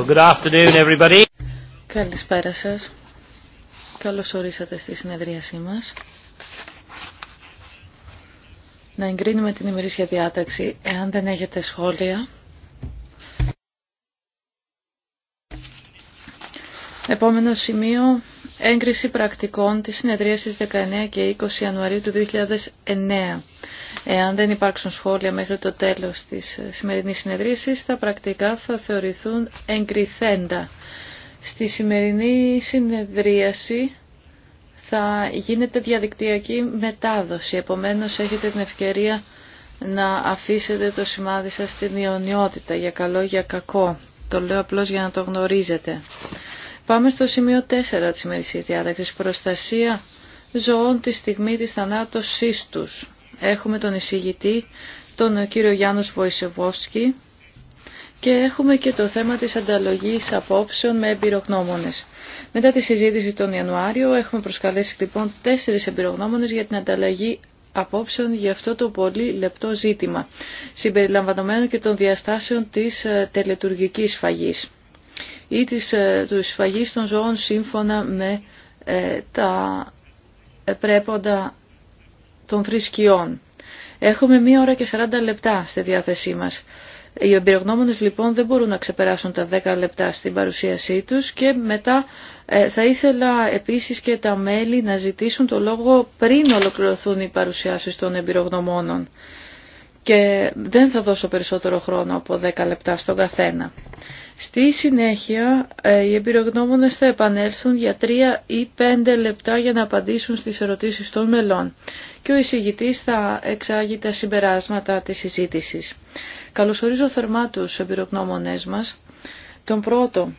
good afternoon, everybody. Καλησπέρα σας. Καλώς ορίσατε στη συνεδρίασή μας. Να εγκρίνουμε την ημερήσια διάταξη εάν δεν έχετε σχόλια. Επόμενο σημείο, έγκριση πρακτικών της συνεδρίασης 19 και 20 Ιανουαρίου του 2009. Εάν δεν υπάρξουν σχόλια μέχρι το τέλος της σημερινής συνεδρίασης, τα πρακτικά θα θεωρηθούν εγκριθέντα. Στη σημερινή συνεδρίαση θα γίνεται διαδικτυακή μετάδοση, επομένως έχετε την ευκαιρία να αφήσετε το σημάδι σας στην ιονιότητα, για καλό για κακό. Το λέω απλώς για να το γνωρίζετε. Πάμε στο σημείο 4 της σημερινής διάταξης, προστασία ζωών τη στιγμή της θανάτωσής τους έχουμε τον εισηγητή, τον κύριο Γιάννους Βοησεβόσκη και έχουμε και το θέμα της ανταλλογής απόψεων με εμπειρογνώμονες. Μετά τη συζήτηση τον Ιανουάριο έχουμε προσκαλέσει λοιπόν τέσσερις εμπειρογνώμονες για την ανταλλαγή απόψεων για αυτό το πολύ λεπτό ζήτημα, συμπεριλαμβανομένων και των διαστάσεων της ε, τελετουργικής σφαγής ή της, ε, του σφαγής των ζώων σύμφωνα με ε, τα πρέποντα των θρησκειών. Έχουμε μία ώρα και 40 λεπτά στη διάθεσή μας. Οι εμπειρογνώμονες λοιπόν δεν μπορούν να ξεπεράσουν τα 10 λεπτά στην παρουσίασή τους και μετά ε, θα ήθελα επίσης και τα μέλη να ζητήσουν το λόγο πριν ολοκληρωθούν οι παρουσιάσεις των εμπειρογνωμόνων. Και δεν θα δώσω περισσότερο χρόνο από 10 λεπτά στον καθένα. Στη συνέχεια, ε, οι εμπειρογνώμονες θα επανέλθουν για 3 ή 5 λεπτά για να απαντήσουν στις ερωτήσεις των μελών και ο εισηγητής θα εξάγει τα συμπεράσματα της συζήτησης. Καλωσορίζω θερμά τους εμπειρογνώμονές μας. Τον πρώτο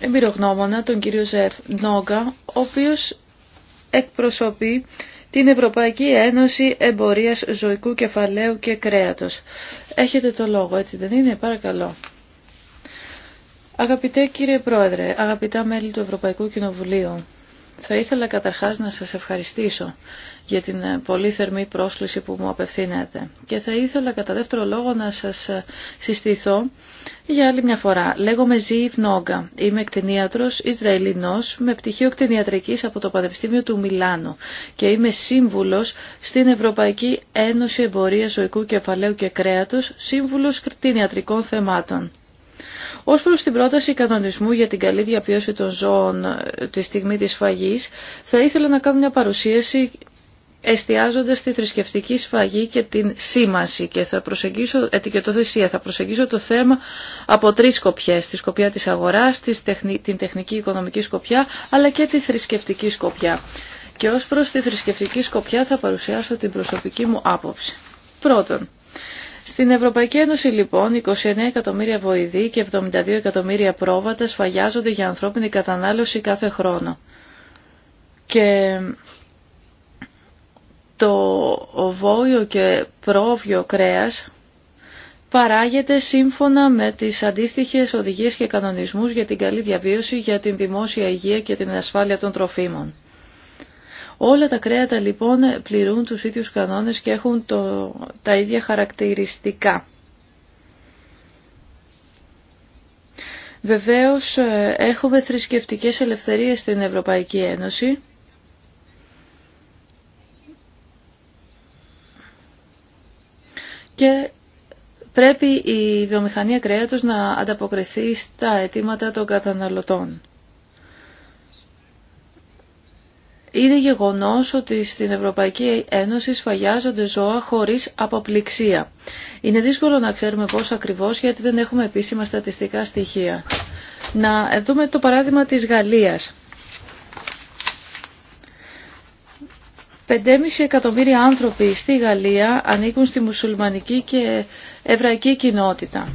εμπειρογνώμονα, τον κύριο Ζεφ Νόγκα, ο οποίος εκπροσωπεί την Ευρωπαϊκή Ένωση Εμπορίας Ζωικού Κεφαλαίου και Κρέατος. Έχετε το λόγο, έτσι δεν είναι, παρακαλώ. Αγαπητέ κύριε Πρόεδρε, αγαπητά μέλη του Ευρωπαϊκού Κοινοβουλίου, θα ήθελα καταρχάς να σας ευχαριστήσω για την ε, πολύ θερμή πρόσκληση που μου απευθύνετε και θα ήθελα κατά δεύτερο λόγο να σας ε, συστηθώ για άλλη μια φορά. Λέγομαι Ζήιβ Νόγκα, είμαι εκτενίατρος Ισραηλινός με πτυχίο εκτενιατρικής από το Πανεπιστήμιο του Μιλάνου και είμαι σύμβουλος στην Ευρωπαϊκή Ένωση Εμπορίας Ζωικού Κεφαλαίου και Κρέατος, σύμβουλος κτηνιατρικών θεμάτων. Ως προς την πρόταση κανονισμού για την καλή διαπίωση των ζώων ε, τη στιγμή της φαγής, θα ήθελα να κάνω μια παρουσίαση εστιάζοντας τη θρησκευτική σφαγή και την σήμαση και θα προσεγγίσω ετικετοθεσία, θα προσεγγίσω το θέμα από τρεις σκοπιές, τη σκοπιά της αγοράς, την τεχνική οικονομική σκοπιά, αλλά και τη θρησκευτική σκοπιά. Και ως προς τη θρησκευτική σκοπιά θα παρουσιάσω την προσωπική μου άποψη. Πρώτον, στην Ευρωπαϊκή Ένωση λοιπόν 29 εκατομμύρια βοηδοί και 72 εκατομμύρια πρόβατα σφαγιάζονται για ανθρώπινη κατανάλωση κάθε χρόνο. Και το βόλιο και πρόβιο κρέας παράγεται σύμφωνα με τις αντίστοιχες οδηγίες και κανονισμούς για την καλή διαβίωση, για την δημόσια υγεία και την ασφάλεια των τροφίμων. Όλα τα κρέατα λοιπόν πληρούν τους ίδιους κανόνες και έχουν το, τα ίδια χαρακτηριστικά. Βεβαίως ε, έχουμε θρησκευτικές ελευθερίες στην Ευρωπαϊκή Ένωση. Και πρέπει η βιομηχανία κρέατος να ανταποκριθεί στα αιτήματα των καταναλωτών. είναι γεγονός ότι στην Ευρωπαϊκή Ένωση σφαγιάζονται ζώα χωρίς αποπληξία. Είναι δύσκολο να ξέρουμε πώς ακριβώς γιατί δεν έχουμε επίσημα στατιστικά στοιχεία. Να δούμε το παράδειγμα της Γαλλίας. 5,5 εκατομμύρια άνθρωποι στη Γαλλία ανήκουν στη μουσουλμανική και εβραϊκή κοινότητα.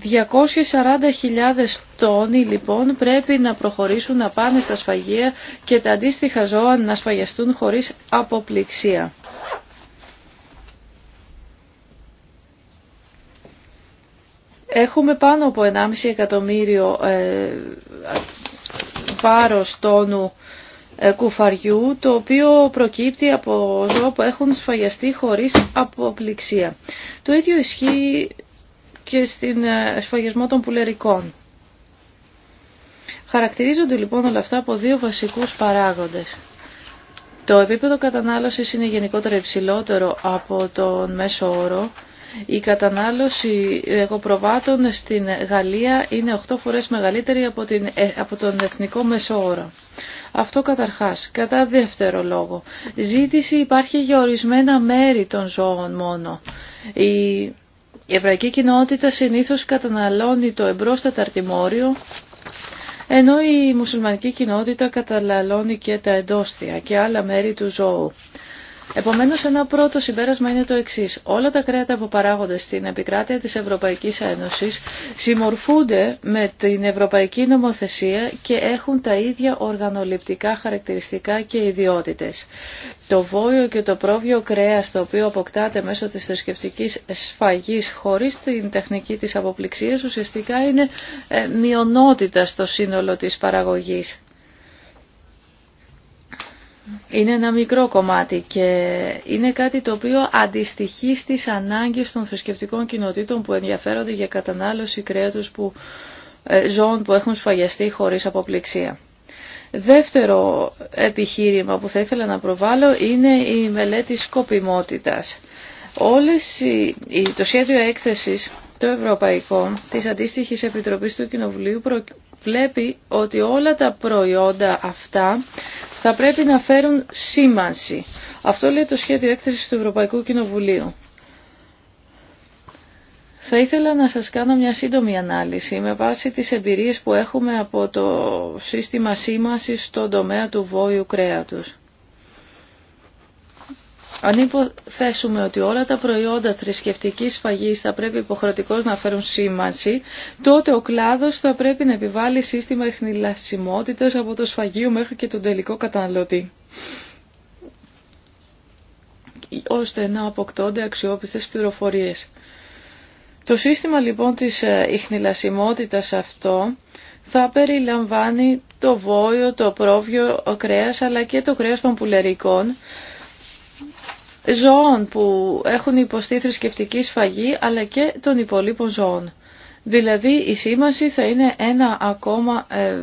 240.000 τόνοι λοιπόν πρέπει να προχωρήσουν να πάνε στα σφαγεία και τα αντίστοιχα ζώα να σφαγιαστούν χωρίς αποπληξία. Έχουμε πάνω από 1,5 εκατομμύριο ε, βάρος τόνου ε, κουφαριού, το οποίο προκύπτει από ζώα που έχουν σφαγιαστεί χωρίς αποπληξία. Το ίδιο ισχύει και στην ε, σφαγισμό των πουλερικών. Χαρακτηρίζονται λοιπόν όλα αυτά από δύο βασικούς παράγοντες. Το επίπεδο κατανάλωσης είναι γενικότερα υψηλότερο από τον μέσο όρο. Η κατανάλωση εγωπροβάτων στην Γαλλία είναι 8 φορές μεγαλύτερη από, ε, από τον εθνικό μέσο όρο. Αυτό καταρχάς. Κατά δεύτερο λόγο, ζήτηση υπάρχει για ορισμένα μέρη των ζώων μόνο. Η η εβραϊκή κοινότητα συνήθως καταναλώνει το εμπρόστατα αρτιμόριο, ενώ η μουσουλμανική κοινότητα καταναλώνει και τα εντόστια και άλλα μέρη του ζώου. Επομένως, ένα πρώτο συμπέρασμα είναι το εξής. Όλα τα κρέατα που παράγονται στην επικράτεια της Ευρωπαϊκής Ένωση συμμορφούνται με την Ευρωπαϊκή Νομοθεσία και έχουν τα ίδια οργανοληπτικά χαρακτηριστικά και ιδιότητες. Το βόλιο και το πρόβιο κρέας το οποίο αποκτάται μέσω της θρησκευτική σφαγής χωρί την τεχνική της αποπληξία, ουσιαστικά είναι ε, μειονότητα στο σύνολο της παραγωγή είναι ένα μικρό κομμάτι και είναι κάτι το οποίο αντιστοιχεί στις ανάγκες των θρησκευτικών κοινοτήτων που ενδιαφέρονται για κατανάλωση κρέατος που, ε, ζώων που έχουν σφαγιαστεί χωρίς αποπληξία. Δεύτερο επιχείρημα που θα ήθελα να προβάλλω είναι η μελέτη σκοπιμότητας. Όλες οι, το σχέδιο έκθεσης το ευρωπαϊκό της αντίστοιχης επιτροπής του Κοινοβουλίου βλέπει ότι όλα τα προϊόντα αυτά θα πρέπει να φέρουν σήμανση. Αυτό λέει το σχέδιο έκθεσης του Ευρωπαϊκού Κοινοβουλίου. Θα ήθελα να σας κάνω μια σύντομη ανάλυση με βάση τις εμπειρίες που έχουμε από το σύστημα σήμανσης στον τομέα του βόηου κρέατος. Αν υποθέσουμε ότι όλα τα προϊόντα θρησκευτική σφαγής θα πρέπει υποχρεωτικώς να φέρουν σήμανση, τότε ο κλάδος θα πρέπει να επιβάλλει σύστημα εχνηλασιμότητας από το σφαγείο μέχρι και τον τελικό καταναλωτή ώστε να αποκτώνται αξιόπιστες πληροφορίες. Το σύστημα λοιπόν της ε, ιχνηλασιμότητας αυτό θα περιλαμβάνει το βόιο, το πρόβιο, ο κρέας αλλά και το κρέας των πουλερικών ζώων που έχουν υποστεί θρησκευτική σφαγή αλλά και των υπολείπων ζώων. Δηλαδή η σήμαση θα είναι ένα ακόμα ε,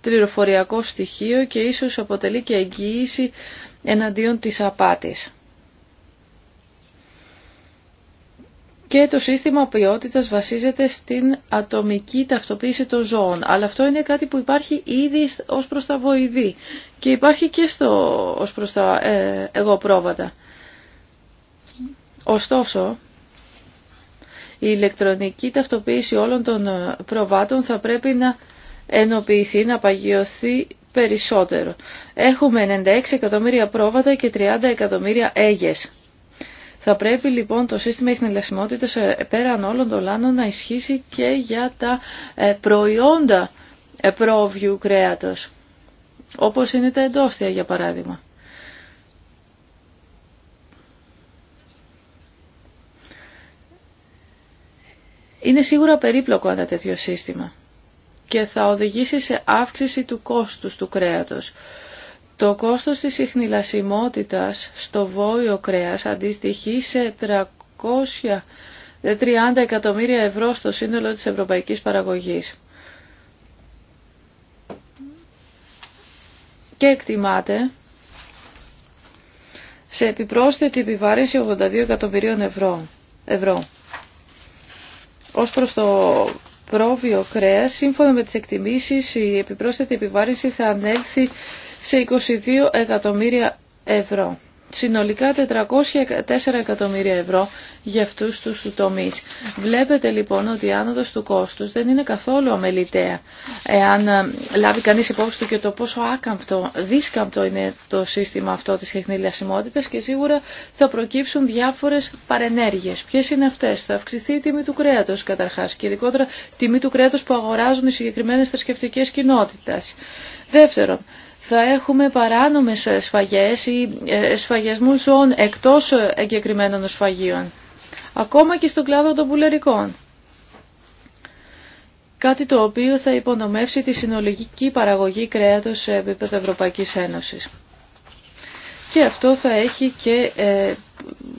πληροφοριακό στοιχείο και ίσως αποτελεί και εγγύηση εναντίον της απάτης. Και το σύστημα ποιότητας βασίζεται στην ατομική ταυτοποίηση των ζώων. Αλλά αυτό είναι κάτι που υπάρχει ήδη ως προς τα βοηδή και υπάρχει και στο, ως προς τα ε, εγωπρόβατα. Ωστόσο, η ηλεκτρονική ταυτοποίηση όλων των προβάτων θα πρέπει να ενοποιηθεί, να παγιωθεί περισσότερο. Έχουμε 96 εκατομμύρια πρόβατα και 30 εκατομμύρια έγες. Θα πρέπει λοιπόν το σύστημα εχνηλασιμότητας ε, πέραν όλων των λάνων να ισχύσει και για τα ε, προϊόντα ε, πρόβιου κρέατος, όπως είναι τα εντόστια για παράδειγμα. Είναι σίγουρα περίπλοκο ένα τέτοιο σύστημα και θα οδηγήσει σε αύξηση του κόστους του κρέατος. Το κόστος της ιχνηλασιμότητας στο βόλιο κρέας αντιστοιχεί σε 330 ε, εκατομμύρια ευρώ στο σύνολο της ευρωπαϊκής παραγωγής. Και εκτιμάται σε επιπρόσθετη επιβάρυνση 82 εκατομμυρίων ευρώ. Ως προς το πρόβιο κρέας, σύμφωνα με τις εκτιμήσεις, η επιπρόσθετη επιβάρυνση θα ανέλθει σε 22 εκατομμύρια ευρώ συνολικά 404 εκατομμύρια ευρώ για αυτούς τους τομείς. Βλέπετε λοιπόν ότι η άνοδος του κόστους δεν είναι καθόλου αμεληταία. Εάν ε, λάβει κανείς υπόψη του και το πόσο άκαμπτο, δίσκαμπτο είναι το σύστημα αυτό της χνηλιασιμότητας και σίγουρα θα προκύψουν διάφορες παρενέργειες. Ποιε είναι αυτές. Θα αυξηθεί η τιμή του κρέατος καταρχάς και ειδικότερα τιμή του κρέατος που αγοράζουν οι συγκεκριμένες θρησκευτικέ κοινότητες. Δεύτερον, θα έχουμε παράνομες σφαγές ή ε, σφαγιασμού ζώων εκτός εγκεκριμένων σφαγίων. Ακόμα και στον κλάδο των πουλερικών. Κάτι το οποίο θα υπονομεύσει τη συνολική παραγωγή κρέατος σε επίπεδο Ευρωπαϊκής Ένωσης. Και αυτό θα έχει και ε,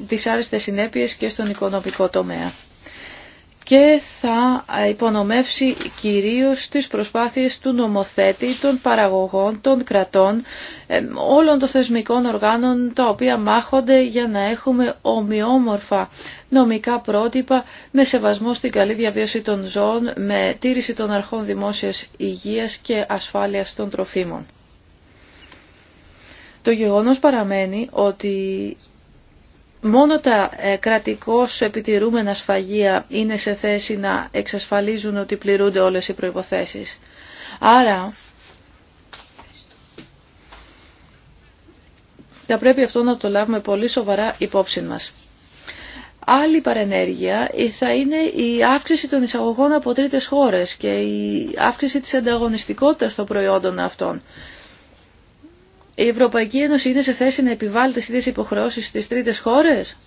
δυσάρεστες συνέπειες και στον οικονομικό τομέα και θα υπονομεύσει κυρίως τις προσπάθειες του νομοθέτη, των παραγωγών, των κρατών, όλων των θεσμικών οργάνων τα οποία μάχονται για να έχουμε ομοιόμορφα νομικά πρότυπα με σεβασμό στην καλή διαβίωση των ζώων, με τήρηση των αρχών δημόσιας υγείας και ασφάλειας των τροφίμων. Το γεγονός παραμένει ότι Μόνο τα ε, κρατικώς επιτηρούμενα σφαγεία είναι σε θέση να εξασφαλίζουν ότι πληρούνται όλες οι προϋποθέσεις. Άρα, θα πρέπει αυτό να το λάβουμε πολύ σοβαρά υπόψη μας. Άλλη παρενέργεια ε, θα είναι η αύξηση των εισαγωγών από τρίτες χώρες και η αύξηση της ανταγωνιστικότητας των προϊόντων αυτών η Ευρωπαϊκή Ένωση είναι σε θέση να επιβάλλει τις ίδιες υποχρεώσεις στις τρίτες χώρες.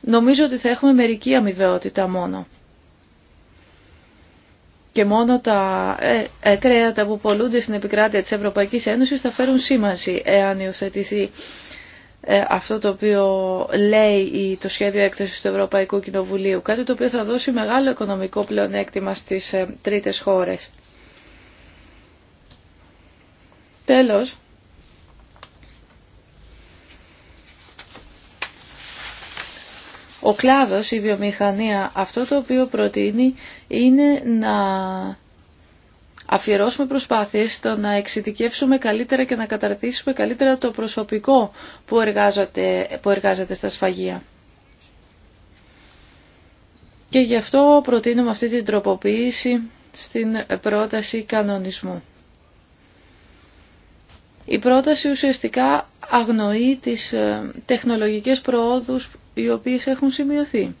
Νομίζω ότι θα έχουμε μερική αμοιβαιότητα μόνο. Και μόνο τα ε, κρέατα που πολλούνται στην επικράτεια της Ευρωπαϊκής Ένωσης θα φέρουν σήμανση εάν υιοθετηθεί ε, αυτό το οποίο λέει το σχέδιο έκθεσης του Ευρωπαϊκού Κοινοβουλίου. Κάτι το οποίο θα δώσει μεγάλο οικονομικό πλεονέκτημα στις ε, τρίτες χώρες. Τέλος, ο κλάδος, η βιομηχανία, αυτό το οποίο προτείνει είναι να αφιερώσουμε προσπάθειες στο να εξειδικεύσουμε καλύτερα και να καταρτήσουμε καλύτερα το προσωπικό που εργάζεται, που εργάζεται στα σφαγεία. Και γι' αυτό προτείνουμε αυτή την τροποποίηση στην πρόταση κανονισμού. Η πρόταση ουσιαστικά αγνοεί τις ε, τεχνολογικές προόδους οι οποίες έχουν σημειωθεί.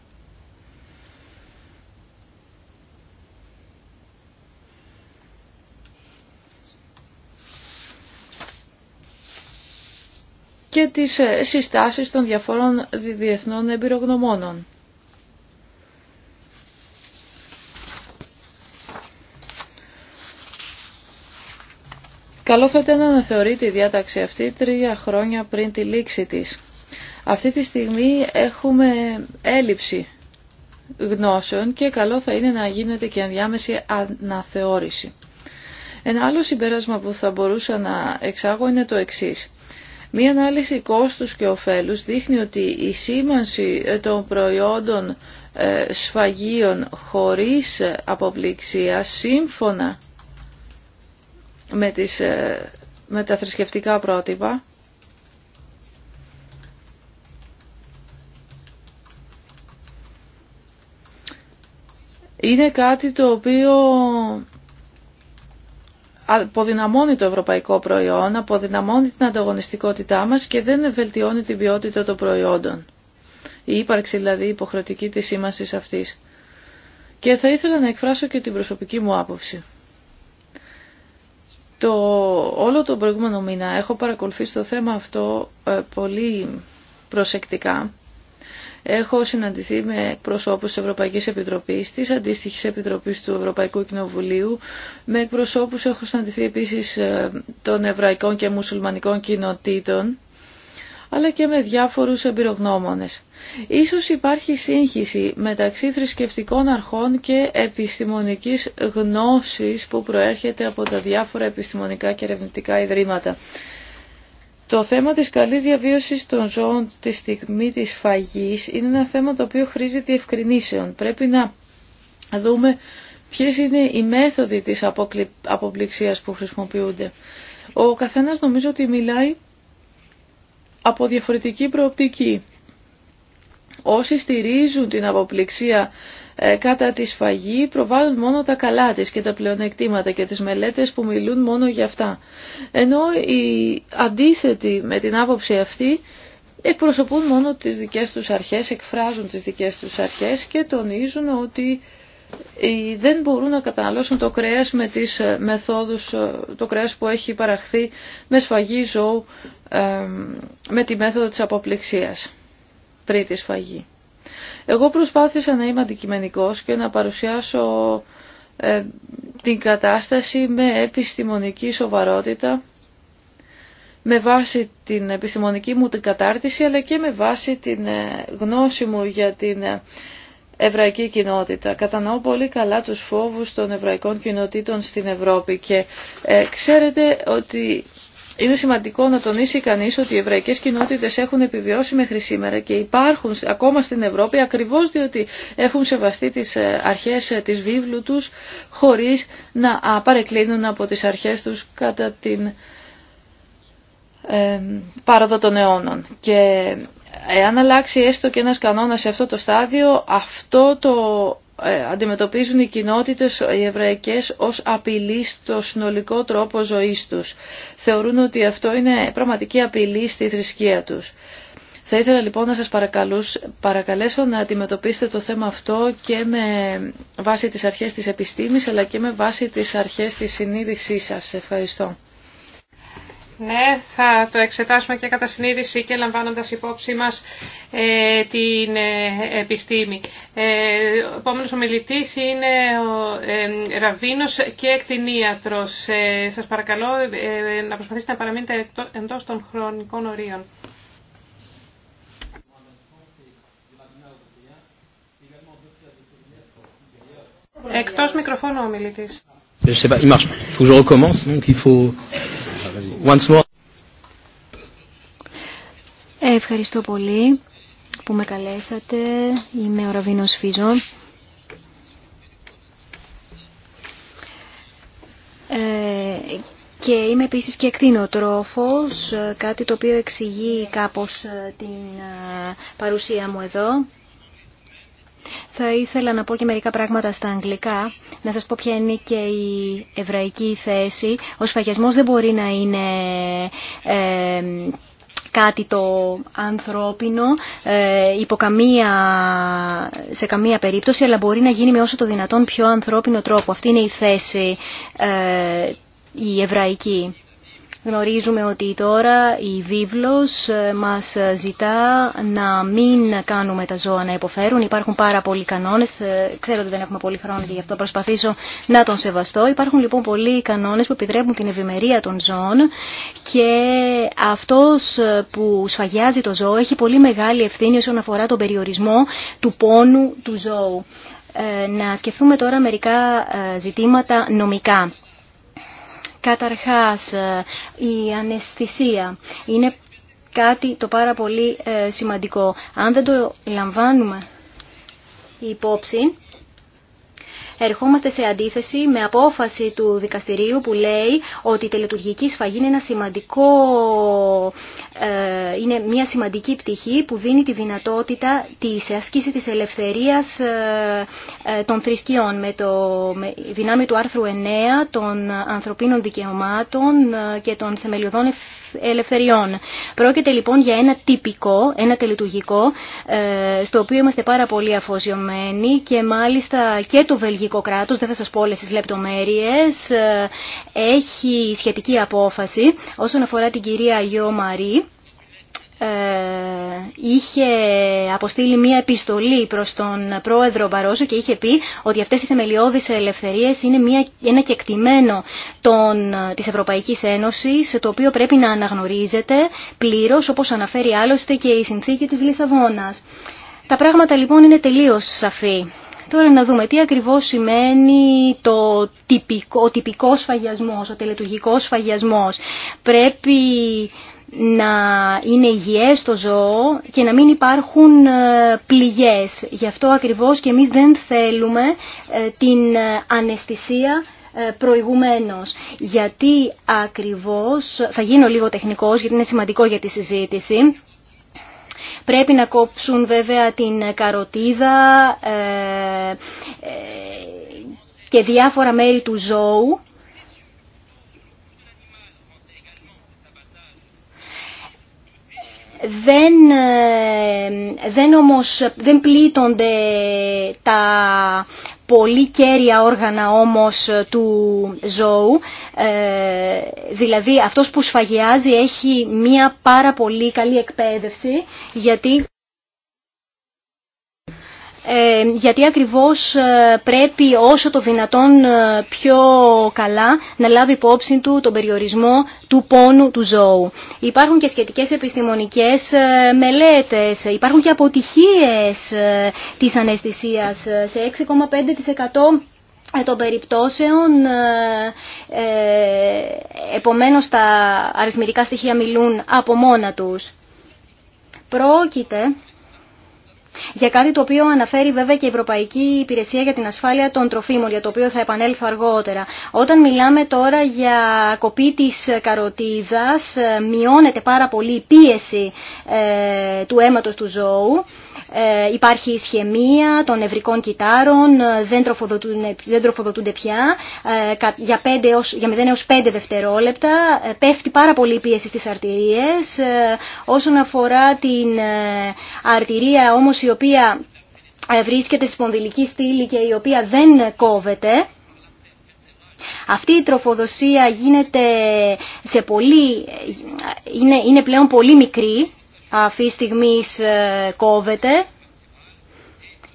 και τις ε, συστάσεις των διαφόρων διεθνών εμπειρογνωμόνων. Καλό θα ήταν να αναθεωρεί τη διάταξη αυτή τρία χρόνια πριν τη λήξη της. Αυτή τη στιγμή έχουμε έλλειψη γνώσεων και καλό θα είναι να γίνεται και ενδιάμεση αναθεώρηση. Ένα άλλο συμπέρασμα που θα μπορούσα να εξάγω είναι το εξής. Μία ανάλυση κόστους και ωφέλους δείχνει ότι η σήμανση των προϊόντων ε, σφαγίων χωρίς αποπληξία σύμφωνα με, τις, ε, με τα θρησκευτικά πρότυπα. Είναι κάτι το οποίο αποδυναμώνει το ευρωπαϊκό προϊόν, αποδυναμώνει την ανταγωνιστικότητά μας και δεν βελτιώνει την ποιότητα των προϊόντων. Η ύπαρξη δηλαδή υποχρεωτική της σήμανσης αυτής. Και θα ήθελα να εκφράσω και την προσωπική μου άποψη. Το, όλο τον προηγούμενο μήνα έχω παρακολουθήσει το θέμα αυτό ε, πολύ προσεκτικά. Έχω συναντηθεί με εκπροσώπους της Ευρωπαϊκής Επιτροπής, της αντίστοιχης Επιτροπής του Ευρωπαϊκού Κοινοβουλίου. Με εκπροσώπους έχω συναντηθεί επίσης ε, των εβραϊκών και μουσουλμανικών κοινοτήτων αλλά και με διάφορους εμπειρογνώμονες. Ίσως υπάρχει σύγχυση μεταξύ θρησκευτικών αρχών και επιστημονικής γνώσης που προέρχεται από τα διάφορα επιστημονικά και ερευνητικά ιδρύματα. Το θέμα της καλής διαβίωσης των ζώων τη στιγμή της φαγής είναι ένα θέμα το οποίο χρήζει ευκρινήσεων. Πρέπει να δούμε ποιες είναι οι μέθοδοι της αποπληξίας που χρησιμοποιούνται. Ο καθένας νομίζω ότι μιλάει από διαφορετική προοπτική. Όσοι στηρίζουν την αποπληξία ε, κατά τη σφαγή προβάλλουν μόνο τα καλά της και τα πλεονεκτήματα και τις μελέτες που μιλούν μόνο για αυτά. Ενώ οι αντίθετοι με την άποψη αυτή εκπροσωπούν μόνο τις δικές τους αρχές, εκφράζουν τις δικές τους αρχές και τονίζουν ότι δεν μπορούν να καταναλώσουν το κρέας με τις ε, μεθόδους, ε, το κρέας που έχει παραχθεί με σφαγή ζώου, με τη μέθοδο της αποπληξίας πριν τη σφαγή. Εγώ προσπάθησα να είμαι αντικειμενικός και να παρουσιάσω ε, την κατάσταση με επιστημονική σοβαρότητα, με βάση την επιστημονική μου την κατάρτιση, αλλά και με βάση την γνώση μου για την εβραϊκή κοινότητα. Κατανοώ πολύ καλά τους φόβους των εβραϊκών κοινοτήτων στην Ευρώπη και ε, ξέρετε ότι είναι σημαντικό να τονίσει κανείς ότι οι εβραϊκές κοινότητες έχουν επιβιώσει μέχρι σήμερα και υπάρχουν ακόμα στην Ευρώπη ακριβώς διότι έχουν σεβαστεί τις ε, αρχές ε, της βίβλου τους χωρίς να παρεκκλίνουν από τις αρχές τους κατά την ε, πάροδο των αιώνων. Και Εάν αλλάξει έστω και ένας κανόνας σε αυτό το στάδιο, αυτό το ε, αντιμετωπίζουν οι κοινότητες οι εβραϊκές ως απειλή στο συνολικό τρόπο ζωής τους. Θεωρούν ότι αυτό είναι πραγματική απειλή στη θρησκεία τους. Θα ήθελα λοιπόν να σας παρακαλέσω να αντιμετωπίσετε το θέμα αυτό και με βάση τις αρχές της επιστήμης αλλά και με βάση τις αρχές της συνείδησής σας. Ευχαριστώ. Ναι, θα το εξετάσουμε και κατά συνείδηση και λαμβάνοντας υπόψη μας ε, την ε, επιστήμη. Ε, ο επόμενος ομιλητής είναι ο ε, Ραβίνος και εκτινίατρος. Ε, σας παρακαλώ ε, να προσπαθήσετε να παραμείνετε εντός των χρονικών ορίων. Εκτός μικροφώνου ο ομιλητής. Je sais pas, il marche. Ευχαριστώ πολύ που με καλέσατε. Είμαι ο Ραβίνος Φίζο. Ε, και είμαι επίσης και εκτίνοτρόφος, ε, κάτι το οποίο εξηγεί κάπως ε, την παρουσία μου εδώ. Θα ήθελα να πω και μερικά πράγματα στα αγγλικά, να σας πω ποια είναι και η εβραϊκή θέση. Ο σφαγιασμός δεν μπορεί να είναι... Ε, κάτι το ανθρώπινο ε, υπό καμία, σε καμία περίπτωση, αλλά μπορεί να γίνει με όσο το δυνατόν πιο ανθρώπινο τρόπο. Αυτή είναι η θέση ε, η εβραϊκή. Γνωρίζουμε ότι τώρα η βίβλος ε, μας ε, ζητά να μην κάνουμε τα ζώα να υποφέρουν. Υπάρχουν πάρα πολλοί κανόνες, ε, ξέρω ότι δεν έχουμε πολύ χρόνο και γι' αυτό προσπαθήσω να τον σεβαστώ. Υπάρχουν λοιπόν πολλοί κανόνες που επιτρέπουν την ευημερία των ζώων και αυτός που σφαγιάζει το ζώο έχει πολύ μεγάλη ευθύνη όσον αφορά τον περιορισμό του πόνου του ζώου. Να σκεφτούμε τώρα μερικά ζητήματα νομικά. Καταρχάς, ε, η αναισθησία είναι κάτι το πάρα πολύ ε, σημαντικό. Αν δεν το λαμβάνουμε υπόψη, ερχόμαστε σε αντίθεση με απόφαση του δικαστηρίου που λέει ότι η τελετουργική σφαγή είναι ένα σημαντικό ε, είναι μια σημαντική πτυχή που δίνει τη δυνατότητα της ασκήση της ελευθερίας ε, ε, των θρησκειών με το με, του άρθρου 9 των ανθρωπίνων δικαιωμάτων και των θεμελιωδών ελευθεριών. Πρόκειται λοιπόν για ένα τυπικό, ένα τελετουργικό, στο οποίο είμαστε πάρα πολύ αφοσιωμένοι και μάλιστα και το βελγικό κράτος, δεν θα σας πω όλες τις λεπτομέρειες, έχει σχετική απόφαση όσον αφορά την κυρία Γιώ Μαρή ε, είχε αποστείλει μία επιστολή προς τον πρόεδρο Μπαρόσο και είχε πει ότι αυτές οι θεμελιώδεις ελευθερίες είναι μία, ένα κεκτημένο των, της Ευρωπαϊκής Ένωσης το οποίο πρέπει να αναγνωρίζεται πλήρως όπως αναφέρει άλλωστε και η συνθήκη της Λισαβόνας. Τα πράγματα λοιπόν είναι τελείως σαφή. Τώρα να δούμε τι ακριβώς σημαίνει το τυπικό, ο σφαγιασμός, ο τελετουργικός σφαγιασμός. Πρέπει να είναι υγιές το ζώο και να μην υπάρχουν ε, πληγές. Γι' αυτό ακριβώς και εμείς δεν θέλουμε ε, την ε, αναισθησία προηγουμένως. Γιατί ακριβώς, θα γίνω λίγο τεχνικός γιατί είναι σημαντικό για τη συζήτηση, πρέπει να κόψουν βέβαια την καροτίδα και διάφορα μέρη του ζώου δεν, ε, δεν όμως δεν πλήττονται τα πολύ κέρια όργανα όμως του ζώου, ε, δηλαδή αυτός που σφαγιάζει έχει μία πάρα πολύ καλή εκπαίδευση γιατί ε, γιατί ακριβώς ε, πρέπει όσο το δυνατόν ε, πιο καλά να λάβει υπόψη του τον περιορισμό του πόνου του ζώου. Υπάρχουν και σχετικές επιστημονικές μελέτες, υπάρχουν και αποτυχίες της αναισθησίας σε 6,5% των περιπτώσεων, επομένως τα αριθμητικά στοιχεία μιλούν από μόνα τους. Πρόκειται για κάτι το οποίο αναφέρει βέβαια και η Ευρωπαϊκή Υπηρεσία για την Ασφάλεια των Τροφίμων, για το οποίο θα επανέλθω αργότερα. Όταν μιλάμε τώρα για κοπή τη καροτίδα, ε, μειώνεται πάρα πολύ η πίεση ε, του αίματο του ζώου, ε, υπάρχει ισχυμία των νευρικών κυτάρων, δεν τροφοδοτούνται, δεν τροφοδοτούνται πια για, 5 έως, για 0 έως 5 δευτερόλεπτα. Πέφτει πάρα πολύ η πίεση στις αρτηρίες. Όσον αφορά την αρτηρία όμως η οποία ε, βρίσκεται στη σπονδυλική στήλη και η οποία δεν κόβεται. Αυτή η τροφοδοσία γίνεται σε πολύ, είναι, είναι πλέον πολύ μικρή, αυτή στιγμή ε, κόβεται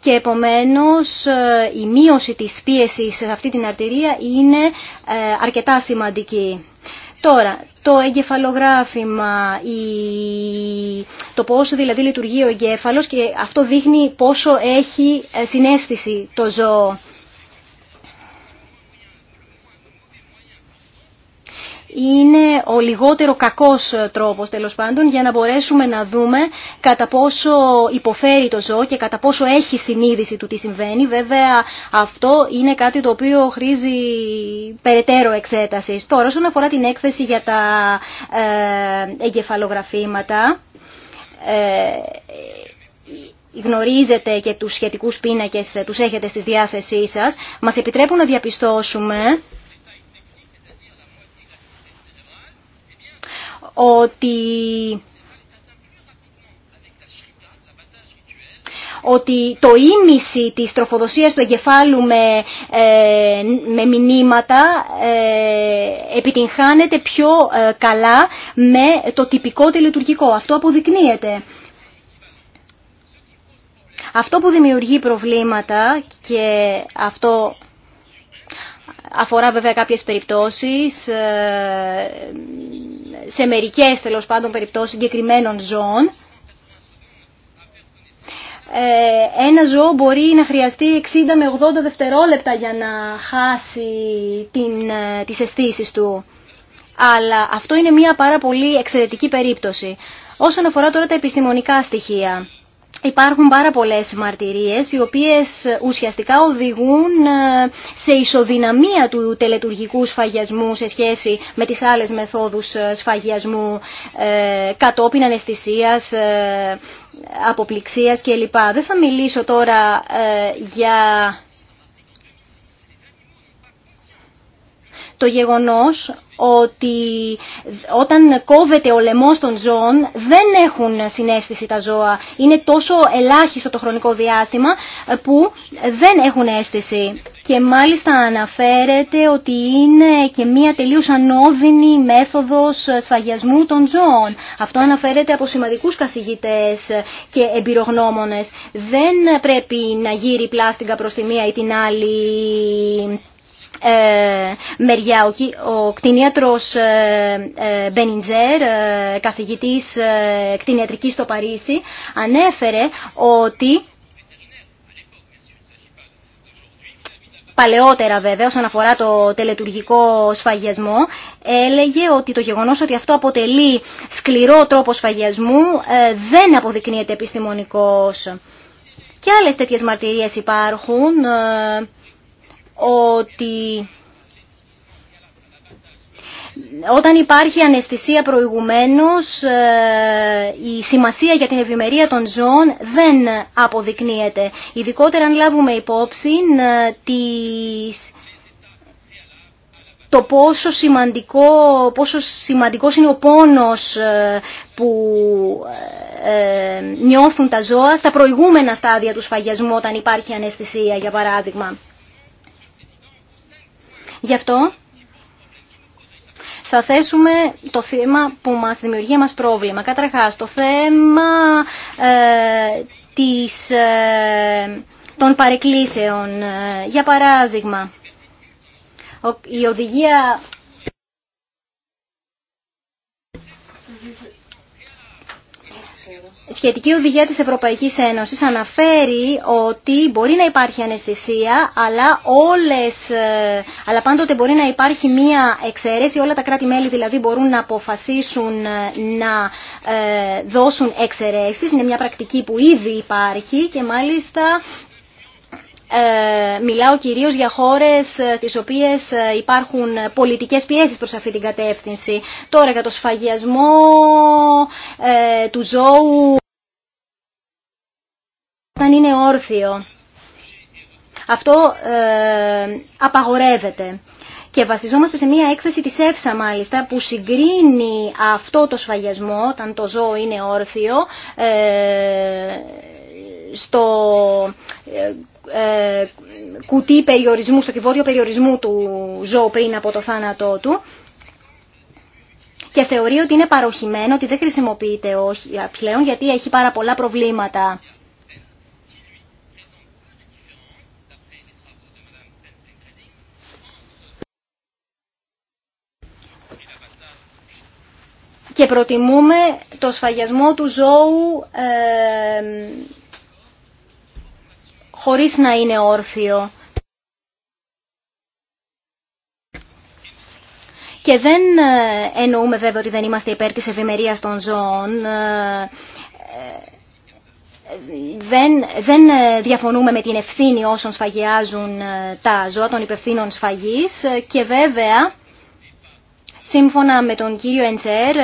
και επομένως ε, η μείωση της πίεσης σε αυτή την αρτηρία είναι αρκετά σημαντική. Τώρα, το εγκεφαλογράφημα, το πόσο δηλαδή λειτουργεί ο εγκέφαλος και αυτό δείχνει πόσο έχει ε, συνέστηση το ζώο. είναι ο λιγότερο κακός ε, τρόπος τέλος πάντων για να μπορέσουμε να δούμε κατά πόσο υποφέρει το ζώο και κατά πόσο έχει συνείδηση του τι συμβαίνει. Βέβαια αυτό είναι κάτι το οποίο χρήζει περαιτέρω εξέταση. Τώρα όσον αφορά την έκθεση για τα ε, εγκεφαλογραφήματα ε, γνωρίζετε και τους σχετικούς πίνακες, τους έχετε στη διάθεσή σας, μας επιτρέπουν να διαπιστώσουμε ότι ότι το ίμιση της τροφοδοσίας του εγκεφάλου με, ε, με μηνύματα ε, επιτυγχάνεται πιο ε, καλά με το τυπικό τελετουργικό. Αυτό αποδεικνύεται. Αυτό που δημιουργεί προβλήματα και αυτό Αφορά βέβαια κάποιες περιπτώσεις, ε, σε μερικές τέλο πάντων περιπτώσεις συγκεκριμένων ζώων. Ε, ένα ζώο μπορεί να χρειαστεί 60 με 80 δευτερόλεπτα για να χάσει την, ε, τις αισθήσει του. Αλλά αυτό είναι μια πάρα πολύ εξαιρετική περίπτωση. Όσον αφορά τώρα τα επιστημονικά στοιχεία. Υπάρχουν πάρα πολλές μαρτυρίες οι οποίες ε, ουσιαστικά οδηγούν ε, σε ισοδυναμία του τελετουργικού σφαγιασμού σε σχέση με τις άλλες μεθόδους ε, σφαγιασμού κατόπιν αναισθησίας, αποπληξίας κλπ. Δεν θα μιλήσω τώρα για το γεγονός ότι όταν κόβεται ο λαιμό των ζώων δεν έχουν συνέστηση τα ζώα. Είναι τόσο ελάχιστο το χρονικό διάστημα που δεν έχουν αίσθηση. Και μάλιστα αναφέρεται ότι είναι και μία τελείως ανώδυνη μέθοδος σφαγιασμού των ζώων. Αυτό αναφέρεται από σημαντικούς καθηγητές και εμπειρογνώμονες. Δεν πρέπει να γύρει πλάστιγκα προς τη μία ή την άλλη ε, μεριά. Ο κτηνίατρος ε, ε, Μπενιντζέρ, καθηγητής κτηνιατρικής στο Παρίσι, ανέφερε ότι παλαιότερα βέβαια όσον αφορά το τελετουργικό σφαγιασμό έλεγε ότι το γεγονός ότι αυτό αποτελεί σκληρό τρόπο σφαγιασμού δεν αποδεικνύεται επιστημονικός. Και άλλες τέτοιες μαρτυρίες υπάρχουν ότι όταν υπάρχει αναισθησία προηγουμένως, ε, η σημασία για την ευημερία των ζώων δεν αποδεικνύεται. Ειδικότερα αν λάβουμε υπόψη ε, το πόσο σημαντικό, πόσο σημαντικός είναι ο πόνος ε, που νιώθουν τα ζώα στα προηγούμενα στάδια του σφαγιασμού όταν υπάρχει αναισθησία για παράδειγμα. Γι' αυτό θα θέσουμε το θέμα που μας δημιουργεί μας πρόβλημα. Καταρχάς, το θέμα ε, ε, των παρεκκλήσεων. Ε, για παράδειγμα, η οδηγία σχετική οδηγία της Ευρωπαϊκής Ένωσης αναφέρει ότι μπορεί να υπάρχει αναισθησία, αλλά, όλες, ε, αλλά πάντοτε μπορεί να υπάρχει μία εξαίρεση. Όλα τα κράτη-μέλη δηλαδή μπορούν να αποφασίσουν ε, να ε, δώσουν εξαιρέσεις. Είναι μια πρακτική που ήδη υπάρχει και μάλιστα ε, μιλάω κυρίως για χώρες ε, στις οποίες ε, υπάρχουν πολιτικές πιέσεις προς αυτή την κατεύθυνση. Τώρα για το σφαγιασμό του ζώου όταν είναι όρθιο. Αυτό ε, απαγορεύεται. Και βασιζόμαστε σε μια έκθεση της ΕΦΣΑ μάλιστα που συγκρίνει αυτό το σφαγιασμό όταν το ζώο είναι όρθιο στο ε, κουτί περιορισμού, στο κυβότιο περιορισμού του ζώου πριν από το θάνατό του και θεωρεί ότι είναι παροχημένο, ότι δεν χρησιμοποιείται όχι, πλέον γιατί έχει πάρα πολλά προβλήματα. Και προτιμούμε το σφαγιασμό του ζώου ε, χωρίς να είναι όρθιο. Και δεν ε, εννοούμε βέβαια ότι δεν είμαστε υπέρ της ευημερίας των ζώων. Ε, ε, δεν, διαφωνούμε με την ευθύνη όσων σφαγιάζουν τα ζώα των υπευθύνων σφαγής και βέβαια Σύμφωνα με τον κύριο Εντσέρ, ε,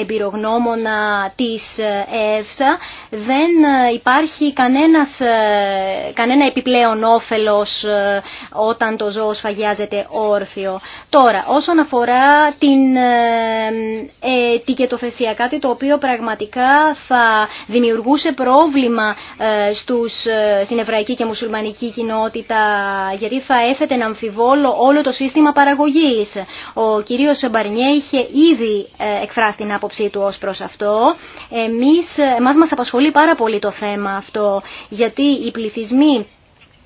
εμπειρογνώμονα της ε, ΕΕΦΣΑ, δεν ε, υπάρχει κανένας, κανένα επιπλέον όφελος όταν το ζώο σφαγιάζεται όρθιο. Τώρα, όσον αφορά την ετικετοθεσία, κάτι το οποίο πραγματικά θα δημιουργούσε πρόβλημα στους, στην εβραϊκή και μουσουλμανική κοινότητα, γιατί θα έθετε να αμφιβόλω όλο το σύστημα παραγωγής. Ο κύριος Μπαρνιέ είχε ήδη ε, εκφράσει την άποψή του ως προς αυτό. Εμείς, ε, εμάς μας απασχολεί πάρα πολύ το θέμα αυτό, γιατί οι πληθυσμοί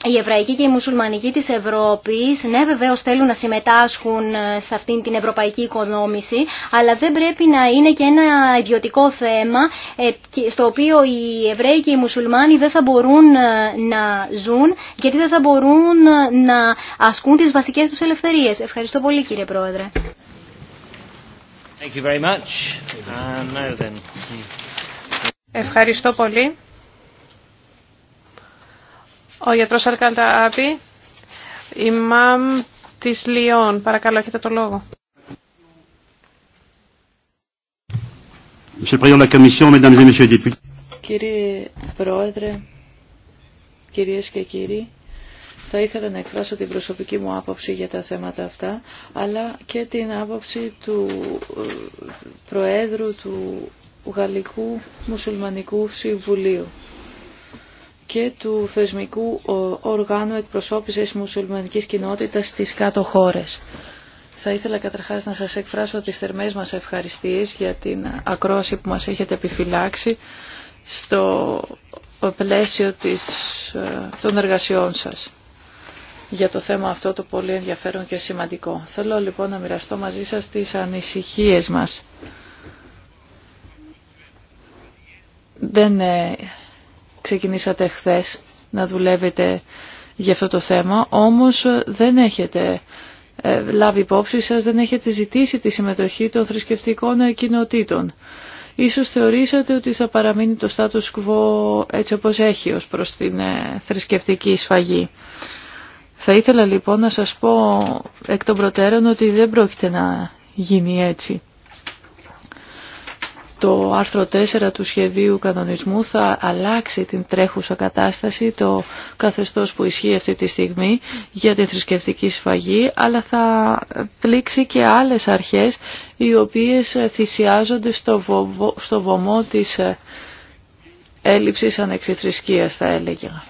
η εβραϊκή και η μουσουλμανική της Ευρώπης, ναι βεβαίως θέλουν να συμμετάσχουν ε, σε αυτήν την ευρωπαϊκή οικονόμηση, αλλά δεν πρέπει να είναι και ένα ιδιωτικό θέμα στο οποίο οι Εβραίοι και οι μουσουλμάνοι δεν θα μπορούν να ζουν, γιατί δεν θα μπορούν να ασκούν τις βασικές τους ελευθερίες. Ευχαριστώ πολύ κύριε Πρόεδρε. Uh, Ευχαριστώ πολύ. Ο γιατρός Αρκάντα Άπη, ημάμ της Λίον, Παρακαλώ, έχετε το λόγο. Κύριε Πρόεδρε, κυρίες και κύριοι, θα ήθελα να εκφράσω την προσωπική μου άποψη για τα θέματα αυτά, αλλά και την άποψη του ε, Προέδρου του Γαλλικού Μουσουλμανικού Συμβουλίου και του θεσμικού ε, οργάνου εκπροσώπησης μουσουλμανικής κοινότητας στις κάτω χώρες. Θα ήθελα καταρχάς να σας εκφράσω τις θερμές μας ευχαριστίες για την ακρόαση που μας έχετε επιφυλάξει στο πλαίσιο της, ε, των εργασιών σας για το θέμα αυτό το πολύ ενδιαφέρον και σημαντικό. Θέλω λοιπόν να μοιραστώ μαζί σας τις ανησυχίες μας. Δεν ε, ξεκινήσατε χθες να δουλεύετε για αυτό το θέμα, όμως ε, δεν έχετε ε, λάβει υπόψη σας, δεν έχετε ζητήσει τη συμμετοχή των θρησκευτικών κοινοτήτων. Ίσως θεωρήσατε ότι θα παραμείνει το status quo έτσι όπως έχει ως προς την θρησκευτική σφαγή. Θα ήθελα λοιπόν να σας πω εκ των προτέρων ότι δεν πρόκειται να γίνει έτσι. Το άρθρο 4 του σχεδίου κανονισμού θα αλλάξει την τρέχουσα κατάσταση, το καθεστώς που ισχύει αυτή τη στιγμή για την θρησκευτική σφαγή, αλλά θα πλήξει και άλλες αρχές οι οποίες θυσιάζονται στο, στο βωμό της ε, έλλειψης ανεξιθρησκείας θα έλεγα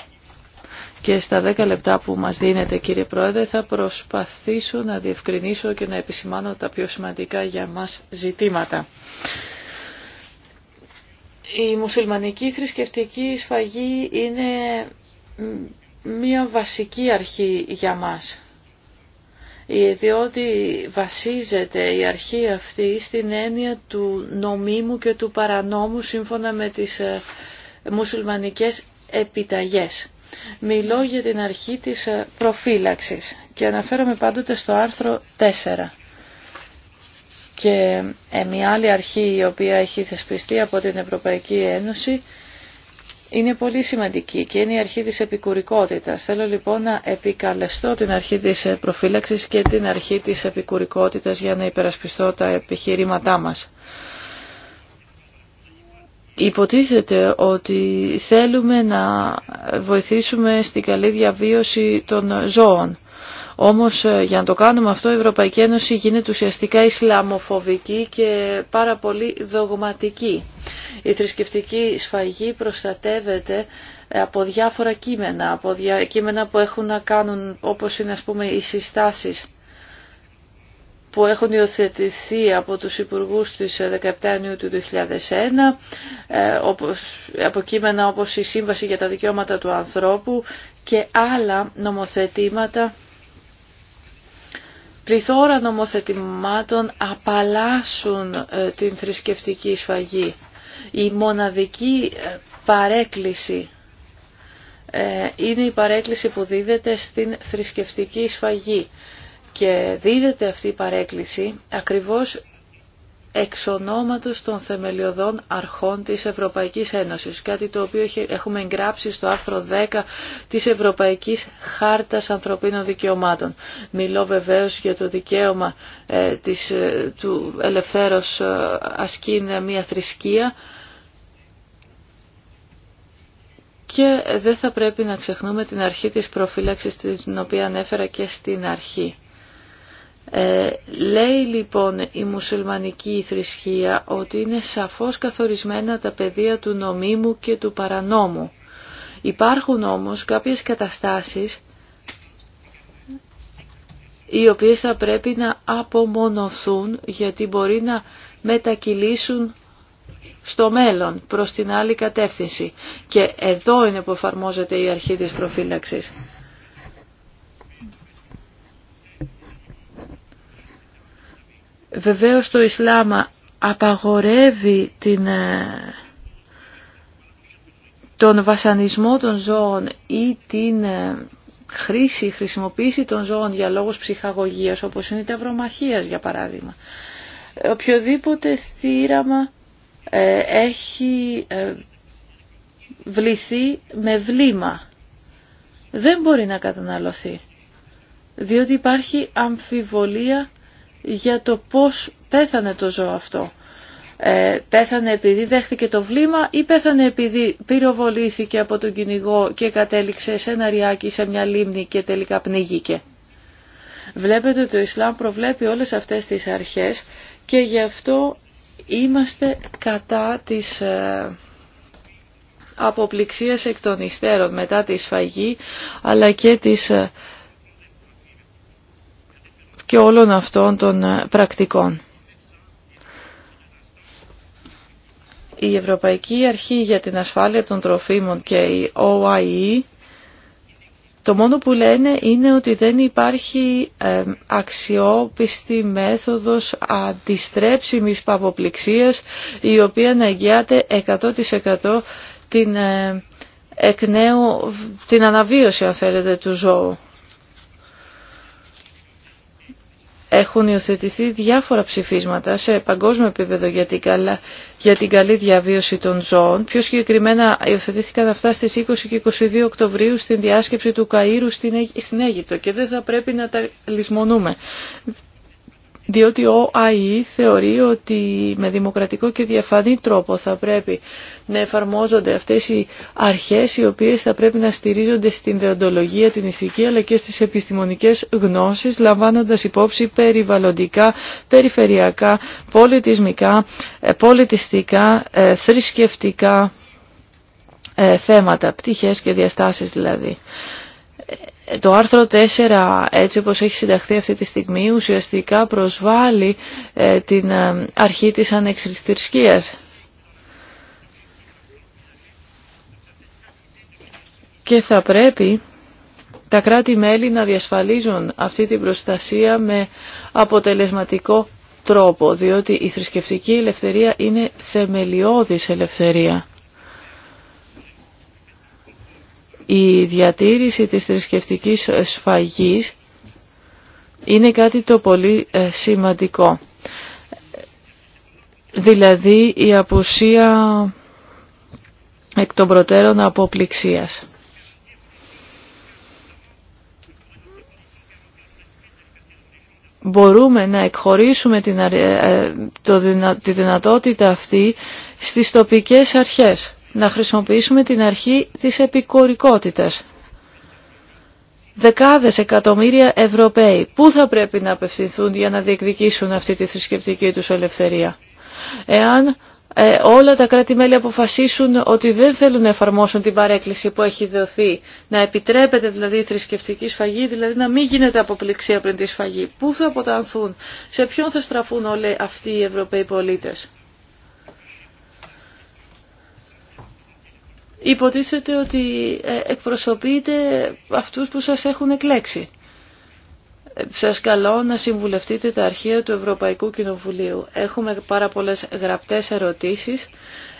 και στα 10 λεπτά που μας δίνετε κύριε Πρόεδρε θα προσπαθήσω να διευκρινίσω και να επισημάνω τα πιο σημαντικά για μας ζητήματα. Η μουσουλμανική θρησκευτική σφαγή είναι μία βασική αρχή για μας διότι βασίζεται η αρχή αυτή στην έννοια του νομίμου και του παρανόμου σύμφωνα με τις ε, μουσουλμανικές επιταγές. Μιλώ για την αρχή της ε, προφύλαξης και αναφέρομαι πάντοτε στο άρθρο 4. Και ε, μια άλλη αρχή η οποία έχει θεσπιστεί από την Ευρωπαϊκή Ένωση είναι πολύ σημαντική και είναι η αρχή της επικουρικότητας. Θέλω λοιπόν να επικαλεστώ την αρχή της ε, προφύλαξης και την αρχή της επικουρικότητας για να υπερασπιστώ τα επιχειρήματά μας. Υποτίθεται ότι θέλουμε να βοηθήσουμε στην καλή διαβίωση των ζώων. Όμως ε, για να το κάνουμε αυτό η Ευρωπαϊκή Ένωση γίνεται ουσιαστικά ισλαμοφοβική και πάρα πολύ δογματική. Η θρησκευτική σφαγή προστατεύεται ε, από διάφορα κείμενα, από κείμενα που έχουν να κάνουν όπως είναι ας πούμε οι συστάσεις που έχουν υιοθετηθεί από τους Υπουργούς της 17 ε, Ιανουαρίου του 2001, ε, από κείμενα όπως η Σύμβαση για τα Δικαιώματα του Ανθρώπου και άλλα νομοθετήματα, πληθώρα νομοθετημάτων απαλλάσσουν ε, την θρησκευτική σφαγή. Η μοναδική παρέκκληση είναι η παρέκκληση που δίδεται στην θρησκευτική σφαγή. Και δίδεται αυτή η παρέκκληση ακριβώς εξ ονόματος των θεμελιωδών αρχών της Ευρωπαϊκής Ένωσης, κάτι το οποίο έχουμε εγγράψει στο άρθρο 10 της Ευρωπαϊκής Χάρτας Ανθρωπίνων Δικαιωμάτων. Μιλώ βεβαίως για το δικαίωμα ε, της, ε, του ελευθερώ ασκήν μια θρησκεία και δεν θα πρέπει να ξεχνούμε την αρχή της προφύλαξης την οποία ανέφερα και στην αρχή. Ε, λέει λοιπόν η μουσουλμανική θρησκεία ότι είναι σαφώς καθορισμένα τα πεδία του νομίμου και του παρανόμου. Υπάρχουν όμως κάποιες καταστάσεις οι οποίες θα πρέπει να απομονωθούν γιατί μπορεί να μετακυλήσουν στο μέλλον προς την άλλη κατεύθυνση. Και εδώ είναι που εφαρμόζεται η αρχή της προφύλαξης. Βεβαίως το Ισλάμ απαγορεύει την, ε, τον βασανισμό των ζώων ή την ε, χρήση, χρησιμοποίηση των ζώων για λόγους ψυχαγωγίας, όπως είναι η ταυρομαχίας για παράδειγμα. Οποιοδήποτε θύραμα ε, έχει βληθεί με βλήμα δεν μπορεί να καταναλωθεί, διότι υπάρχει αμφιβολία για το πώς πέθανε το ζώο αυτό. Ε, πέθανε επειδή δέχτηκε το βλήμα ή πέθανε επειδή πυροβολήθηκε από τον κυνηγό και κατέληξε σε ένα ριάκι σε μια λίμνη και τελικά πνιγήκε. Βλέπετε ότι ο Ισλάμ προβλέπει όλες αυτές τις αρχές και γι' αυτό είμαστε κατά της ε, αποπληξίας εκ των υστέρων μετά τη σφαγή αλλά και της ε, και όλων αυτών των ε, πρακτικών. Η Ευρωπαϊκή Αρχή για την Ασφάλεια των Τροφίμων και η OIE το μόνο που λένε είναι ότι δεν υπάρχει ε, αξιόπιστη μέθοδος αντιστρέψιμης παποπληξίας η οποία να εγγυάται 100% την ε, εκ την αναβίωση αν θέλετε του ζώου. έχουν υιοθετηθεί διάφορα ψηφίσματα σε παγκόσμιο επίπεδο για την, για την καλή διαβίωση των ζώων. Πιο συγκεκριμένα υιοθετήθηκαν αυτά στις 20 και 22 Οκτωβρίου στην διάσκεψη του Καΐρου στην, Αίγυπτο και δεν θα πρέπει να τα λησμονούμε διότι ο ΑΗ θεωρεί ότι με δημοκρατικό και διαφανή τρόπο θα πρέπει να εφαρμόζονται αυτές οι αρχές οι οποίες θα πρέπει να στηρίζονται στην δεοντολογία, την ηθική αλλά και στις επιστημονικές γνώσεις λαμβάνοντας υπόψη περιβαλλοντικά, περιφερειακά, πολιτισμικά, ε, πολιτιστικά, ε, θρησκευτικά ε, θέματα, πτυχές και διαστάσεις δηλαδή το άρθρο 4 έτσι όπως έχει συνταχθεί αυτή τη στιγμή ουσιαστικά προσβάλλει ε, την ε, αρχή της ανεξιθρησκείας. Και θα πρέπει τα κράτη-μέλη να διασφαλίζουν αυτή την προστασία με αποτελεσματικό τρόπο, διότι η θρησκευτική ελευθερία είναι θεμελιώδης ελευθερία. η διατήρηση της θρησκευτική σφαγής είναι κάτι το πολύ ε, σημαντικό. Δηλαδή η απουσία εκ των προτέρων αποπληξίας. μπορούμε να εκχωρήσουμε την, ε, ε, το, τη δυνατότητα αυτή στις τοπικές αρχές να χρησιμοποιήσουμε την αρχή της επικορικότητας. Δεκάδες εκατομμύρια Ευρωπαίοι, πού θα πρέπει να απευθυνθούν για να διεκδικήσουν αυτή τη θρησκευτική τους ελευθερία. Εάν ε, όλα τα κράτη-μέλη αποφασίσουν ότι δεν θέλουν να εφαρμόσουν την παρέκκληση που έχει δοθεί, να επιτρέπεται δηλαδή η θρησκευτική σφαγή, δηλαδή να μην γίνεται αποπληξία πριν τη σφαγή. Πού θα αποτανθούν, σε ποιον θα στραφούν όλοι αυτοί οι Ευρωπαίοι πολίτες. υποτίθεται ότι ε, εκπροσωπείτε αυτούς που σας έχουν εκλέξει. Ε, σας καλώ να συμβουλευτείτε τα αρχεία του Ευρωπαϊκού Κοινοβουλίου. Έχουμε πάρα πολλές γραπτές ερωτήσεις.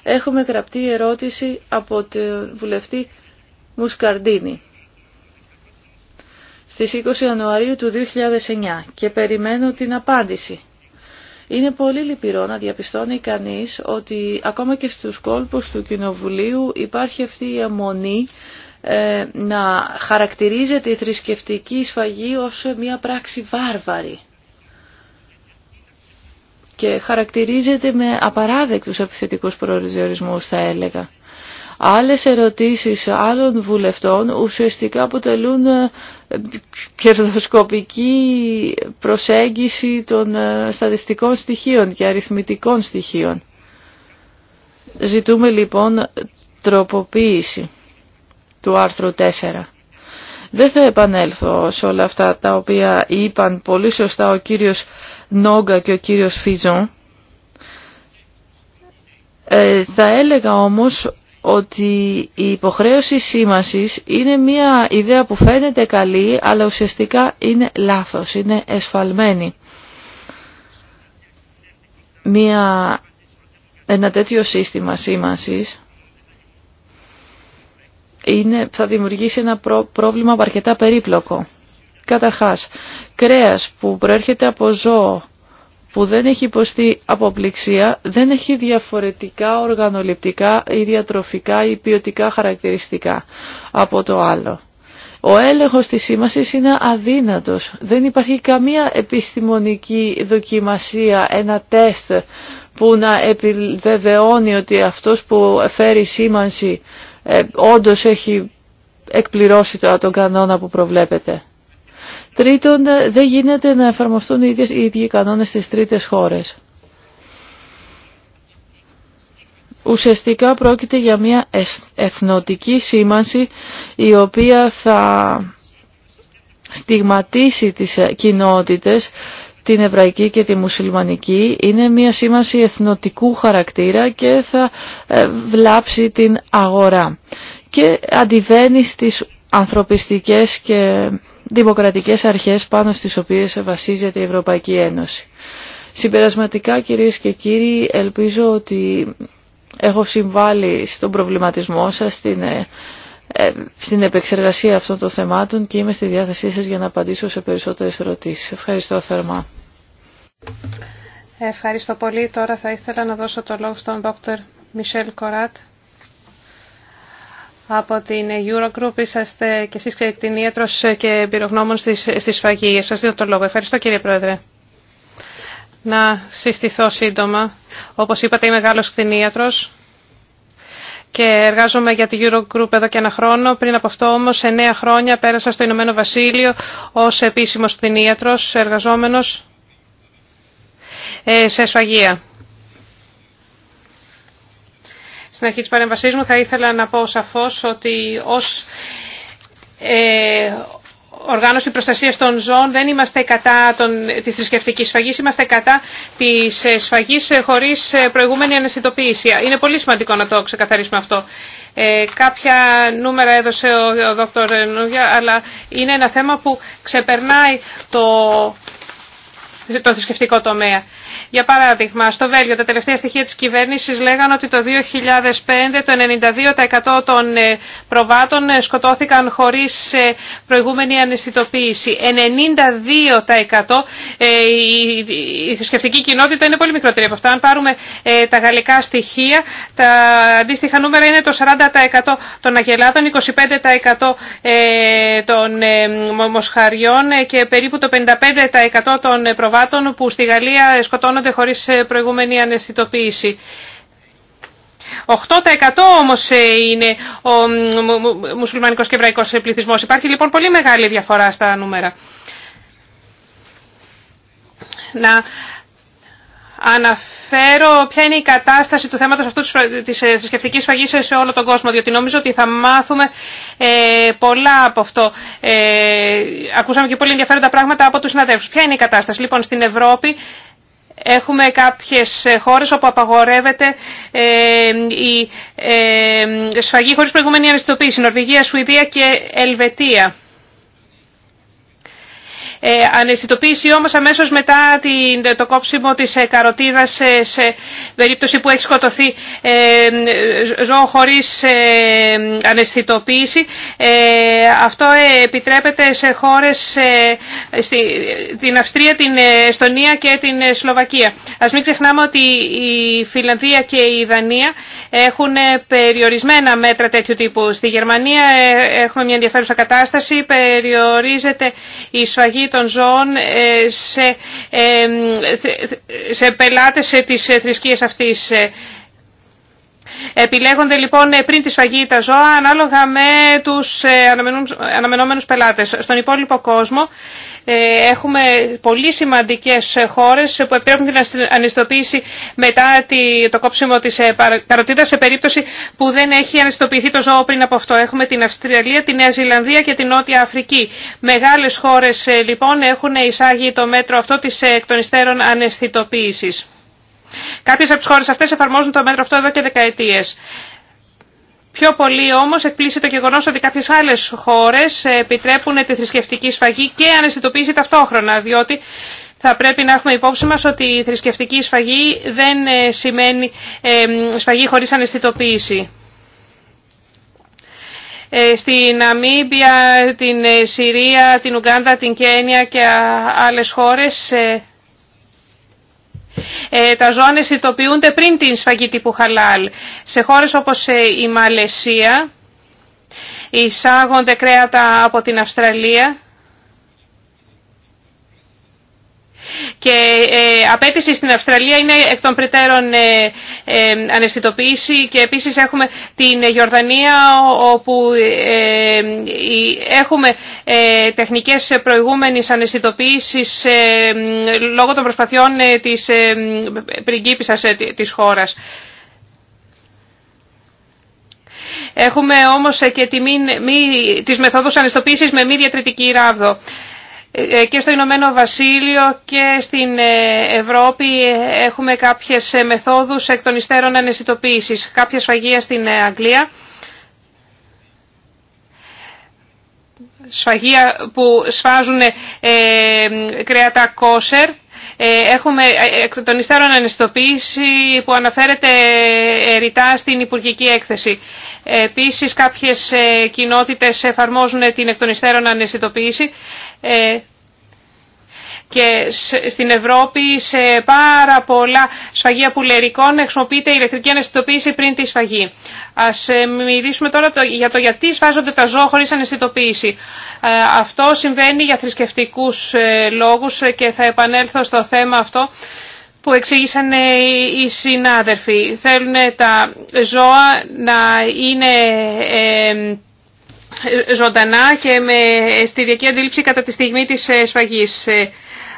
Έχουμε γραπτή ερώτηση από τον βουλευτή Μουσκαρντίνη στις 20 Ιανουαρίου του 2009 και περιμένω την απάντηση. Είναι πολύ λυπηρό να διαπιστώνει κανείς ότι ακόμα και στους κόλπους του Κοινοβουλίου υπάρχει αυτή η αιμονή ε, να χαρακτηρίζεται η θρησκευτική σφαγή ως μια πράξη βάρβαρη και χαρακτηρίζεται με απαράδεκτους επιθετικούς προοριζορισμούς θα έλεγα. Άλλες ερωτήσεις άλλων βουλευτών ουσιαστικά αποτελούν ε, κερδοσκοπική προσέγγιση των ε, στατιστικών στοιχείων και αριθμητικών στοιχείων. Ζητούμε λοιπόν τροποποίηση του άρθρου 4. Δεν θα επανέλθω σε όλα αυτά τα οποία είπαν πολύ σωστά ο κύριος Νόγκα και ο κύριος Φιζόν. Ε, θα έλεγα όμως ότι η υποχρέωση σήμασης είναι μια ιδέα που φαίνεται καλή, αλλά ουσιαστικά είναι λάθος, είναι εσφαλμένη. Μια, ένα τέτοιο σύστημα σήμασης είναι, θα δημιουργήσει ένα πρόβλημα αρκετά περίπλοκο. Καταρχάς, κρέας που προέρχεται από ζώο που δεν έχει υποστεί αποπληξία δεν έχει διαφορετικά οργανοληπτικά ή διατροφικά ή ποιοτικά χαρακτηριστικά από το άλλο. Ο έλεγχος της σήμασης είναι αδύνατος. Δεν υπάρχει καμία επιστημονική δοκιμασία, ένα τεστ που να επιβεβαιώνει ότι αυτός που φέρει σήμανση ε, έχει εκπληρώσει τον κανόνα που προβλέπεται. Τρίτον, δεν γίνεται να εφαρμοστούν οι ίδιες οι ίδιοι κανόνες στις τρίτες χώρες. Ουσιαστικά πρόκειται για μια εθνοτική σήμανση η οποία θα στιγματίσει τις κοινότητες την εβραϊκή και τη μουσουλμανική είναι μια σήμανση εθνοτικού χαρακτήρα και θα ε, βλάψει την αγορά και αντιβαίνει στις ανθρωπιστικές και δημοκρατικές αρχές πάνω στις οποίες βασίζεται η Ευρωπαϊκή Ένωση. Συμπερασματικά κυρίες και κύριοι, ελπίζω ότι έχω συμβάλει στον προβληματισμό σας, στην, ε, ε, στην επεξεργασία αυτών των θεμάτων και είμαι στη διάθεσή σας για να απαντήσω σε περισσότερες ερωτήσεις. Ευχαριστώ θερμά. Ευχαριστώ πολύ. Τώρα θα ήθελα να δώσω το λόγο στον Δόκτωρ Μισελ Κοράτ από την Eurogroup. Είσαστε και εσείς κτηνίατρος και εμπειρογνώμων στη σφαγή. Σας δίνω το λόγο. Ευχαριστώ κύριε Πρόεδρε. Να συστηθώ σύντομα. Όπως είπατε είμαι μεγάλος κτηνίατρος και εργάζομαι για την Eurogroup εδώ και ένα χρόνο. Πριν από αυτό όμως, 9 χρόνια πέρασα στο Ηνωμένο Βασίλειο ως επίσημος κτηνίατρος, εργαζόμενος ε, σε σφαγεία στην αρχή της παρέμβασής μου. Θα ήθελα να πω σαφώς ότι ως ε, οργάνωση προστασίας των ζώων δεν είμαστε κατά των, της θρησκευτική σφαγής, είμαστε κατά της ε, σφαγής ε, χωρίς ε, προηγούμενη αναισθητοποίηση. Είναι πολύ σημαντικό να το ξεκαθαρίσουμε αυτό. κάποια νούμερα έδωσε ο, ο Νούγια, αλλά είναι ένα θέμα που ξεπερνάει το, το θρησκευτικό τομέα. Για παράδειγμα, στο Βέλγιο τα τελευταία στοιχεία της κυβέρνησης λέγανε ότι το 2005 το 92% των ε, προβάτων ε, σκοτώθηκαν χωρίς ε, προηγούμενη αναισθητοποίηση. 92% η θρησκευτική κοινότητα είναι πολύ μικρότερη από αυτά. Αν πάρουμε τα γαλλικά στοιχεία, τα αντίστοιχα νούμερα είναι το 40% των αγελάδων, 25% των μοσχαριών και περίπου το 55% των προβάτων που στη Γαλλία σκοτώνονται διαμορφώνονται χωρίς ε, προηγούμενη αναισθητοποίηση. 8% όμως ε, είναι ο μουσουλμανικός και εβραϊκός ε, πληθυσμός. Υπάρχει λοιπόν πολύ μεγάλη διαφορά στα νούμερα. Να αναφέρω ποια είναι η κατάσταση του θέματος αυτού της θρησκευτικής φαγής σε όλο τον κόσμο, διότι νομίζω ότι θα μάθουμε πολλά από αυτό. ακούσαμε και πολύ ενδιαφέροντα πράγματα από τους συναδέλφους. Ποια είναι η κατάσταση. Λοιπόν, στην Ευρώπη Έχουμε κάποιες ε, χώρες όπου απαγορεύεται ε, η ε, σφαγή χωρίς προηγούμενη αριστοποίηση, Νορβηγία, Σουηδία και Ελβετία ε, αναισθητοποίηση όμως αμέσως μετά την, το κόψιμο της ε, ε, σε, περίπτωση που έχει σκοτωθεί ε, ζώο χωρίς ε, αναισθητοποίηση. Ε, αυτό ε, επιτρέπεται σε χώρες, στη, Αυστρία, την Εστονία και την Σλοβακία. Ας μην ξεχνάμε ότι η Φιλανδία και η Δανία έχουν περιορισμένα μέτρα τέτοιου τύπου. Στη Γερμανία έχουμε μια ενδιαφέρουσα κατάσταση, περιορίζεται η σφαγή των ζώων ε, σε, ε, σε πελάτες ε, της θρησκείας αυτής. Επιλέγονται λοιπόν πριν τη σφαγή τα ζώα ανάλογα με τους αναμενόμενους πελάτες. Στον υπόλοιπο κόσμο ε, έχουμε πολύ σημαντικές χώρες που επιτρέπουν την ανιστοποίηση μετά το κόψιμο της ε, καροτίδας σε περίπτωση που δεν έχει ανιστοποιηθεί το ζώο πριν από αυτό. Έχουμε την Αυστραλία, τη Νέα Ζηλανδία και την Νότια Αφρική. Μεγάλες χώρες ε, λοιπόν έχουν εισάγει το μέτρο αυτό της εκ των υστέρων Κάποιες από τις χώρες αυτές εφαρμόζουν το μέτρο αυτό εδώ και δεκαετίες. Πιο πολύ όμως εκπλήσει το γεγονό ότι κάποιε άλλες χώρες επιτρέπουν τη θρησκευτική σφαγή και αναισθητοποίηση ταυτόχρονα, διότι θα πρέπει να έχουμε υπόψη μας ότι η θρησκευτική σφαγή δεν ε, σημαίνει ε, σφαγή χωρίς αναισθητοποίηση. Ε, στην Ναμίμπια, την Συρία, την Ουγκάντα, την Κένια και άλλες χώρες ε, τα ζώνες αισθητοποιούνται πριν την σφαγή τύπου χαλάλ. Σε χώρες όπως ε, η Μαλαισία εισάγονται κρέατα από την Αυστραλία και ε, απέτηση στην Αυστραλία είναι εκ των πριτέρων ε, ε, αναισθητοποίηση και επίσης έχουμε την Γιορδανία όπου έχουμε τεχνικές προηγούμενης αναισθητοποίησης λόγω των προσπαθειών της πριγκίπισσας της χώρας. Έχουμε όμως και τη μη, μη, τις μεθόδους αναισθητοποίησης με μη διατριτική ράβδο. Ε, και στο Ηνωμένο Βασίλειο και στην ε, Ευρώπη έχουμε κάποιες ε, μεθόδους εκ των υστέρων αναισθητοποίησης. Κάποια σφαγεία στην Αγγλία, σφαγεία που σφάζουν κρέατα κόσερ, Έχουμε εκ των υστέρων αναισθητοποίηση που αναφέρεται ρητά στην Υπουργική Έκθεση. Επίσης κάποιες κοινότητες εφαρμόζουν την εκ των υστέρων αναισθητοποίηση ε, και στην Ευρώπη σε πάρα πολλά σφαγεία πουλερικών χρησιμοποιείται η ηλεκτρική αναισθητοποίηση πριν τη σφαγή. Ας ε, μιλήσουμε τώρα για το γιατί σφάζονται τα ζώα χωρίς αναισθητοποίηση. Ε, αυτό συμβαίνει για θρησκευτικούς λόγους και θα επανέλθω στο θέμα αυτό που εξήγησαν οι συνάδελφοι. Θέλουν τα ζώα να είναι ζωντανά και με ε, στηριακή αντίληψη κατά τη στιγμή της ε, σφαγής.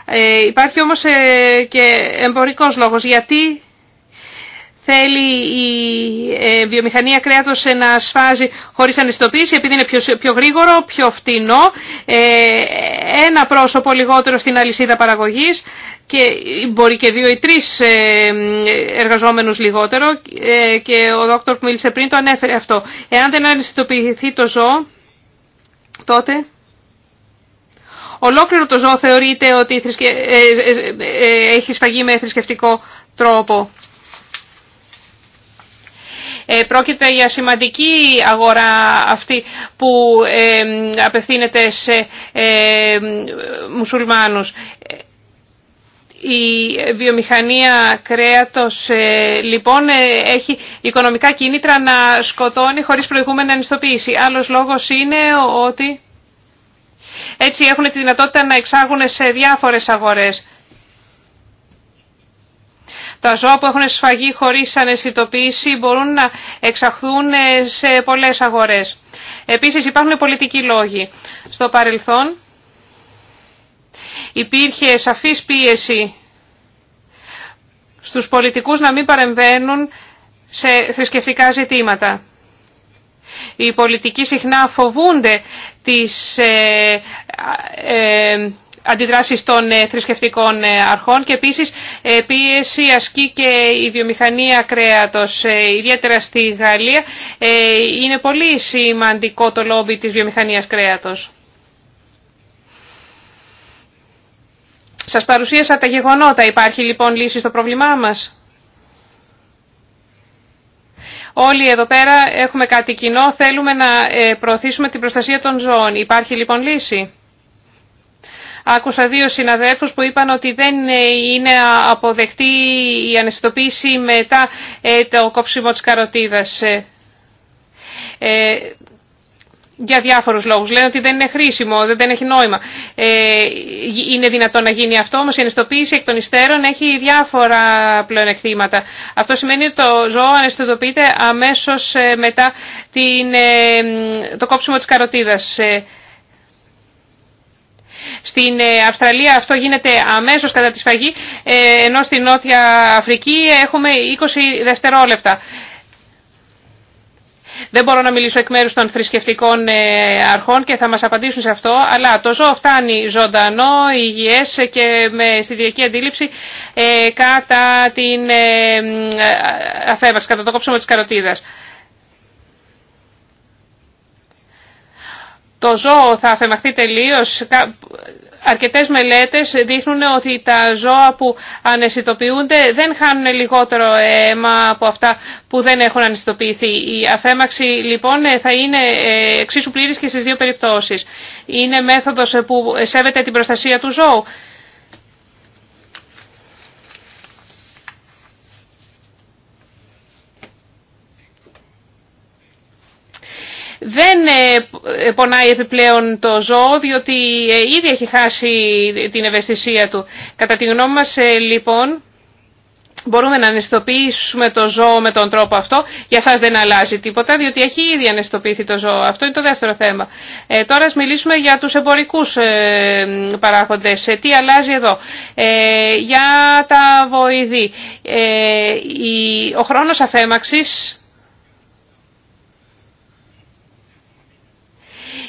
Ε, υπάρχει όμως και εμπορικός λόγος. Γιατί θέλει η ε, βιομηχανία κρέατος να σφάζει χωρίς ανιστοποίηση επειδή είναι πιο, πιο γρήγορο, πιο φτηνό, ε, ένα πρόσωπο λιγότερο στην αλυσίδα παραγωγής και μπορεί και δύο ή τρεις ε, εργαζόμενους λιγότερο και ο δόκτωρ που μίλησε πριν το ανέφερε αυτό. Εάν δεν ανιστοποιηθεί το ζώο, τότε... Ολόκληρο το ζώο θεωρείται ότι έχει σφαγεί με θρησκευτικό τρόπο. Ε, πρόκειται για σημαντική αγορά αυτή που ε, απευθύνεται σε ε, μουσουλμάνους. Η βιομηχανία κρέατος λοιπόν έχει οικονομικά κίνητρα να σκοτώνει χωρίς προηγούμενη ανιστοποίηση. Άλλος λόγος είναι ότι έτσι έχουν τη δυνατότητα να εξάγουν σε διάφορες αγορές. Τα ζώα που έχουν σφαγεί χωρίς αναισθητοποίηση μπορούν να εξαχθούν ε, σε πολλές αγορές. Επίσης υπάρχουν πολιτικοί λόγοι. Στο παρελθόν υπήρχε σαφής πίεση στους πολιτικούς να μην παρεμβαίνουν σε θρησκευτικά ζητήματα. Οι πολιτικοί συχνά φοβούνται τις ε, ε, Αντιδράσει των ε, θρησκευτικών ε, αρχών και επίσης ε, πίεση ασκεί και η βιομηχανία κρέατος, ιδιαίτερα στη Γαλλία. Είναι πολύ σημαντικό το λόμπι της βιομηχανία κρέατος. Σας παρουσίασα τα γεγονότα. Υπάρχει λοιπόν λύση στο πρόβλημά μας. Όλοι εδώ πέρα έχουμε κάτι κοινό. Θέλουμε να προωθήσουμε την προστασία των ζώων. Υπάρχει λοιπόν λύση. Άκουσα δύο συναδέλφους που είπαν ότι δεν ε, είναι αποδεκτή η αναισθητοποίηση μετά ε, το κόψιμο της καροτίδας. Ε. Για διάφορους λόγους. Λένε ότι δεν είναι χρήσιμο, δεν έχει νόημα. Είναι δυνατό να γίνει αυτό, όμως η αναισθητοποίηση εκ των υστέρων έχει διάφορα πλεονεκτήματα. Αυτό σημαίνει ότι το ζώο αναισθητοποιείται αμέσως μετά την, το κόψιμο της καροτίδας. Στην ε, Αυστραλία αυτό γίνεται αμέσως κατά τη σφαγή, ε, ενώ στην Νότια Αφρική έχουμε 20 δευτερόλεπτα. Δεν μπορώ να μιλήσω εκ μέρους των θρησκευτικών ε, αρχών και θα μας απαντήσουν σε αυτό, αλλά το ζώο φτάνει ζωντανό, υγιές και με διακή αντίληψη κατά την αφέβαση, κατά το κόψιμο της καροτίδας. το ζώο θα αφαιμαχθεί τελείως. Αρκετές μελέτες δείχνουν ότι τα ζώα που αναισθητοποιούνται δεν χάνουν λιγότερο αίμα από αυτά που δεν έχουν αναισθητοποιηθεί. Η αφέμαξη λοιπόν θα είναι ε, εξίσου πλήρης και στις δύο περιπτώσεις. Είναι μέθοδος που σέβεται την προστασία του ζώου δεν ε, ε, πονάει επιπλέον το ζώο διότι ε, ήδη έχει χάσει την ευαισθησία του. Κατά τη γνώμη μας λοιπόν μπορούμε να αναισθητοποιήσουμε το ζώο με τον τρόπο αυτό. Για σας δεν αλλάζει τίποτα, διότι έχει ήδη αναισθητοποιηθεί το ζώο. Αυτό είναι το δεύτερο θέμα. τώρα ας μιλήσουμε για τους εμπορικούς ε, παράγοντες. τι αλλάζει εδώ. για τα βοηδή. ο χρόνος αφέμαξης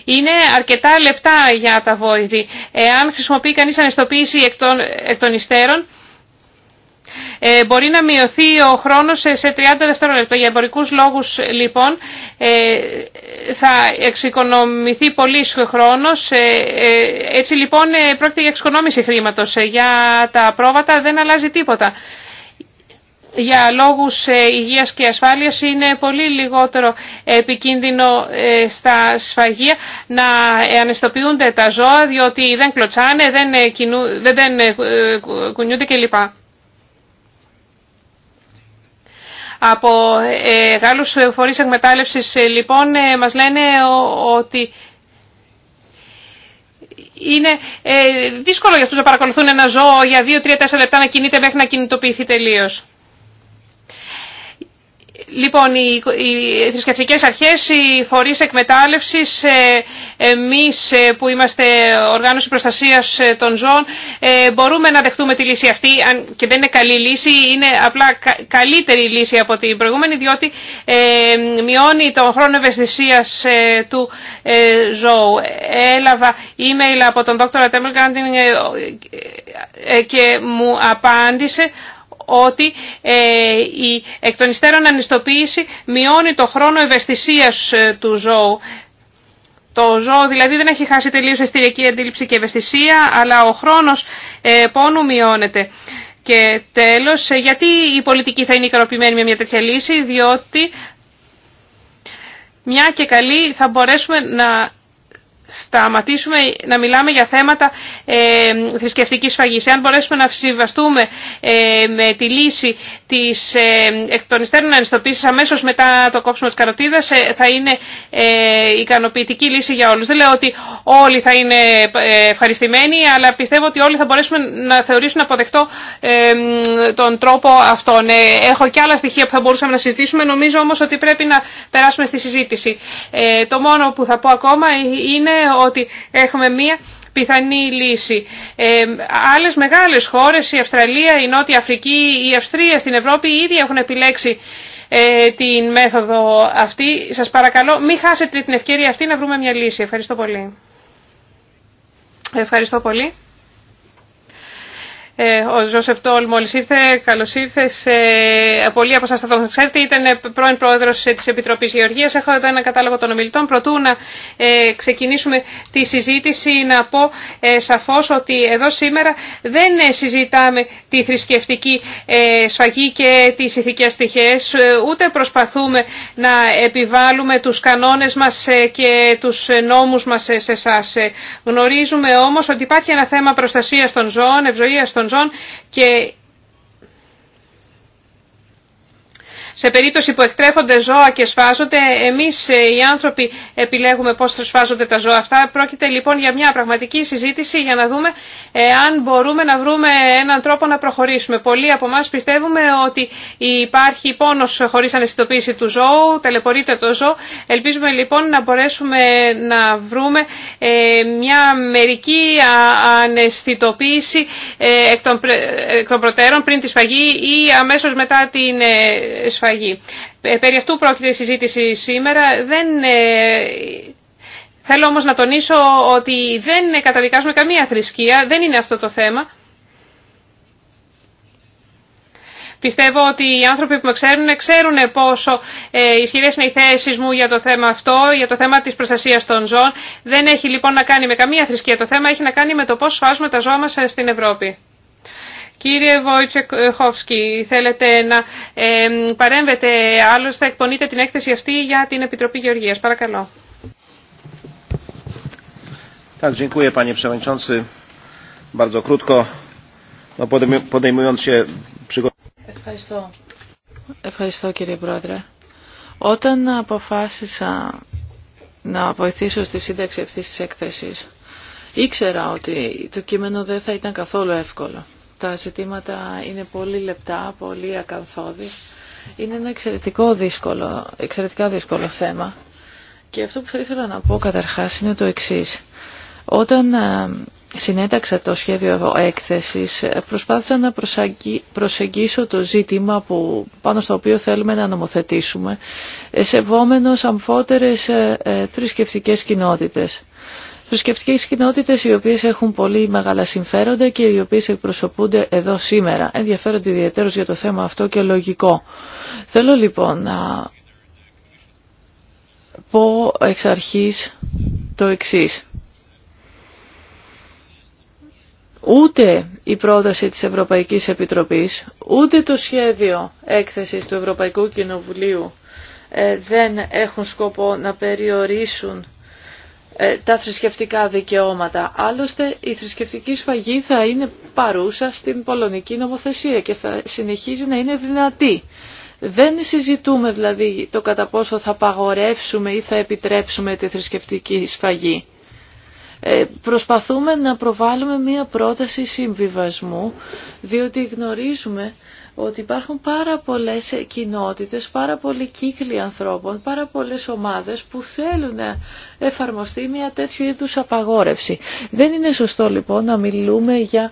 είναι αρκετά λεπτά για τα βόηδη. Εάν χρησιμοποιεί κανείς ανεστοποίηση εκ των, εκ των υστέρων, ε, μπορεί να μειωθεί ο χρόνος σε 30 δευτερόλεπτα. Για εμπορικούς λόγους λοιπόν ε, θα εξοικονομηθεί πολύ χρόνος. Ε, ε, έτσι λοιπόν πρόκειται για εξοικονόμηση χρήματος. Για τα πρόβατα δεν αλλάζει τίποτα για λόγους ε, υγείας και ασφάλειας είναι πολύ λιγότερο επικίνδυνο ε, στα σφαγεία να ε, ανεστοποιούνται τα ζώα διότι δεν κλωτσάνε, δεν, κινού, δεν, δεν κουνιούνται κλπ. Από ε, Γάλλους φορείς εκμετάλλευσης λοιπόν μας λένε ότι είναι δύσκολο για αυτούς να παρακολουθούν ένα ζώο για 2, 3, 4 λεπτά να κινείται μέχρι να κινητοποιηθεί τελείως. Λοιπόν, οι, οι θρησκευτικέ αρχές, οι φορείς εκμετάλλευσης, ε, εμείς ε, που είμαστε οργάνωση προστασίας ε, των ζώων, μπορούμε να δεχτούμε τη λύση αυτή και δεν είναι καλή λύση, είναι απλά καλύτερη λύση από την προηγούμενη, διότι μειώνει τον χρόνο ευαισθησίας του ζώου. Έλαβα email από τον Δόκτωρα ε, και μου απάντησε ότι ε, η εκ των υστέρων ανιστοποίηση μειώνει το χρόνο ευαισθησίας ε, του ζώου. Το ζώο δηλαδή δεν έχει χάσει τελείως αισθηριακή αντίληψη και ευαισθησία, αλλά ο χρόνος ε, πόνου μειώνεται. Και τέλος, γιατί η πολιτική θα είναι ικανοποιημένη με μια τέτοια λύση, διότι μια και καλή θα μπορέσουμε να σταματήσουμε να μιλάμε για θέματα ε, θρησκευτική φαγής. Εάν μπορέσουμε να συμβαστούμε ε, με τη λύση της ε, εκ των υστέρων ανιστοποίησης αμέσως μετά το κόψιμο της καροτίδας ε, θα είναι ε, ικανοποιητική λύση για όλους. Δεν λέω ότι όλοι θα είναι ευχαριστημένοι αλλά πιστεύω ότι όλοι θα μπορέσουμε να θεωρήσουν αποδεκτό τον τρόπο αυτόν. έχω και άλλα στοιχεία που θα μπορούσαμε να συζητήσουμε νομίζω όμως ότι πρέπει να περάσουμε στη συζήτηση. το μόνο που θα πω ακόμα είναι ότι έχουμε μία πιθανή λύση. Ε, άλλες μεγάλες χώρες, η Αυστραλία, η Νότια Αφρική, η Αυστρία στην Ευρώπη ήδη έχουν επιλέξει ε, την μέθοδο αυτή. Σας παρακαλώ μην χάσετε την ευκαιρία αυτή να βρούμε μια λύση. Ευχαριστώ πολύ. Ευχαριστώ πολύ. Ε, ο Ζώσεφ Τόλ μόλι ήρθε, καλώ ήρθε. Ε, Πολλοί από εσά θα τον ξέρετε, ήταν ε, πρώην πρόεδρο ε, τη Επιτροπή Γεωργία. Έχω εδώ ένα κατάλογο των ομιλητών. Προτού να ξεκινήσουμε τη συζήτηση, να πω σαφώ ότι εδώ σήμερα δεν συζητάμε τη θρησκευτική σφαγή και τις ηθικές ε, ούτε προσπαθούμε να επιβάλλουμε τους κανόνες μας και τους νόμους μας σε εσά. Γνωρίζουμε όμω ότι υπάρχει ένα θέμα προστασία των ζώων, ευζοία των και σε περίπτωση που εκτρέφονται ζώα και σφάζονται, εμείς ε, οι άνθρωποι επιλέγουμε πώς σφάζονται τα ζώα αυτά. Πρόκειται λοιπόν για μια πραγματική συζήτηση για να δούμε ε, αν μπορούμε να βρούμε έναν τρόπο να προχωρήσουμε. Πολλοί από εμά πιστεύουμε ότι υπάρχει πόνος χωρίς αναισθητοποίηση του ζώου, τελεπορείται το ζώο. Ελπίζουμε λοιπόν να μπορέσουμε να βρούμε ε, μια μερική αναισθητοποίηση εκ των προτέρων πριν τη σφαγή ή αμέσως μετά την σφαγή ε, Περί αυτού πρόκειται η συζήτηση σήμερα. Δεν, ε, θέλω όμως να τονίσω ότι δεν καταδικάζουμε καμία θρησκεία, δεν είναι αυτό το θέμα. Πιστεύω ότι οι άνθρωποι που με ξέρουν, ξέρουν πόσο ε, ισχυρέ είναι οι θέσει μου για το θέμα αυτό, για το θέμα της προστασίας των ζώων. Δεν έχει λοιπόν να κάνει με καμία θρησκεία το θέμα, έχει να κάνει με το πώ φάζουμε τα ζώα μας ε, στην Ευρώπη. Κύριε Βόιτσεχόφσκι, θέλετε να ε, παρέμβετε, άλλωστε εκπονείτε την έκθεση αυτή για την Επιτροπή Γεωργίας. Παρακαλώ. Ευχαριστώ. κύριε Πρόεδρε. Όταν αποφάσισα να βοηθήσω στη σύνταξη αυτής της έκθεσης, ήξερα ότι το κείμενο δεν θα ήταν καθόλου εύκολο. Τα ζητήματα είναι πολύ λεπτά, πολύ ακαθόδη. Είναι ένα εξαιρετικό δύσκολο, εξαιρετικά δύσκολο θέμα. Και αυτό που θα ήθελα να πω καταρχάς είναι το εξής. Όταν ε, συνέταξα το σχέδιο έκθεσης, ε, προσπάθησα να προσεγγίσω το ζήτημα που, πάνω στο οποίο θέλουμε να νομοθετήσουμε, ε, σεβόμενος αμφότερες θρησκευτικέ κοινότητες θρησκευτικέ κοινότητε, οι οποίες έχουν πολύ μεγάλα συμφέροντα και οι οποίες εκπροσωπούνται εδώ σήμερα. Ενδιαφέρονται ιδιαίτερω για το θέμα αυτό και λογικό. Θέλω λοιπόν να πω εξ αρχή το εξή: Ούτε η πρόταση της Ευρωπαϊκής Επιτροπής, ούτε το σχέδιο έκθεσης του Ευρωπαϊκού Κοινοβουλίου ε, δεν έχουν σκοπό να περιορίσουν ε, τα θρησκευτικά δικαιώματα. Άλλωστε η θρησκευτική σφαγή θα είναι παρούσα στην πολωνική νομοθεσία και θα συνεχίζει να είναι δυνατή. Δεν συζητούμε δηλαδή το κατά πόσο θα παγορεύσουμε ή θα επιτρέψουμε τη θρησκευτική σφαγή. Ε, προσπαθούμε να προβάλλουμε μία πρόταση συμβιβασμού, διότι γνωρίζουμε ότι υπάρχουν πάρα πολλές κοινότητες, πάρα πολλοί κύκλοι ανθρώπων, πάρα πολλές ομάδες που θέλουν να εφαρμοστεί μια τέτοιου είδους απαγόρευση. Δεν είναι σωστό λοιπόν να μιλούμε για,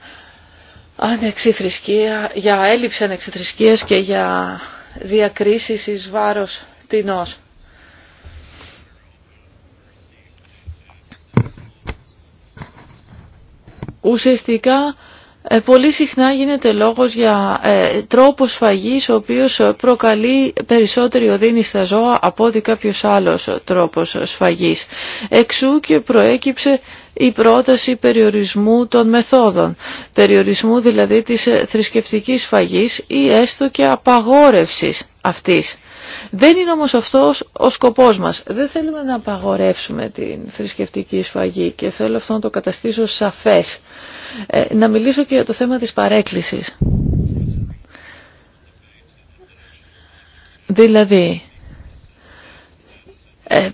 ανεξιθρησκεία, για έλλειψη ανεξιθρησκείας και για διακρίσεις εις βάρος τεινός. Ουσιαστικά ε, πολύ συχνά γίνεται λόγος για ε, τρόπο φαγής ο οποίος προκαλεί περισσότερη οδύνη στα ζώα από ότι κάποιος άλλος τρόπος σφαγής. Εξού και προέκυψε η πρόταση περιορισμού των μεθόδων, περιορισμού δηλαδή της θρησκευτικής φαγής ή έστω και απαγόρευσης αυτής. Δεν είναι όμως αυτός ο σκοπός μας. Δεν θέλουμε να απαγορεύσουμε την θρησκευτική σφαγή και θέλω αυτό να το καταστήσω σαφές. Ε, να μιλήσω και για το θέμα της παρέκκλησης. Δηλαδή, ε,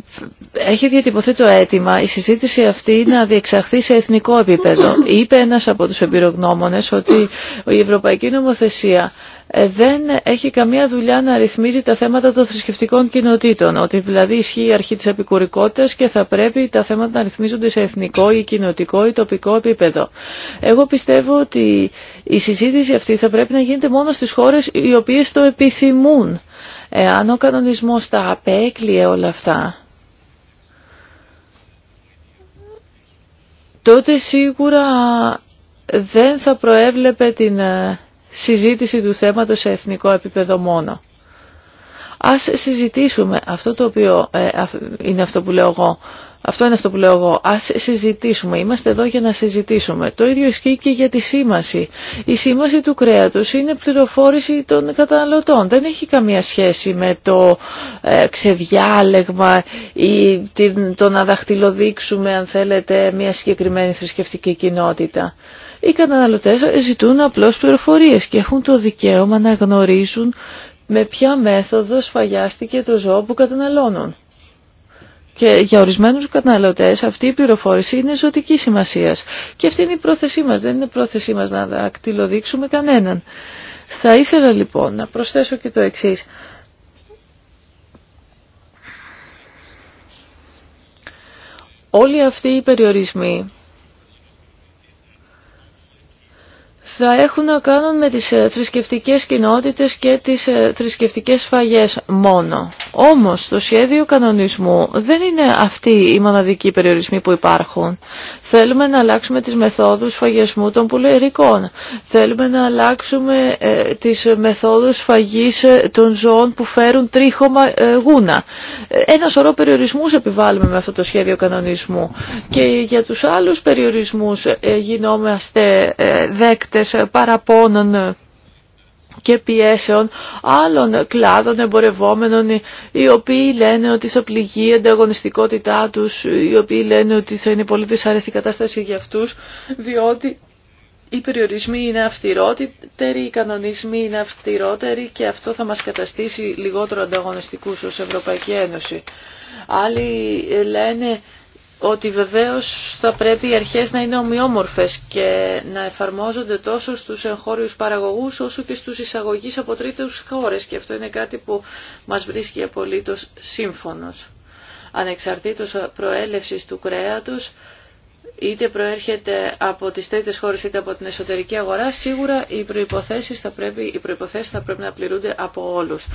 έχει διατυπωθεί το αίτημα η συζήτηση αυτή να διεξαχθεί σε εθνικό επίπεδο. Είπε ένας από τους εμπειρογνώμονες ότι η Ευρωπαϊκή Νομοθεσία ε, δεν έχει καμία δουλειά να ρυθμίζει τα θέματα των θρησκευτικών κοινοτήτων. Ότι δηλαδή ισχύει η αρχή της επικουρικότητας και θα πρέπει τα θέματα να ρυθμίζονται σε εθνικό ή κοινοτικό ή τοπικό επίπεδο. Εγώ πιστεύω ότι η συζήτηση αυτή θα πρέπει να γίνεται μόνο στις χώρες οι οποίες το επιθυμούν. Εάν ο κανονισμός τα απέκλειε όλα αυτά, τότε σίγουρα δεν θα προέβλεπε την ε, συζήτηση του θέματος σε εθνικό επίπεδο μόνο. Ας συζητήσουμε αυτό το οποίο ε, είναι αυτό που λέω εγώ. Αυτό είναι αυτό που λέω εγώ. Ας συζητήσουμε. Είμαστε εδώ για να συζητήσουμε. Το ίδιο ισχύει και για τη σήμαση. Η σήμαση του κρέατος είναι πληροφόρηση των καταναλωτών. Δεν έχει καμία σχέση με το ε, ξεδιάλεγμα ή το να δαχτυλοδείξουμε, αν θέλετε, μια συγκεκριμένη θρησκευτική κοινότητα. Οι καταναλωτές ζητούν απλώς πληροφορίες και έχουν το δικαίωμα να γνωρίζουν με ποια μέθοδο σφαγιάστηκε το ζώο που καταναλώνουν. Και για ορισμένους καταναλωτές αυτή η πληροφόρηση είναι ζωτική σημασίας. Και αυτή είναι η πρόθεσή μας, δεν είναι πρόθεσή μας να ακτιλοδείξουμε κανέναν. Θα ήθελα λοιπόν να προσθέσω και το εξής. Όλοι αυτοί οι περιορισμοί θα έχουν να κάνουν με τις ε, θρησκευτικές κοινότητες και τις ε, θρησκευτικές σφαγές μόνο. Όμως το σχέδιο κανονισμού δεν είναι αυτή οι μοναδικοί περιορισμοί που υπάρχουν. Θέλουμε να αλλάξουμε τις μεθόδους σφαγιασμού των πουλερικών. Θέλουμε να αλλάξουμε ε, τις μεθόδους σφαγής των ζώων που φέρουν τρίχωμα γούνα. Ένα σωρό περιορισμούς επιβάλλουμε με αυτό το σχέδιο κανονισμού. Και για τους άλλους περιορισμούς γινόμαστε δέκτες παραπώνων και πιέσεων άλλων κλάδων εμπορευόμενων οι οποίοι λένε ότι θα πληγεί η ανταγωνιστικότητά τους, οι οποίοι λένε ότι θα είναι πολύ δυσαρέστη κατάσταση για αυτούς, διότι οι περιορισμοί είναι αυστηρότεροι, οι κανονισμοί είναι αυστηρότεροι και αυτό θα μας καταστήσει λιγότερο ανταγωνιστικούς ως Ευρωπαϊκή Ένωση. Άλλοι λένε ότι βεβαίως θα πρέπει οι αρχές να είναι ομοιόμορφες και να εφαρμόζονται τόσο στους εγχώριους παραγωγούς όσο και στους εισαγωγείς από τρίτες χώρες και αυτό είναι κάτι που μας βρίσκει απολύτως σύμφωνος. Ανεξαρτήτως προέλευσης του κρέατος, είτε προέρχεται από τις τρίτες χώρες είτε από την εσωτερική αγορά, σίγουρα οι προϋποθέσεις θα πρέπει, οι προϋποθέσεις θα πρέπει να πληρούνται από όλους.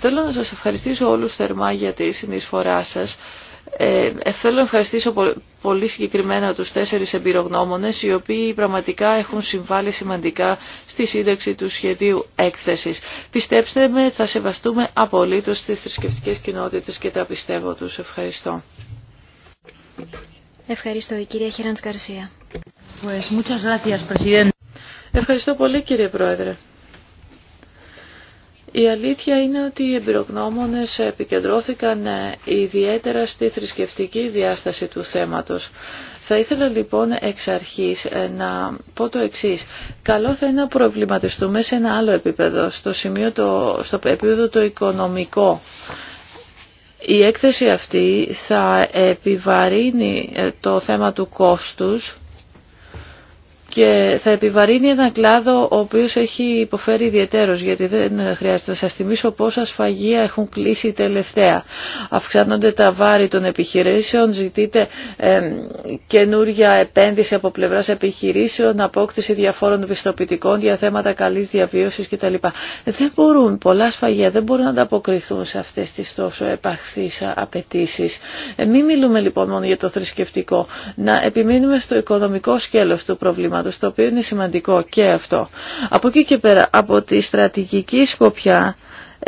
Θέλω να σας ευχαριστήσω όλους θερμά για τη συνεισφορά σας. Ε, ε, θέλω να ευχαριστήσω πολύ συγκεκριμένα τους τέσσερις εμπειρογνώμονες οι οποίοι πραγματικά έχουν συμβάλει σημαντικά στη σύνταξη του σχεδίου έκθεσης. Πιστέψτε με, θα σεβαστούμε απολύτως τις θρησκευτικέ κοινότητες και τα πιστεύω τους. Ευχαριστώ. Ευχαριστώ. Η κυρία Χιράντς Καρσία. Ευχαριστώ πολύ κύριε Πρόεδρε. Η αλήθεια είναι ότι οι εμπειρογνώμονες επικεντρώθηκαν ε, ιδιαίτερα στη θρησκευτική διάσταση του θέματος. Θα ήθελα λοιπόν εξ αρχής ε, να πω το εξής. Καλό θα είναι να προβληματιστούμε σε ένα άλλο επίπεδο, στο, σημείο το, στο επίπεδο το οικονομικό. Η έκθεση αυτή θα επιβαρύνει ε, το θέμα του κόστους και θα επιβαρύνει ένα κλάδο ο οποίος έχει υποφέρει ιδιαίτερος γιατί δεν χρειάζεται να σας θυμίσω πόσα σφαγεία έχουν κλείσει τελευταία. Αυξάνονται τα βάρη των επιχειρήσεων, ζητείτε ε, καινούρια επένδυση από πλευράς επιχειρήσεων, απόκτηση διαφόρων πιστοποιητικών για θέματα καλής διαβίωσης κτλ. Δεν μπορούν, πολλά σφαγεία δεν μπορούν να ανταποκριθούν σε αυτές τις τόσο επαχθείς απαιτήσει. Ε, μην μιλούμε λοιπόν μόνο για το θρησκευτικό, να επιμείνουμε στο οικονομικό σκέλος του προβλήματος κινήματος, το οποίο είναι σημαντικό και αυτό. Από εκεί και πέρα, από τη στρατηγική σκοπιά,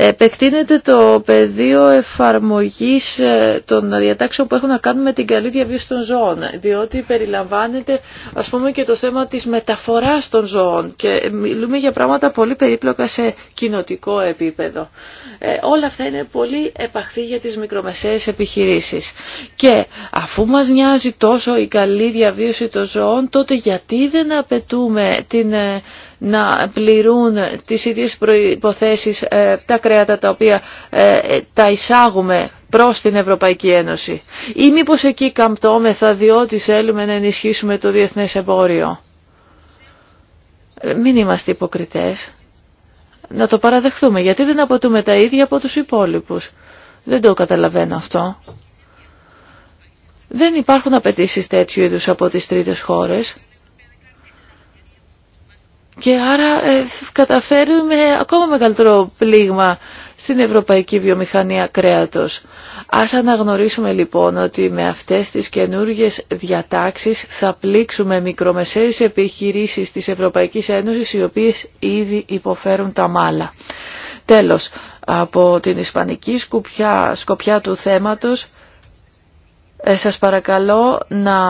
επεκτείνεται το πεδίο εφαρμογής ε, των διατάξεων που έχουν να κάνουν με την καλή διαβίωση των ζώων, διότι περιλαμβάνεται ας πούμε και το θέμα της μεταφοράς των ζώων και μιλούμε για πράγματα πολύ περίπλοκα σε κοινοτικό επίπεδο. Ε, όλα αυτά είναι πολύ επαχθή για τις μικρομεσαίες επιχειρήσεις. Και αφού μας νοιάζει τόσο η καλή διαβίωση των ζώων, τότε γιατί δεν απαιτούμε την ε, να πληρούν τις ίδιες προϋποθέσεις ε, τα κρέατα τα οποία ε, τα εισάγουμε προς την Ευρωπαϊκή Ένωση. Ή μήπως εκεί καμπτώμεθα διότι θέλουμε να ενισχύσουμε το διεθνές εμπόριο. Ε, μην είμαστε υποκριτές. Να το παραδεχθούμε. Γιατί δεν αποτούμε τα ίδια από τους υπόλοιπους. Δεν το καταλαβαίνω αυτό. Δεν υπάρχουν απαιτήσει τέτοιου είδους από τις τρίτες χώρες. Και άρα ε, καταφέρουμε ακόμα μεγαλύτερο πλήγμα στην ευρωπαϊκή βιομηχανία κρέατος. Ας αναγνωρίσουμε λοιπόν ότι με αυτές τις καινούργιες διατάξεις θα πλήξουμε μικρομεσαίες επιχειρήσεις της Ευρωπαϊκής Ένωσης οι οποίες ήδη υποφέρουν τα μάλα. Τέλος, από την ισπανική σκοπιά, σκοπιά του θέματος ε, σας παρακαλώ να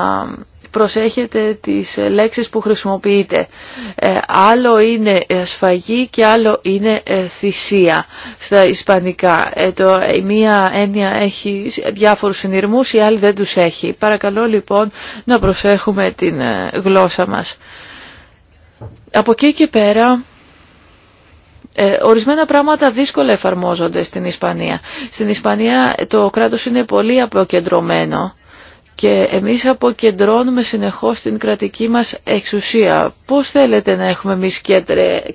προσέχετε τις λέξεις που χρησιμοποιείτε. Ε, άλλο είναι σφαγή και άλλο είναι ε, θυσία στα ισπανικά. Ε, το, η μία έννοια έχει διάφορους συνειρμούς, η άλλη δεν τους έχει. Παρακαλώ λοιπόν να προσέχουμε την γλώσσα μας. Από εκεί και πέρα... Ορισμένα πράγματα δύσκολα εφαρμόζονται στην Ισπανία. Στην Ισπανία το κράτος είναι πολύ αποκεντρωμένο και εμείς αποκεντρώνουμε συνεχώς την κρατική μας εξουσία. Πώς θέλετε να έχουμε εμείς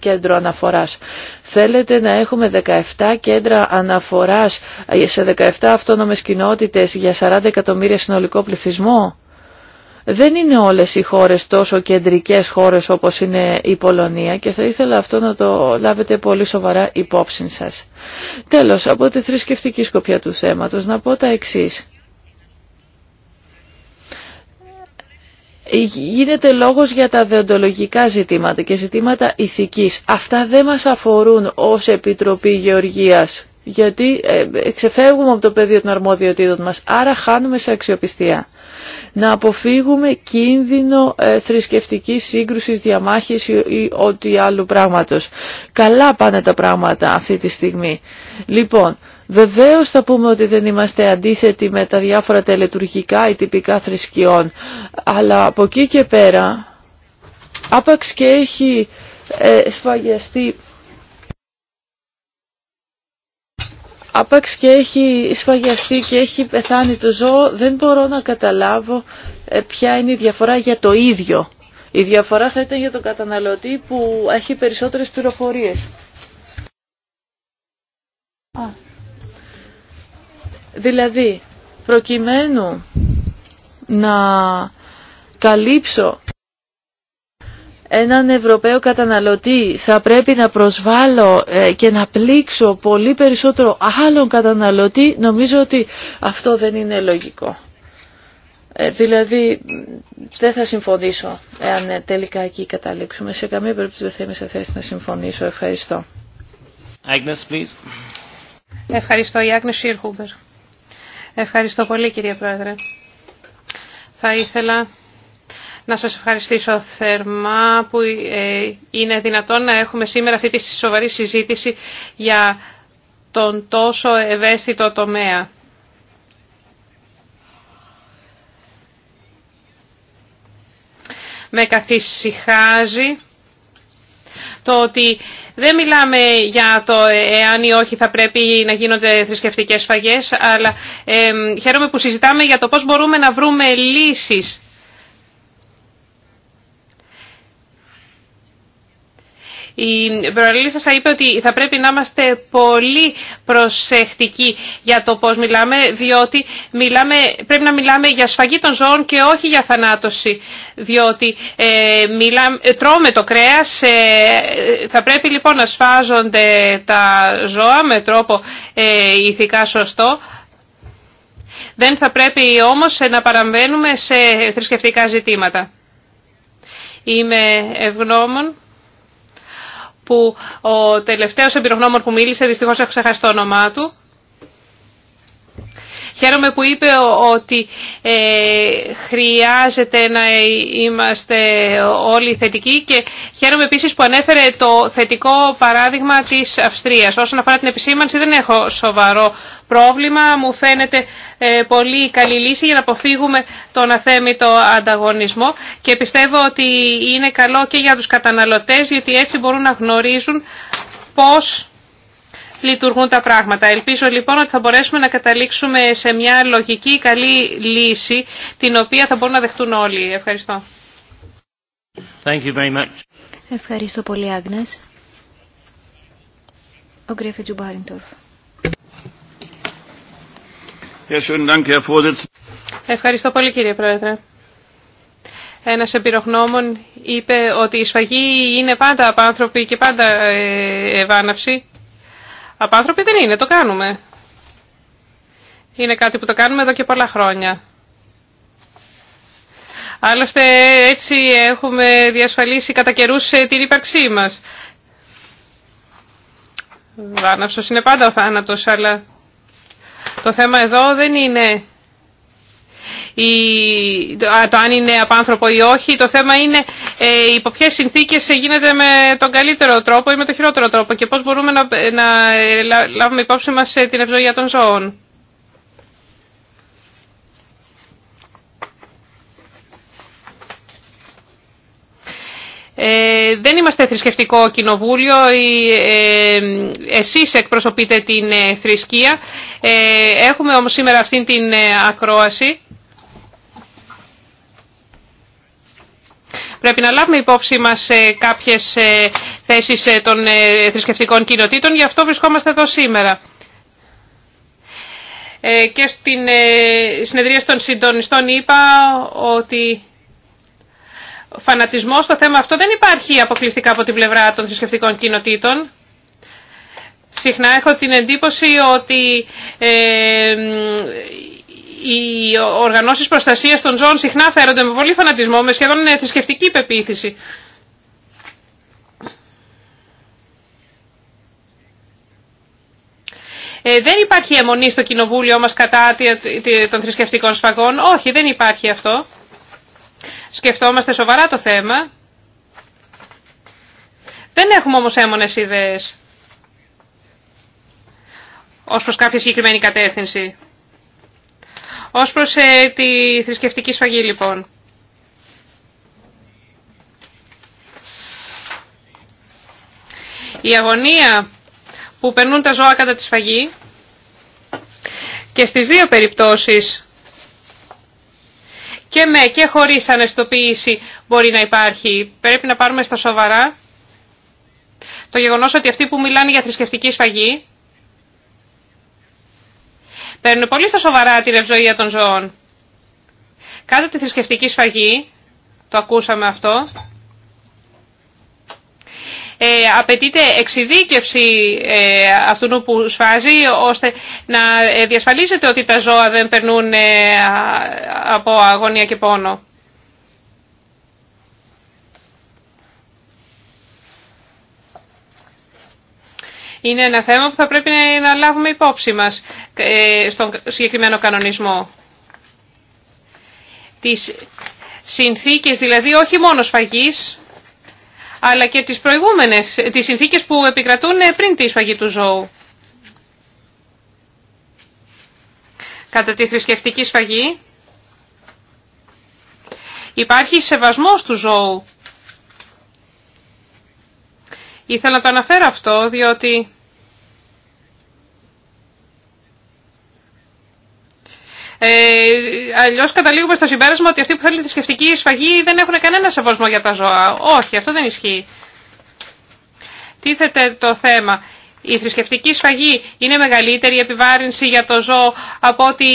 κέντρο αναφοράς. Θέλετε να έχουμε 17 κέντρα αναφοράς σε 17 αυτόνομες κοινότητες για 40 εκατομμύρια συνολικό πληθυσμό. Δεν είναι όλες οι χώρες τόσο κεντρικές χώρες όπως είναι η Πολωνία και θα ήθελα αυτό να το λάβετε πολύ σοβαρά υπόψη σας. Τέλος, από τη θρησκευτική σκοπιά του θέματος να πω τα εξής. γίνεται λόγος για τα δεοντολογικά ζητήματα και ζητήματα ηθικής. Αυτά δεν μας αφορούν ως Επιτροπή Γεωργίας, γιατί ε, ε, ξεφεύγουμε από το πεδίο των αρμόδιοτήτων μας, άρα χάνουμε σε αξιοπιστία. Να αποφύγουμε κίνδυνο ε, θρησκευτικής σύγκρουσης, διαμάχης ή ό,τι άλλου πράγματος. Καλά πάνε τα πράγματα αυτή τη στιγμή. Λοιπόν, Βεβαίως θα πούμε ότι δεν είμαστε αντίθετοι με τα διάφορα τελετουργικά ή τυπικά θρησκειών, αλλά από εκεί και πέρα, άπαξ και έχει ε, σφαγιαστεί Άπαξ και έχει σφαγιαστεί και έχει πεθάνει το ζώο, δεν μπορώ να καταλάβω ε, ποια είναι η τυπικα θρησκειων αλλα απο εκει και περα απαξ και εχει σφαγιαστει απαξ και εχει σφαγιαστει και εχει πεθανει το ζωο δεν μπορω να καταλαβω ποια ειναι η διαφορα για το ίδιο. Η διαφορά θα ήταν για τον καταναλωτή που έχει περισσότερες πληροφορίες. Α. Δηλαδή, προκειμένου να καλύψω έναν Ευρωπαίο καταναλωτή θα πρέπει να προσβάλλω ε, και να πλήξω πολύ περισσότερο άλλον καταναλωτή, νομίζω ότι αυτό δεν είναι λογικό. Ε, δηλαδή, δεν θα συμφωνήσω εάν ε, τελικά εκεί καταλήξουμε. Σε καμία περίπτωση δεν θα είμαι σε θέση να συμφωνήσω. Ευχαριστώ. Agnes, please. Ευχαριστώ, η Agnes Ευχαριστώ πολύ κυρία Πρόεδρε. Θα ήθελα να σας ευχαριστήσω θερμά που ε, είναι δυνατόν να έχουμε σήμερα αυτή τη σοβαρή συζήτηση για τον τόσο ευαίσθητο τομέα. Με καθησυχάζει το ότι δεν μιλάμε για το εάν ή όχι θα πρέπει να γίνονται θρησκευτικέ σφαγές, αλλά ε, χαίρομαι που συζητάμε για το πώς μπορούμε να βρούμε λύσεις Η σα είπε ότι θα πρέπει να είμαστε πολύ προσεκτικοί για το πώς μιλάμε, διότι μιλάμε, πρέπει να μιλάμε για σφαγή των ζώων και όχι για θανάτωση, διότι ε, μιλάμε, τρώμε το κρέας, ε, θα πρέπει λοιπόν να σφάζονται τα ζώα με τρόπο ε, ηθικά σωστό, δεν θα πρέπει όμως ε, να παραμβαίνουμε σε θρησκευτικά ζητήματα. Είμαι ευγνώμων που ο τελευταίος εμπειρογνώμων που μίλησε, δυστυχώς έχω ξεχάσει το όνομά του, Χαίρομαι που είπε ότι ε, χρειάζεται να είμαστε όλοι θετικοί και χαίρομαι επίσης που ανέφερε το θετικό παράδειγμα της Αυστρίας. Όσον αφορά την επισήμανση δεν έχω σοβαρό πρόβλημα. Μου φαίνεται ε, πολύ καλή λύση για να αποφύγουμε τον αθέμητο ανταγωνισμό και πιστεύω ότι είναι καλό και για τους καταναλωτές γιατί έτσι μπορούν να γνωρίζουν πώς λειτουργούν τα πράγματα. Ελπίζω λοιπόν ότι θα μπορέσουμε να καταλήξουμε σε μια λογική καλή λύση την οποία θα μπορούν να δεχτούν όλοι. Ευχαριστώ. Thank you very much. Ευχαριστώ πολύ Άγνες. Ο Γκρέφε Τζουμπάριντορφ. Ευχαριστώ πολύ κύριε Πρόεδρε. Ένας εμπειρογνώμων είπε ότι η σφαγή είναι πάντα απάνθρωπη και πάντα ε, ευάναυση. Απάνθρωποι δεν είναι, το κάνουμε. Είναι κάτι που το κάνουμε εδώ και πολλά χρόνια. Άλλωστε έτσι έχουμε διασφαλίσει κατά καιρού ε, την ύπαρξή μας. Βάναυσος είναι πάντα ο θάνατος, αλλά το θέμα εδώ δεν είναι το αν είναι απάνθρωπο ή όχι. Το θέμα είναι ε, υπό ποιε συνθήκε γίνεται με τον καλύτερο τρόπο ή με τον χειρότερο τρόπο και πώ μπορούμε να, να ε, λάβουμε υπόψη μα ε, την ευζοία των ζώων. Ε, δεν είμαστε θρησκευτικό κοινοβούλιο, ε, εσείς εκπροσωπείτε την θρησκεία. Ε, έχουμε όμως σήμερα αυτή την ακρόαση Πρέπει να λάβουμε υπόψη μας ε, κάποιες ε, θέσεις ε, των θρησκευτικών κοινοτήτων, γι' αυτό βρισκόμαστε εδώ σήμερα και στην συνεδρία των συντονιστών είπα ότι φανατισμός στο θέμα αυτό δεν υπάρχει αποκλειστικά από την πλευρά των θρησκευτικών κοινοτήτων. Συχνά έχω την εντύπωση ότι οι οργανώσεις προστασίας των ζώων συχνά φέρονται με πολύ φανατισμό, με σχεδόν ε, θρησκευτική πεποίθηση. Ε, δεν υπάρχει αιμονή στο κοινοβούλιο μας κατά των θρησκευτικών σφαγών. Όχι, δεν υπάρχει αυτό. Σκεφτόμαστε σοβαρά το θέμα. Δεν έχουμε όμως έμονες ιδέες ως προς κάποια συγκεκριμένη κατεύθυνση. Ως προς ε, τη θρησκευτική σφαγή λοιπόν. Η αγωνία που περνούν τα ζώα κατά τη σφαγή και στις δύο περιπτώσεις και με και χωρίς αναισθητοποίηση μπορεί να υπάρχει. Πρέπει να πάρουμε στα σοβαρά το γεγονός ότι αυτοί που μιλάνε για θρησκευτική σφαγή παίρνουν πολύ στα σοβαρά την ευζοία των ζώων. Κάτω τη θρησκευτική σφαγή, το ακούσαμε αυτό, ε, απαιτείται εξειδίκευση ε, αυτού που σφάζει ώστε να ε, διασφαλίζεται ότι τα ζώα δεν περνούν ε, από αγωνία και πόνο. είναι ένα θέμα που θα πρέπει να λάβουμε υπόψη μας ε, στον συγκεκριμένο κανονισμό. Τις συνθήκες δηλαδή όχι μόνο σφαγής, αλλά και τις προηγούμενες, τις συνθήκες που επικρατούν ε, πριν τη σφαγή του ζώου. Κατά τη θρησκευτική σφαγή υπάρχει σεβασμός του ζώου. Ήθελα να το αναφέρω αυτό, διότι Ε, Αλλιώ καταλήγουμε στο συμπέρασμα ότι αυτοί που θέλουν θρησκευτική σφαγή δεν έχουν κανένα σεβασμό για τα ζώα. Όχι, αυτό δεν ισχύει. Τίθεται το θέμα. Η θρησκευτική σφαγή είναι μεγαλύτερη επιβάρυνση για το ζώο από ότι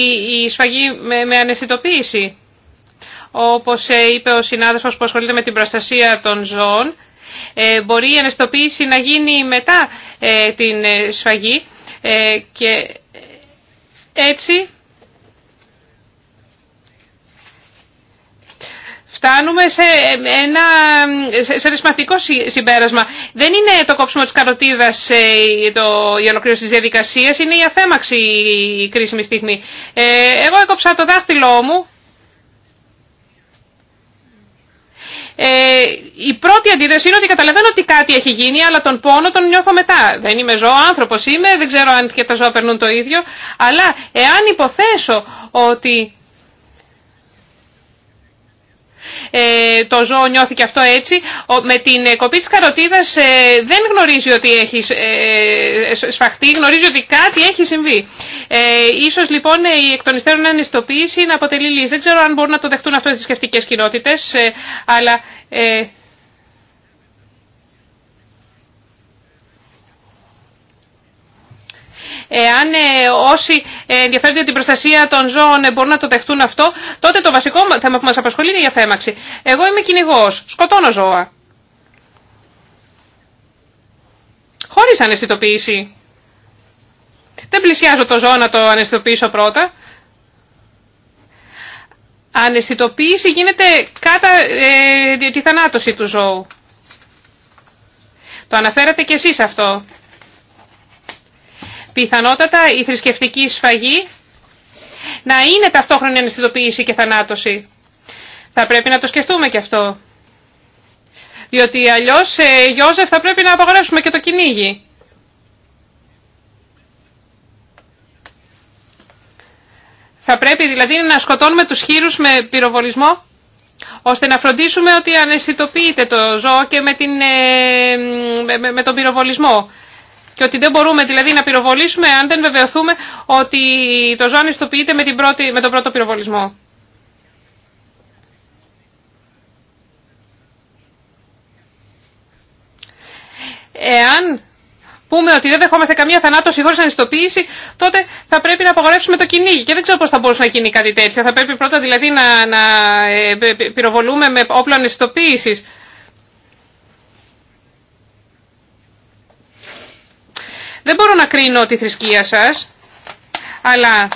η σφαγή με, με αναισθητοποίηση. Όπως ε, είπε ο συνάδελφος που ασχολείται με την προστασία των ζώων, ε, μπορεί η αναισθητοποίηση να γίνει μετά ε, την σφαγή και έτσι Φτάνουμε σε ένα, σε συμπέρασμα. Δεν είναι το κόψιμο της καροτίδας ε, το, η ολοκλήρωση της διαδικασίας, είναι η αφέμαξη η κρίσιμη στιγμή. Ε, εγώ έκοψα το δάχτυλό μου. Ε, η πρώτη αντίδραση είναι ότι καταλαβαίνω ότι κάτι έχει γίνει, αλλά τον πόνο τον νιώθω μετά. Δεν είμαι ζώο, άνθρωπος είμαι, δεν ξέρω αν και τα ζώα περνούν το ίδιο, αλλά εάν υποθέσω ότι Ε, το ζώο νιώθει και αυτό έτσι. Με την ε, κοπή της καροτίδας ε, δεν γνωρίζει ότι έχει σφαχτεί, γνωρίζει ότι κάτι έχει συμβεί. Ίσως λοιπόν η εκ των υστέρων ανιστοποίηση να αποτελεί λύση. Δεν ξέρω αν μπορούν να το δεχτούν αυτό οι θρησκευτικέ κοινότητε, αλλά... Εάν ε, όσοι ε, ενδιαφέρονται για την προστασία των ζώων ε, μπορούν να το δεχτούν αυτό, τότε το βασικό θέμα που μα απασχολεί είναι η αφέμαξη. Εγώ είμαι κυνηγό, σκοτώνω ζώα. Χωρίς αναισθητοποίηση. Δεν πλησιάζω το ζώο να το αναισθητοποιήσω πρώτα. Αναισθητοποίηση γίνεται κατά τη θανάτωση του ζώου. Το αναφέρατε και εσείς αυτό πιθανότατα η θρησκευτική σφαγή να είναι ταυτόχρονη αναισθητοποίηση και θανάτωση. Θα πρέπει να το σκεφτούμε και αυτό. Διότι αλλιώς, Γιώζεφ, ε, θα πρέπει να απαγορεύσουμε και το κυνήγι. Θα πρέπει δηλαδή να σκοτώνουμε τους χείρους με πυροβολισμό, ώστε να φροντίσουμε ότι αναισθητοποιείται το ζώο και με, την, ε, με τον πυροβολισμό και ότι δεν μπορούμε δηλαδή να πυροβολήσουμε αν δεν βεβαιωθούμε ότι το ζώνη ιστοποιείται με, την πρώτη, με τον πρώτο πυροβολισμό. Εάν πούμε ότι δεν δεχόμαστε καμία θανάτωση χωρίς ανιστοποίηση, τότε θα πρέπει να απαγορεύσουμε το κυνήγι. Και δεν ξέρω πώς θα μπορούσε να γίνει κάτι τέτοιο. Θα πρέπει πρώτα δηλαδή να, να ε, πυροβολούμε με όπλο ανιστοποίηση. Δεν μπορώ να κρίνω τη θρησκεία σας, αλλά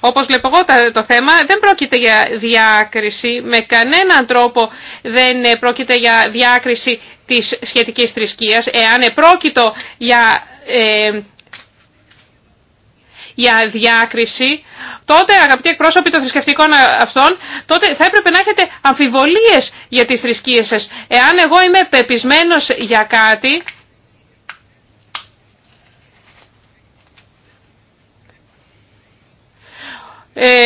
όπως βλέπω εγώ το θέμα, δεν πρόκειται για διάκριση, με κανέναν τρόπο δεν ε, πρόκειται για διάκριση της σχετικής θρησκείας, εάν πρόκειτο για, ε, για διάκριση, τότε αγαπητοί εκπρόσωποι των θρησκευτικών αυτών, τότε θα έπρεπε να έχετε αμφιβολίες για τις θρησκείες σας. Εάν εγώ είμαι πεπισμένος για κάτι, Ε,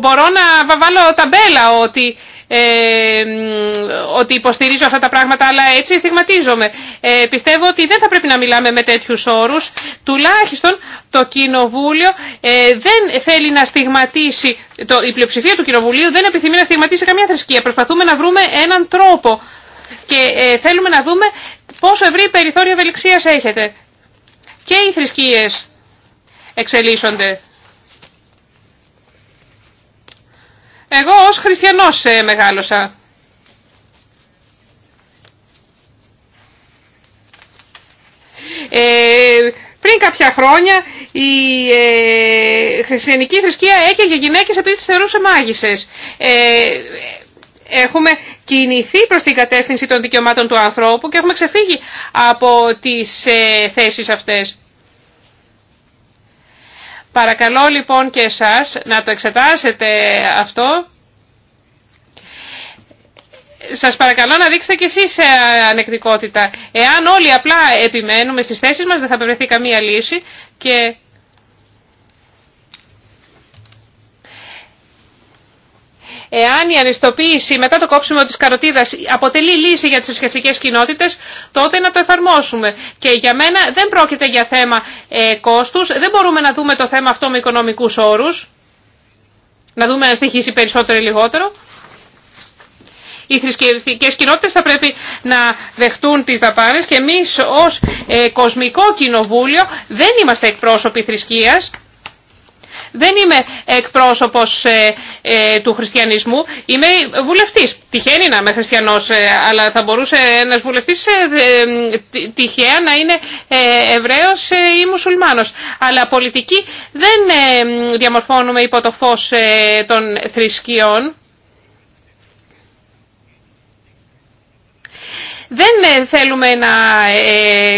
μπορώ να βάλω ταμπέλα ότι ε, ότι υποστηρίζω αυτά τα πράγματα αλλά έτσι στιγματίζομαι. Ε, πιστεύω ότι δεν θα πρέπει να μιλάμε με τέτοιους όρους. Τουλάχιστον το Κοινοβούλιο ε, δεν θέλει να στιγματίσει, το, η πλειοψηφία του Κοινοβουλίου δεν επιθυμεί να στιγματίσει καμία θρησκεία. Προσπαθούμε να βρούμε έναν τρόπο και ε, θέλουμε να δούμε πόσο ευρύ περιθώριο ευελιξίας έχετε. Και οι θρησκείες εξελίσσονται. Εγώ ως χριστιανός ε, μεγάλωσα. Ε, πριν κάποια χρόνια η ε, χριστιανική θρησκεία έκαιγε γυναίκες επειδή τις θεωρούσε μάγισσες. Ε, έχουμε κινηθεί προς την κατεύθυνση των δικαιωμάτων του ανθρώπου και έχουμε ξεφύγει από τις ε, θέσεις αυτές. Παρακαλώ λοιπόν και εσάς να το εξετάσετε αυτό. Σας παρακαλώ να δείξετε και εσείς ε, ανεκτικότητα. Εάν όλοι απλά επιμένουμε στις θέσεις μας δεν θα βρεθεί καμία λύση και Εάν η ανιστοποίηση μετά το κόψιμο της καροτίδας αποτελεί λύση για τις θρησκευτικέ κοινότητες, τότε να το εφαρμόσουμε. Και για μένα δεν πρόκειται για θέμα ε, κόστους, δεν μπορούμε να δούμε το θέμα αυτό με οικονομικούς όρους, να δούμε αν στοιχήσει περισσότερο ή λιγότερο. Οι θρησκευτικέ κοινότητε θα πρέπει να δεχτούν τι δαπάνε και εμεί ω ε, Κοσμικό Κοινοβούλιο δεν είμαστε εκπρόσωποι θρησκείας. Δεν είμαι εκπρόσωπος ε, ε, του χριστιανισμού, είμαι βουλευτής. Τυχαίνει να είμαι χριστιανός, ε, αλλά θα μπορούσε ένας βουλευτής τυχαία να είναι Εβραίος ή Μουσουλμάνος. Αλλά πολιτική δεν διαμορφώνουμε υπό το φως των θρησκειών. Δεν ε, θέλουμε να, ε,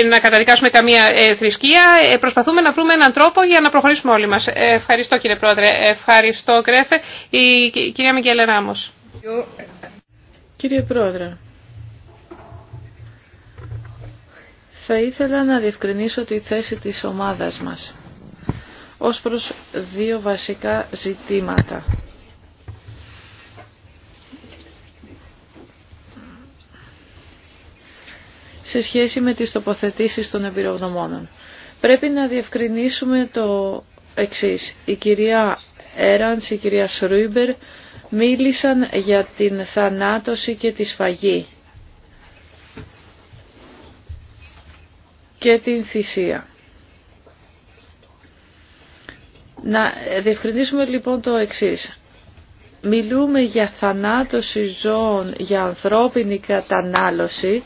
ε, να καταδικάσουμε καμία θρησκεία. Προσπαθούμε να βρούμε έναν τρόπο για να προχωρήσουμε όλοι μας. Ευχαριστώ κύριε Πρόεδρε. Ευχαριστώ Κρέφε. Η κυρία Μικέλε Ράμος. Κύριε Πρόεδρε. Θα ήθελα να διευκρινίσω τη θέση της ομάδας μας ως προς δύο βασικά ζητήματα. σε σχέση με τις τοποθετήσεις των εμπειρογνωμόνων. Πρέπει να διευκρινίσουμε το εξής. Η κυρία Έρανς, η κυρία Σρούιμπερ μίλησαν για την θανάτωση και τη σφαγή και την θυσία. Να διευκρινίσουμε λοιπόν το εξής. Μιλούμε για θανάτωση ζώων, για ανθρώπινη κατανάλωση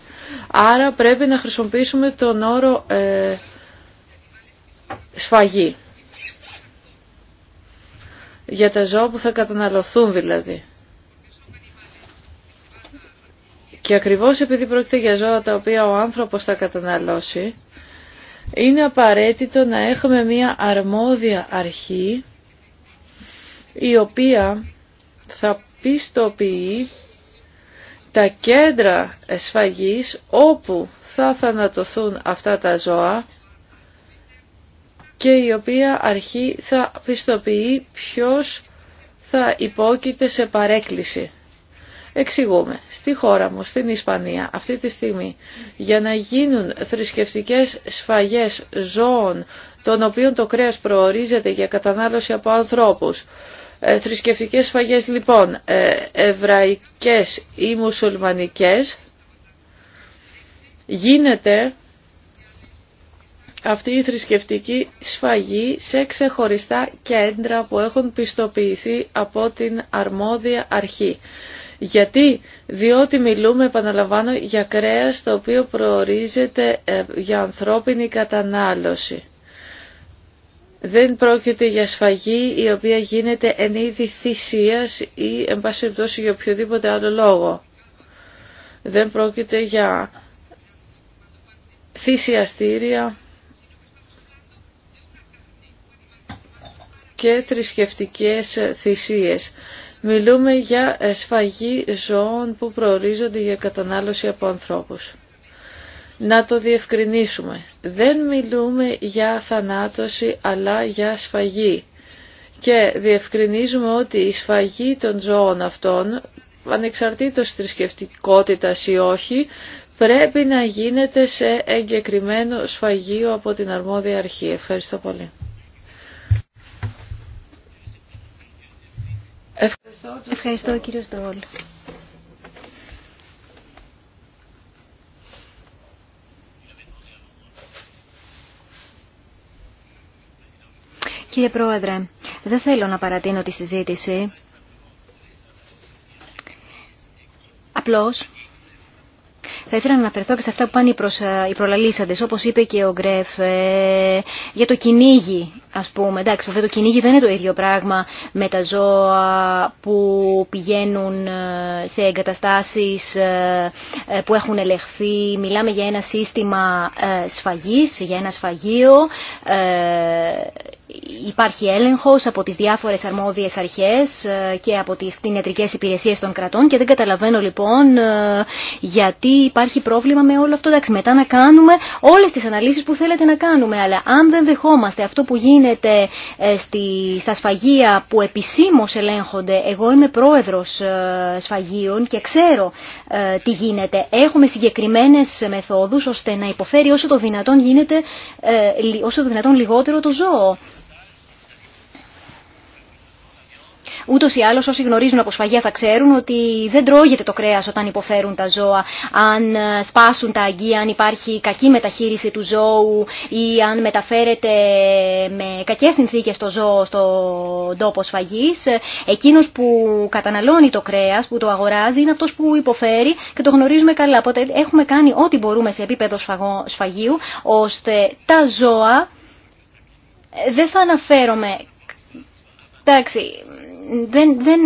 Άρα πρέπει να χρησιμοποιήσουμε τον όρο ε, σφαγή. Για τα ζώα που θα καταναλωθούν δηλαδή. Και ακριβώς επειδή πρόκειται για ζώα τα οποία ο άνθρωπος θα καταναλώσει, είναι απαραίτητο να έχουμε μία αρμόδια αρχή η οποία θα πιστοποιεί τα κέντρα σφαγής όπου θα θανατωθούν αυτά τα ζώα και η οποία αρχή θα πιστοποιεί ποιος θα υπόκειται σε παρέκκληση. Εξηγούμε, στη χώρα μου, στην Ισπανία, αυτή τη στιγμή, για να γίνουν θρησκευτικές σφαγές ζώων, των οποίων το κρέας προορίζεται για κατανάλωση από ανθρώπους, ε, θρησκευτικές σφαγές λοιπόν, ε, εβραϊκές ή μουσουλμανικές, γίνεται αυτή η θρησκευτική σφαγή σε ξεχωριστά κέντρα που έχουν πιστοποιηθεί από την αρμόδια αρχή. Γιατί, διότι μιλούμε, επαναλαμβάνω, για κρέας το οποίο προορίζεται ε, για ανθρώπινη κατανάλωση δεν πρόκειται για σφαγή η οποία γίνεται εν είδη θυσίας ή εν πάση περιπτώσει για οποιοδήποτε άλλο λόγο. Δεν πρόκειται για θυσιαστήρια και θρησκευτικές θυσίες. Μιλούμε για σφαγή ζώων που προορίζονται για κατανάλωση από ανθρώπους να το διευκρινίσουμε. Δεν μιλούμε για θανάτωση αλλά για σφαγή. Και διευκρινίζουμε ότι η σφαγή των ζώων αυτών, ανεξαρτήτως θρησκευτικότητας ή όχι, πρέπει να γίνεται σε εγκεκριμένο σφαγείο από την αρμόδια αρχή. Ευχαριστώ πολύ. Ευχαριστώ, Ευχαριστώ κύριο Στόλ. Κύριε Πρόεδρε, δεν θέλω να παρατείνω τη συζήτηση. Απλώς θα ήθελα να αναφερθώ και σε αυτά που πάνε οι, προς, οι προλαλήσαντες, όπως είπε και ο Γκρέφ, ε, για το κυνήγι, ας πούμε. Εντάξει, βέβαια το κυνήγι δεν είναι το ίδιο πράγμα με τα ζώα που πηγαίνουν ε, σε εγκαταστάσεις ε, που έχουν ελεχθεί. Μιλάμε για ένα σύστημα ε, σφαγής, για ένα σφαγείο υπάρχει έλεγχος από τις διάφορες αρμόδιες αρχές ε, και από τις κτηνιατρικές υπηρεσίες των κρατών και δεν καταλαβαίνω λοιπόν ε, γιατί υπάρχει πρόβλημα με όλο αυτό. Εντάξει, μετά να κάνουμε όλες τις αναλύσεις που θέλετε να κάνουμε, αλλά αν δεν δεχόμαστε αυτό που γίνεται ε, στα σφαγεία που επισήμως ελέγχονται, εγώ είμαι πρόεδρος σφαγείων και ξέρω τι γίνεται. Έχουμε συγκεκριμένες μεθόδους ώστε να υποφέρει όσο το δυνατόν γίνεται, όσο το δυνατόν λιγότερο το ζώο. Ούτως ή άλλω όσοι γνωρίζουν από σφαγεία θα ξέρουν ότι δεν τρώγεται το κρέα όταν υποφέρουν τα ζώα. Αν ε, σπάσουν τα αγκία, αν υπάρχει κακή μεταχείριση του ζώου ή αν μεταφέρεται με κακές συνθήκες το ζώο στον τόπο σφαγή. Ε, Εκείνο που καταναλώνει το κρέα, που το αγοράζει, είναι αυτό που υποφέρει και το γνωρίζουμε καλά. Οπότε έχουμε κάνει ό,τι μπορούμε σε επίπεδο σφαγίου, ώστε τα ζώα ε, δεν θα αναφέρομαι. Εντάξει, δεν, δεν,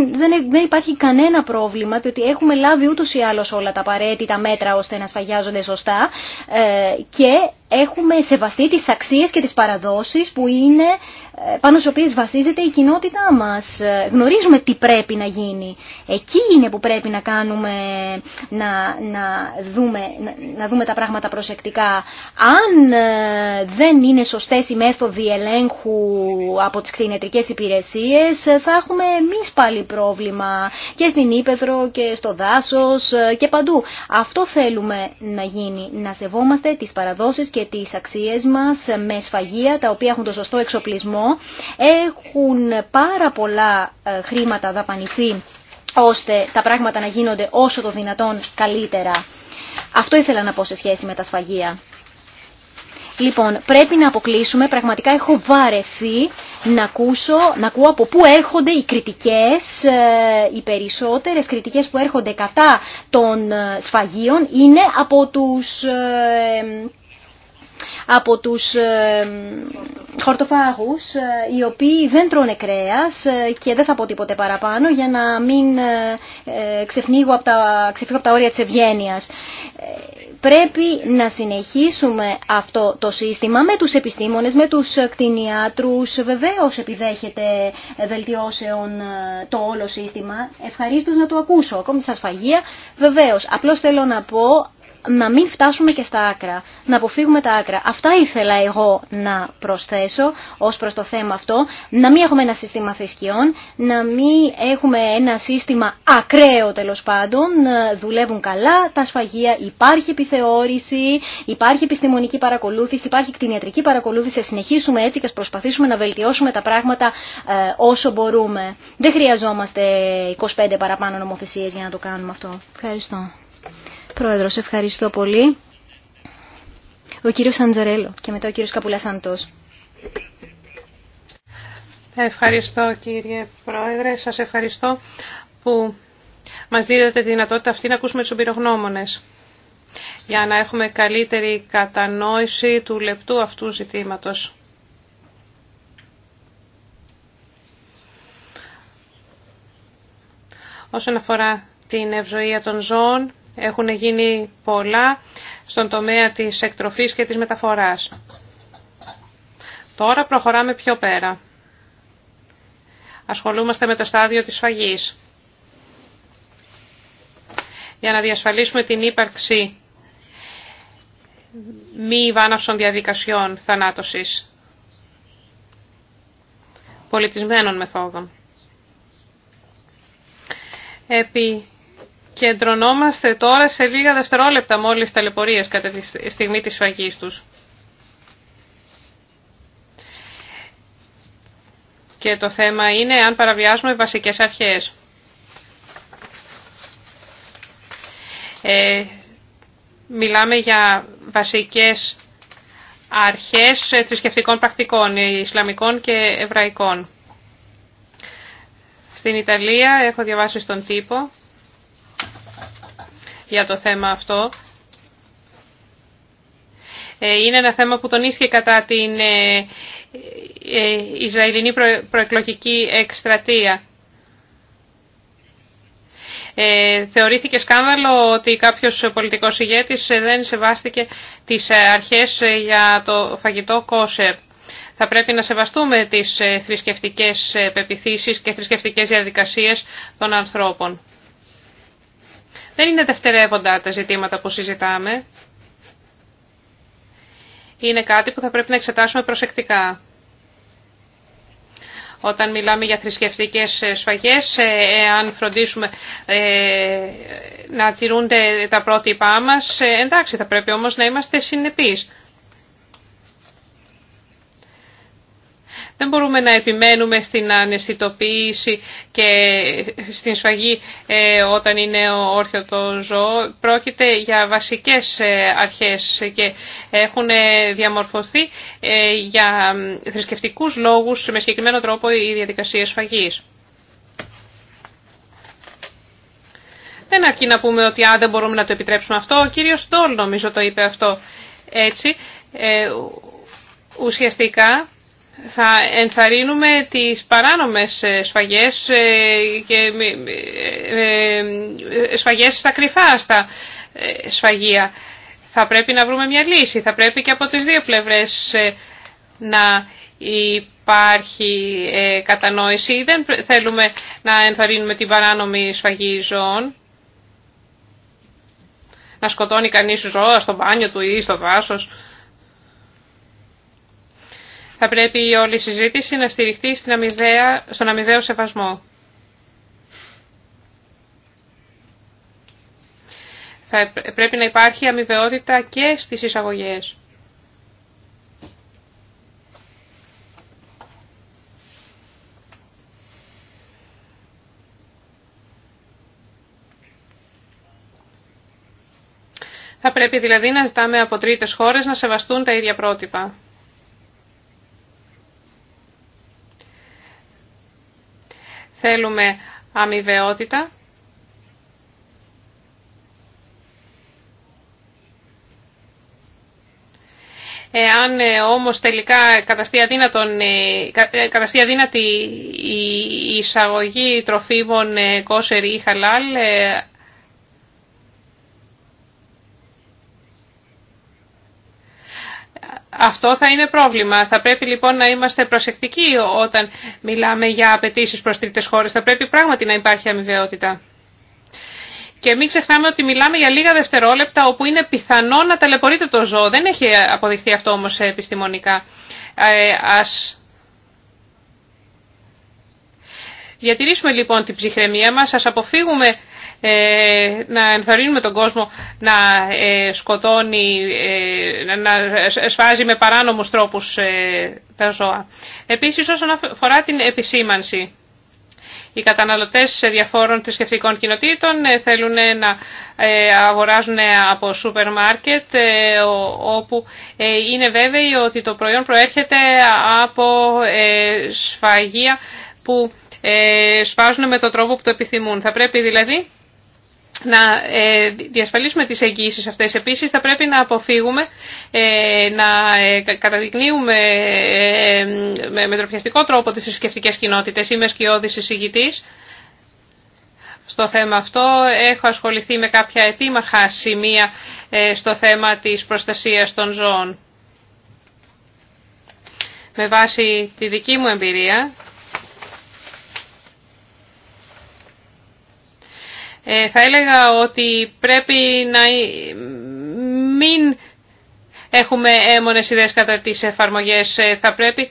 δεν, υπάρχει κανένα πρόβλημα, διότι έχουμε λάβει ούτως ή άλλως όλα τα απαραίτητα μέτρα ώστε να σφαγιάζονται σωστά ε, και έχουμε σεβαστεί τις αξίες και τις παραδόσεις που είναι ε, πάνω στις οποίες βασίζεται η κοινότητά μας. Ε, γνωρίζουμε τι πρέπει να γίνει. Εκεί είναι που πρέπει να κάνουμε, να, να, δούμε, να, δούμε τα πράγματα προσεκτικά. Αν ε, δεν είναι σωστές οι μέθοδοι ελέγχου από τις κτηνιατρικές υπηρεσίες, θα έχουμε εμείς πάλι πρόβλημα και στην Ήπεθρο και στο δάσος και παντού. Αυτό θέλουμε να γίνει, να σεβόμαστε τις παραδόσεις και τις αξίες μας με σφαγεία, τα οποία έχουν το σωστό εξοπλισμό έχουν πάρα πολλά ε, χρήματα δαπανηθεί ώστε τα πράγματα να γίνονται όσο το δυνατόν καλύτερα. Αυτό ήθελα να πω σε σχέση με τα σφαγεία. Λοιπόν, πρέπει να αποκλείσουμε. Πραγματικά έχω βαρεθεί να ακούσω, να ακούω από πού έρχονται οι κριτικές, ε, οι περισσότερες κριτικές που έρχονται κατά των ε, σφαγίων είναι από τους από τους ε, χορτοφάγους ε, οι οποίοι δεν τρώνε κρέας ε, και δεν θα πω τίποτε παραπάνω για να μην ξεφύγω από τα, ξεφύγω από τα όρια της ευγένειας. Πρέπει να συνεχίσουμε αυτό το σύστημα με τους επιστήμονες, με τους κτηνιάτρους. Βεβαίως επιδέχεται βελτιώσεων το όλο σύστημα. Ευχαρίστως να το ακούσω. Ακόμη στα σφαγεία, βεβαίως. Απλώς θέλω να πω να μην φτάσουμε και στα άκρα, να αποφύγουμε τα άκρα. Αυτά ήθελα εγώ να προσθέσω ως προς το θέμα αυτό, να μην έχουμε ένα σύστημα θρησκειών, να μην έχουμε ένα σύστημα ακραίο τέλο πάντων, δουλεύουν καλά τα σφαγεία, υπάρχει επιθεώρηση, υπάρχει επιστημονική παρακολούθηση, υπάρχει κτηνιατρική παρακολούθηση, να συνεχίσουμε έτσι και να προσπαθήσουμε να βελτιώσουμε τα πράγματα ε, όσο μπορούμε. Δεν χρειαζόμαστε 25 παραπάνω νομοθεσίες για να το κάνουμε αυτό. Ευχαριστώ. Πρόεδρος, ευχαριστώ πολύ. Ο κύριος Αντζαρέλο και μετά ο κύριος Αντός. Ευχαριστώ κύριε Πρόεδρε, σας ευχαριστώ που μας δίνετε τη δυνατότητα αυτή να ακούσουμε τους εμπειρογνώμονες για να έχουμε καλύτερη κατανόηση του λεπτού αυτού ζητήματος. Όσον αφορά την ευζοία των ζώων, έχουν γίνει πολλά στον τομέα της εκτροφής και της μεταφοράς. Τώρα προχωράμε πιο πέρα. Ασχολούμαστε με το στάδιο της φαγής. Για να διασφαλίσουμε την ύπαρξη μη βάναυσων διαδικασιών θανάτωσης πολιτισμένων μεθόδων. Επί Κεντρωνόμαστε τώρα σε λίγα δευτερόλεπτα μόλις ταλαιπωρίες κατά τη στιγμή της φαγής τους. Και το θέμα είναι αν παραβιάζουμε βασικές αρχές. Ε, μιλάμε για βασικές αρχές ε, θρησκευτικών πρακτικών, ε, Ισλαμικών και Εβραϊκών. Στην Ιταλία έχω διαβάσει στον τύπο για το θέμα αυτό. Ε, είναι ένα θέμα που τονίστηκε κατά την ε, ε, Ισραηλινή προεκλογική εκστρατεία. Θεωρήθηκε σκάνδαλο ότι κάποιος πολιτικός ηγέτης δεν σεβάστηκε τις αρχές για το φαγητό κόσερ. Θα πρέπει να σεβαστούμε τις θρησκευτικές πεπιθήσεις και θρησκευτικές διαδικασίες των ανθρώπων. Δεν είναι δευτερεύοντα τα ζητήματα που συζητάμε. Είναι κάτι που θα πρέπει να εξετάσουμε προσεκτικά. Όταν μιλάμε για θρησκευτικέ ε, σφαγές, ε, εάν φροντίσουμε ε, να τηρούνται τα πρότυπά μας, εντάξει θα πρέπει όμως να είμαστε συνεπείς. Δεν μπορούμε να επιμένουμε στην αναισθητοποίηση και στην σφαγή ε, όταν είναι όρθιο το ζώο. Πρόκειται για βασικές ε, αρχές και έχουν ε, διαμορφωθεί για θρησκευτικούς λόγους με συγκεκριμένο τρόπο η διαδικασία σφαγής. Δεν αρκεί να πούμε ότι α, δεν μπορούμε να το επιτρέψουμε αυτό. Ο κύριος Ντόλ νομίζω το είπε αυτό έτσι. ουσιαστικά θα ενθαρρύνουμε τις παράνομες ε, σφαγές ε, και ε, σφαγές στα κρυφά, στα σφαγεία. Θα πρέπει να βρούμε μια λύση, θα πρέπει και από τις δύο πλευρές να υπάρχει κατανόηση. Δεν θέλουμε να ενθαρρύνουμε την παράνομη σφαγή ζώων. Να σκοτώνει κανείς ζώα στο μπάνιο του ή στο δάσος. Θα πρέπει η όλη συζήτηση να στηριχτεί στην αμοιβαία, στον αμοιβαίο σεβασμό. Θα πρέπει να υπάρχει αμοιβαιότητα και στις εισαγωγές. Θα πρέπει δηλαδή να ζητάμε από τρίτες χώρες να σεβαστούν τα ίδια πρότυπα. Θέλουμε αμοιβαιότητα. Εάν ε, όμως τελικά καταστεί, ε, ε, αδύνατη η εισαγωγή τροφίμων κόσερ ή χαλάλ, Αυτό θα είναι πρόβλημα. Θα πρέπει λοιπόν να είμαστε προσεκτικοί όταν μιλάμε για απαιτήσει προ τρίτε χώρε. Θα πρέπει πράγματι να υπάρχει αμοιβαιότητα. Και μην ξεχνάμε ότι μιλάμε για λίγα δευτερόλεπτα όπου είναι πιθανό να ταλαιπωρείται το ζώο. Δεν έχει αποδειχθεί αυτό όμως επιστημονικά. Ε, διατηρήσουμε λοιπόν την ψυχραιμία μας, ας αποφύγουμε ε, να ενθαρρύνουμε τον κόσμο να ε, σκοτώνει, ε, να σφάζει με παράνομους τρόπους τα ζώα. Επίσης όσον αφορά την επισήμανση. Οι καταναλωτές σε διαφόρων θρησκευτικών κοινοτήτων θέλουν να αγοράζουν από σούπερ μάρκετ όπου είναι βέβαιοι ότι το προϊόν προέρχεται από σφαγεία που σφάζουν με τον τρόπο που το επιθυμούν. Θα πρέπει δηλαδή να ε, διασφαλίσουμε τις εγγύησεις αυτές. Επίσης θα πρέπει να αποφύγουμε ε, να ε, καταδεικνύουμε με μετροπιαστικό τρόπο τις θρησκευτικέ κοινότητες. Είμαι σκιώδης στο θέμα αυτό. Έχω ασχοληθεί με κάποια επίμαχα σημεία στο θέμα της προστασίας των ζώων. Με βάση τη δική μου εμπειρία Ε, θα έλεγα ότι πρέπει να μην έχουμε έμονες ιδέες κατά τις εφαρμογές. Ε, θα πρέπει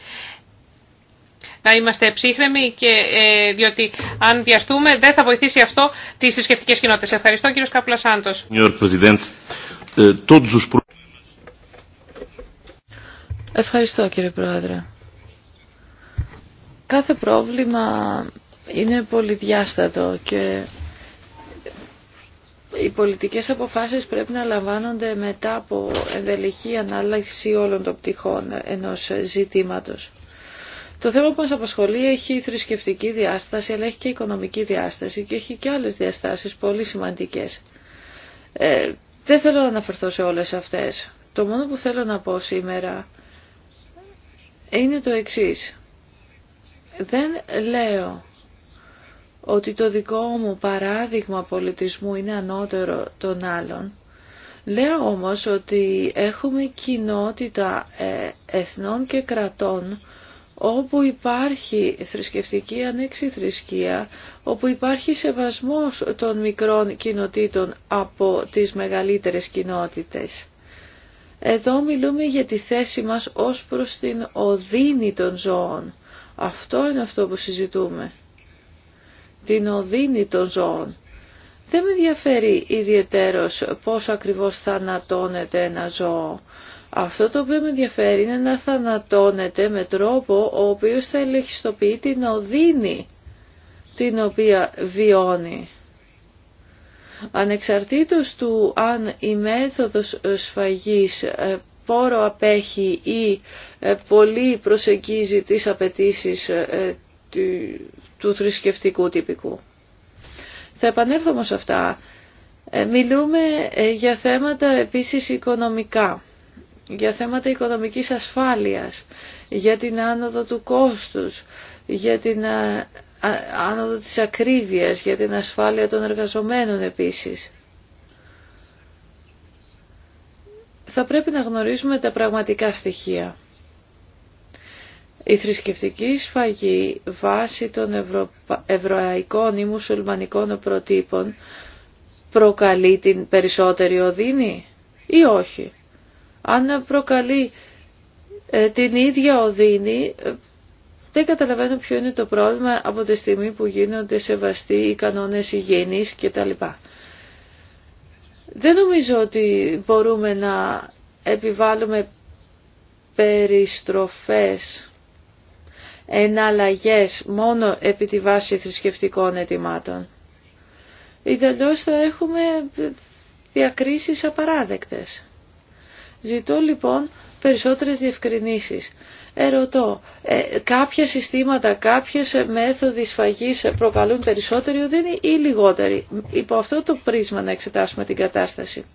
να είμαστε ψύχρεμοι και, ε, διότι αν βιαστούμε δεν θα βοηθήσει αυτό τις θρησκευτικέ κοινότητες. Ευχαριστώ κύριο Καπλασάντος. Ευχαριστώ κύριε Πρόεδρε. Κάθε πρόβλημα είναι πολυδιάστατο και οι πολιτικές αποφάσεις πρέπει να λαμβάνονται μετά από ενδελεχή ανάλυση όλων των πτυχών ενός ζητήματος. Το θέμα που μας απασχολεί έχει θρησκευτική διάσταση, αλλά έχει και οικονομική διάσταση και έχει και άλλες διαστάσεις πολύ σημαντικές. Ε, δεν θέλω να αναφερθώ σε όλες αυτές. Το μόνο που θέλω να πω σήμερα είναι το εξής. Δεν λέω ότι το δικό μου παράδειγμα πολιτισμού είναι ανώτερο των άλλων. Λέω όμως ότι έχουμε κοινότητα ε, εθνών και κρατών όπου υπάρχει θρησκευτική ανέξη θρησκεία, όπου υπάρχει σεβασμός των μικρών κοινοτήτων από τις μεγαλύτερες κοινότητες. Εδώ μιλούμε για τη θέση μας ως προς την οδύνη των ζώων. Αυτό είναι αυτό που συζητούμε την οδύνη των ζώων. Δεν με ενδιαφέρει ιδιαιτέρως πώς ακριβώς θανατώνεται ένα ζώο. Αυτό το οποίο με ενδιαφέρει είναι να θανατώνεται με τρόπο ο οποίος θα ελεγχιστοποιεί την οδύνη την οποία βιώνει. Ανεξαρτήτως του αν η μέθοδος σφαγής ε, πόρο απέχει ή ε, πολύ προσεγγίζει τις απαιτήσει ε, του θρησκευτικού τυπικού. Θα επανέλθω όμως αυτά. Ε, μιλούμε ε, για θέματα επίσης οικονομικά, για θέματα οικονομικής ασφάλειας, για την άνοδο του κόστους, για την ε, άνοδο της ακρίβειας, για την ασφάλεια των εργαζομένων επίσης. Θα πρέπει να γνωρίζουμε τα πραγματικά στοιχεία. Η θρησκευτική σφαγή βάσει των ευρω... ευρωαϊκών ή μουσουλμανικών προτύπων προκαλεί την περισσότερη οδύνη ή όχι. Αν προκαλεί ε, την ίδια οδύνη ε, δεν καταλαβαίνω ποιο είναι το πρόβλημα από τη στιγμή που γίνονται σεβαστοί οι κανόνες υγιεινής κτλ. Δεν νομίζω ότι μπορούμε να επιβάλλουμε περιστροφές εναλλαγές μόνο επί τη βάση θρησκευτικών αιτημάτων. Ιδελώς θα έχουμε διακρίσεις απαράδεκτες. Ζητώ λοιπόν περισσότερες διευκρινήσεις. Ερωτώ, ε, κάποια συστήματα, κάποιες μέθοδοι σφαγής προκαλούν περισσότερο ή λιγότερο. Υπό αυτό το πρίσμα να εξετάσουμε την κατάσταση.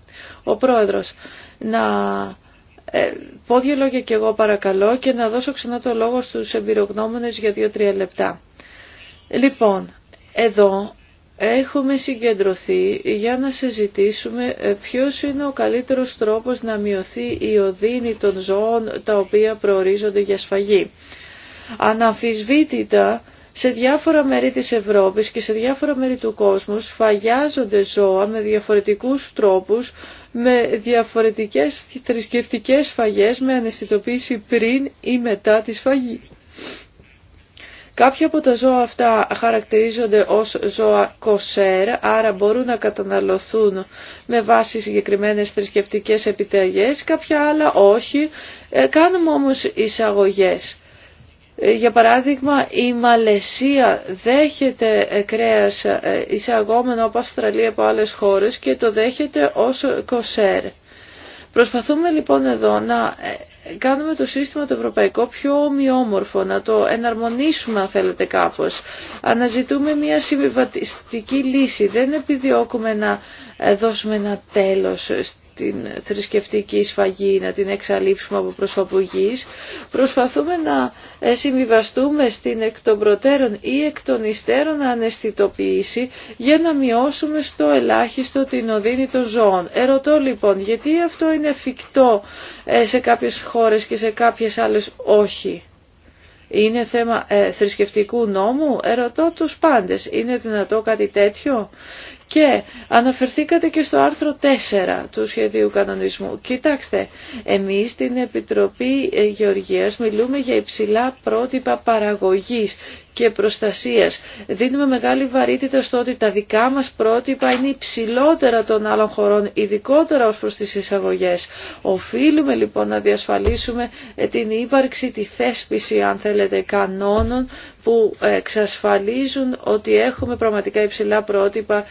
Ο πρόεδρος, να ε, πω δύο λόγια κι εγώ παρακαλώ και να δώσω ξανά το λόγο στους εμπειρογνώμονες για δύο-τρία λεπτά. Λοιπόν, εδώ έχουμε συγκεντρωθεί για να συζητήσουμε ε, ποιος είναι ο καλύτερος τρόπος να μειωθεί η οδύνη των ζώων τα οποία προορίζονται για σφαγή. Αναμφισβήτητα σε διάφορα μέρη της Ευρώπης και σε διάφορα μέρη του κόσμου σφαγιάζονται ζώα με διαφορετικούς τρόπους με διαφορετικές θρησκευτικέ φαγές με αναισθητοποίηση πριν ή μετά τη σφαγή. Κάποια από τα ζώα αυτά χαρακτηρίζονται ως ζώα κοσέρ, άρα μπορούν να καταναλωθούν με βάση συγκεκριμένες θρησκευτικέ επιταγές, κάποια άλλα όχι. Ε, κάνουμε όμως εισαγωγές. Ε, για παράδειγμα, η Μαλαισία δέχεται κρέας ε, εισαγόμενο από Αυστραλία από άλλες χώρες και το δέχεται ως κοσέρ. Προσπαθούμε λοιπόν εδώ να ε, κάνουμε το σύστημα το ευρωπαϊκό πιο ομοιόμορφο, να το εναρμονίσουμε αν θέλετε κάπως. Αναζητούμε μια συμβιβατιστική λύση, δεν επιδιώκουμε να δώσουμε ένα τέλος την θρησκευτική σφαγή, να την εξαλείψουμε από προσώπου Προσπαθούμε να ε, συμβιβαστούμε στην εκ των προτέρων ή εκ των υστέρων αναισθητοποίηση για να μειώσουμε στο ελάχιστο την οδύνη των ζώων. Ερωτώ λοιπόν γιατί αυτό είναι εφικτό ε, σε κάποιες χώρες και σε κάποιες άλλες όχι. Είναι θέμα ε, θρησκευτικού νόμου, ερωτώ τους πάντες, είναι δυνατό κάτι τέτοιο και αναφερθήκατε και στο άρθρο 4 του σχεδίου κανονισμού. Κοιτάξτε, εμείς στην Επιτροπή ε, Γεωργίας μιλούμε για υψηλά πρότυπα παραγωγής και προστασίας. Δίνουμε μεγάλη βαρύτητα στο ότι τα δικά μας πρότυπα είναι υψηλότερα των άλλων χωρών, ειδικότερα ως προς τις εισαγωγές. Οφείλουμε λοιπόν να διασφαλίσουμε ε, την ύπαρξη, τη θέσπιση αν θέλετε κανόνων που εξασφαλίζουν ότι έχουμε πραγματικά υψηλά πρότυπα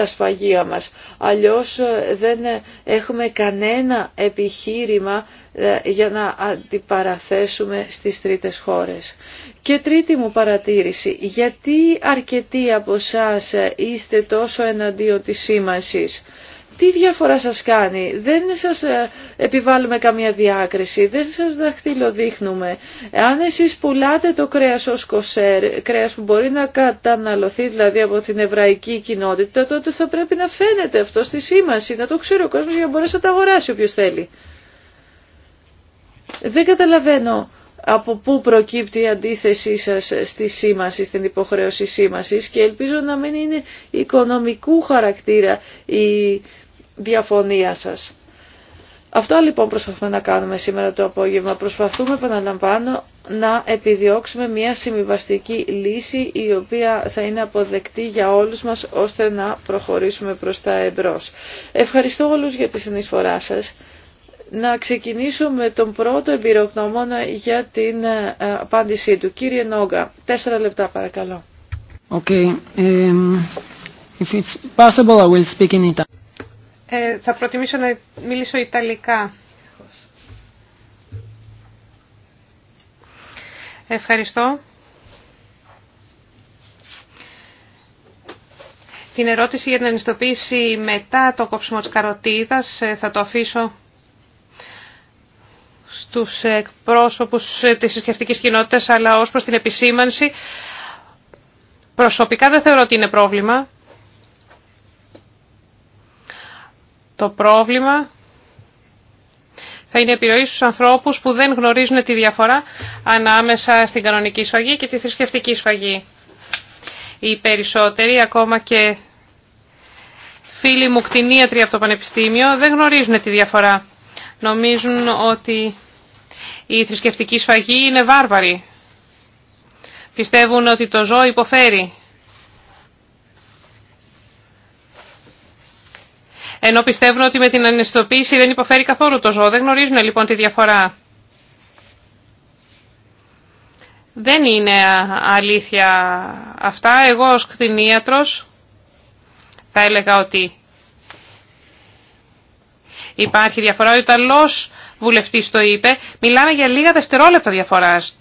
τα σφαγεία μας. Αλλιώς ε, δεν ε, έχουμε κανένα επιχείρημα ε, για να αντιπαραθέσουμε στις τρίτες χώρες. Και τρίτη μου παρατήρηση, γιατί αρκετοί από εσά είστε τόσο εναντίον της σήμανσης. Τι διαφορά σας κάνει, δεν σας ε, επιβάλλουμε καμία διάκριση, δεν σας δαχτυλοδείχνουμε. Αν εσείς πουλάτε το κρέας ως κοσέρ, κρέας που μπορεί να καταναλωθεί δηλαδή από την εβραϊκή κοινότητα, τότε θα πρέπει να φαίνεται αυτό στη σήμανση, να το ξέρει ο κόσμος για να μπορέσει να το αγοράσει όποιος θέλει. Δεν καταλαβαίνω από πού προκύπτει η αντίθεσή σας στη σήμαση, στην υποχρέωση σήμασης και ελπίζω να μην είναι οικονομικού χαρακτήρα η διαφωνία σας. Αυτό λοιπόν προσπαθούμε να κάνουμε σήμερα το απόγευμα. Προσπαθούμε, επαναλαμβάνω, να επιδιώξουμε μια συμβιβαστική λύση η οποία θα είναι αποδεκτή για όλους μας ώστε να προχωρήσουμε προς τα εμπρός. Ευχαριστώ όλους για τη συνεισφορά σας. Να ξεκινήσω με τον πρώτο εμπειρογνώμονα για την ε, απάντησή του. Κύριε Νόγκα, τέσσερα λεπτά παρακαλώ. Okay. Um, if possible, I will speak in ε, θα προτιμήσω να μιλήσω Ιταλικά. Ευχαριστώ. Την ερώτηση για την ανιστοποίηση μετά το κόψιμο της καροτίδας ε, θα το αφήσω στους εκπρόσωπους της συσκευτικής κοινότητας, αλλά ως προς την επισήμανση προσωπικά δεν θεωρώ ότι είναι πρόβλημα. Το πρόβλημα θα είναι επιρροή στους ανθρώπους που δεν γνωρίζουν τη διαφορά ανάμεσα στην κανονική σφαγή και τη θρησκευτική σφαγή. Οι περισσότεροι, ακόμα και φίλοι μου κτηνίατροι από το Πανεπιστήμιο, δεν γνωρίζουν τη διαφορά. Νομίζουν ότι η θρησκευτική σφαγή είναι βάρβαρη. Πιστεύουν ότι το ζώο υποφέρει. ενώ πιστεύουν ότι με την αναισθητοποίηση δεν υποφέρει καθόλου το ζώο. Δεν γνωρίζουν λοιπόν τη διαφορά. Δεν είναι αλήθεια αυτά. Εγώ ως κτηνίατρος θα έλεγα ότι υπάρχει διαφορά. Ο Ιταλός βουλευτής το είπε. Μιλάμε για λίγα δευτερόλεπτα διαφοράς.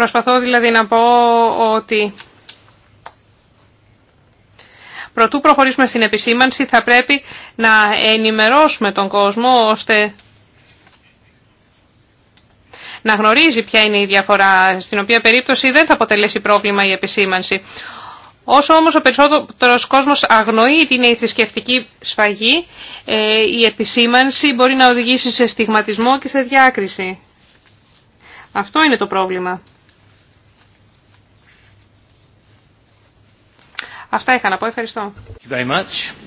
Προσπαθώ δηλαδή να πω ότι προτού προχωρήσουμε στην επισήμανση θα πρέπει να ενημερώσουμε τον κόσμο ώστε να γνωρίζει ποια είναι η διαφορά, στην οποία περίπτωση δεν θα αποτελέσει πρόβλημα η επισήμανση. Όσο όμως ο περισσότερος κόσμος αγνοεί την είναι η θρησκευτική σφαγή, ε, η επισήμανση μπορεί να οδηγήσει σε στιγματισμό και σε διάκριση. Αυτό είναι το πρόβλημα. Αυτά είχα να πω. Ευχαριστώ.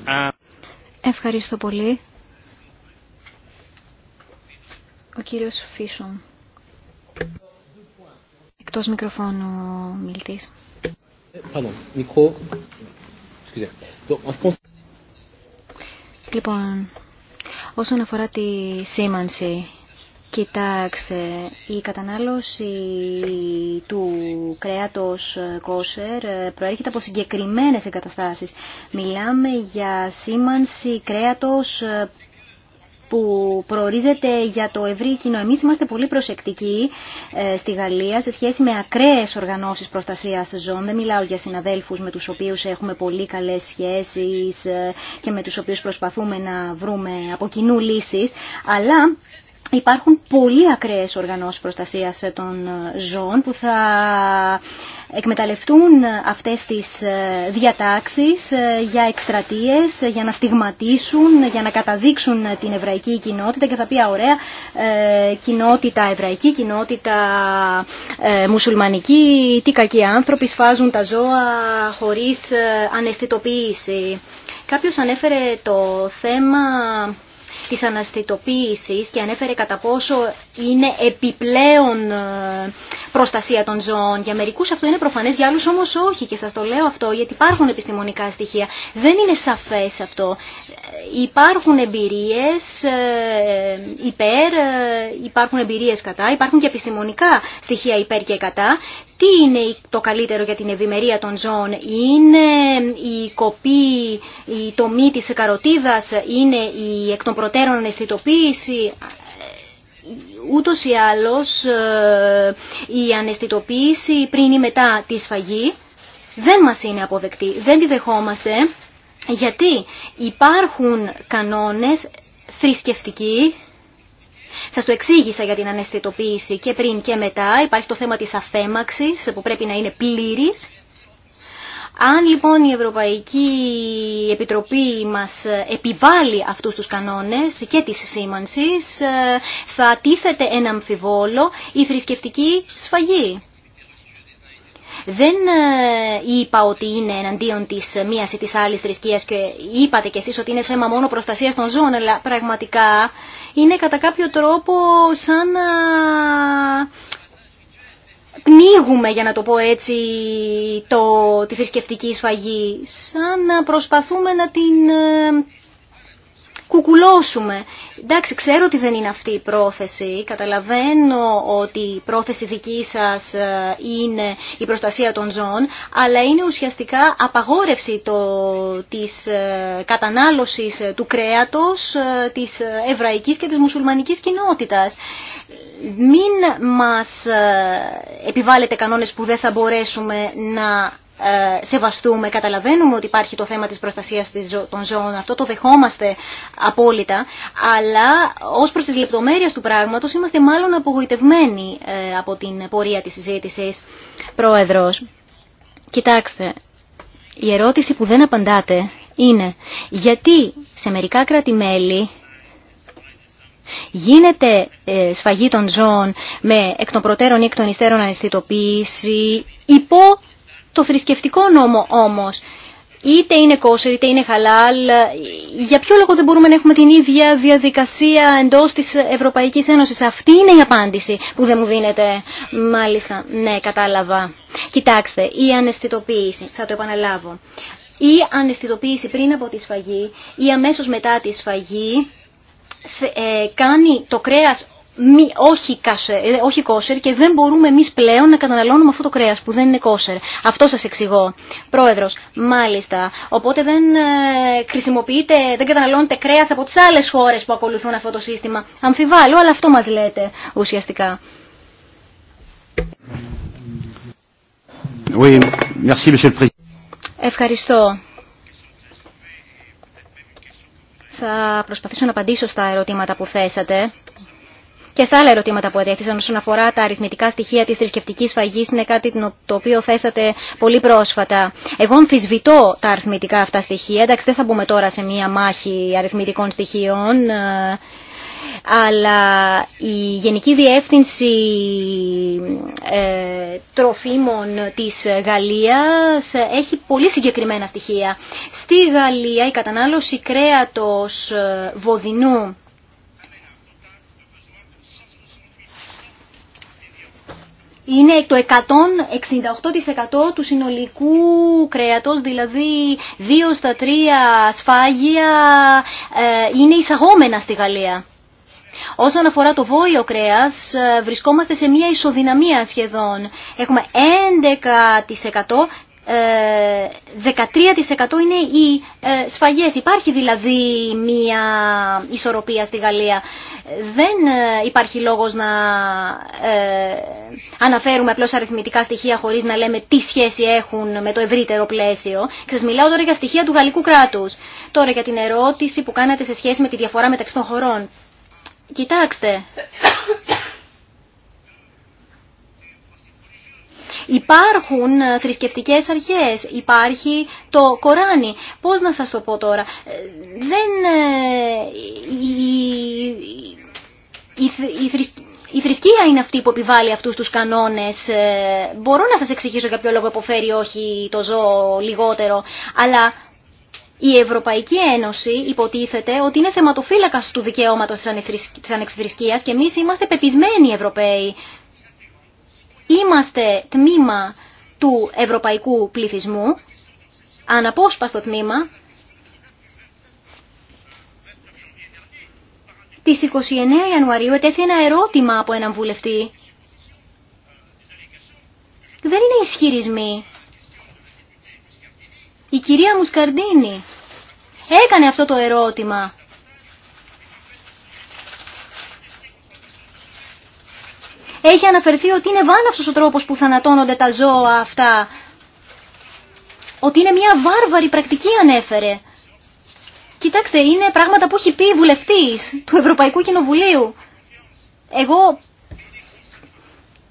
Uh, Ευχαριστώ πολύ. Ο κύριος Φίσον. Εκτός μικροφώνου μιλητής. Λοιπόν, όσον αφορά τη σήμανση Κοιτάξτε, η κατανάλωση του κρέατος κόσερ προέρχεται από συγκεκριμένες εγκαταστάσεις. Μιλάμε για σήμανση κρέατος που προορίζεται για το ευρύ κοινό. Εμείς είμαστε πολύ προσεκτικοί ε, στη Γαλλία σε σχέση με ακραίες οργανώσεις προστασίας ζώων. Δεν μιλάω για συναδέλφους με τους οποίους έχουμε πολύ καλές σχέσεις ε, και με τους οποίους προσπαθούμε να βρούμε από κοινού λύσεις, αλλά Υπάρχουν πολύ ακραίες οργανώσεις προστασίας των ζώων που θα εκμεταλλευτούν αυτές τις διατάξεις για εκστρατείες, για να στιγματίσουν, για να καταδείξουν την εβραϊκή κοινότητα και θα πει ωραία ε, κοινότητα εβραϊκή, κοινότητα ε, μουσουλμανική, τι κακοί άνθρωποι σφάζουν τα ζώα χωρίς ε, αναισθητοποίηση. Κάποιος ανέφερε το θέμα της αναστητοποίησης και ανέφερε κατά πόσο είναι επιπλέον ε, προστασία των ζώων. Για μερικούς αυτό είναι προφανές, για άλλους όμως όχι και σας το λέω αυτό γιατί υπάρχουν επιστημονικά στοιχεία. Δεν είναι σαφές αυτό. Ε, υπάρχουν εμπειρίες ε, υπέρ, υπάρχουν εμπειρίες κατά, υπάρχουν και επιστημονικά στοιχεία υπέρ και κατά τι είναι το καλύτερο για την ευημερία των ζώων. Είναι η κοπή, η τομή της καροτίδας, είναι η εκ των προτέρων αισθητοποίηση. Ούτως ή άλλως ε, η αναισθητοποίηση πριν ή μετά τη σφαγή δεν μας είναι αποδεκτή, δεν τη δεχόμαστε γιατί υπάρχουν κανόνες θρησκευτικοί Σα το εξήγησα για την αναισθητοποίηση και πριν και μετά. Υπάρχει το θέμα της αφέμαξης που πρέπει να είναι πλήρης. Αν λοιπόν η Ευρωπαϊκή Επιτροπή μας επιβάλλει αυτούς τους κανόνες και της σήμανσης, ε, θα τίθεται ένα αμφιβόλο η θρησκευτική σφαγή. Δεν ε, είπα ότι είναι εναντίον της μίας ή της άλλης θρησκείας και είπατε κι εσείς ότι είναι θέμα μόνο προστασίας των ζώων, αλλά πραγματικά είναι κατά κάποιο τρόπο σαν να πνίγουμε, για να το πω έτσι, το, τη θρησκευτική σφαγή, σαν να προσπαθούμε να την ε, κουκουλώσουμε. Εντάξει, ξέρω ότι δεν είναι αυτή η πρόθεση. Καταλαβαίνω ότι η πρόθεση δική σας ε, είναι η προστασία των ζώων, αλλά είναι ουσιαστικά απαγόρευση το, της ε, κατανάλωσης ε, του κρέατος της εβραϊκής και της μουσουλμανικής κοινότητας. Μην μας επιβάλλετε κανόνες που δεν θα μπορέσουμε να ε, σεβαστούμε. Καταλαβαίνουμε ότι υπάρχει το θέμα της προστασίας των ζώων, αυτό το δεχόμαστε απόλυτα, αλλά ως προς τις λεπτομέρειες του πράγματος είμαστε μάλλον απογοητευμένοι ε, από την πορεία της συζήτησης. Πρόεδρος, κοιτάξτε, η ερώτηση που δεν απαντάτε είναι γιατί σε μερικά κράτη-μέλη γίνεται ε, σφαγή των ζώων με εκ των προτέρων ή εκ των υστέρων υπό το θρησκευτικό νόμο όμως. Είτε είναι κόσερ, είτε είναι χαλάλ, για ποιο λόγο δεν μπορούμε να έχουμε την ίδια διαδικασία εντός της Ευρωπαϊκής Ένωσης. Αυτή είναι η απάντηση που δεν μου δίνεται. Μάλιστα, ναι, κατάλαβα. Κοιτάξτε, η αναισθητοποίηση, θα το επαναλάβω. Η αναισθητοποίηση πριν από τη σφαγή ή αμέσως μετά τη σφαγή ε, κάνει το κρέας μη, όχι, ε, όχι κόσερ και δεν μπορούμε εμεί πλέον να καταναλώνουμε αυτό το κρέας που δεν είναι κόσερ. Αυτό σας εξηγώ. Πρόεδρος, μάλιστα. Οπότε δεν ε, χρησιμοποιείτε, δεν καταναλώνετε κρέας από τι άλλε χώρε που ακολουθούν αυτό το σύστημα. Αμφιβάλλω, αλλά αυτό μας λέτε ουσιαστικά. Ευχαριστώ. Θα προσπαθήσω να απαντήσω στα ερωτήματα που θέσατε και στα άλλα ερωτήματα που ετέθησαν όσον αφορά τα αριθμητικά στοιχεία της θρησκευτική φαγής είναι κάτι το οποίο θέσατε πολύ πρόσφατα. Εγώ αμφισβητώ τα αριθμητικά αυτά στοιχεία. Εντάξει, δεν θα μπούμε τώρα σε μία μάχη αριθμητικών στοιχείων ε, αλλά η Γενική Διεύθυνση ε, Τροφίμων της Γαλλίας ε, έχει πολύ συγκεκριμένα στοιχεία. Στη Γαλλία η κατανάλωση κρέατος ε, βοδινού είναι το 168% του συνολικού κρέατος, δηλαδή δύο στα τρία σφάγια ε, είναι εισαγόμενα στη Γαλλία. Όσον αφορά το βόλιο κρέας, ε, βρισκόμαστε σε μια ισοδυναμία σχεδόν. Έχουμε 11% 13% ε, είναι οι ε, σφαγές. Υπάρχει δηλαδή μία ισορροπία στη Γαλλία. Δεν ε, υπάρχει λόγος να αναφέρουμε απλώς αριθμητικά στοιχεία χωρίς να λέμε τι σχέση έχουν με το ευρύτερο πλαίσιο. Και σας μιλάω τώρα για στοιχεία του γαλλικού κράτους. Τώρα για την ερώτηση που κάνατε σε σχέση με τη διαφορά μεταξύ των χωρών. Κοιτάξτε, Υπάρχουν ε, θρησκευτικές αρχές, υπάρχει το Κοράνι. Πώς να σας το πω τώρα. Ε, δεν... Ε, η, η, η θρησκεία είναι αυτή που επιβάλλει αυτούς τους κανόνες. μπορώ να σας εξηγήσω για ποιο λόγο υποφέρει όχι το ζώο λιγότερο, αλλά η Ευρωπαϊκή Ένωση υποτίθεται ότι είναι θεματοφύλακας του δικαιώματος τη ανεξιθρησκείας και εμεί είμαστε πεπισμένοι Ευρωπαίοι είμαστε τμήμα του ευρωπαϊκού πληθυσμού, αναπόσπαστο τμήμα, Τις 29 Ιανουαρίου ετέθη ένα ερώτημα από έναν βουλευτή. Δεν είναι ισχυρισμοί. Η κυρία Μουσκαρντίνη έκανε αυτό το ερώτημα. έχει αναφερθεί ότι είναι βάναυσος ο τρόπος που θανατώνονται τα ζώα αυτά. Ότι είναι μια βάρβαρη πρακτική ανέφερε. Κοιτάξτε, είναι πράγματα που έχει πει η βουλευτής του Ευρωπαϊκού Κοινοβουλίου. Εγώ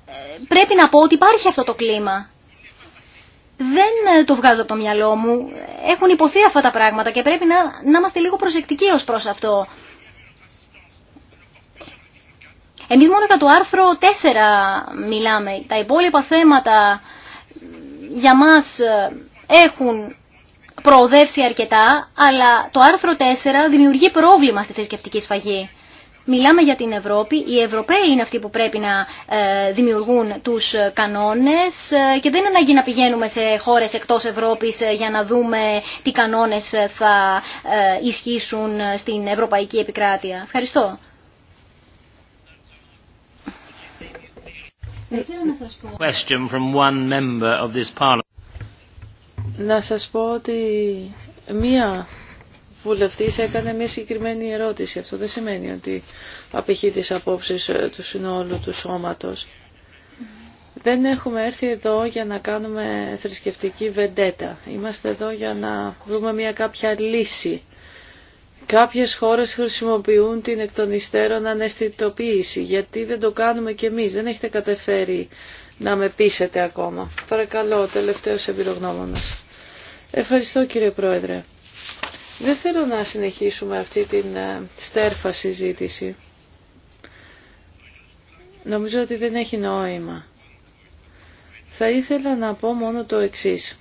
ε, πρέπει να πω ότι υπάρχει αυτό το κλίμα. Δεν ε, το βγάζω από το μυαλό μου. Έχουν υποθεί αυτά τα πράγματα και πρέπει να, να είμαστε λίγο προσεκτικοί ως προς αυτό. Εμείς μόνο για το άρθρο 4 μιλάμε. Τα υπόλοιπα θέματα για μας ε, έχουν προοδεύσει αρκετά, αλλά το άρθρο 4 δημιουργεί πρόβλημα στη θρησκευτική σφαγή. Μιλάμε για την Ευρώπη, οι Ευρωπαίοι είναι αυτοί που πρέπει να ε, δημιουργούν τους ε, κανόνες και δεν είναι ανάγκη να πηγαίνουμε σε χώρες εκτός Ευρώπης για να δούμε τι κανόνες θα ισχύσουν στην ευρωπαϊκή επικράτεια. Ευχαριστώ. να σας πω. Question from one member of this Να σας πω ότι μία βουλευτής έκανε μία συγκεκριμένη ερώτηση. Αυτό δεν σημαίνει ότι απηχεί τις απόψεις ε, του συνόλου του σώματος. Δεν έχουμε έρθει εδώ για να κάνουμε θρησκευτική βεντέτα. Είμαστε εδώ για να βρούμε μια κάποια λύση Κάποιες χώρες χρησιμοποιούν την εκ των υστέρων αναισθητοποίηση. Γιατί δεν το κάνουμε κι εμείς. Δεν έχετε κατεφέρει να με πείσετε ακόμα. Παρακαλώ, τελευταίος εμπειρογνώμονας. Ευχαριστώ κύριε Πρόεδρε. Δεν θέλω να συνεχίσουμε αυτή την ε, στέρφα συζήτηση. Νομίζω ότι δεν έχει νόημα. Θα ήθελα να πω μόνο το εξής.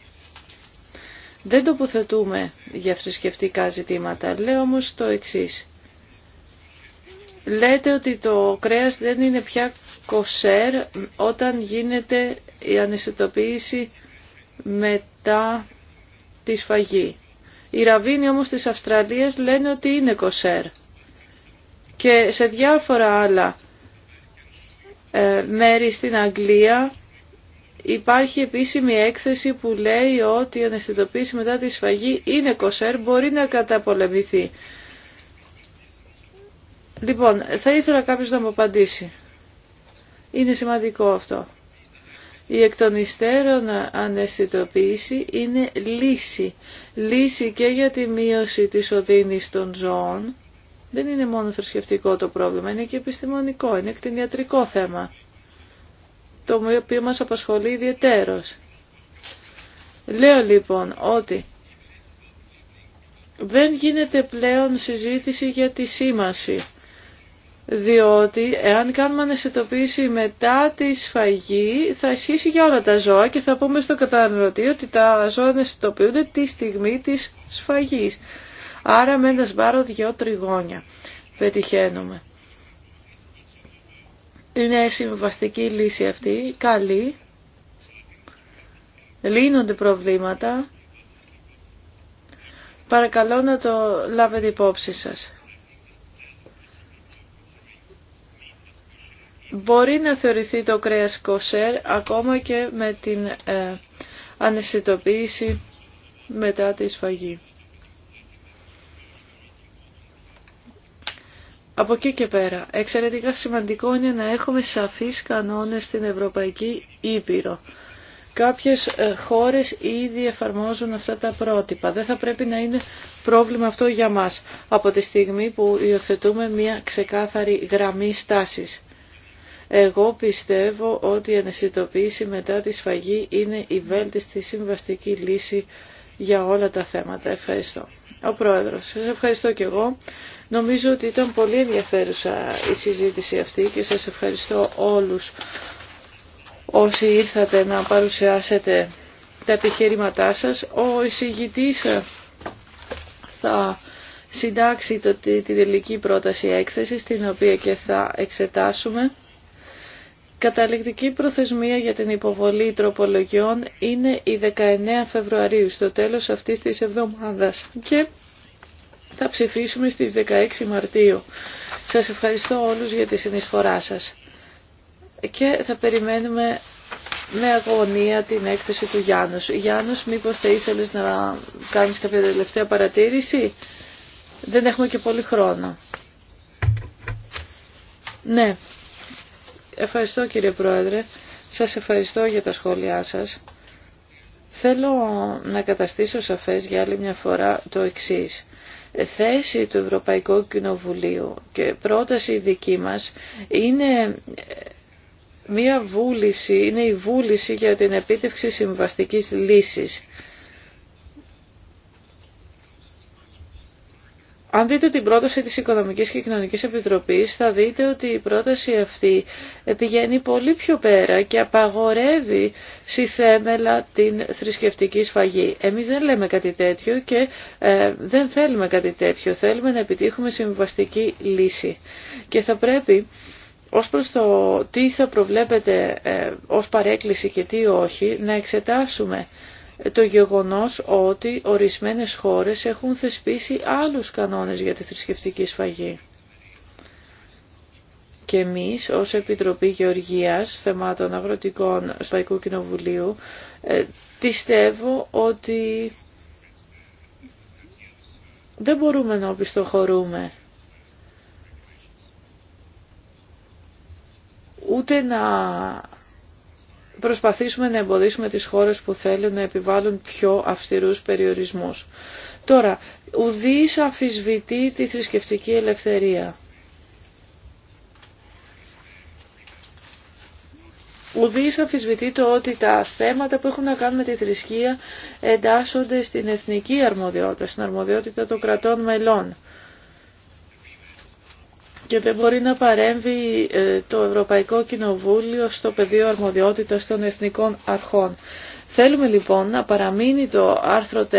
Δεν τοποθετούμε για θρησκευτικά ζητήματα. Λέω όμως το εξής. Λέτε ότι το κρέας δεν είναι πια κοσέρ όταν γίνεται η ανισοτοποίηση μετά τη σφαγή. Οι ραβίνοι όμως της Αυστραλίας λένε ότι είναι κοσέρ. Και σε διάφορα άλλα ε, μέρη στην Αγγλία Υπάρχει επίσημη έκθεση που λέει ότι η αναισθητοποίηση μετά τη σφαγή είναι κοσέρ, μπορεί να καταπολεμηθεί. Λοιπόν, θα ήθελα κάποιος να μου απαντήσει. Είναι σημαντικό αυτό. Η εκ των υστέρων αναισθητοποίηση είναι λύση. Λύση και για τη μείωση της οδύνης των ζώων. Δεν είναι μόνο θρησκευτικό το πρόβλημα, είναι και επιστημονικό, είναι κτηνιατρικό θέμα το οποίο μας απασχολεί ιδιαιτέρως. Λέω λοιπόν ότι δεν γίνεται πλέον συζήτηση για τη σήμαση, διότι εάν κάνουμε αναισθητοποίηση μετά τη σφαγή θα ισχύσει για όλα τα ζώα και θα πούμε στο καταναλωτή ότι τα ζώα ανεσυντοποιούνται τη στιγμή της σφαγής. Άρα με ένα σπάρο δυο τριγώνια πετυχαίνουμε. Είναι συμβαστική λύση αυτή, καλή. Λύνονται προβλήματα. Παρακαλώ να το λάβετε υπόψη σας. Μπορεί να θεωρηθεί το κρέας κοσέρ ακόμα και με την ε, μετά τη σφαγή. Από εκεί και πέρα, εξαιρετικά σημαντικό είναι να έχουμε σαφείς κανόνες στην Ευρωπαϊκή Ήπειρο. Κάποιες ε, χώρες ήδη εφαρμόζουν αυτά τα πρότυπα. Δεν θα πρέπει να είναι πρόβλημα αυτό για μας από τη στιγμή που υιοθετούμε μια ξεκάθαρη γραμμή στάσης. Εγώ πιστεύω ότι η αναισθητοποίηση μετά τη σφαγή είναι η βέλτιστη συμβαστική λύση για όλα τα θέματα. Ευχαριστώ. Ο Πρόεδρος, σας ευχαριστώ και εγώ. Νομίζω ότι ήταν πολύ ενδιαφέρουσα η συζήτηση αυτή και σας ευχαριστώ όλους όσοι ήρθατε να παρουσιάσετε τα επιχείρηματά σας. Ο εισηγητής θα συντάξει το, τη, τη τελική πρόταση έκθεσης, την οποία και θα εξετάσουμε. Καταληκτική προθεσμία για την υποβολή τροπολογιών είναι η 19 Φεβρουαρίου, στο τέλος αυτής της εβδομάδας. Και θα ψηφίσουμε στις 16 Μαρτίου. Σας ευχαριστώ όλους για τη συνεισφορά σας. Και θα περιμένουμε με αγωνία την έκθεση του Γιάννους. Γιάννους, μήπως θα ήθελες να κάνεις κάποια τελευταία παρατήρηση. Δεν έχουμε και πολύ χρόνο. Ναι. Ευχαριστώ κύριε Πρόεδρε. Σας ευχαριστώ για τα σχόλιά σας. Θέλω να καταστήσω σαφές για άλλη μια φορά το εξής θέση του Ευρωπαϊκού Κοινοβουλίου και πρόταση δική μας είναι μία βούληση, είναι η βούληση για την επίτευξη συμβαστικής λύσης. Αν δείτε την πρόταση της Οικονομικής και Κοινωνικής Επιτροπής θα δείτε ότι η πρόταση αυτή πηγαίνει πολύ πιο πέρα και απαγορεύει στη θέμελα την θρησκευτική σφαγή. Εμείς δεν λέμε κάτι τέτοιο και ε, δεν θέλουμε κάτι τέτοιο. Θέλουμε να επιτύχουμε συμβαστική λύση και θα πρέπει ως προς το τι θα προβλέπετε ε, ως παρέκκληση και τι όχι να εξετάσουμε το γεγονός ότι ορισμένες χώρες έχουν θεσπίσει άλλους κανόνες για τη θρησκευτική σφαγή. Και εμείς ως Επιτροπή Γεωργίας Θεμάτων Αγροτικών Σφαϊκού Κοινοβουλίου ε, πιστεύω ότι δεν μπορούμε να οπισθοχωρούμε ούτε να προσπαθήσουμε να εμποδίσουμε τις χώρες που θέλουν να επιβάλλουν πιο αυστηρούς περιορισμούς. Τώρα, ουδής αμφισβητεί τη θρησκευτική ελευθερία. Ουδής αμφισβητεί το ότι τα θέματα που έχουν να κάνουν με τη θρησκεία εντάσσονται στην εθνική αρμοδιότητα, στην αρμοδιότητα των κρατών μελών και δεν μπορεί να παρέμβει ε, το Ευρωπαϊκό Κοινοβούλιο στο πεδίο αρμοδιότητας των εθνικών αρχών. Θέλουμε λοιπόν να παραμείνει το άρθρο 4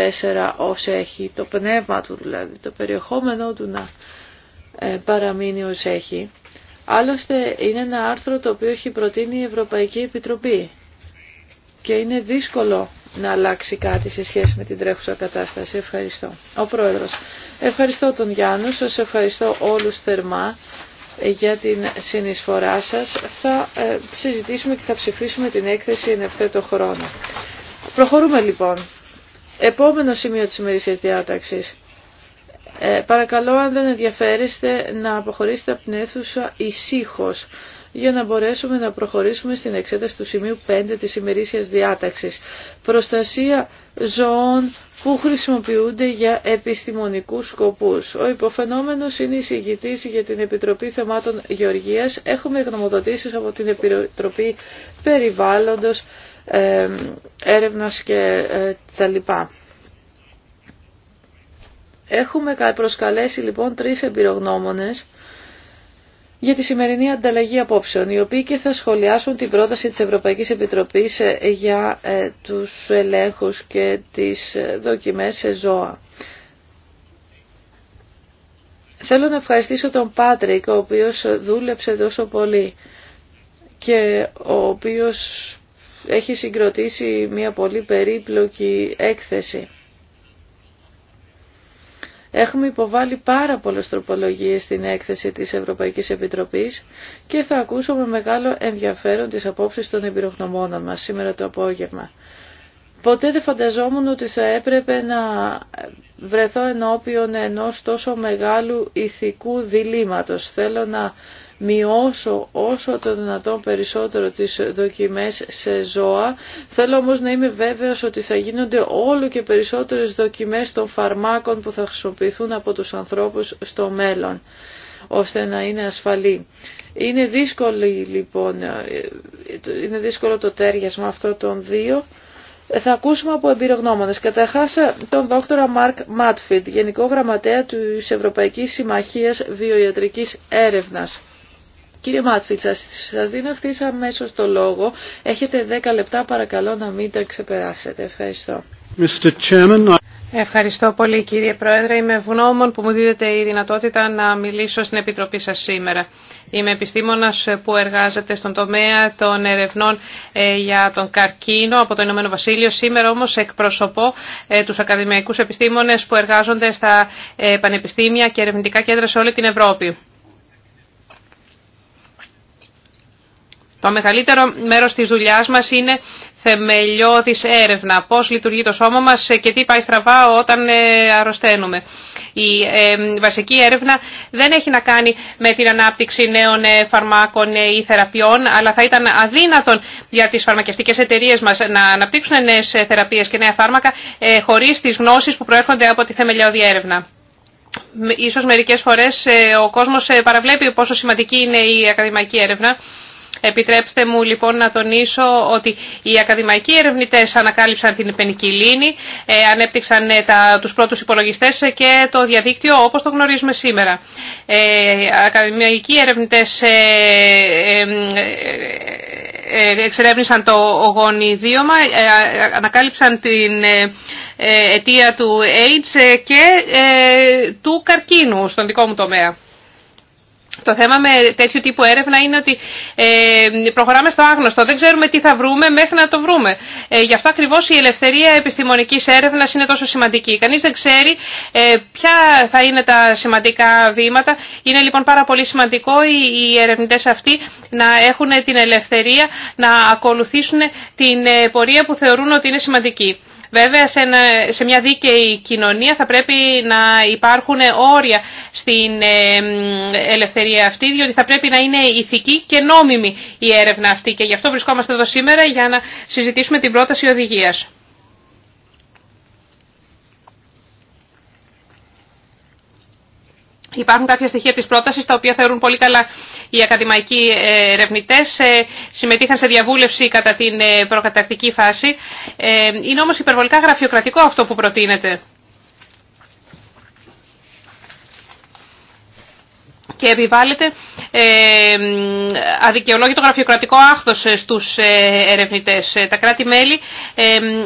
ως έχει, το πνεύμα του δηλαδή, το περιεχόμενό του να ε, παραμείνει ως έχει. Άλλωστε είναι ένα άρθρο το οποίο έχει προτείνει η Ευρωπαϊκή Επιτροπή και είναι δύσκολο να αλλάξει κάτι σε σχέση με την τρέχουσα κατάσταση. Ευχαριστώ. Ο Πρόεδρος. Ευχαριστώ τον Γιάννου, σας ευχαριστώ όλους θερμά ε, για την συνεισφορά σας. Θα ε, συζητήσουμε και θα ψηφίσουμε την έκθεση εν ευθέτω χρόνο. Προχωρούμε λοιπόν. Επόμενο σημείο της ημερήσιας διάταξης. Ε, παρακαλώ αν δεν ενδιαφέρεστε να αποχωρήσετε από την αίθουσα ησύχως για να μπορέσουμε να προχωρήσουμε στην εξέταση του σημείου 5 της ημερήσιας διάταξης. Προστασία ζωών που χρησιμοποιούνται για επιστημονικούς σκοπούς. Ο υποφαινόμενος είναι η εισηγητής για την Επιτροπή Θεμάτων Γεωργίας. Έχουμε γνωμοδοτήσεις από την Επιτροπή Περιβάλλοντος, ε, Έρευνας και ε, Έχουμε προσκαλέσει λοιπόν τρεις εμπειρογνώμονες για τη σημερινή ανταλλαγή απόψεων, οι οποίοι και θα σχολιάσουν την πρόταση της Ευρωπαϊκής Επιτροπής ε, για ε, τους ελέγχους και τις ε, δοκιμές σε ζώα. Θέλω να ευχαριστήσω τον Πάτρικ, ο οποίος δούλεψε τόσο πολύ και ο οποίος έχει συγκροτήσει μια πολύ περίπλοκη έκθεση. Έχουμε υποβάλει πάρα πολλές τροπολογίες στην έκθεση της Ευρωπαϊκής Επιτροπής και θα ακούσω με μεγάλο ενδιαφέρον τις απόψεις των εμπειρογνωμόνων μας σήμερα το απόγευμα. Ποτέ δεν φανταζόμουν ότι θα έπρεπε να βρεθώ ενώπιον ενός τόσο μεγάλου ηθικού διλήμματος. Θέλω να μειώσω όσο το δυνατόν περισσότερο τις δοκιμές σε ζώα. Θέλω όμως να είμαι βέβαιος ότι θα γίνονται όλο και περισσότερες δοκιμές των φαρμάκων που θα χρησιμοποιηθούν από τους ανθρώπους στο μέλλον ώστε να είναι ασφαλή. Είναι δύσκολο, λοιπόν, είναι δύσκολο το τέριασμα αυτό των δύο. Θα ακούσουμε από εμπειρογνώμονες. Καταρχάς τον δόκτωρα Μάρκ Μάτφιντ, Γενικό Γραμματέα της Ευρωπαϊκής Συμμαχίας Βιοιατρικής Έρευνας. Κύριε Μάτφιτ, σας, δίνω αυτή αμέσως το λόγο. Έχετε 10 λεπτά, παρακαλώ να μην τα ξεπεράσετε. Ευχαριστώ. Mr. Chairman, Ευχαριστώ πολύ κύριε Πρόεδρε. Είμαι ευγνώμων που μου δίδεται η δυνατότητα να μιλήσω στην Επιτροπή σας σήμερα. Είμαι επιστήμονας που εργάζεται στον τομέα των ερευνών ε, για τον καρκίνο από το Ηνωμένο Βασίλειο. Σήμερα όμως εκπροσωπώ ε, τους ακαδημαϊκούς επιστήμονες που εργάζονται στα ε, πανεπιστήμια και ερευνητικά κέντρα σε όλη την Ευρώπη. Το μεγαλύτερο μέρος της δουλειάς μας είναι θεμελιώδης έρευνα, πώς λειτουργεί το σώμα μας και τι πάει στραβά όταν ε, αρρωσταίνουμε. Η ε, βασική έρευνα δεν έχει να κάνει με την ανάπτυξη νέων ε, φαρμάκων ή θεραπείων, αλλά θα ήταν αδύνατον για τις φαρμακευτικές εταιρείες μας να αναπτύξουν νέες θεραπείες και νέα φάρμακα χωρίς τις γνώσεις που προέρχονται από τη θεμελιώδη έρευνα. Ίσως μερικές φορές ο κόσμος παραβλέπει πόσο σημαντική είναι η ακαδημαϊκή έρευνα Επιτρέψτε μου λοιπόν να τονίσω ότι οι ακαδημαϊκοί ερευνητές ανακάλυψαν την πενικυλίνη, ε, ανέπτυξαν ε, τα, τους πρώτους υπολογιστές και το διαδίκτυο όπως το γνωρίζουμε σήμερα. Ε, ακαδημαϊκοί ερευνητές εξερεύνησαν το γονιδίωμα, ανακάλυψαν την αιτία του AIDS και του καρκίνου στον δικό μου τομέα. Το θέμα με τέτοιου τύπου έρευνα είναι ότι ε, προχωράμε στο άγνωστο. Δεν ξέρουμε τι θα βρούμε μέχρι να το βρούμε. Ε, γι' αυτό ακριβώ η ελευθερία επιστημονική έρευνα είναι τόσο σημαντική. Κανεί δεν ξέρει ε, ποια θα είναι τα σημαντικά βήματα. Είναι λοιπόν πάρα πολύ σημαντικό οι ερευνητέ αυτοί να έχουν την ελευθερία να ακολουθήσουν την πορεία που θεωρούν ότι είναι σημαντική. Βέβαια σε μια δίκαιη κοινωνία θα πρέπει να υπάρχουν όρια στην ε, ελευθερία αυτή διότι θα πρέπει να είναι ηθική και νόμιμη η έρευνα αυτή και γι' αυτό βρισκόμαστε εδώ σήμερα για να συζητήσουμε την πρόταση οδηγίας. Υπάρχουν κάποια στοιχεία της πρότασης τα οποία θεωρούν πολύ καλά οι ακαδημαϊκοί ε, ερευνητέ. Ε, συμμετείχαν σε διαβούλευση κατά την ε, προκατακτική φάση. Είναι όμως υπερβολικά γραφειοκρατικό αυτό που προτείνεται. και επιβάλλεται ε, αδικαιολόγητο γραφειοκρατικό άχθος ε, στους ε, ερευνητές. Τα κράτη-μέλη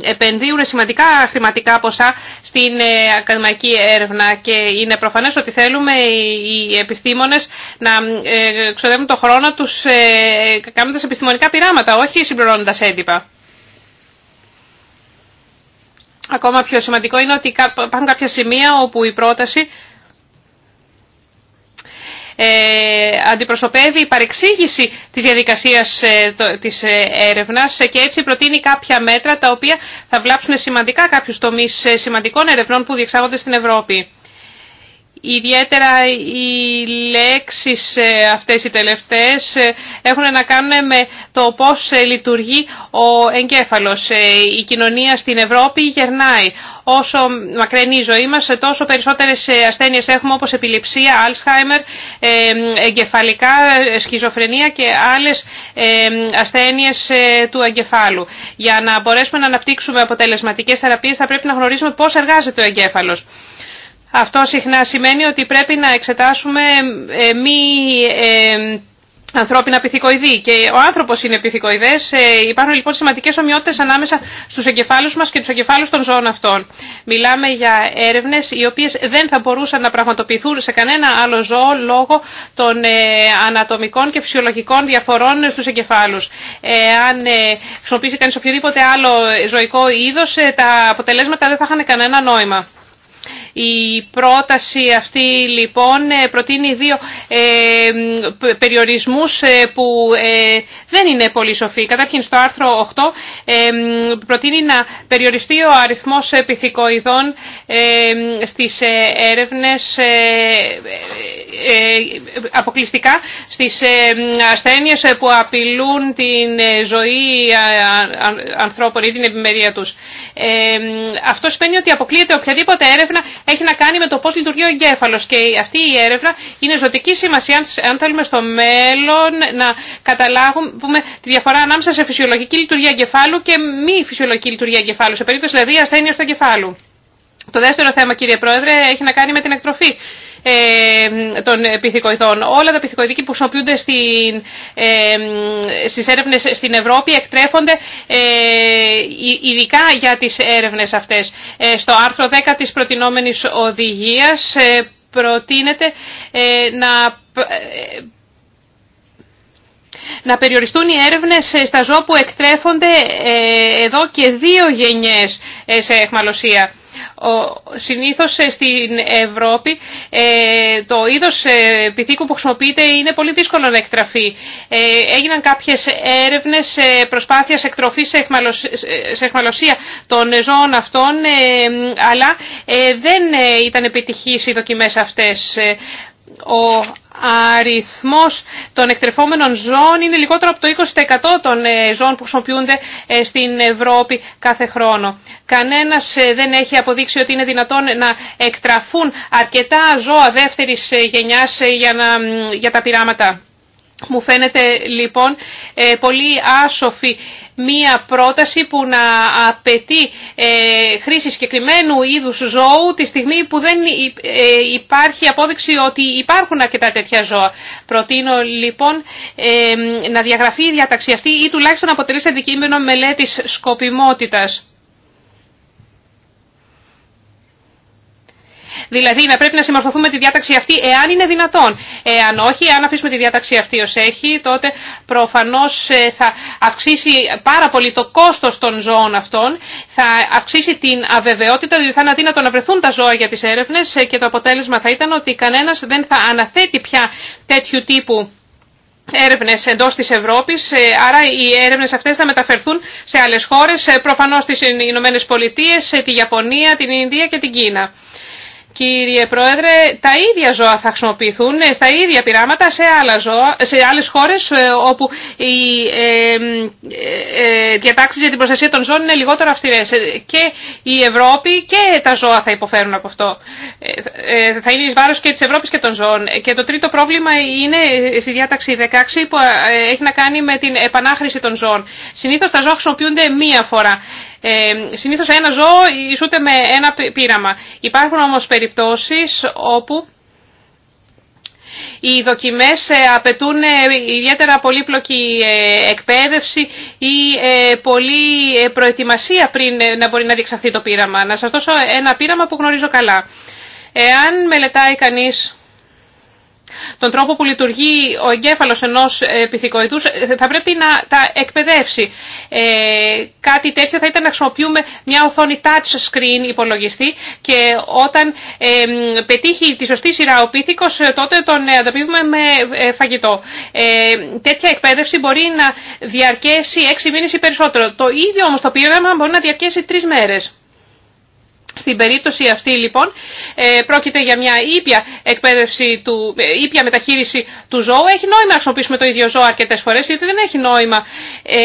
επενδύουν σημαντικά χρηματικά ποσά στην ακαδημαϊκή έρευνα και είναι προφανές ότι θέλουμε οι επιστήμονες να ξοδεύουν το χρόνο τους κάνοντας επιστημονικά πειράματα, όχι συμπληρώνοντας έντυπα. Ακόμα πιο σημαντικό είναι ότι υπάρχουν κάποια σημεία όπου η πρόταση ε, αντιπροσωπεύει η παρεξήγηση της διαδικασίας ε, της ε, έρευνας και έτσι προτείνει κάποια μέτρα τα οποία θα βλάψουν σημαντικά κάποιους τομείς σημαντικών ερευνών που διεξάγονται στην Ευρώπη. Ιδιαίτερα οι λέξεις ε, αυτές οι τελευταίες ε, έχουν να κάνουν με το πώς ε, λειτουργεί ο εγκέφαλος. Η κοινωνία στην Ευρώπη γερνάει. Όσο μακραίνει η ζωή μας, τόσο περισσότερες ασθένειες έχουμε όπως επιληψία, Alzheimer, εγκεφαλικά, σχιζοφρενία και άλλες ασθένειες του εγκεφάλου. Για να μπορέσουμε να αναπτύξουμε αποτελεσματικές θεραπείες θα πρέπει να γνωρίζουμε πώς εργάζεται ο εγκέφαλος. Αυτό συχνά σημαίνει ότι πρέπει να εξετάσουμε ε, μη ε, ανθρώπινα πυθικοειδή. Και ο άνθρωπο είναι πυθικοειδέ. Ε, υπάρχουν λοιπόν σημαντικέ ομοιότητε ανάμεσα στου εγκεφάλου μα και του εγκεφάλου των ζώων αυτών. Μιλάμε για έρευνε οι οποίε δεν θα μπορούσαν να πραγματοποιηθούν σε κανένα άλλο ζώο λόγω των ανατομικών και φυσιολογικών διαφορών στου εγκεφάλου. Αν χρησιμοποιήσει κανεί οποιοδήποτε άλλο ζωικό είδο, τα αποτελέσματα δεν θα είχαν κανένα νόημα. Η πρόταση αυτή λοιπόν ε, προτείνει δύο ε, περιορισμούς ε, που δεν είναι πολύ σοφοί. Καταρχήν στο άρθρο 8 προτείνει να περιοριστεί ο αριθμός επιθυκοειδών στις έρευνες αποκλειστικά στις ασθένειες που απειλούν την ζωή ανθρώπων ή την επιμερία τους. Αυτό σημαίνει ότι αποκλείεται οποιαδήποτε έρευνα έχει να κάνει με το πώς λειτουργεί ο εγκέφαλος και αυτή η έρευνα είναι ζωτική σημασία αν θέλουμε στο μέλλον να καταλάβουμε τη διαφορά ανάμεσα σε φυσιολογική λειτουργία εγκεφάλου και μη φυσιολογική λειτουργία εγκεφάλου, σε περίπτωση δηλαδή ασθένεια του εγκεφάλου. Το δεύτερο θέμα, κύριε Πρόεδρε, έχει να κάνει με την εκτροφή. Ε, των πυθικοειδών. Όλα τα πυθικοειδή που χρησιμοποιούνται ε, στις έρευνες στην Ευρώπη εκτρέφονται ε, ειδικά για τις έρευνες αυτές. Ε, στο άρθρο 10 της προτινόμενης οδηγίας προτείνεται να να περιοριστούν οι έρευνες στα ζώα που εκτρέφονται εδώ και δύο γενιές σε εχμαλωσία. Συνήθως ε, στην Ευρώπη ε, το είδος ε, πυθίκου που χρησιμοποιείται είναι πολύ δύσκολο να εκτραφεί. Έγιναν κάποιες έρευνες προσπάθειας εκτροφής σε εχμαλωσία των ζώων αυτών αλλά δεν ήταν επιτυχής οι δοκιμές αυτές. Ο αριθμός των εκτρεφόμενων ζώων είναι λιγότερο από το 20% των ε, ζώων που χρησιμοποιούνται ε, στην Ευρώπη κάθε χρόνο. Κανένας ε, δεν έχει αποδείξει ότι είναι δυνατόν να εκτραφούν αρκετά ζώα δεύτερης γενιάς για, για τα πειράματα μου φαίνεται λοιπόν ε, πολύ άσοφη μία πρόταση που να απαιτεί ε, χρήση συγκεκριμένου είδους ζώου τη στιγμή που δεν ε, υπάρχει απόδειξη ότι υπάρχουν αρκετά τέτοια ζώα. Προτείνω λοιπόν να διαγραφεί η διαταξή αυτή ή τουλάχιστον αποτελεί αντικείμενο μελέτης σκοπιμότητας. Δηλαδή να πρέπει να συμμορφωθούμε τη διάταξη αυτή εάν είναι δυνατόν. Εάν όχι, εάν αφήσουμε τη διάταξη αυτή ως έχει, τότε προφανώς ε, θα αυξήσει πάρα πολύ το κόστος των ζώων αυτών, θα αυξήσει την αβεβαιότητα, διότι θα είναι αδύνατο να βρεθούν τα ζώα για τις έρευνες ε, και το αποτέλεσμα θα ήταν ότι κανένας δεν θα αναθέτει πια τέτοιου τύπου έρευνε εντό τη Ευρώπη. Ε, άρα οι έρευνε αυτέ θα μεταφερθούν σε άλλε χώρε, προφανώ στις Ηνωμένε Πολιτείε, τη Ιαπωνία, την Ινδία και την Κίνα. Κύριε Πρόεδρε, τα ίδια ζώα θα χρησιμοποιηθούν ε, στα ίδια πειράματα σε, άλλα ζώα, σε άλλες χώρες ε, όπου οι ε, ε, ε, διατάξεις για την προστασία των ζώων είναι λιγότερο αυστηρές. Και η Ευρώπη και τα ζώα θα υποφέρουν από αυτό. θα είναι εις βάρος και της Ευρώπης και των ζώων. Και το τρίτο πρόβλημα είναι στη διάταξη 16 που έχει να κάνει με την επανάχρηση των ζώων. Συνήθως τα ζώα χρησιμοποιούνται μία φορά. Ε, συνήθως ένα ζώο ισούται με ένα πείραμα. Υπάρχουν όμως περιπτώσεις όπου οι δοκιμές ε, απαιτούν ε, ιδιαίτερα πολύπλοκη ε, εκπαίδευση ή πολλή προετοιμασία πριν να μπορεί να διεξαχθεί το πείραμα. Να σας δώσω ένα πείραμα που γνωρίζω καλά. Εάν μελετάει κανείς τον τρόπο που λειτουργεί ο εγκέφαλος ενός ε, πυθικοειδού, ε, θα πρέπει να τα εκπαιδεύσει. Ε, κάτι τέτοιο θα ήταν να χρησιμοποιούμε μια οθόνη touch screen υπολογιστή και όταν ε, πετύχει τη σωστή σειρά ο τότε τον ανταπίβουμε με φαγητό. Ε, τέτοια εκπαίδευση μπορεί να διαρκέσει έξι μήνες ή περισσότερο. Το ίδιο όμω το πείραμα μπορεί να διαρκέσει τρει μέρε. Στην περίπτωση αυτή λοιπόν ε, πρόκειται για μια ήπια, εκπαίδευση του, ε, ήπια μεταχείριση του ζώου. Έχει νόημα να χρησιμοποιήσουμε το ίδιο ζώο αρκετέ φορέ, γιατί δεν έχει νόημα ε,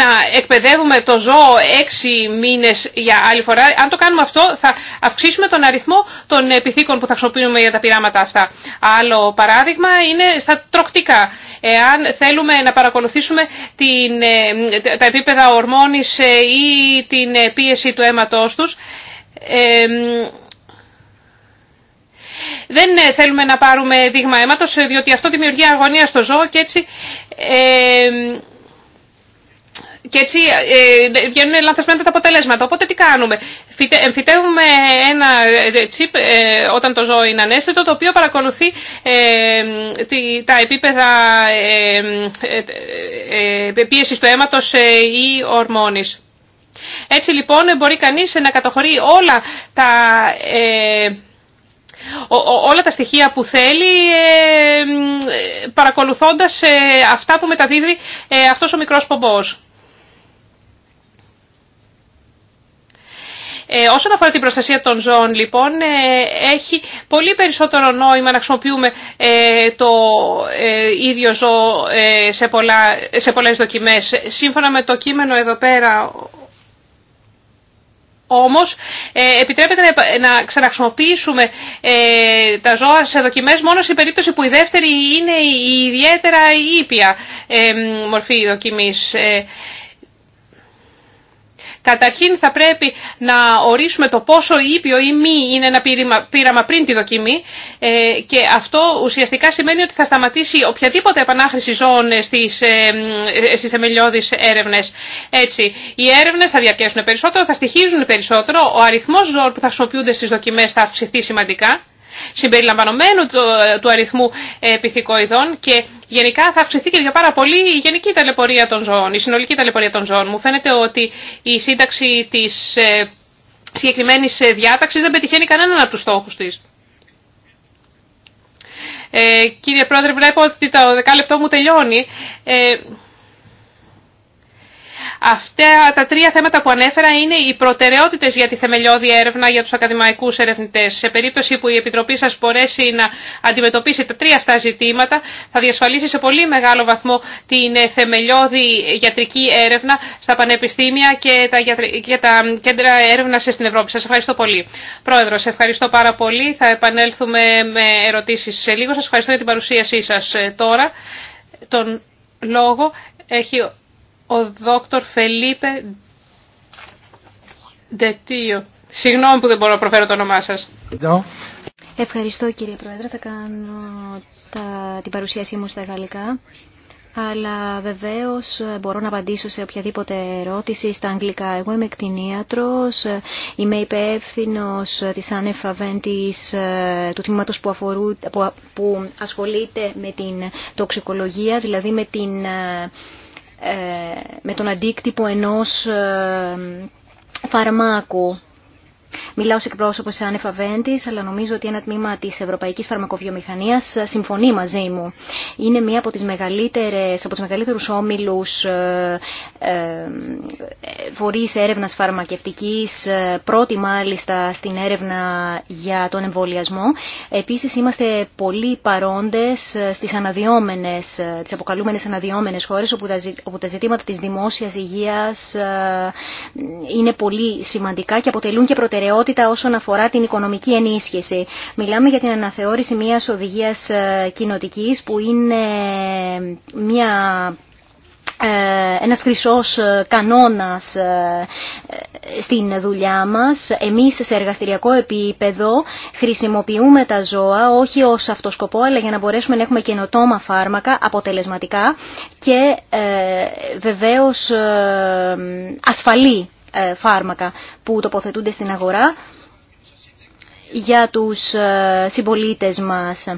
να εκπαιδεύουμε το ζώο έξι μήνε για άλλη φορά. Αν το κάνουμε αυτό, θα αυξήσουμε τον αριθμό των επιθήκων που θα χρησιμοποιούμε για τα πειράματα αυτά. Άλλο παράδειγμα είναι στα τροκτικά. Εάν θέλουμε να παρακολουθήσουμε την, ε, τα επίπεδα ορμόνης ε, ή την ε, πίεση του αίματός τους, δεν θέλουμε να πάρουμε δείγμα αίματος, διότι αυτό δημιουργεί αγωνία στο ζώο και έτσι και έτσι ε, βγαίνουν λανθασμένα τα αποτελέσματα. Οπότε τι κάνουμε. Εμφυτεύουμε ένα ε, τσιπ ε, όταν το ζώο είναι ανέστητο, το οποίο παρακολουθεί ε, τα επίπεδα ε, πίεσης του αίματος ή ορμόνης. Έτσι λοιπόν μπορεί κανείς να καταχωρεί όλα τα... όλα τα στοιχεία που θέλει παρακολουθώντας αυτά που μεταδίδει αυτός ο μικρός πομπός. Ε, όσον αφορά την προστασία των ζώων, λοιπόν, ε, έχει πολύ περισσότερο νόημα να χρησιμοποιούμε ε, το ε, ίδιο ζώο σε, πολλά, σε πολλές δοκιμές. Σύμφωνα με το κείμενο εδώ πέρα, όμως επιτρέπεται να ξαναχρησιμοποιήσουμε τα ζώα σε δοκιμές μόνο σε περίπτωση που η δεύτερη είναι η ιδιαίτερα ήπια μορφή δοκιμής. Καταρχήν θα πρέπει να ορίσουμε το πόσο ήπιο ή μη είναι ένα πείραμα πριν τη δοκιμή ε, και αυτό ουσιαστικά σημαίνει ότι θα σταματήσει οποιαδήποτε επανάχρηση ζώων στις, ε, ε, στις εμελιώδεις έρευνες. Έτσι, οι έρευνες θα διαρκέσουν περισσότερο, θα στοιχίζουν περισσότερο, ο αριθμός ζώων που θα χρησιμοποιούνται στις δοκιμές θα αυξηθεί σημαντικά συμπεριλαμβανομένου του, αριθμού ε, και γενικά θα αυξηθεί και για πάρα πολύ η γενική ταλαιπωρία των ζώων, η συνολική ταλαιπωρία των ζώων. Μου φαίνεται ότι η σύνταξη της ε, συγκεκριμένη ε, διάταξη δεν πετυχαίνει κανέναν από του στόχου τη. Ε, κύριε Πρόεδρε, βλέπω ότι το δεκάλεπτό μου τελειώνει. Ε, Αυτά τα τρία θέματα που ανέφερα είναι οι προτεραιότητες για τη θεμελιώδη έρευνα για τους ακαδημαϊκούς ερευνητές. Σε περίπτωση που η Επιτροπή σας μπορέσει να αντιμετωπίσει τα τρία αυτά ζητήματα, θα διασφαλίσει σε πολύ μεγάλο βαθμό την θεμελιώδη γιατρική έρευνα στα πανεπιστήμια και τα, και τα κέντρα έρευνα στην Ευρώπη. Σας ευχαριστώ πολύ. Πρόεδρος, ευχαριστώ πάρα πολύ. Θα επανέλθουμε με ερωτήσεις σε λίγο. Σας ευχαριστώ για την παρουσίασή σας ε, τώρα. Τον λόγο έχει ο δόκτωρ Φελίπε Ντετίο. Συγγνώμη που δεν μπορώ να προφέρω το όνομά σας. Ευχαριστώ κύριε Πρόεδρε. Θα κάνω τα, την παρουσίασή μου στα γαλλικά. Αλλά βεβαίως μπορώ να απαντήσω σε οποιαδήποτε ερώτηση στα αγγλικά. Εγώ είμαι κτηνίατρος, είμαι υπεύθυνο της ανεφαβέντης ε, του τμήματος που, αφορούν που ασχολείται με την τοξικολογία, δηλαδή με την ε, ε, με τον αντίκτυπο ενός ε, φαρμάκου. Μιλάω ως εκπρόσωπος Άννεφ Αβέντης, αλλά νομίζω ότι ένα τμήμα τη Ευρωπαϊκή Φαρμακοβιομηχανία, συμφωνεί μαζί μου. Είναι μία από, τις μεγαλύτερες, από τους μεγαλύτερους όμιλους ε, ε, φορείς έρευνας φαρμακευτικής, ε, πρώτη μάλιστα στην έρευνα για τον εμβολιασμό. Επίση, είμαστε πολύ παρόντε ε, στι αναδιόμενες, ε, τις αποκαλούμενες αναδιόμενες χώρες, όπου τα, όπου τα ζητήματα της δημόσιας υγείας είναι πολύ σημαντικά και αποτελούν και προτεραιότητα όσον αφορά την οικονομική ενίσχυση. Μιλάμε για την αναθεώρηση μιας οδηγίας ε, κοινοτικής που είναι ε, μια ε, ένας χρυσός κανόνας στην δουλειά μας. Εμείς σε εργαστηριακό επίπεδο χρησιμοποιούμε τα ζώα όχι ως αυτό σκοπό αλλά για να μπορέσουμε να έχουμε καινοτόμα φάρμακα αποτελεσματικά και ε, βεβαίως ασφαλή ε, φάρμακα που τοποθετούνται στην αγορά για τους ε, συμπολίτες μας.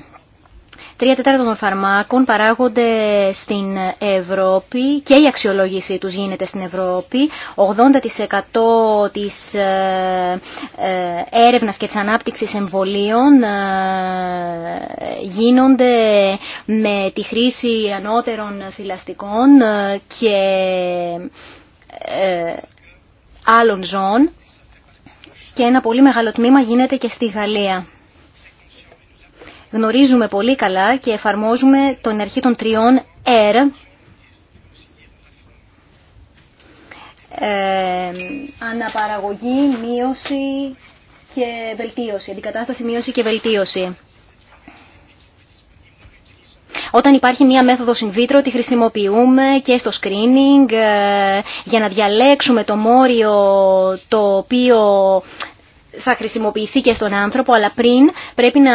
Τρία τέταρτα των φαρμάκων παράγονται στην Ευρώπη και η αξιολόγησή τους γίνεται στην Ευρώπη. 80% της ε, έρευνας και της ανάπτυξης εμβολίων γίνονται με τη χρήση ανώτερων θηλαστικών και άλλων ζώων και ένα πολύ μεγάλο τμήμα γίνεται και στη Γαλλία. Γνωρίζουμε πολύ καλά και εφαρμόζουμε τον αρχή των τριών R, ε, αναπαραγωγή, μείωση και βελτίωση, αντικατάσταση, μείωση και βελτίωση. Όταν υπάρχει μία μέθοδο in τη χρησιμοποιούμε και στο screening ε, για να διαλέξουμε το μόριο το οποίο θα χρησιμοποιηθεί και στον άνθρωπο, αλλά πριν πρέπει να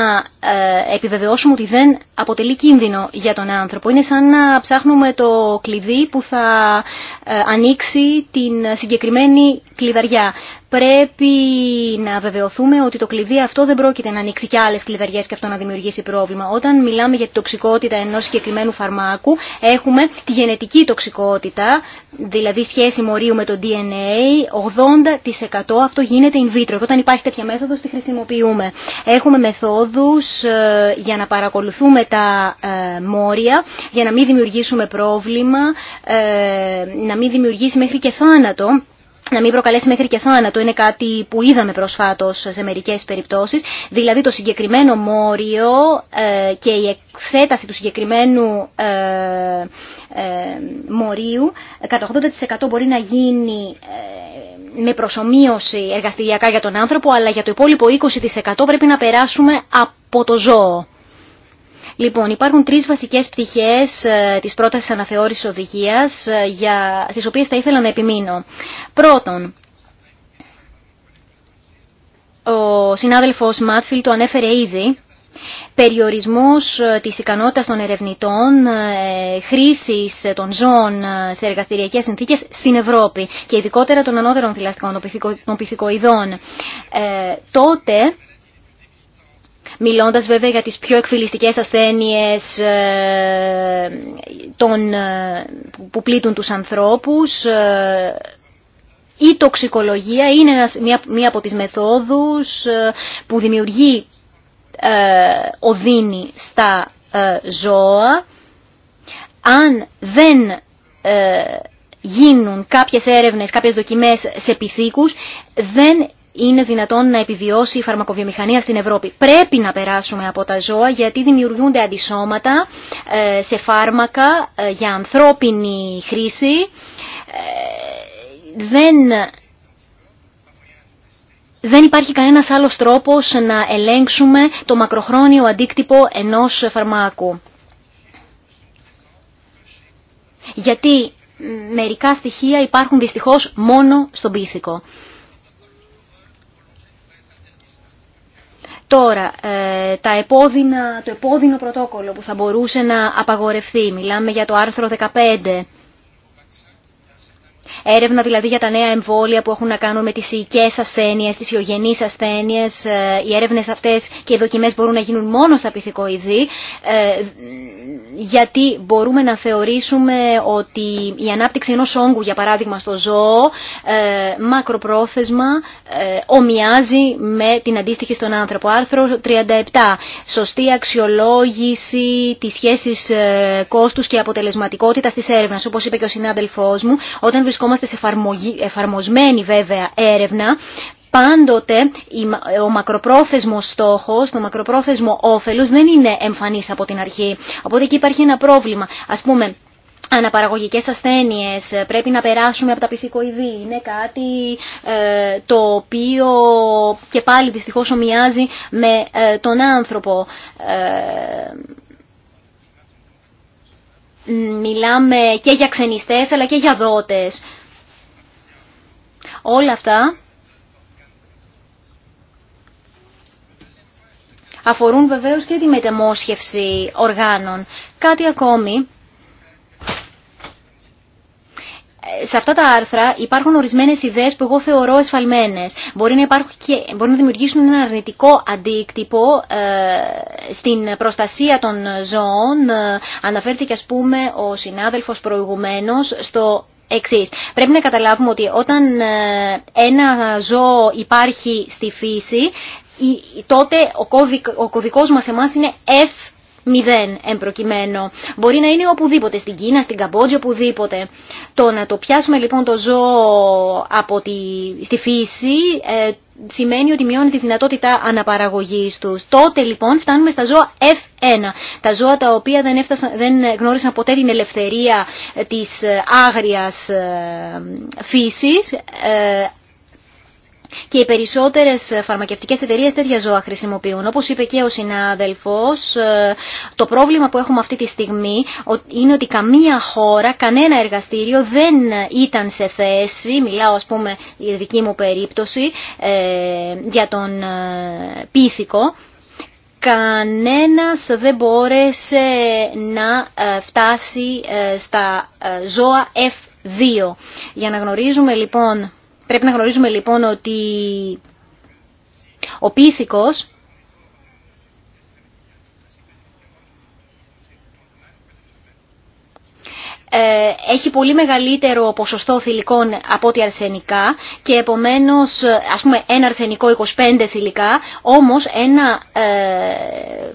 ε, επιβεβαιώσουμε ότι δεν αποτελεί κίνδυνο για τον άνθρωπο. Είναι σαν να ψάχνουμε το κλειδί που θα ε, ανοίξει την συγκεκριμένη κλειδαριά πρέπει να βεβαιωθούμε ότι το κλειδί αυτό δεν πρόκειται να ανοίξει και άλλε κλειδαριέ και αυτό να δημιουργήσει πρόβλημα. Όταν μιλάμε για την τοξικότητα ενός συγκεκριμένου φαρμάκου, έχουμε τη γενετική τοξικότητα, δηλαδή σχέση μορίου με το DNA, 80% αυτό γίνεται in vitro. Και όταν υπάρχει τέτοια μέθοδος, τη χρησιμοποιούμε. Έχουμε μεθόδους ε, για να παρακολουθούμε τα ε, μόρια, για να μην δημιουργήσουμε πρόβλημα, ε, να μην δημιουργήσει μέχρι και θάνατο να μην προκαλέσει μέχρι και θάνατο. Είναι κάτι που είδαμε προσφάτως σε μερικές περιπτώσεις. Δηλαδή το συγκεκριμένο μόριο ε, και η εξέταση του συγκεκριμένου ε, ε, μορίου κατά 80% μπορεί να γίνει με προσωμείωση εργαστηριακά για τον άνθρωπο αλλά για το υπόλοιπο 20% πρέπει να περάσουμε από το ζώο. Λοιπόν, υπάρχουν τρεις βασικές πτυχές ε, της πρόταση αναθεώρησης οδηγίας, ε, για, στις οποίες θα ήθελα να επιμείνω. Πρώτον, ο συνάδελφο Μάτφιλ το ανέφερε ήδη, περιορισμός ε, της ικανότητας των ερευνητών χρήσης των ζώων σε εργαστηριακές συνθήκες στην Ευρώπη και ειδικότερα των ανώτερων θηλαστικών των Ε, τότε μιλώντας βέβαια για τις πιο εκφυλιστικές ασθένειες ε, των, ε, που πλήττουν τους ανθρώπους, ε, η τοξικολογία είναι μία από τις μεθόδους που δημιουργεί οδύνη στα ζώα. Αν δεν γίνουν κάποιες έρευνες, κάποιες δοκιμές σε πυθίκους, δεν είναι δυνατόν να επιβιώσει η φαρμακοβιομηχανία στην Ευρώπη. Πρέπει να περάσουμε από τα ζώα γιατί δημιουργούνται αντισώματα ε, σε φάρμακα ε, για ανθρώπινη χρήση. Ε, δεν δεν υπάρχει κανένας άλλος τρόπος να ελέγξουμε το μακροχρόνιο αντίκτυπο ενός φαρμάκου. Γιατί μερικά στοιχεία υπάρχουν δυστυχώς μόνο στον πίθηκο. Τώρα, ε, τα το επώδυνο πρωτόκολλο που θα μπορούσε να απαγορευτεί, μιλάμε για το άρθρο 15 Έρευνα δηλαδή για τα νέα εμβόλια που έχουν να κάνουν με τις οικές ασθένειες, τις ιογενείς ασθένειες. Ε, οι έρευνες αυτές και οι δοκιμές μπορούν να γίνουν μόνο στα πυθικοειδή, ε, γιατί μπορούμε να θεωρήσουμε ότι η ανάπτυξη ενός όγκου, για παράδειγμα στο ζώο, ε, μακροπρόθεσμα ομοιάζει με την αντίστοιχη στον άνθρωπο. Άρθρο 37. Σωστή αξιολόγηση της σχέσης κόστους και αποτελεσματικότητας της έρευνας. Όπως είπε και ο συνάδελφός μου, όταν βρισκόμαστε Είμαστε σε εφαρμοσμένη βέβαια έρευνα πάντοτε ο μακροπρόθεσμος στόχος, το μακροπρόθεσμο όφελος δεν είναι εμφανής από την αρχή. Οπότε εκεί υπάρχει ένα πρόβλημα. Ας πούμε, αναπαραγωγικές ασθένειες, πρέπει να περάσουμε από τα πυθικοειδή. Είναι κάτι ε, το οποίο και πάλι δυστυχώς ομοιάζει με ε, τον άνθρωπο. Ε, μιλάμε και για ξενιστές αλλά και για δότες. Όλα αυτά αφορούν βεβαίως και τη μεταμόσχευση οργάνων. Κάτι ακόμη, σε αυτά τα άρθρα υπάρχουν ορισμένες ιδέες που εγώ θεωρώ εσφαλμένες. Μπορεί να, υπάρχουν και, μπορεί να δημιουργήσουν ένα αρνητικό αντίκτυπο ε, στην προστασία των ζώων. Ε, αναφέρθηκε ας πούμε ο συνάδελφος προηγουμένως στο εξής. Πρέπει να καταλάβουμε ότι όταν ε, ένα ζώο υπάρχει στη φύση, τότε ο κωδικός μας εμάς είναι F μηδέν εμπροκειμένο. Μπορεί να είναι οπουδήποτε, στην Κίνα, στην Καμπότζη, οπουδήποτε. Το να το πιάσουμε λοιπόν το ζώο από τη, στη φύση ε, σημαίνει ότι μειώνει τη δυνατότητα αναπαραγωγής τους. Τότε λοιπόν φτάνουμε στα ζώα F1, τα ζώα τα οποία δεν, έφτασαν, δεν γνώρισαν ποτέ την ελευθερία της ε, άγριας ε, φύσης, ε, και οι περισσότερες ε, φαρμακευτικές εταιρείες τέτοια ζώα χρησιμοποιούν. Όπως είπε και ο συνάδελφος, ε, το πρόβλημα που έχουμε αυτή τη στιγμή είναι ότι καμία χώρα, κανένα εργαστήριο δεν ήταν σε θέση, μιλάω ας πούμε η δική μου περίπτωση, ε, για τον πίθηκο, κανένας δεν μπόρεσε να φτάσει στα ζώα F2. Για να γνωρίζουμε λοιπόν Πρέπει να γνωρίζουμε λοιπόν ότι ο πίθηκος ε, έχει πολύ μεγαλύτερο ποσοστό θηλυκών από ό,τι αρσενικά και επομένως ας πούμε ένα αρσενικό 25 θηλυκά όμως ένα ε,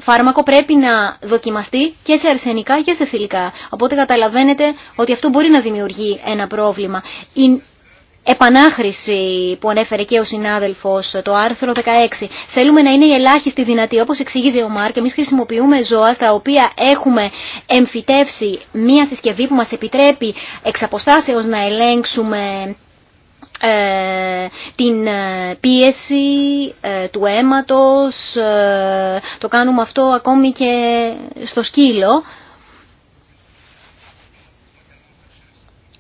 φάρμακο πρέπει να δοκιμαστεί και σε αρσενικά και σε θηλυκά οπότε καταλαβαίνετε ότι αυτό μπορεί να δημιουργεί ένα πρόβλημα επανάχρηση που ανέφερε και ο συνάδελφος, το άρθρο 16. Θέλουμε να είναι η ελάχιστη δυνατή, όπως εξηγίζει ο Μάρκ, εμείς χρησιμοποιούμε ζώα στα οποία έχουμε εμφυτεύσει μία συσκευή που μας επιτρέπει εξ αποστάσεως να ελέγξουμε ε, την ε, πίεση ε, του αίματος, το κάνουμε αυτό ακόμη και στο σκύλο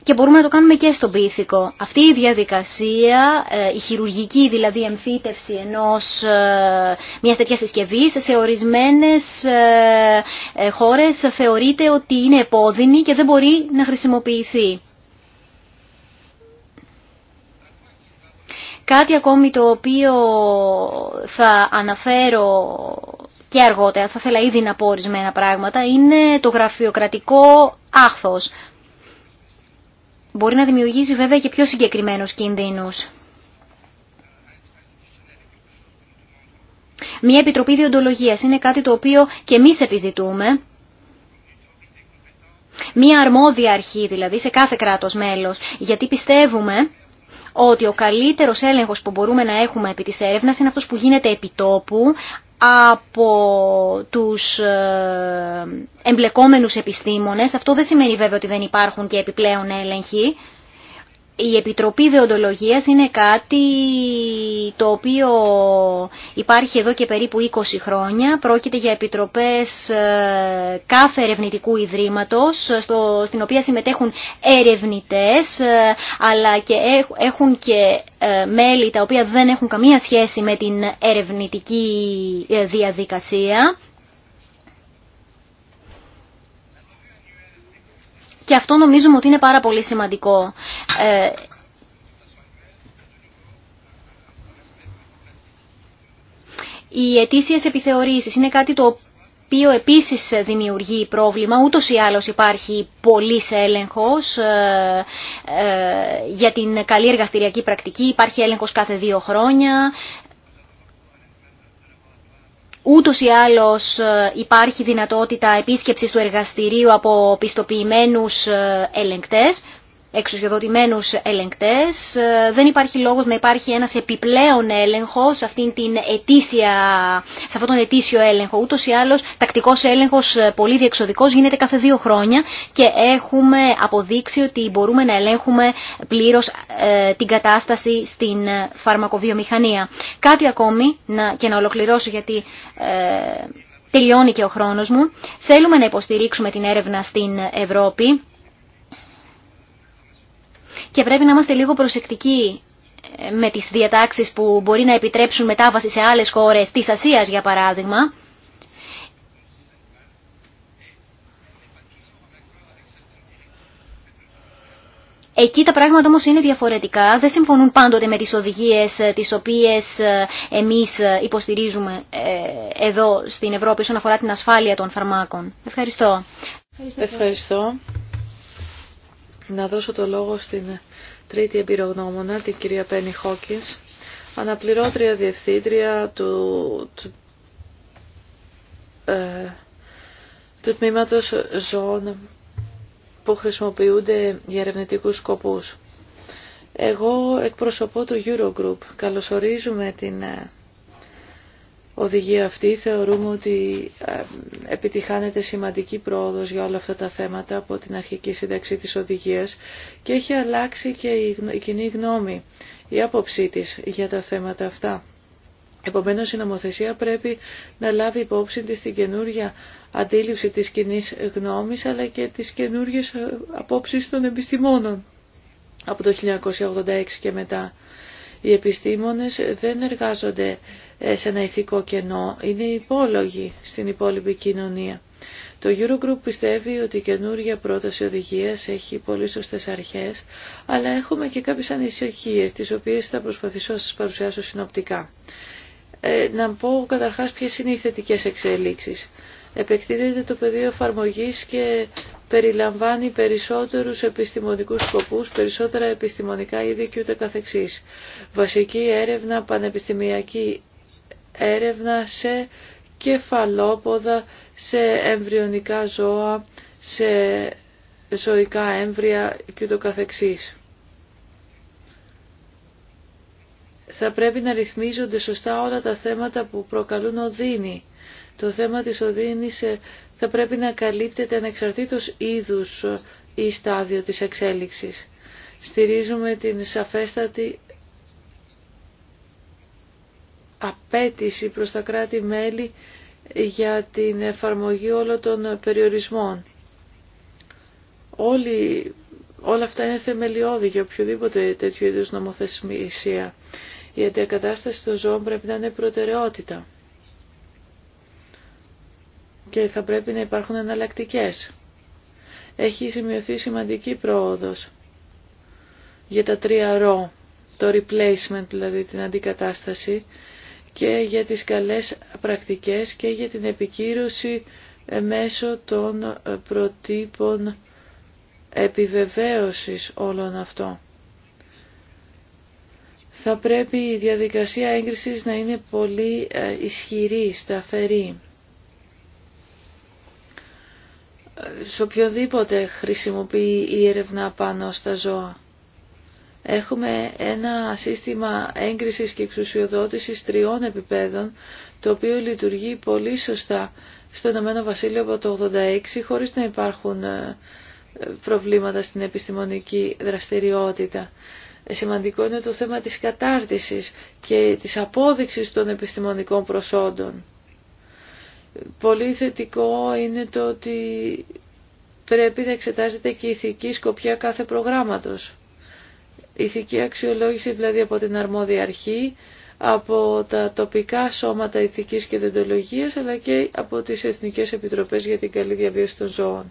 και μπορούμε να το κάνουμε και στον πίθηκο. Αυτή η διαδικασία, ε, η χειρουργική δηλαδή εμφύτευση ενός, ε, μιας τέτοιας συσκευής σε ορισμένες ε, χώρες θεωρείται ότι είναι επώδυνη και δεν μπορεί να χρησιμοποιηθεί. Κάτι ακόμη το οποίο θα αναφέρω και αργότερα, θα ήθελα ήδη να πω ορισμένα πράγματα, είναι το γραφειοκρατικό άχθος μπορεί να δημιουργήσει βέβαια και πιο συγκεκριμένους κινδύνους. Μια επιτροπή διοντολογίας είναι κάτι το οποίο και εμείς επιζητούμε. Μια αρμόδια αρχή δηλαδή σε κάθε κράτος μέλος, γιατί πιστεύουμε ότι ο καλύτερος έλεγχος που μπορούμε να έχουμε επί της έρευνας είναι αυτός που γίνεται επί τόπου από τους ε, εμπλεκόμενους επιστήμονες. Αυτό δεν σημαίνει βέβαια ότι δεν υπάρχουν και επιπλέον έλεγχοι η Επιτροπή Δεοντολογίας είναι κάτι το οποίο υπάρχει εδώ και περίπου 20 χρόνια. Πρόκειται για επιτροπές ε, κάθε ερευνητικού ιδρύματος, στο, στην οποία συμμετέχουν ερευνητές, ε, αλλά και έχουν και ε, μέλη τα οποία δεν έχουν καμία σχέση με την ερευνητική διαδικασία. και αυτό νομίζουμε ότι είναι πάρα πολύ σημαντικό. Ε, οι αιτήσιε επιθεωρήσεις είναι κάτι το οποίο επίσης δημιουργεί πρόβλημα. Ούτως ή άλλως υπάρχει πολύς έλεγχος ε, ε, για την καλή εργαστηριακή πρακτική. Υπάρχει έλεγχος κάθε δύο χρόνια. Ούτως ή άλλως ε, υπάρχει δυνατότητα επίσκεψης του εργαστηρίου από πιστοποιημένους ε, ελεγκτές εξουσιοδοτημένους ελεγκτές. Ε, δεν υπάρχει λόγος να υπάρχει ένας επιπλέον έλεγχος σε, αυτήν την ετήσια, σε αυτόν τον ετήσιο έλεγχο. Ούτως ή άλλως τακτικός έλεγχος ε, πολύ διεξοδικός γίνεται κάθε δύο χρόνια και έχουμε αποδείξει ότι μπορούμε να ελέγχουμε πλήρως ε, την κατάσταση στην φαρμακοβιομηχανία. Κάτι ακόμη να, και να ολοκληρώσω γιατί... Τελειώνει και ο χρόνος μου. Θέλουμε να υποστηρίξουμε την έρευνα στην Ευρώπη και πρέπει να είμαστε λίγο προσεκτικοί ε, με τις διατάξεις που μπορεί να επιτρέψουν μετάβαση σε άλλες χώρες της Ασίας για παράδειγμα. Εκεί τα πράγματα όμως είναι διαφορετικά, δεν συμφωνούν πάντοτε με τις οδηγίες ε, τις οποίες ε, εμείς υποστηρίζουμε εδώ στην Ευρώπη όσον αφορά την ασφάλεια των φαρμάκων. Ευχαριστώ. Ευχαριστώ να δώσω το λόγο στην τρίτη εμπειρογνώμονα, την κυρία Πένι Χόκκινς, αναπληρώτρια διευθύντρια του, του, ε, του τμήματος ζώων που χρησιμοποιούνται για ερευνητικούς σκοπούς. Εγώ εκπροσωπώ το Eurogroup. Καλωσορίζουμε την ε, οδηγία αυτή θεωρούμε ότι ε, επιτυχάνεται σημαντική πρόοδος για όλα αυτά τα θέματα από την αρχική σύνταξη της οδηγίας και έχει αλλάξει και η κοινή γνώμη, η άποψή της για τα θέματα αυτά. Επομένως η νομοθεσία πρέπει να λάβει υπόψη της την καινούργια αντίληψη της κοινή γνώμης αλλά και της καινούργιες ε, απόψει των επιστημόνων από το 1986 και μετά. Οι επιστήμονες δεν εργάζονται ε, σε ένα ηθικό κενό, είναι υπόλογοι στην υπόλοιπη κοινωνία. Το Eurogroup πιστεύει ότι η καινούργια πρόταση οδηγίας έχει πολύ σωστές αρχές, αλλά έχουμε και κάποιες ανησυχίες, τις οποίες θα προσπαθήσω να σας παρουσιάσω συνοπτικά. Ε, να πω καταρχάς ποιες είναι οι θετικές εξελίξεις. Επεκτείνεται το πεδίο εφαρμογής και περιλαμβάνει περισσότερους επιστημονικούς σκοπούς, περισσότερα επιστημονικά είδη και ούτε καθεξής. Βασική έρευνα, πανεπιστημιακή έρευνα σε κεφαλόποδα, σε εμβριονικά ζώα, σε ζωικά έμβρια και το καθεξής. Θα πρέπει να ρυθμίζονται σωστά όλα τα θέματα που προκαλούν οδύνη. Το θέμα της οδύνης θα πρέπει να καλύπτεται ανεξαρτήτως είδους ή στάδιο της εξέλιξης. Στηρίζουμε την σαφέστατη απέτηση προς τα κράτη-μέλη για την εφαρμογή όλων των περιορισμών. Όλοι, όλα αυτά είναι θεμελιώδη για οποιοδήποτε τέτοιου είδους νομοθεσμισία. Η αντιακατάσταση των ζώων πρέπει να είναι προτεραιότητα και θα πρέπει να υπάρχουν εναλλακτικέ. Έχει σημειωθεί σημαντική πρόοδος για τα τρία ρο, το replacement δηλαδή την αντικατάσταση και για τις καλές πρακτικές και για την επικύρωση ε, μέσω των ε, προτύπων επιβεβαίωσης όλων αυτό. Θα πρέπει η διαδικασία έγκρισης να είναι πολύ ε, ισχυρή, σταθερή σε οποιοδήποτε χρησιμοποιεί η έρευνα πάνω στα ζώα. Έχουμε ένα σύστημα έγκρισης και εξουσιοδότησης τριών επιπέδων, το οποίο λειτουργεί πολύ σωστά στο Ηνωμένο Βασίλειο από το 86 χωρίς να υπάρχουν ε, προβλήματα στην επιστημονική δραστηριότητα. Σημαντικό είναι το θέμα της κατάρτισης και της απόδειξης των επιστημονικών προσόντων. Πολύ θετικό είναι το ότι πρέπει να εξετάζεται και η ηθική σκοπιά κάθε προγράμματος. Η ηθική αξιολόγηση δηλαδή από την αρμόδια αρχή, από τα τοπικά σώματα ηθικής και δεντολογίας, αλλά και από τις Εθνικές Επιτροπές για την Καλή Διαβίωση των Ζώων.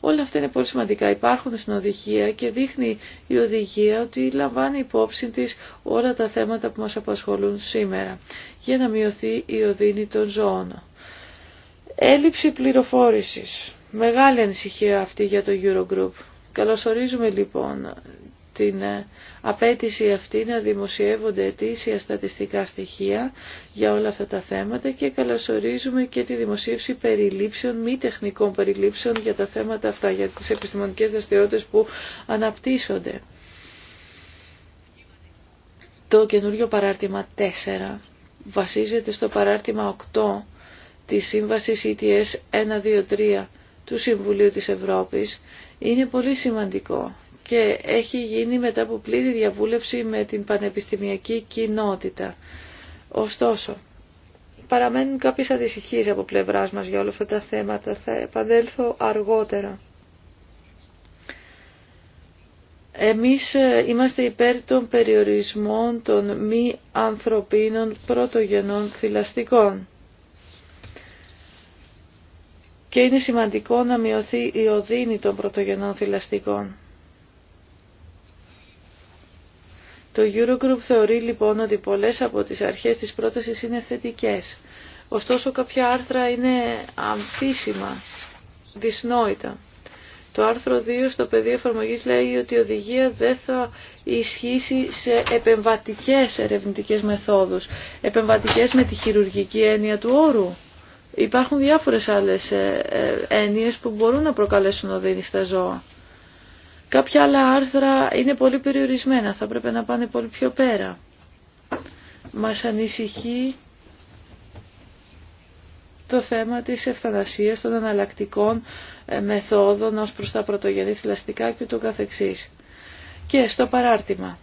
Όλα αυτά είναι πολύ σημαντικά. Υπάρχουν στην οδηγία και δείχνει η οδηγία ότι λαμβάνει υπόψη της όλα τα θέματα που μας απασχολούν σήμερα για να μειωθεί η οδύνη των ζώων. Έλλειψη πληροφόρησης. Μεγάλη ανησυχία αυτή για το Eurogroup. Καλωσορίζουμε λοιπόν την ε, απέτηση αυτή να δημοσιεύονται ετήσια στατιστικά στοιχεία για όλα αυτά τα θέματα και καλωσορίζουμε και τη δημοσίευση περιλήψεων, μη τεχνικών περιλήψεων για τα θέματα αυτά, για τις επιστημονικές δραστηριότητες που αναπτύσσονται. Το καινούριο παράρτημα 4 βασίζεται στο παράρτημα 8 της Σύμβασης ETS 123 του Συμβουλίου της Ευρώπης είναι πολύ σημαντικό και έχει γίνει μετά από πλήρη διαβούλευση με την πανεπιστημιακή κοινότητα. Ωστόσο, παραμένουν κάποιες ανησυχίες από πλευράς μας για όλα αυτά τα θέματα. Θα επανέλθω αργότερα. Εμείς ε, είμαστε υπέρ των περιορισμών των μη ανθρωπίνων πρωτογενών θηλαστικών και είναι σημαντικό να μειωθεί η οδύνη των πρωτογενών θηλαστικών. Το Eurogroup θεωρεί λοιπόν ότι πολλές από τις αρχές της πρότασης είναι θετικές. Ωστόσο κάποια άρθρα είναι αμφίσιμα, δυσνόητα. Το άρθρο 2 στο πεδίο εφαρμογής λέει ότι η οδηγία δεν θα ισχύσει σε επεμβατικές ερευνητικές μεθόδους. Επεμβατικές με τη χειρουργική έννοια του όρου. Υπάρχουν διάφορες άλλες ε, ε, έννοιες που μπορούν να προκαλέσουν οδύνη στα ζώα. Κάποια άλλα άρθρα είναι πολύ περιορισμένα, θα πρέπει να πάνε πολύ πιο πέρα. Μας ανησυχεί το θέμα της ευθανασίας των αναλλακτικών ε, μεθόδων ως προς τα πρωτογενή θηλαστικά και ούτω καθεξής. Και στο παράρτημα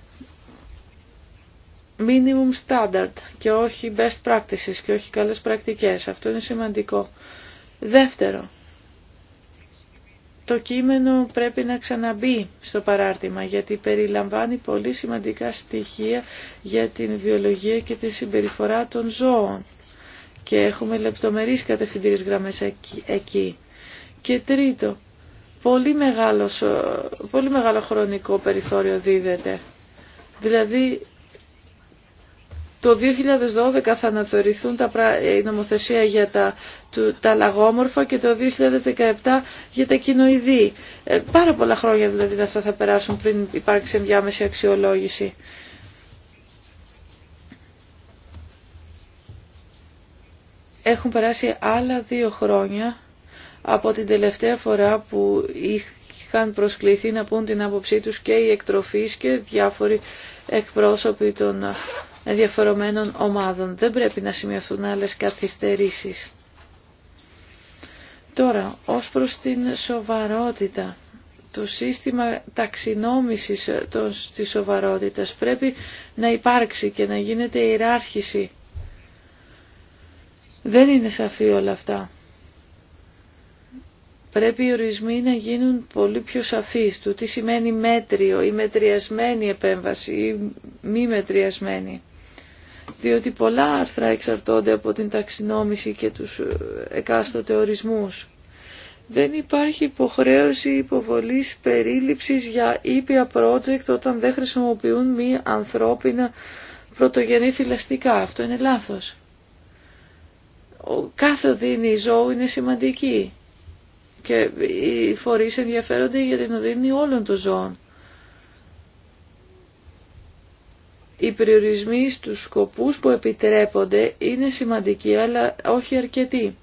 minimum standard και όχι best practices και όχι καλές πρακτικές. Αυτό είναι σημαντικό. Δεύτερο, το κείμενο πρέπει να ξαναμπεί στο παράρτημα γιατί περιλαμβάνει πολύ σημαντικά στοιχεία για την βιολογία και τη συμπεριφορά των ζώων και έχουμε λεπτομερείς κατευθυντήρες γραμμές εκεί. Και τρίτο, πολύ, μεγάλος, ε, πολύ μεγάλο χρονικό περιθώριο δίδεται. Δηλαδή το 2012 θα αναθεωρηθούν τα, η νομοθεσία για τα, τα λαγόμορφα και το 2017 για τα κοινοειδή. Ε, πάρα πολλά χρόνια δηλαδή αυτά θα περάσουν πριν υπάρξει ενδιάμεση αξιολόγηση. Έχουν περάσει άλλα δύο χρόνια από την τελευταία φορά που είχαν προσκληθεί να πούν την άποψή τους και οι εκτροφείς και διάφοροι εκπρόσωποι των διαφορομένων ομάδων. Δεν πρέπει να σημειωθούν άλλες καθυστερήσεις. Τώρα, ως προς την σοβαρότητα, το σύστημα ταξινόμησης των, της σοβαρότητας πρέπει να υπάρξει και να γίνεται ιεράρχηση. Δεν είναι σαφή όλα αυτά. Πρέπει οι ορισμοί να γίνουν πολύ πιο σαφείς του τι σημαίνει μέτριο ή μετριασμένη επέμβαση ή μη μετριασμένη διότι πολλά άρθρα εξαρτώνται από την ταξινόμηση και τους ε, εκάστοτε ορισμούς. Δεν υπάρχει υποχρέωση υποβολής περίληψης για ήπια project όταν δεν χρησιμοποιούν μη ανθρώπινα πρωτογενή θηλαστικά. Αυτό είναι λάθος. Ο κάθε οδύνη ζώου είναι σημαντική και οι φορείς ενδιαφέρονται για την οδύνη όλων των ζώων. οι περιορισμοί στους σκοπούς που επιτρέπονται είναι σημαντικοί αλλά όχι αρκετοί.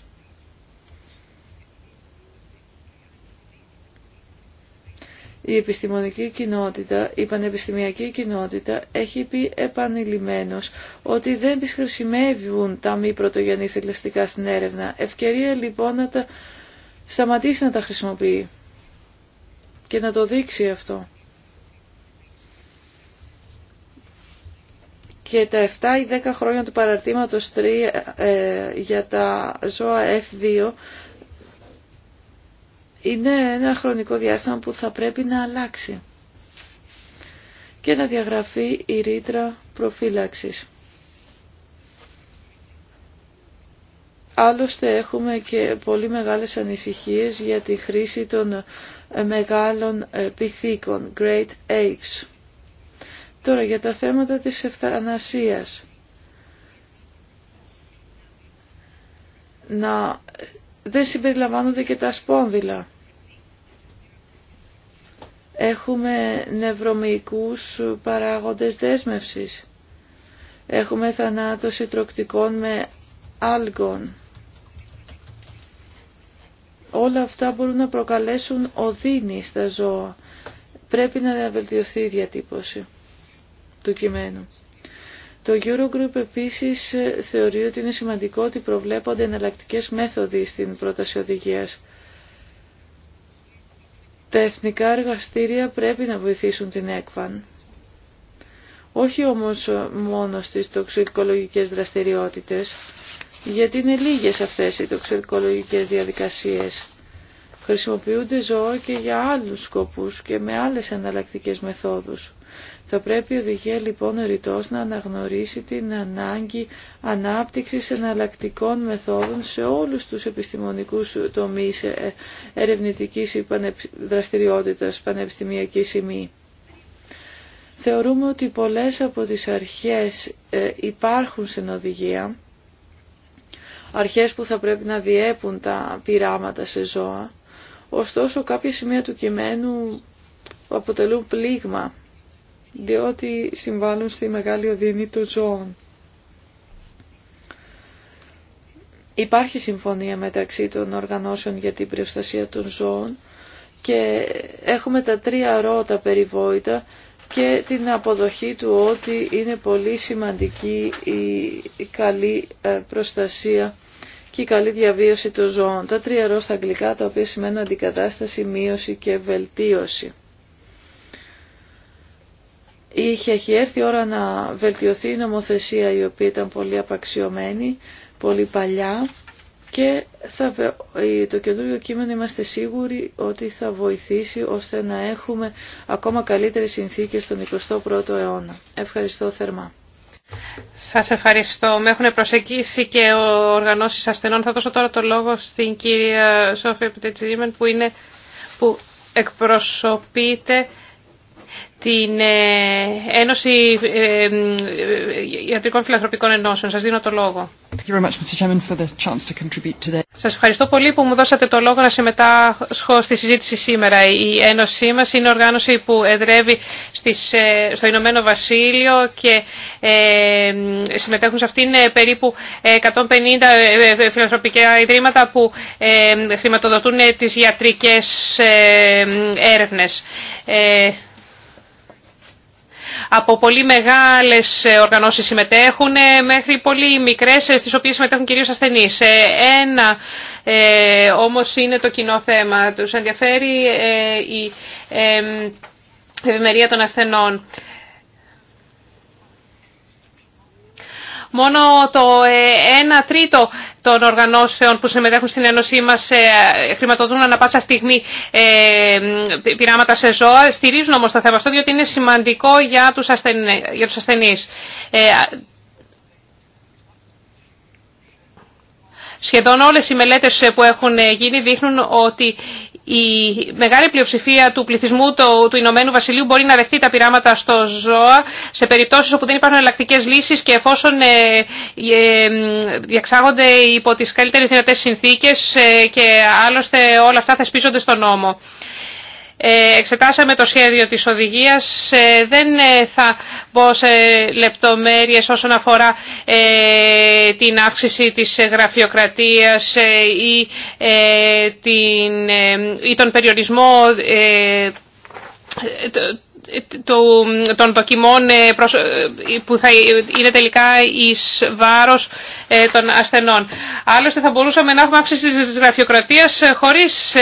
Η επιστημονική κοινότητα, η πανεπιστημιακή κοινότητα έχει πει επανειλημμένως ότι δεν τις χρησιμεύουν τα μη πρωτογενή θελαστικά στην έρευνα. Ευκαιρία λοιπόν να τα σταματήσει να τα χρησιμοποιεί και να το δείξει αυτό. και τα 7 ή 10 χρόνια του παραρτήματος 3 ε, για τα ζώα F2 είναι ένα χρονικό διάστημα που θα πρέπει να αλλάξει και να διαγραφεί η ρήτρα προφύλαξης. Άλλωστε έχουμε και πολύ μεγάλες ανησυχίες για τη χρήση των μεγάλων ε, πυθίκων, Great Apes. Τώρα για τα θέματα της ευθανασίας. Να δεν συμπεριλαμβάνονται και τα σπόνδυλα. Έχουμε νευρομυϊκούς παράγοντες δέσμευσης. Έχουμε θανάτωση τροκτικών με άλγων. Όλα αυτά μπορούν να προκαλέσουν οδύνη στα ζώα. Πρέπει να βελτιωθεί η διατύπωση του κειμένου. Το Eurogroup επίσης ε, θεωρεί ότι είναι σημαντικό ότι προβλέπονται εναλλακτικέ μέθοδοι στην πρόταση οδηγίας. Τα εθνικά εργαστήρια πρέπει να βοηθήσουν την ΕΚΒΑΝ. Όχι όμως ε, μόνο στις τοξικολογικές δραστηριότητες, γιατί είναι λίγες αυτές οι τοξικολογικές διαδικασίες. Χρησιμοποιούνται ζώα και για άλλους σκοπούς και με άλλες εναλλακτικές μεθόδους. Θα πρέπει η οδηγία λοιπόν ρητός να αναγνωρίσει την ανάγκη ανάπτυξης εναλλακτικών μεθόδων σε όλους τους επιστημονικούς τομείς ε, ερευνητικής ή δραστηριότητας πανεπιστημιακής ημί. Θεωρούμε ότι πολλές από τις αρχές ε, υπάρχουν στην οδηγία, αρχές που θα πρέπει να διέπουν τα πειράματα σε ζώα, ωστόσο κάποια σημεία του κειμένου αποτελούν πλήγμα διότι συμβάλλουν στη μεγάλη οδύνη των ζώων. Υπάρχει συμφωνία μεταξύ των οργανώσεων για την προστασία των ζώων και έχουμε τα τρία ρότα περιβόητα και την αποδοχή του ότι είναι πολύ σημαντική η καλή ε, προστασία και η καλή διαβίωση των ζώων. Τα τρία ρότα στα αγγλικά τα οποία σημαίνουν αντικατάσταση, μείωση και βελτίωση. Είχε, έχει έρθει η ώρα να βελτιωθεί η νομοθεσία η οποία ήταν πολύ απαξιωμένη, πολύ παλιά και θα, το καινούργιο κείμενο είμαστε σίγουροι ότι θα βοηθήσει ώστε να έχουμε ακόμα καλύτερες συνθήκες στον 21ο αιώνα. Ευχαριστώ θερμά. Σας ευχαριστώ. Με έχουν προσεγγίσει και ο οργανώσεις ασθενών. Θα δώσω τώρα το λόγο στην κυρία Σόφια Πιτετζήμεν που, είναι, που εκπροσωπείται την ε, Ένωση ε, ε, Ιατρικών Φιλανθρωπικών Ενώσεων. Σας δίνω το λόγο. Σας ευχαριστώ πολύ που μου δώσατε το λόγο να συμμετάσχω στη συζήτηση σήμερα. Η Ένωσή μας είναι οργάνωση που εδρεύει στις, στο Ηνωμένο Βασίλειο και συμμετέχουν σε αυτήν περίπου 150 φιλανθρωπικά ιδρύματα που χρηματοδοτούν τις ιατρικές έρευνες. Από πολύ μεγάλες ε, οργανώσεις συμμετέχουν ε, μέχρι πολύ μικρές, ε, στις οποίες συμμετέχουν κυρίως ασθενείς. Ένα ε, όμως είναι το κοινό θέμα. Τους ενδιαφέρει η ε, ευημερία των ασθενών. Μόνο το 1 τρίτο των οργανώσεων που συμμετέχουν στην Ένωσή μας ε, χρηματοδοτούν ανα πάσα στιγμή ε, πειράματα σε ζώα. Στηρίζουν όμως το θέμα αυτό διότι είναι σημαντικό για τους, ασθενεί, για τους ασθενείς. Ε, σχεδόν όλες οι μελέτες που έχουν γίνει δείχνουν ότι η μεγάλη πλειοψηφία του πληθυσμού του, του Ηνωμένου Βασιλείου μπορεί να δεχτεί τα πειράματα στο ζώα σε περιπτώσεις όπου δεν υπάρχουν εναλλακτικέ λύσεις και εφόσον ε, ε, διαξάγονται υπό τις καλύτερες δυνατές συνθήκες ε, και άλλωστε όλα αυτά θεσπίζονται στο νόμο. Ε, εξετάσαμε το σχέδιο της οδηγίας. Ε, δεν ε, θα μπω σε λεπτομέρειες όσον αφορά την αύξηση της γραφειοκρατίας ή, ή τον περιορισμό των δοκιμών ε, που θα είναι τελικά εις βάρος ε, των ασθενών. Άλλωστε θα μπορούσαμε να έχουμε αύξηση της γραφειοκρατίας ε, χωρίς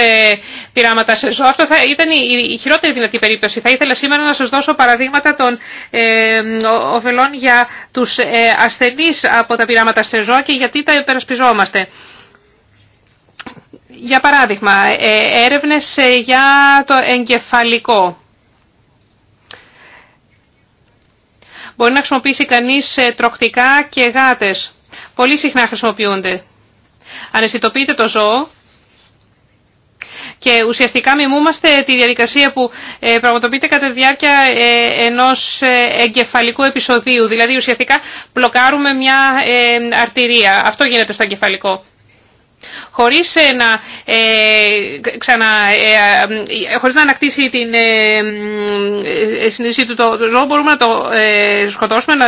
πειράματα σε ζώα. Αυτό θα ήταν η χειρότερη δυνατή περίπτωση. Θα ήθελα σήμερα να σας δώσω παραδείγματα των οφελών για τους ασθενείς από τα πειράματα σε ζώα και γιατί τα υπερασπιζόμαστε. Για παράδειγμα, έρευνες για το εγκεφαλικό. Μπορεί να χρησιμοποιήσει κανείς ε, τροχτικά και γάτες. Πολύ συχνά χρησιμοποιούνται. Ανεσυτοποιείται το ζώο και ουσιαστικά μιμούμαστε τη διαδικασία που ε, πραγματοποιείται κατά τη διάρκεια ε, ενός εγκεφαλικού επεισοδίου. Δηλαδή ουσιαστικά μπλοκάρουμε μια αρτηρία. Αυτό γίνεται στο εγκεφαλικό χωρίς ε, να, ε, ξανα, ε, χωρίς να ανακτήσει την συνείδησή του το ζώο μπορούμε να το σκοτώσουμε, να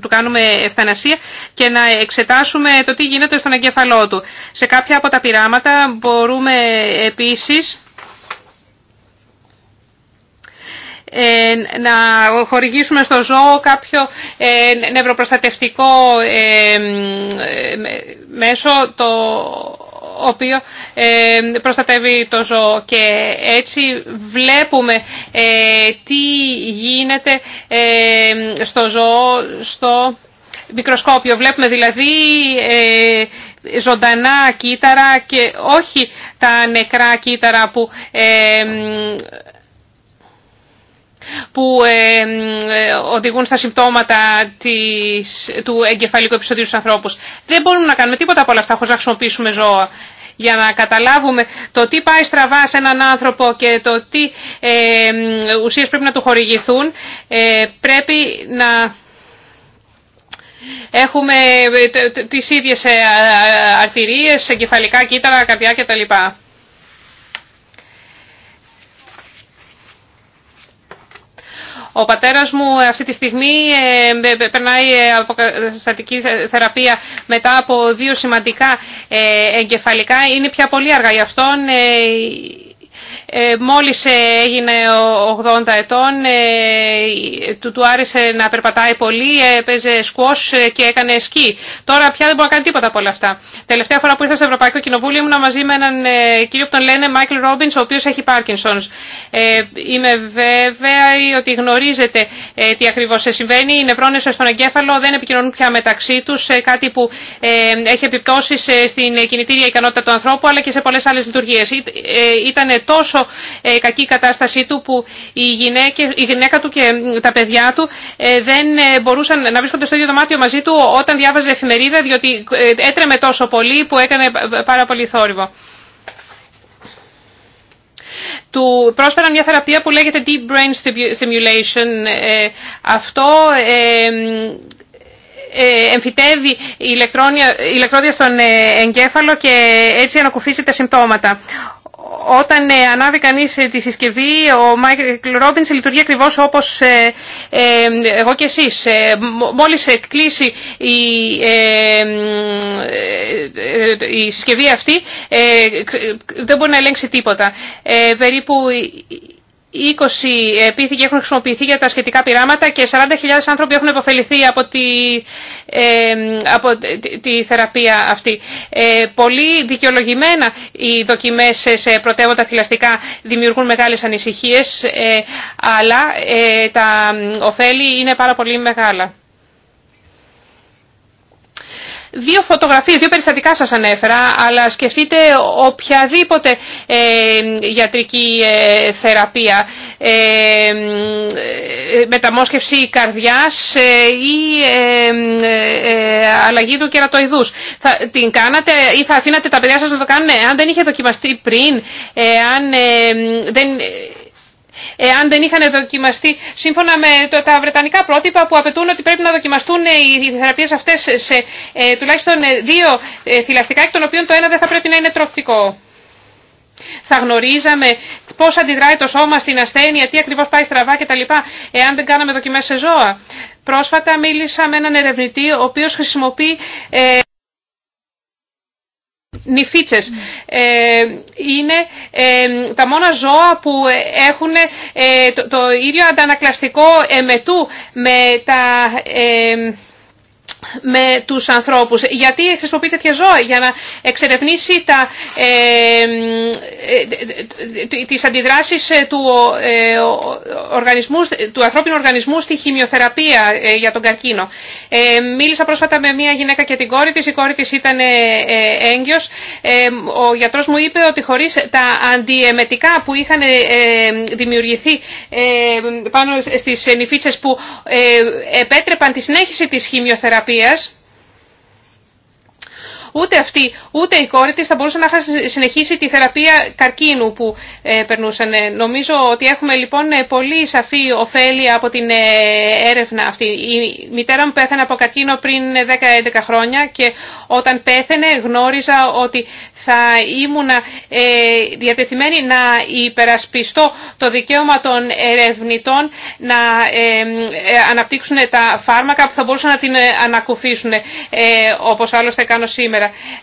του κάνουμε ευθανασία και να εξετάσουμε το τι γίνεται στον εγκέφαλό του. Σε κάποια από τα πειράματα μπορούμε επίσης Ε, να χορηγήσουμε στο ζώο κάποιο ε, νευροπροστατευτικό ε, μέσο το οποίο προστατεύει το ζώο και έτσι βλέπουμε τι γίνεται στο ζώο στο μικροσκόπιο. Βλέπουμε δηλαδή ζωντανά κύτταρα και όχι τα νεκρά κύτταρα που που ε, ε, οδηγούν στα συμπτώματα της, του εγκεφαλικού επεισοδίου στους ανθρώπους. Δεν μπορούμε να κάνουμε τίποτα από όλα αυτά χωρίς να χρησιμοποιήσουμε ζώα. Για να καταλάβουμε το τι πάει στραβά σε έναν άνθρωπο και το τι ε, ουσίες πρέπει να του χορηγηθούν, ε, πρέπει να έχουμε τις ίδιες αρτηρίες, εγκεφαλικά κύτταρα, καρδιά κτλ. Ο πατέρας μου ε, αυτή τη στιγμή ε, περνάει ε, από στατική θεραπεία μετά από δύο σημαντικά εγκεφαλικά. Είναι πια πολύ αργά. για αυτόν ε, μόλις ε, έγινε 80 ετών, ε, του άρεσε να περπατάει πολύ, παίζε σκουός και έκανε σκι. Τώρα πια δεν μπορεί να κάνει τίποτα από όλα αυτά. Τελευταία φορά που ήρθα στο Ευρωπαϊκό Κοινοβούλιο ήμουν μαζί με έναν κύριο που τον λένε Μάικλ Ρόμπινς, ο οποίος έχει Πάρκινσονς. Είμαι βέβαια ότι γνωρίζετε τι ακριβώς συμβαίνει. Οι νευρώνες στον εγκέφαλο δεν επικοινωνούν πια μεταξύ τους, κάτι που έχει επιπτώσεις στην κινητήρια ικανότητα του ανθρώπου αλλά και σε πολλές άλλες λειτουργίες. Ήταν τόσο ε, κακή κατάστασή του που η, γυναίκα, η γυναίκα του και τα παιδιά του ε, δεν ε, μπορούσαν να βρίσκονται στο ίδιο δωμάτιο μαζί του όταν διάβαζε εφημερίδα διότι ε, έτρεμε τόσο πολύ που έκανε πάρα πολύ θόρυβο. Του πρόσφεραν μια θεραπεία που λέγεται Deep Brain Stimulation. αυτό εμφυτεύει ηλεκτρόδια στον εγκέφαλο και έτσι ανακουφίζει τα συμπτώματα όταν ε, ανάβει κανείς ε, τη συσκευή, ο Μάικλ Ρόμπινς λειτουργεί ακριβώς όπως ε, εγώ και εσείς. Μόλις κλείσει η, η συσκευή αυτή, δεν μπορεί να ελέγξει τίποτα. Περίπου 20 επίθηκοι έχουν χρησιμοποιηθεί για τα σχετικά πειράματα και 40.000 άνθρωποι έχουν υποφεληθεί από τη, ε, από τη θεραπεία αυτή. Ε, πολύ δικαιολογημένα οι δοκιμές σε πρωτεύοντα θηλαστικά δημιουργούν μεγάλες ανησυχίες, ε, αλλά ε, τα ωφέλη είναι πάρα πολύ μεγάλα. Δύο φωτογραφίες, δύο περιστατικά σας ανέφερα, αλλά σκεφτείτε οποιαδήποτε ε, γιατρική ε, θεραπεία, ε, μεταμόσχευση καρδιάς ή αλλαγή του κερατοειδούς. Θα την κάνατε ή θα αφήνατε τα παιδιά σας να το κάνουν, αν δεν είχε δοκιμαστεί πριν, αν δεν αν δεν είχαν δοκιμαστεί σύμφωνα με τα βρετανικά πρότυπα που απαιτούν ότι πρέπει να δοκιμαστούν ε, οι θεραπείες αυτές σε ε, τουλάχιστον ε, δύο θηλαστικά εκ των οποίων το ένα δεν θα πρέπει να είναι τροφικό. Θα γνωρίζαμε πώ αντιδράει το σώμα στην ασθένεια, τι ακριβώ πάει στραβά κτλ. εάν δεν κάναμε δοκιμέ σε ζώα. Πρόσφατα μίλησα με έναν ερευνητή ο οποίο χρησιμοποιεί νηφίτσες. Ε, είναι ε, τα μόνα ζώα που έχουν ε, το, το, ίδιο αντανακλαστικό εμετού με τα με τους ανθρώπους. Γιατί χρησιμοποιεί τέτοια ζώα για να εξερευνήσει τα, ε, ε, ε τις αντιδράσεις ε, του, ε, οργανισμού, του ανθρώπινου οργανισμού στη χημειοθεραπεία για τον καρκίνο. μίλησα πρόσφατα με μια γυναίκα και την κόρη της. Η κόρη της ήταν ε, έγκυος. ο γιατρός μου είπε ότι χωρίς τα αντιεμετικά που είχαν δημιουργηθεί πάνω στις νηφίτσες που επέτρεπαν τη συνέχιση της χημειοθεραπείας Σκοπίας Ούτε αυτή, ούτε η κόρη της θα μπορούσε να συνεχίσει τη θεραπεία καρκίνου που ε, περνούσαν. Ε, νομίζω ότι έχουμε λοιπόν ε, πολύ σαφή ωφέλη από την έρευνα αυτή. Η μητέρα μου πέθανε από καρκίνο πριν 10-11 χρόνια και όταν πέθανε γνώριζα ότι θα ήμουν διατεθειμένη να υπερασπιστώ το δικαίωμα των ερευνητών να αναπτύξουν τα φάρμακα που θα μπορούσαν να την ανακουφίσουν, όπως άλλωστε κάνω σήμερα.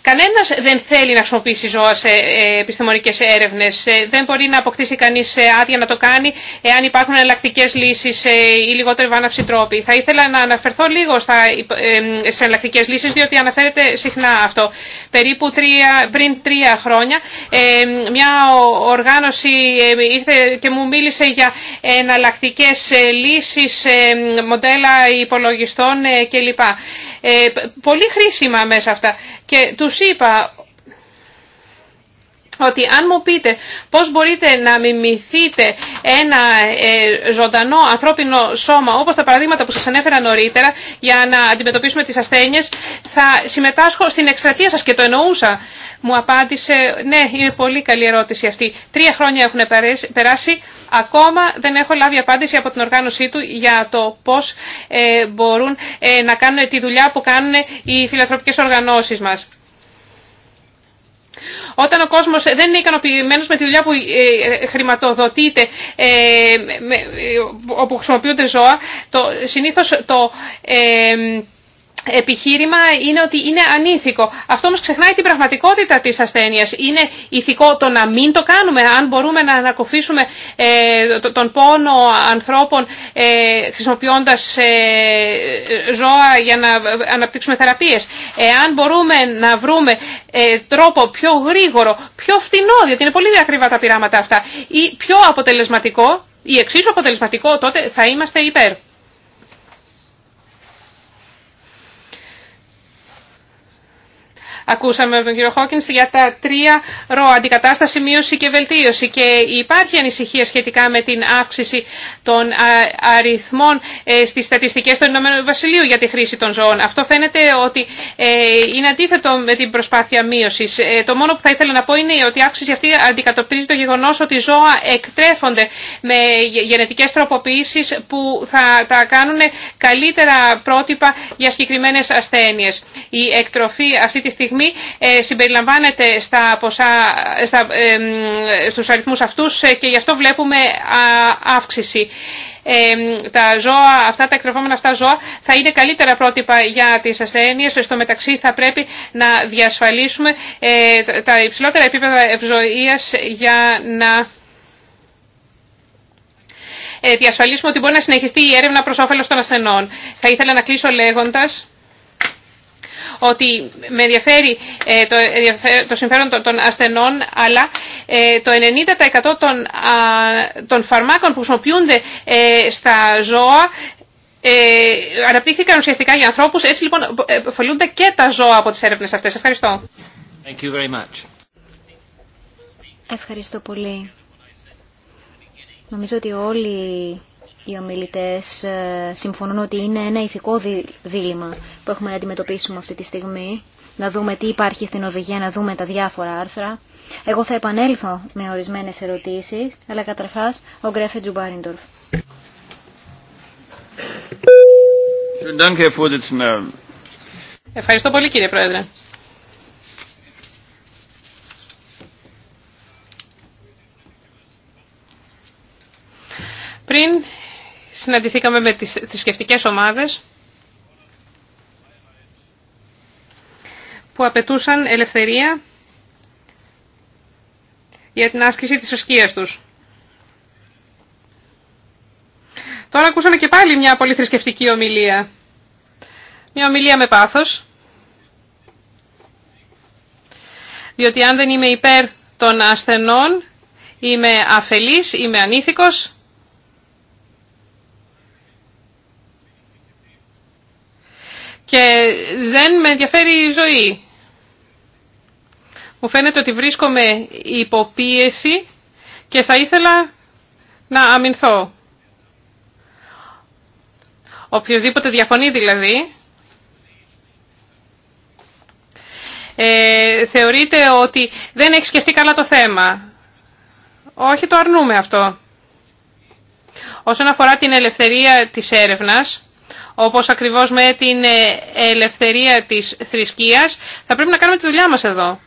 Κανένας δεν θέλει να χρησιμοποιήσει ζώα σε ε, επιστημονικές έρευνες. Ε, δεν μπορεί να αποκτήσει κανείς ε, άδεια να το κάνει εάν υπάρχουν εναλλακτικέ λύσεις ή λιγότερο βάναυση τρόποι. Θα ήθελα να αναφερθώ λίγο στα, σε εναλλακτικέ λύσεις διότι αναφέρεται συχνά αυτό. Περίπου τρία, πριν τρία χρόνια μια οργάνωση ήρθε και μου μίλησε για εναλλακτικέ λύσεις, μοντέλα υπολογιστών κλπ. Ε, πολύ χρήσιμα μέσα αυτά. Και τους είπα ότι αν μου πείτε πώς μπορείτε να μιμηθείτε ένα ε, ζωντανό ανθρώπινο σώμα όπως τα παραδείγματα που σας ανέφερα νωρίτερα για να αντιμετωπίσουμε τις ασθένειες θα συμμετάσχω στην εκστρατεία σας και το εννοούσα. Μου απάντησε ναι είναι πολύ καλή ερώτηση αυτή. Τρία χρόνια έχουν περάσει ακόμα δεν έχω λάβει απάντηση από την οργάνωσή του για το πώς ε, μπορούν ε, να κάνουν τη δουλειά που κάνουν οι φιλανθρωπικές οργανώσεις μας. Όταν ο κόσμο δεν είναι ικανοποιημένο με τη δουλειά που ε, χρηματοδοτείται, ε, ε, όπου χρησιμοποιούνται ζώα, το, συνήθως το επιχείρημα είναι ότι είναι ανήθικο. Αυτό όμως ξεχνάει την πραγματικότητα της ασθένειας. Είναι ηθικό το να μην το κάνουμε. Αν μπορούμε να ανακοφίσουμε ε, τον πόνο ανθρώπων ε, χρησιμοποιώντας ε, ζώα για να αναπτύξουμε θεραπείες. Εάν μπορούμε να βρούμε τρόπο πιο γρήγορο, πιο φτηνό, διότι είναι πολύ ακριβά τα πειράματα αυτά, ή πιο αποτελεσματικό, ή εξίσου αποτελεσματικό, τότε θα είμαστε υπέρ. ακούσαμε από τον κύριο Χόκκινς για τα τρία ρο, αντικατάσταση, μείωση και βελτίωση. Και υπάρχει ανησυχία σχετικά με την αύξηση των αριθμών ε, στις στατιστικές του Ηνωμένου Βασιλείου για τη χρήση των ζώων. Αυτό φαίνεται ότι ε, είναι αντίθετο με την προσπάθεια μείωσης. Ε, το μόνο που θα ήθελα να πω είναι ότι η αύξηση αυτή αντικατοπτρίζει το γεγονός ότι ζώα εκτρέφονται με γενετικές τροποποιήσεις που θα τα κάνουν καλύτερα πρότυπα για συγκεκριμένες ασθένειες. Η εκτροφή αυτή τη στιγμή στιγμή ε, συμπεριλαμβάνεται στα ποσά, στα, στους αριθμούς αυτούς ε, και γι' αυτό βλέπουμε αύξηση. τα ζώα, αυτά τα εκτροφόμενα αυτά ζώα θα είναι καλύτερα πρότυπα για τις ασθένειες. Στο μεταξύ θα πρέπει να διασφαλίσουμε ε, τα υψηλότερα επίπεδα ευζωίας για να διασφαλίσουμε ότι μπορεί να συνεχιστεί η έρευνα προς όφελος των ασθενών. Θα ήθελα να κλείσω λέγοντας ότι με ενδιαφέρει ε, το συμφέρον των ασθενών, αλλά ε, το 90% των φαρμάκων που χρησιμοποιούνται ε, στα ζώα αναπτύχθηκαν ουσιαστικά για ανθρώπους. Έτσι λοιπόν φωλούνται και τα ζώα από τις έρευνες αυτές. Ευχαριστώ. Thank you very much. Ευχαριστώ πολύ. Νομίζω ότι όλοι οι ομιλητές ε, συμφωνούν ότι είναι ένα ηθικό δίλημα που έχουμε να αντιμετωπίσουμε αυτή τη στιγμή. Να δούμε τι υπάρχει στην οδηγία, να δούμε τα διάφορα άρθρα. Εγώ θα επανέλθω με ορισμένες ερωτήσεις, αλλά καταρχάς ο Γκρέφε Τζουμπάριντορφ. Ευχαριστώ πολύ κύριε Πρόεδρε. Πριν συναντηθήκαμε με τις θρησκευτικέ ομάδες που απαιτούσαν ελευθερία για την άσκηση της ασκίας τους. Τώρα ακούσαμε και πάλι μια πολύ θρησκευτική ομιλία. Μια ομιλία με πάθος. Διότι αν δεν είμαι υπέρ των ασθενών, είμαι αφελής, είμαι ανήθικος και δεν με ενδιαφέρει η ζωή. Μου φαίνεται ότι βρίσκομαι υποπίεση και θα ήθελα να αμυνθώ. Οποιοςδήποτε διαφωνεί δηλαδή, ε, θεωρείται ότι δεν έχει σκεφτεί καλά το θέμα. Όχι, το αρνούμε αυτό. Όσον αφορά την ελευθερία της έρευνας, όπως ακριβώς με την ε, ελευθερία της θρησκείας, θα πρέπει να κάνουμε τη δουλειά μας εδώ.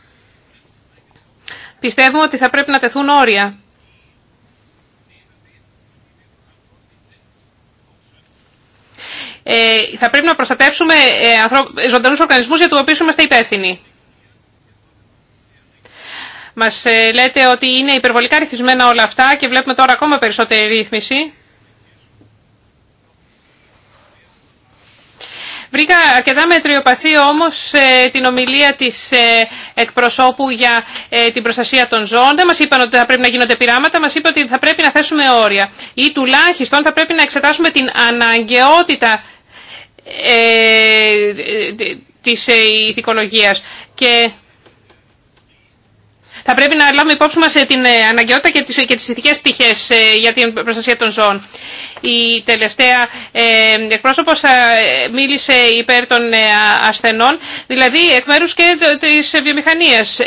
Πιστεύουμε ότι θα πρέπει να τεθούν όρια. Ε, θα πρέπει να προστατεύσουμε ε, ζωντανούς οργανισμούς για τους οποίους είμαστε υπεύθυνοι. Μας ε, λέτε ότι είναι υπερβολικά ρυθμισμένα όλα αυτά και βλέπουμε τώρα ακόμα περισσότερη ρύθμιση. Βρήκα αρκετά μετριοπαθή όμως ε, την ομιλία της ε, εκπροσώπου για ε, την προστασία των ζώων. Δεν μας είπαν ότι θα πρέπει να γίνονται πειράματα, μας είπε ότι θα πρέπει να θέσουμε όρια. Ή τουλάχιστον θα πρέπει να εξετάσουμε την αναγκαιότητα της ηθικολογίας. Και θα πρέπει να λάβουμε υπόψη μας ε, την ε, αναγκαιότητα και τις, ε, και τις ηθικές πτυχές για την προστασία των ζώων. Η τελευταία εκπρόσωπος μίλησε υπέρ των ασθενών, δηλαδή εκ μέρους και της βιομηχανίας.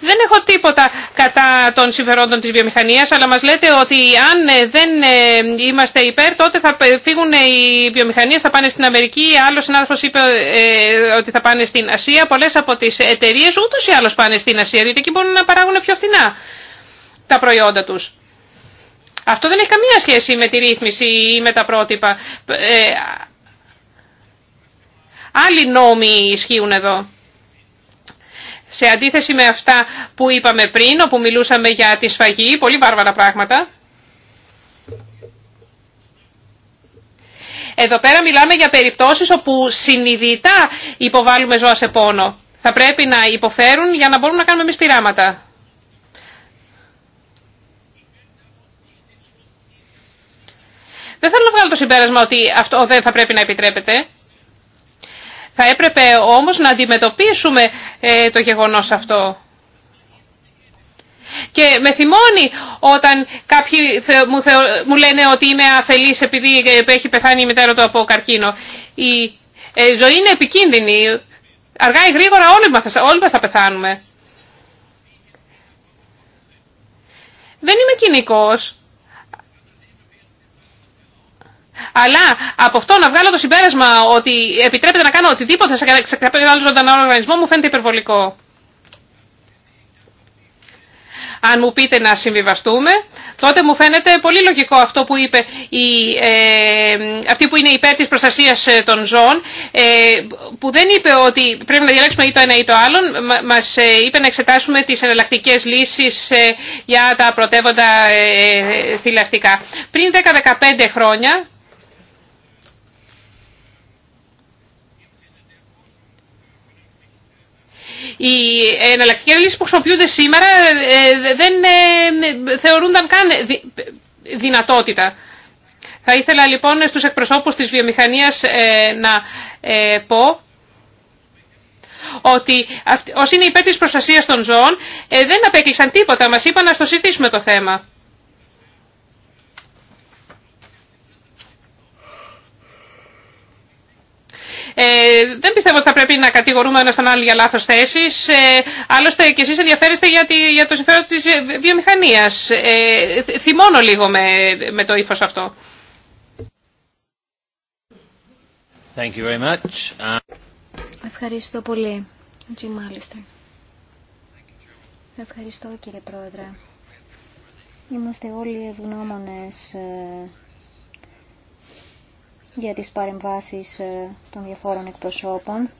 Δεν έχω τίποτα κατά των συμφερόντων της βιομηχανίας, αλλά μας λέτε ότι αν ε, δεν ε, είμαστε υπέρ, τότε θα φύγουν οι βιομηχανίες, θα πάνε στην Αμερική. Άλλος συνάδελφος είπε ε, ότι θα πάνε στην Ασία. Πολλές από τις εταιρείες ούτως ή άλλως πάνε στην Ασία, διότι εκεί μπορούν να παράγουν πιο φθηνά τα προϊόντα τους. Αυτό δεν έχει καμία σχέση με τη ρύθμιση ή με τα πρότυπα. Άλλοι νόμοι ισχύουν εδώ. Σε αντίθεση με αυτά που είπαμε πριν, όπου μιλούσαμε για τη σφαγή, πολύ βάρβαρα πράγματα. Εδώ πέρα μιλάμε για περιπτώσεις όπου συνειδητά υποβάλλουμε ζώα σε πόνο. Θα πρέπει να υποφέρουν για να μπορούμε να κάνουμε εμείς πειράματα. Δεν θέλω να βγάλω το συμπέρασμα ότι αυτό δεν θα πρέπει να επιτρέπεται. Θα έπρεπε όμως να αντιμετωπίσουμε ε, το γεγονός αυτό. Και με θυμώνει όταν κάποιοι μου, μου λένε ότι είμαι αφελής επειδή ε, έχει πεθάνει η μητέρα του από καρκίνο. Η ε, ζωή είναι επικίνδυνη. Αργά ή γρήγορα όλοι μας, όλοι μας θα πεθάνουμε. Δεν είμαι κοινικός. Αλλά από αυτό να βγάλω το συμπέρασμα ότι επιτρέπεται να κάνω οτιδήποτε σε κάποιον άλλο ζωντανό οργανισμό μου φαίνεται υπερβολικό. Αν μου πείτε να συμβιβαστούμε, τότε μου φαίνεται πολύ λογικό αυτό που είπε η, ε, αυτή που είναι υπέρ της προστασίας ε, των ζώων, ε, που δεν είπε ότι πρέπει να διαλέξουμε ή το ένα ή το άλλο, μας ε, είπε να εξετάσουμε τις εναλλακτικέ λύσεις ε, για τα πρωτεύοντα ε, θηλαστικά. Πριν 10-15 χρόνια, Οι εναλλακτικέ λύσει που χρησιμοποιούνται σήμερα ε, δεν ε, ε, θεωρούνταν καν δυνατότητα. Θα ήθελα λοιπόν στους εκπροσώπους της βιομηχανίας να πω ότι όσοι είναι υπέρ της προστασίας των ζώων δεν απέκλεισαν τίποτα, μας είπαν να στο συζητήσουμε το θέμα. Ε, δεν πιστεύω ότι θα πρέπει να κατηγορούμε ένα τον άλλο για λάθος θέσεις. Ε, άλλωστε και εσεί ενδιαφέρεστε για, για το συμφέρον της βιομηχανίας. Ε, θυμώνω λίγο με, με το ύφος αυτό. Thank you very much. Ευχαριστώ πολύ. Μάλιστα. Ευχαριστώ κύριε Πρόεδρε. Είμαστε όλοι ευγνώμονες για τις παρεμβάσεις ε, των διαφόρων εκπροσώπων.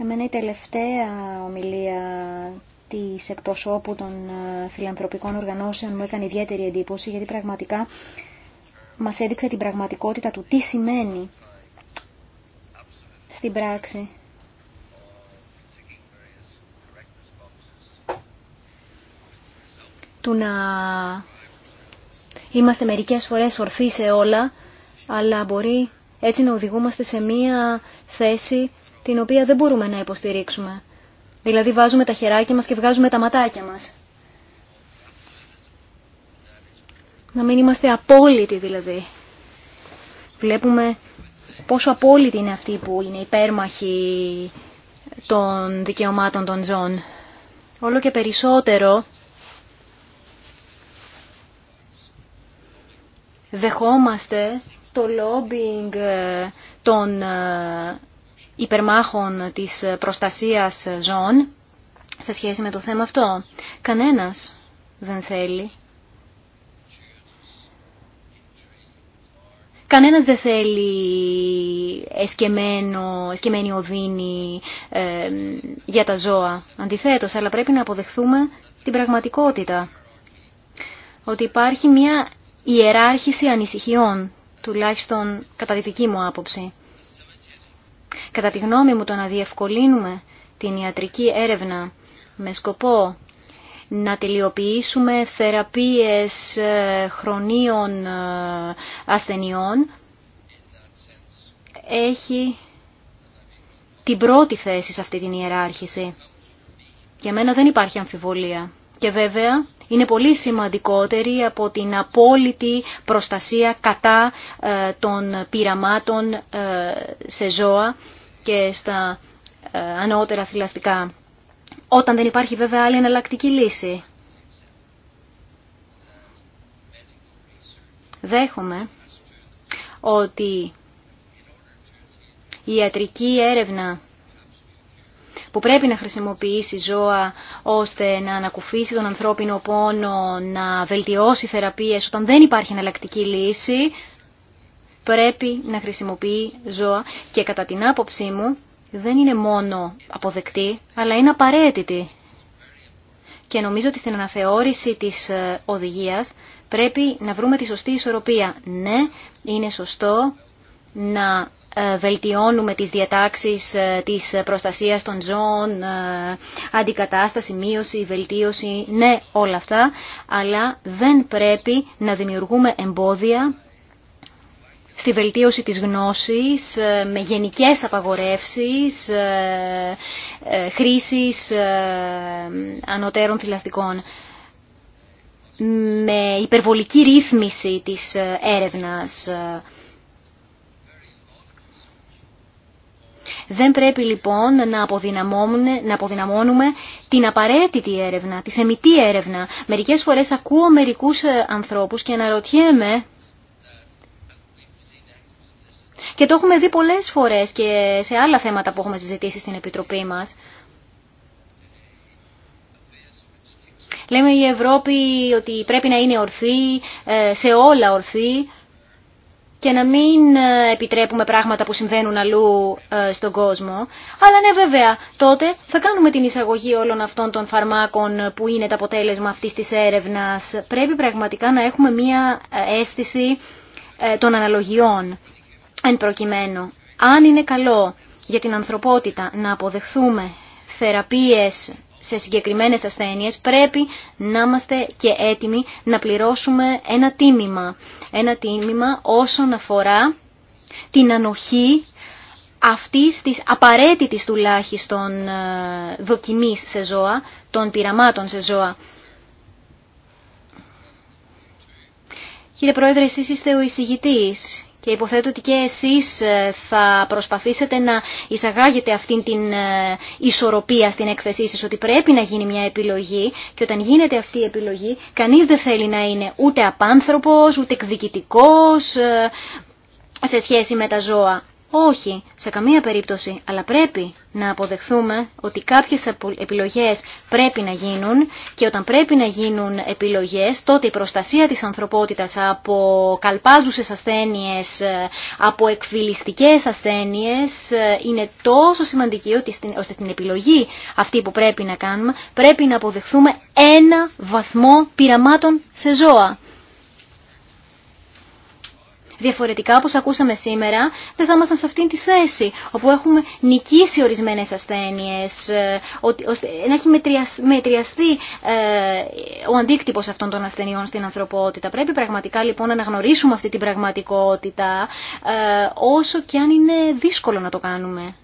Εμένα η τελευταία ομιλία της εκπροσώπου των ε, φιλανθρωπικών οργανώσεων μου έκανε ιδιαίτερη εντύπωση γιατί πραγματικά μας έδειξε την πραγματικότητα του τι σημαίνει στην πράξη. Του να είμαστε μερικές φορές ορθοί σε όλα αλλά μπορεί έτσι να οδηγούμαστε σε μία θέση την οποία δεν μπορούμε να υποστηρίξουμε. Δηλαδή βάζουμε τα χεράκια μας και βγάζουμε τα ματάκια μας. Να μην είμαστε απόλυτοι δηλαδή. Βλέπουμε πόσο απόλυτοι είναι αυτοί που είναι υπέρμαχοι των δικαιωμάτων των ζών. Όλο και περισσότερο δεχόμαστε το λόμπινγκ ε, των ε, υπερμάχων της προστασίας ζών σε σχέση με το θέμα αυτό. Κανένας δεν θέλει. Κανένας δεν θέλει εσκεμένο, εσκεμένη οδύνη ε, για τα ζώα. Αντιθέτως, αλλά πρέπει να αποδεχθούμε την πραγματικότητα. Ότι υπάρχει μια ιεράρχηση ανησυχιών τουλάχιστον κατά τη δική μου άποψη. Κατά τη γνώμη μου το να διευκολύνουμε την ιατρική έρευνα με σκοπό να τελειοποιήσουμε θεραπείες ε, χρονίων ε, ασθενειών έχει την πρώτη θέση σε αυτή την ιεράρχηση. Για μένα δεν υπάρχει αμφιβολία και βέβαια είναι πολύ σημαντικότερη από την απόλυτη προστασία κατά ε, των πειραμάτων ε, σε ζώα και στα ε, ανώτερα θηλαστικά. Όταν δεν υπάρχει βέβαια άλλη εναλλακτική λύση. Δέχομαι ότι η ιατρική έρευνα που πρέπει να χρησιμοποιήσει ζώα ώστε να ανακουφίσει τον ανθρώπινο πόνο, να βελτιώσει θεραπείες όταν δεν υπάρχει εναλλακτική λύση, πρέπει να χρησιμοποιεί ζώα και κατά την άποψή μου δεν είναι μόνο αποδεκτή, αλλά είναι απαραίτητη. Και νομίζω ότι στην αναθεώρηση της ε, οδηγίας πρέπει να βρούμε τη σωστή ισορροπία. Ναι, είναι σωστό να ε, βελτιώνουμε τις διατάξεις ε, της προστασίας των ζώων, ε, αντικατάσταση, μείωση, βελτίωση, ναι όλα αυτά, αλλά δεν πρέπει να δημιουργούμε εμπόδια στη βελτίωση της γνώσης, με γενικές απαγορεύσεις, χρήσης ανωτέρων θηλαστικών με υπερβολική ρύθμιση της έρευνας Δεν πρέπει λοιπόν να αποδυναμώνουμε, να αποδυναμώνουμε την απαραίτητη έρευνα, τη θεμητή έρευνα. Μερικές φορές ακούω μερικούς ε, ανθρώπους και αναρωτιέμαι και το έχουμε δει πολλές φορές και σε άλλα θέματα που έχουμε συζητήσει στην Επιτροπή μας. Λέμε η Ευρώπη ότι πρέπει να είναι ορθή, ε, σε όλα ορθή και να μην ε, επιτρέπουμε πράγματα που συμβαίνουν αλλού ε, στον κόσμο. Αλλά ναι βέβαια, τότε θα κάνουμε την εισαγωγή όλων αυτών των φαρμάκων που είναι το αποτέλεσμα αυτής της έρευνας. Πρέπει πραγματικά να έχουμε μία ε, αίσθηση των αναλογιών εν προκειμένου. Αν είναι καλό για την ανθρωπότητα να αποδεχθούμε θεραπείες σε συγκεκριμένες ασθένειες πρέπει να είμαστε και έτοιμοι να πληρώσουμε ένα τίμημα ένα τίμημα όσον αφορά την ανοχή αυτής της απαραίτητης τουλάχιστον ε, δοκιμής σε ζώα, των πειραμάτων σε ζώα. Κύριε Πρόεδρε, εσείς είστε ο εισηγητής και υποθέτω ότι και εσείς ε, θα προσπαθήσετε να εισαγάγετε αυτήν την ε, ισορροπία στην έκθεσή σας, ότι πρέπει να γίνει μια επιλογή και όταν γίνεται αυτή η επιλογή κανείς δεν θέλει να είναι ούτε απάνθρωπος, ούτε εκδικητικός ε, σε σχέση με τα ζώα. Όχι, σε καμία περίπτωση, αλλά πρέπει να αποδεχθούμε ότι κάποιες επιλογές πρέπει να γίνουν και όταν πρέπει να γίνουν επιλογές, τότε η προστασία της ανθρωπότητας από καλπάζουσες ασθένειες, ε, από εκφυλιστικές ασθένειες, ε, είναι τόσο σημαντική ότι ώστε την επιλογή αυτή που πρέπει να κάνουμε, πρέπει να αποδεχθούμε ένα βαθμό πειραμάτων σε ζώα. Διαφορετικά, όπως ακούσαμε σήμερα, δεν θα ήμασταν σε αυτήν τη θέση, όπου έχουμε νικήσει ορισμένες ασθένειε, ε, ώστε να έχει μετριαστεί ε, ο αντίκτυπο αυτών των ασθενειών στην ανθρωπότητα. Πρέπει πραγματικά λοιπόν να αναγνωρίσουμε αυτή την πραγματικότητα, ε, όσο και αν είναι δύσκολο να το κάνουμε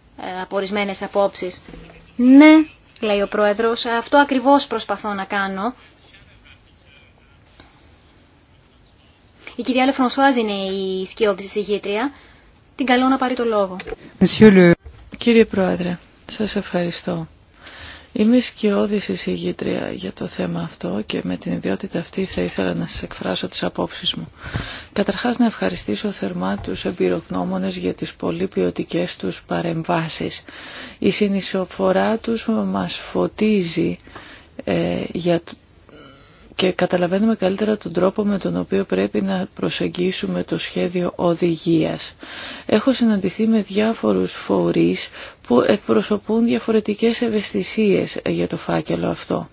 από ορισμένε απόψεις. Ναι, λέει ο πρόεδρο, αυτό ακριβώ προσπαθώ να κάνω Η κυρία Λεφρονσουάζ είναι η σκιώδη συγγήτρια. Την καλώ να πάρει το λόγο. Κύριε Πρόεδρε, σας ευχαριστώ. Είμαι σκιώδηση συγγήτρια για το θέμα αυτό και με την ιδιότητα αυτή θα ήθελα να σας εκφράσω τις απόψεις μου. Καταρχάς να ευχαριστήσω θερμά τους εμπειρογνώμονες για τις πολύ ποιοτικέ τους παρεμβάσεις. Η συνεισοφορά τους μας φωτίζει ε, για και καταλαβαίνουμε καλύτερα τον τρόπο με τον οποίο πρέπει να προσεγγίσουμε το σχέδιο οδηγίας. Έχω συναντηθεί με διάφορους φορείς που εκπροσωπούν διαφορετικές ευαισθησίες για το φάκελο αυτό.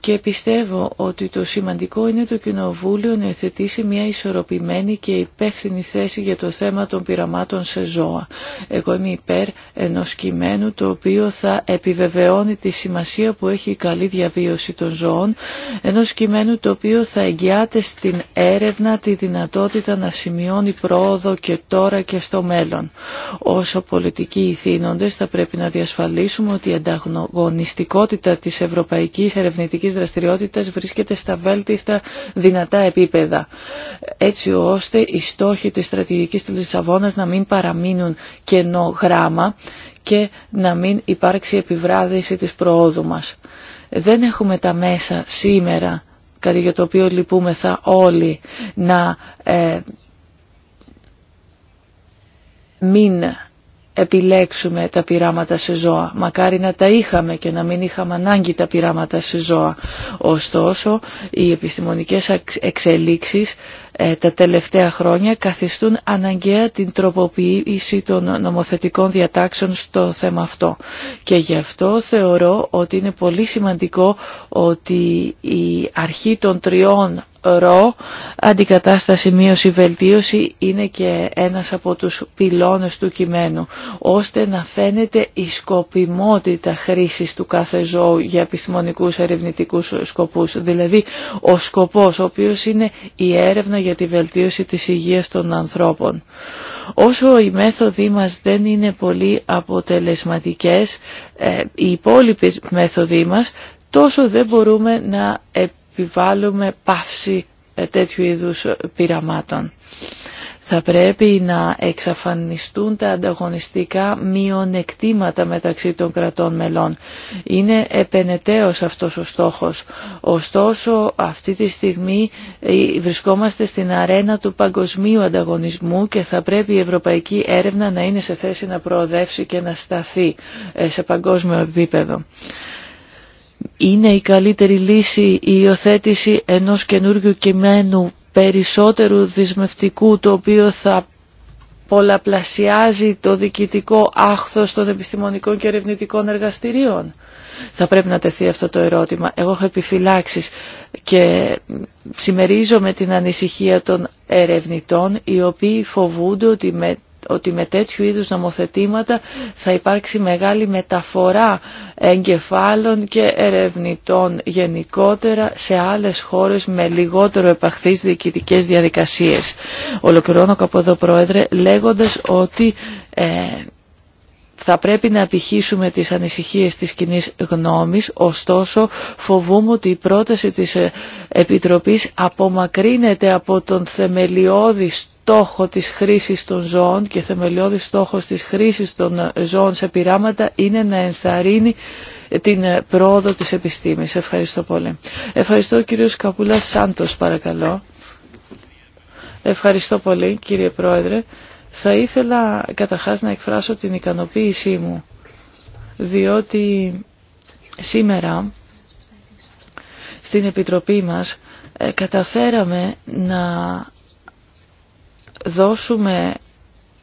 Και πιστεύω ότι το σημαντικό είναι το Κοινοβούλιο να εθετήσει μια ισορροπημένη και υπεύθυνη θέση για το θέμα των πειραμάτων σε ζώα. Εγώ είμαι υπέρ ενός κειμένου το οποίο θα επιβεβαιώνει τη σημασία που έχει η καλή διαβίωση των ζώων, ενός κειμένου το οποίο θα εγγυάται στην έρευνα τη δυνατότητα να σημειώνει πρόοδο και τώρα και στο μέλλον. Όσο πολιτικοί ηθήνοντες πρέπει να διασφαλίσουμε ότι η ανταγωνιστικότητα της ευρωπαϊκής ερευνητικής δραστηριότητας βρίσκεται στα βέλτιστα δυνατά επίπεδα, έτσι ώστε οι στόχοι της στρατηγικής της Λισαβόνας να μην παραμείνουν κενό γράμμα και να μην υπάρξει επιβράδυση της προόδου μας. Δεν έχουμε τα μέσα σήμερα, κάτι για το οποίο λυπούμεθα όλοι, να ε, μην επιλέξουμε τα πειράματα σε ζώα. Μακάρι να τα είχαμε και να μην είχαμε ανάγκη τα πειράματα σε ζώα. Ωστόσο, οι επιστημονικές εξελίξεις ε, τα τελευταία χρόνια καθιστούν αναγκαία την τροποποίηση των νομοθετικών διατάξεων στο θέμα αυτό. Και γι' αυτό θεωρώ ότι είναι πολύ σημαντικό ότι η αρχή των τριών Ρο, αντικατάσταση, μείωση, βελτίωση είναι και ένας από τους πυλώνες του κειμένου, ώστε να φαίνεται η σκοπιμότητα χρήσης του κάθε ζώου για επιστημονικούς ερευνητικούς σκοπούς. Δηλαδή, ο σκοπός ο οποίος είναι η έρευνα για τη βελτίωση της υγείας των ανθρώπων. Όσο οι μέθοδοι μας δεν είναι πολύ αποτελεσματικές, ε, οι υπόλοιποι μέθοδοι μας τόσο δεν μπορούμε να επιβάλλουμε πάυση ε, τέτοιου είδους ε, πειραμάτων. Θα πρέπει να εξαφανιστούν τα ανταγωνιστικά μειονεκτήματα μεταξύ των κρατών μελών. Είναι επενετέως αυτός ο στόχος. Ωστόσο, αυτή τη στιγμή ε, βρισκόμαστε στην αρένα του παγκοσμίου ανταγωνισμού και θα πρέπει η ευρωπαϊκή έρευνα να είναι σε θέση να προοδεύσει και να σταθεί σε παγκόσμιο επίπεδο είναι η καλύτερη λύση η υιοθέτηση ενός καινούργιου κειμένου περισσότερου δυσμευτικού το οποίο θα πολλαπλασιάζει το διοικητικό άχθος των επιστημονικών και ερευνητικών εργαστηρίων. Θα πρέπει να τεθεί αυτό το ερώτημα. Εγώ έχω επιφυλάξεις και συμμερίζομαι την ανησυχία των ερευνητών οι οποίοι φοβούνται ότι με ότι με τέτοιου είδους νομοθετήματα θα υπάρξει μεγάλη μεταφορά εγκεφάλων και ερευνητών γενικότερα σε άλλες χώρες με λιγότερο επαχθείς διοικητικές διαδικασίες. Ολοκληρώνω από εδώ Πρόεδρε λέγοντας ότι ε, θα πρέπει να απηχήσουμε τις ανησυχίες της κοινή γνώμης, ωστόσο φοβούμαι ότι η πρόταση της ε, Επιτροπής απομακρύνεται από τον θεμελιώδη στόχο της χρήσης των ζώων και θεμελιώδης στόχος της χρήσης των ε, ζώων σε πειράματα είναι να ενθαρρύνει την ε, πρόοδο της επιστήμης. Ευχαριστώ πολύ. Ευχαριστώ κύριο Καπούλα Σάντος παρακαλώ. Ευχαριστώ πολύ κύριε Πρόεδρε. Θα ήθελα καταρχάς να εκφράσω την ικανοποίησή μου διότι σήμερα στην Επιτροπή μας ε, καταφέραμε να δώσουμε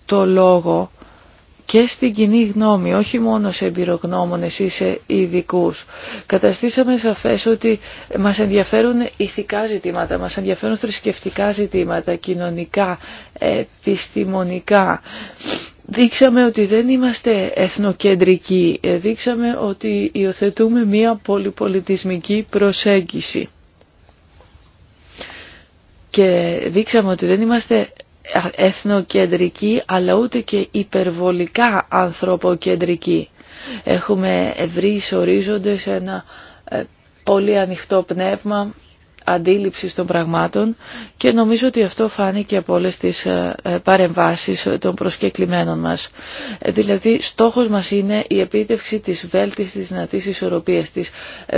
το λόγο και στην κοινή γνώμη, όχι μόνο σε εμπειρογνώμονες ή σε ειδικού. Καταστήσαμε σαφές ότι μας ενδιαφέρουν ηθικά ζητήματα, μας ενδιαφέρουν θρησκευτικά ζητήματα, κοινωνικά, επιστημονικά. Δείξαμε ότι δεν είμαστε εθνοκεντρικοί, ε, δείξαμε ότι υιοθετούμε μία πολυπολιτισμική προσέγγιση. Και δείξαμε ότι δεν είμαστε εθνοκεντρική αλλά ούτε και υπερβολικά ανθρωποκεντρική. Έχουμε ευρύς ορίζοντες ένα ε, πολύ ανοιχτό πνεύμα αντίληψη των πραγμάτων και νομίζω ότι αυτό φάνηκε από όλες τις ε, ε, παρεμβάσεις των προσκεκλημένων μας. Δηλαδή στόχος μας είναι η επίτευξη της βέλτιστης δυνατής ισορροπίας, της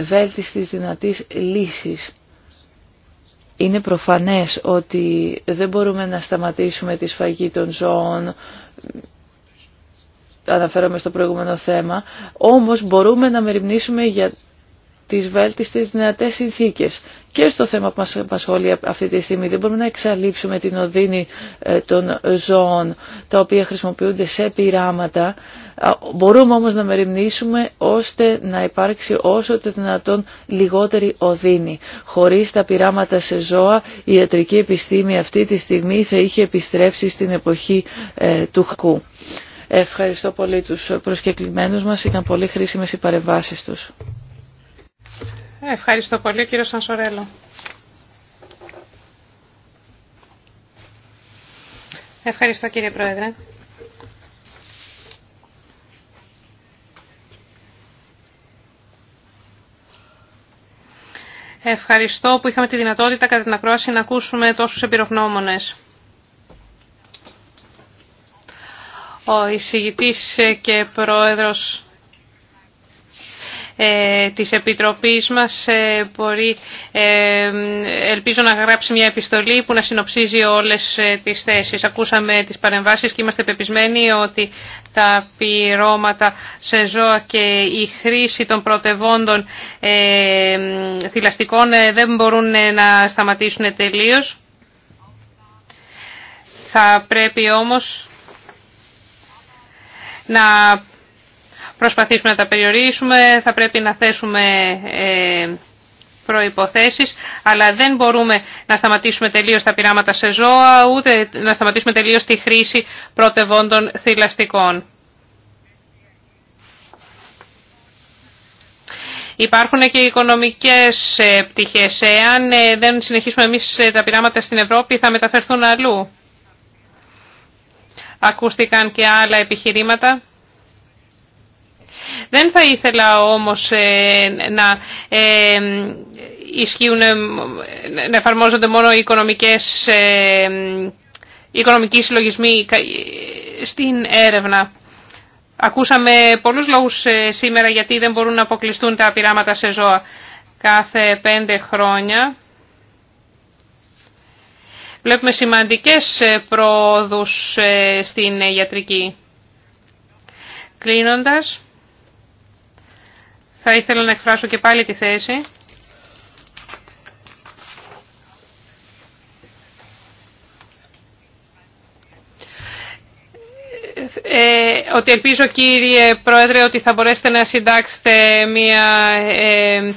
βέλτιστης δυνατής λύσης. Είναι προφανές ότι δεν μπορούμε να σταματήσουμε τη σφαγή των ζώων, αναφέρομαι στο προηγούμενο θέμα, όμως μπορούμε να μεριμνήσουμε για τις βέλτιστες δυνατές συνθήκες. Και στο θέμα που μας απασχολεί αυτή τη στιγμή δεν μπορούμε να εξαλείψουμε την οδύνη ε, των ζώων τα οποία χρησιμοποιούνται σε πειράματα Μπορούμε όμως να μεριμνήσουμε ώστε να υπάρξει όσο το δυνατόν λιγότερη οδύνη. Χωρίς τα πειράματα σε ζώα η ιατρική επιστήμη αυτή τη στιγμή θα είχε επιστρέψει στην εποχή ε, του χακού. Ευχαριστώ πολύ τους προσκεκλημένους μας. Ήταν πολύ χρήσιμες οι παρεμβάσεις τους. Ευχαριστώ πολύ κύριο Σανσορέλο. Ευχαριστώ κύριε Πρόεδρε. Ευχαριστώ που είχαμε τη δυνατότητα κατά την ακρόαση να ακούσουμε τόσους εμπειρογνώμονες. Ο εισηγητής και πρόεδρος ε, της Επιτροπής μας ε, μπορεί, ε, ελπίζω να γράψει μια επιστολή που να συνοψίζει όλες τις θέσεις. Ακούσαμε τις παρεμβάσεις και είμαστε πεπισμένοι ότι τα πυρώματα σε ζώα και η χρήση των πρωτευόντων θηλαστικών δεν μπορούν να σταματήσουν τελείως. Θα πρέπει όμως να προσπαθήσουμε να τα περιορίσουμε, θα πρέπει να θέσουμε ε, προϋποθέσεις, αλλά δεν μπορούμε να σταματήσουμε τελείως τα πειράματα σε ζώα, ούτε να σταματήσουμε τελείως τη χρήση πρωτευόντων θηλαστικών. Υπάρχουν και οικονομικές ε, πτυχές. Εάν ε, δεν συνεχίσουμε εμείς τα πειράματα στην Ευρώπη θα μεταφερθούν αλλού. Ακούστηκαν και άλλα επιχειρήματα. Δεν θα ήθελα όμως ε, να ε, ισχύουν, ε, να εφαρμόζονται μόνο οι οικονομικές, οι οικονομικοί συλλογισμοί στην έρευνα. Ακούσαμε πολλούς λόγους σήμερα γιατί δεν μπορούν να αποκλειστούν τα πειράματα σε ζώα. Κάθε πέντε χρόνια βλέπουμε σημαντικές πρόοδους στην ιατρική. Κλείνοντας, θα ήθελα να εκφράσω και πάλι τη θέση. Ε, ότι ελπίζω κύριε Πρόεδρε ότι θα μπορέσετε να συντάξετε μια ε, ε,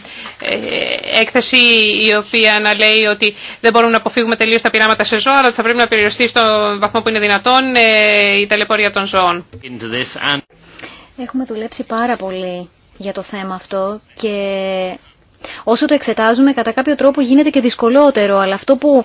έκθεση η οποία να λέει ότι δεν μπορούμε να αποφύγουμε τελείως τα πειράματα σε ζώα αλλά θα πρέπει να περιοριστεί στον βαθμό που είναι δυνατόν ε, η ταλαιπωρία των ζώων. Έχουμε δουλέψει πάρα πολύ για το θέμα αυτό και όσο το εξετάζουμε κατά κάποιο τρόπο γίνεται και δυσκολότερο, αλλά αυτό που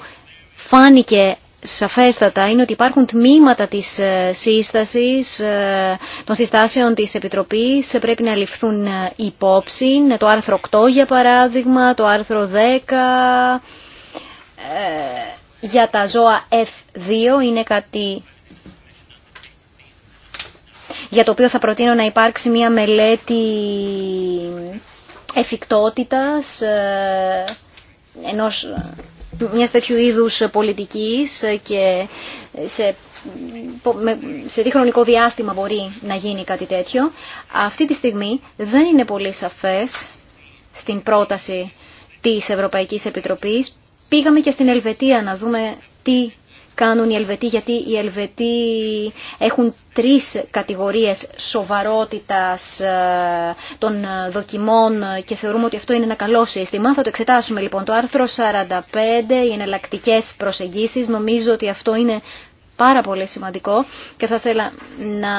φάνηκε σαφέστατα είναι ότι υπάρχουν τμήματα της ε, σύστασης ε, των συστάσεων της Επιτροπής ε, πρέπει να ληφθούν υπόψη το άρθρο 8 για παράδειγμα το άρθρο 10 για τα ζώα F2 είναι κάτι για το οποίο θα προτείνω να υπάρξει μια μελέτη εφικτότητας ε, ενός μιας τέτοιου είδους πολιτικής και σε, σε τι χρονικό διάστημα μπορεί να γίνει κάτι τέτοιο. Αυτή τη στιγμή δεν είναι πολύ σαφές στην πρόταση της Ευρωπαϊκής Επιτροπής. Πήγαμε και στην Ελβετία να δούμε τι κάνουν οι Ελβετοί, γιατί οι Ελβετοί έχουν τρεις κατηγορίες σοβαρότητας ε, των ε, δοκιμών και θεωρούμε ότι αυτό είναι ένα καλό σύστημα. Θα το εξετάσουμε λοιπόν το άρθρο 45, οι εναλλακτικέ προσεγγίσεις. Νομίζω ότι αυτό είναι πάρα πολύ σημαντικό και θα ήθελα να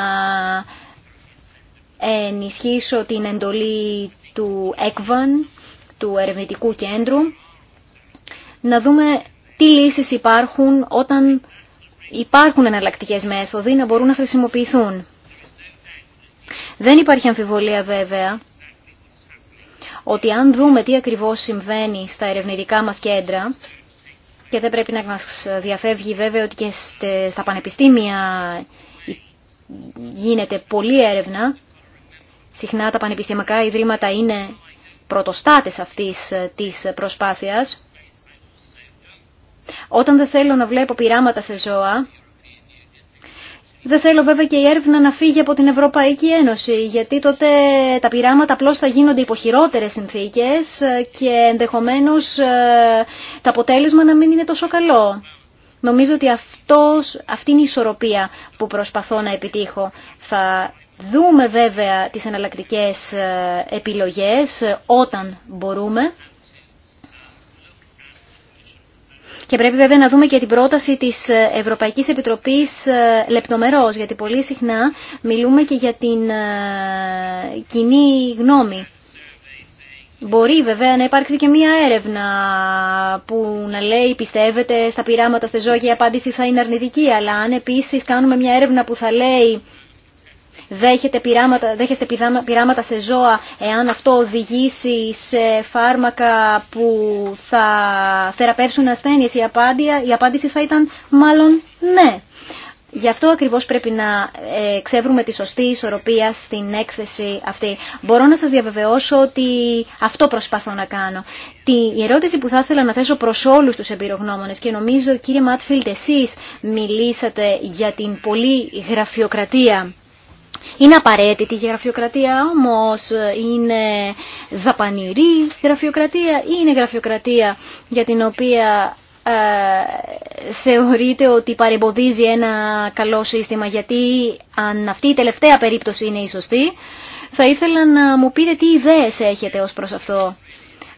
ενισχύσω την εντολή του ΕΚΒΑΝ, του Ερευνητικού Κέντρου, να δούμε τι λύσεις υπάρχουν όταν Υπάρχουν εναλλακτικέ μέθοδοι να μπορούν να χρησιμοποιηθούν. Δεν υπάρχει αμφιβολία βέβαια ότι αν δούμε τι ακριβώς συμβαίνει στα ερευνητικά μας κέντρα, και δεν πρέπει να μας διαφεύγει βέβαια ότι και στα πανεπιστήμια γίνεται πολλή έρευνα, συχνά τα πανεπιστημιακά ιδρύματα είναι πρωτοστάτες αυτής της προσπάθειας, όταν δεν θέλω να βλέπω πειράματα σε ζώα, δεν θέλω βέβαια και η έρευνα να φύγει από την Ευρωπαϊκή Ένωση, γιατί τότε τα πειράματα απλώ θα γίνονται υπό χειρότερε συνθήκε και ενδεχομένω ε, το αποτέλεσμα να μην είναι τόσο καλό. Νομίζω ότι αυτός, αυτή είναι η ισορροπία που προσπαθώ να επιτύχω. Θα δούμε βέβαια τις εναλλακτικές ε, επιλογές ε, όταν μπορούμε. Και πρέπει βέβαια να δούμε και την πρόταση της ε, Ευρωπαϊκής Επιτροπής ε, λεπτομερώς, γιατί πολύ συχνά μιλούμε και για την ε, κοινή γνώμη. Μπορεί βέβαια να υπάρξει και μία έρευνα που να λέει πιστεύετε στα πειράματα στη ζώα και η απάντηση θα είναι αρνητική, αλλά αν επίσης κάνουμε μία έρευνα που θα λέει δέχετε πειράματα, δέχεστε πειράματα σε ζώα εάν αυτό οδηγήσει σε φάρμακα που θα θεραπεύσουν ασθένειες. Η, η απάντηση θα ήταν μάλλον ναι. Γι' αυτό ακριβώς πρέπει να ε, ξεύρουμε τη σωστή ισορροπία στην έκθεση αυτή. Μπορώ να σας διαβεβαιώσω ότι αυτό προσπαθώ να κάνω. Η ερώτηση που θα ήθελα να θέσω προς όλους τους εμπειρογνώμονες και νομίζω κύριε Μάτφιλτ εσείς μιλήσατε για την πολλή γραφειοκρατία είναι απαραίτητη η γραφειοκρατία όμως, ε, είναι δαπανηρή γραφειοκρατία ή είναι γραφειοκρατία για την οποία ε, θεωρείται ότι παρεμποδίζει ένα καλό σύστημα γιατί αν αυτή η τελευταία περίπτωση είναι η σωστή θα ήθελα να μου πείτε τι ιδέες έχετε ως προς αυτό.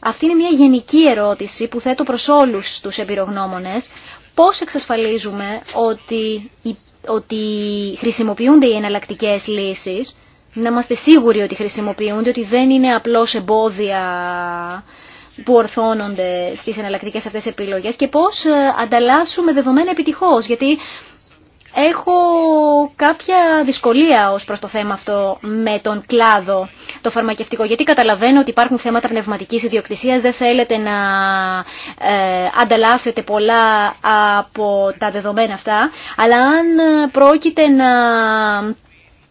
Αυτή είναι μια γενική ερώτηση που θέτω προς όλους τους εμπειρογνώμονες. Πώς εξασφαλίζουμε ότι ότι χρησιμοποιούνται οι εναλλακτικέ λύσεις, να είμαστε σίγουροι ότι χρησιμοποιούνται, ότι δεν είναι απλώς εμπόδια που ορθώνονται στις εναλλακτικέ αυτές επιλογές και πώς ε, ανταλλάσσουμε δεδομένα επιτυχώς. Γιατί Έχω κάποια δυσκολία ως προς το θέμα αυτό με τον κλάδο το φαρμακευτικό, γιατί καταλαβαίνω ότι υπάρχουν θέματα πνευματικής ιδιοκτησίας, δεν θέλετε να ε, ανταλλάσσετε πολλά από τα δεδομένα αυτά, αλλά αν πρόκειται να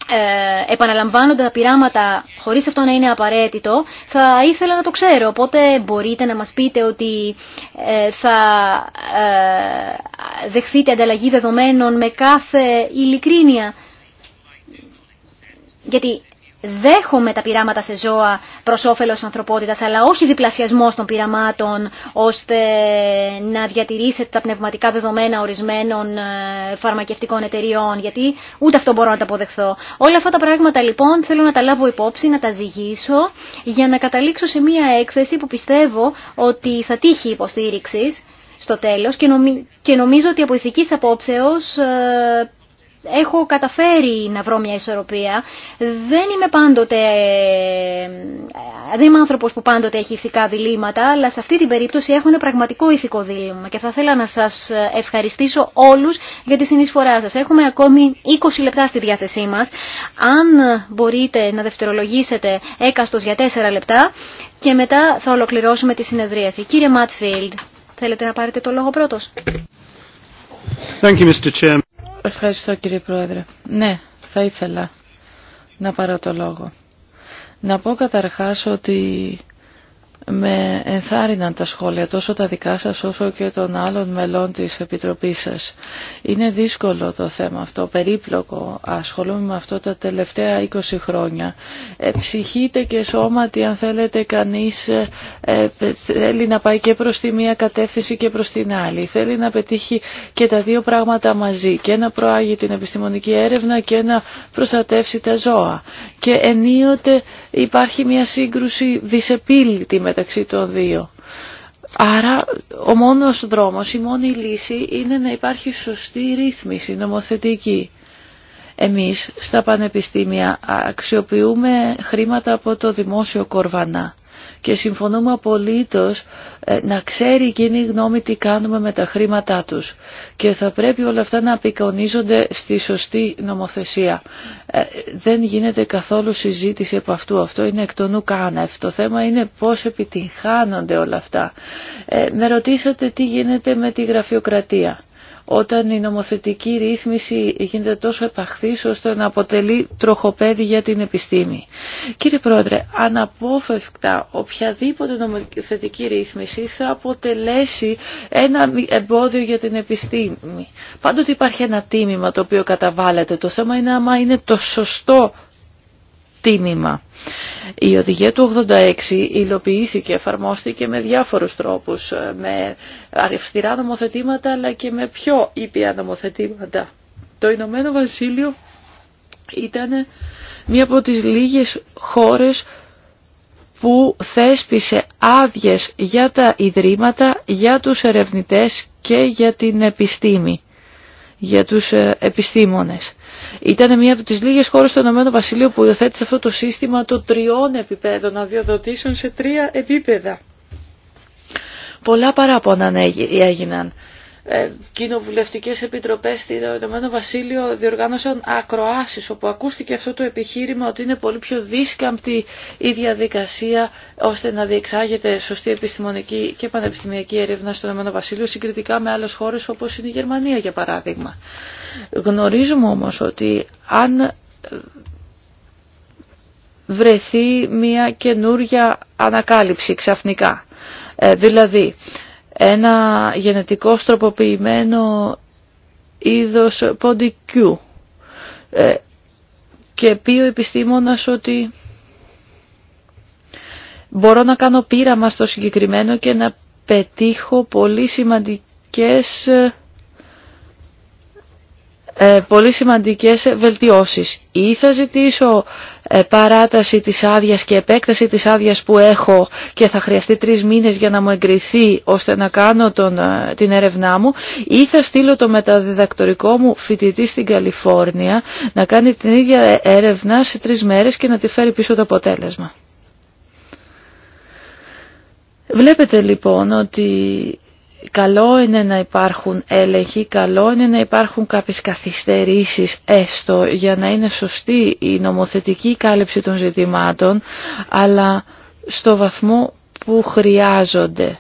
ε, επαναλαμβάνονται τα πειράματα χωρίς αυτό να είναι απαραίτητο, θα ήθελα να το ξέρω. Οπότε μπορείτε να μας πείτε ότι ε, θα ε, δεχθείτε ανταλλαγή δεδομένων με κάθε ειλικρίνεια. Γιατί δέχομαι τα πειράματα σε ζώα προς όφελος ανθρωπότητα, ανθρωπότητας, αλλά όχι διπλασιασμός των πειραμάτων, ώστε να διατηρήσετε τα πνευματικά δεδομένα ορισμένων ε, φαρμακευτικών εταιριών, γιατί ούτε αυτό μπορώ να τα αποδεχθώ. Όλα αυτά τα πράγματα λοιπόν θέλω να τα λάβω υπόψη, να τα ζυγίσω, για να καταλήξω σε μία έκθεση που πιστεύω ότι θα τύχει υποστήριξης στο τέλος και, νομίζω ότι από ηθικής απόψεως ε, έχω καταφέρει να βρω μια ισορροπία. Δεν είμαι πάντοτε, ε, δεν είμαι άνθρωπος που πάντοτε έχει ηθικά διλήμματα, αλλά σε αυτή την περίπτωση έχω ένα πραγματικό ηθικό δίλημμα. και θα ήθελα να σας ευχαριστήσω όλους για τη συνεισφορά σας. Έχουμε ακόμη 20 λεπτά στη διάθεσή μας. Αν μπορείτε να δευτερολογήσετε έκαστος για 4 λεπτά και μετά θα ολοκληρώσουμε τη συνεδρίαση. Κύριε Μάτφιλντ, θέλετε να πάρετε το λόγο πρώτος. Thank you, Mr. Ευχαριστώ κύριε Πρόεδρε. Ναι, θα ήθελα να πάρω το λόγο. Να πω καταρχάς ότι με ενθάρρυναν τα σχόλια τόσο τα δικά σας όσο και των άλλων μελών της Επιτροπής σας. Είναι δύσκολο το θέμα αυτό, περίπλοκο. Ασχολούμαι με αυτό τα τελευταία 20 χρόνια. Ε, ψυχείτε και σώματι αν θέλετε κανείς ε, ε, θέλει να πάει και προς τη μία κατεύθυνση και προς την άλλη. Θέλει να πετύχει και τα δύο πράγματα μαζί και να προάγει την επιστημονική έρευνα και να προστατεύσει τα ζώα. Και ενίοτε υπάρχει μια σύγκρουση δυσεπίλητη μεταξύ των δύο. Άρα ο μόνος δρόμος, η μόνη λύση είναι να υπάρχει σωστή ρύθμιση νομοθετική. Εμείς στα πανεπιστήμια αξιοποιούμε χρήματα από το δημόσιο κορβανά και συμφωνούμε απολύτως ε, να ξέρει η κοινή γνώμη τι κάνουμε με τα χρήματά τους και θα πρέπει όλα αυτά να απεικονίζονται στη σωστή νομοθεσία. Ε, δεν γίνεται καθόλου συζήτηση από αυτού. Αυτό είναι εκ των ουκάνευ. Το θέμα είναι πώς επιτυγχάνονται όλα αυτά. Ε, με ρωτήσατε τι γίνεται με τη γραφειοκρατία όταν η νομοθετική ρύθμιση γίνεται τόσο επαχθής ώστε να αποτελεί τροχοπέδι για την επιστήμη. Κύριε Πρόεδρε, αναπόφευκτα οποιαδήποτε νομοθετική ρύθμιση θα αποτελέσει ένα εμπόδιο για την επιστήμη. Πάντοτε υπάρχει ένα τίμημα το οποίο καταβάλλεται. Το θέμα είναι άμα είναι το σωστό η οδηγία του 86 υλοποιήθηκε, εφαρμόστηκε με διάφορους τρόπους, ε, με αριστερά νομοθετήματα αλλά και με πιο ήπια νομοθετήματα. Το Ηνωμένο Βασίλειο ήταν μία από τις λίγες χώρες που θέσπισε άδειες για τα ιδρύματα, για τους ερευνητές και για την επιστήμη, για τους ε, επιστήμονες. Ήταν μία από τις λίγες χώρες στο Ηνωμένο Βασιλείο που υιοθέτησε αυτό το σύστημα των τριών επιπέδων αδειοδοτήσεων σε τρία επίπεδα. Πολλά παράπονα έγιναν ε, κοινοβουλευτικές επιτροπές στο Ηνωμένο Βασίλειο διοργάνωσαν ακροάσεις όπου ακούστηκε αυτό το επιχείρημα ότι είναι πολύ πιο δίσκαμπτη η διαδικασία ώστε να διεξάγεται σωστή επιστημονική και πανεπιστημιακή έρευνα στο Ηνωμένο Βασίλειο συγκριτικά με άλλες χώρες όπως είναι η Γερμανία για παράδειγμα. Γνωρίζουμε όμως ότι αν ε, βρεθεί μια καινούρια ανακάλυψη ξαφνικά. Ε, δηλαδή, ένα γενετικό στροποποιημένο είδος ποντικού ε, και πει ο επιστήμονας ότι μπορώ να κάνω πείραμα στο συγκεκριμένο και να πετύχω πολύ σημαντικές ε, πολύ σημαντικές βελτιώσεις. Ή θα ζητήσω ε, παράταση της άδειας και επέκταση της άδειας που έχω και θα χρειαστεί τρεις μήνες για να μου εγκριθεί ώστε να κάνω τον, ε, την έρευνά μου ή θα στείλω το μεταδιδακτορικό μου φοιτητή στην Καλιφόρνια να κάνει την ίδια έρευνα σε τρεις μέρες και να τη φέρει πίσω το αποτέλεσμα. Βλέπετε λοιπόν ότι Καλό είναι να υπάρχουν έλεγχοι, καλό είναι να υπάρχουν κάποιες καθυστερήσεις έστω για να είναι σωστή η νομοθετική κάλυψη των ζητημάτων, αλλά στο βαθμό που χρειάζονται.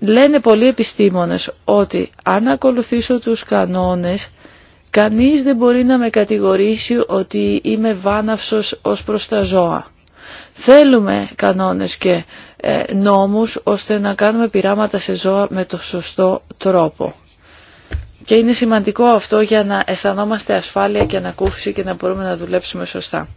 Λένε πολλοί επιστήμονες ότι αν ακολουθήσω τους κανόνες, κανείς δεν μπορεί να με κατηγορήσει ότι είμαι βάναυσος ως προς τα ζώα. Θέλουμε κανόνες και ε, νόμους ώστε να κάνουμε πειράματα σε ζώα με το σωστό τρόπο. Και είναι σημαντικό αυτό για να αισθανόμαστε ασφάλεια και ανακούφιση και να μπορούμε να δουλέψουμε σωστά.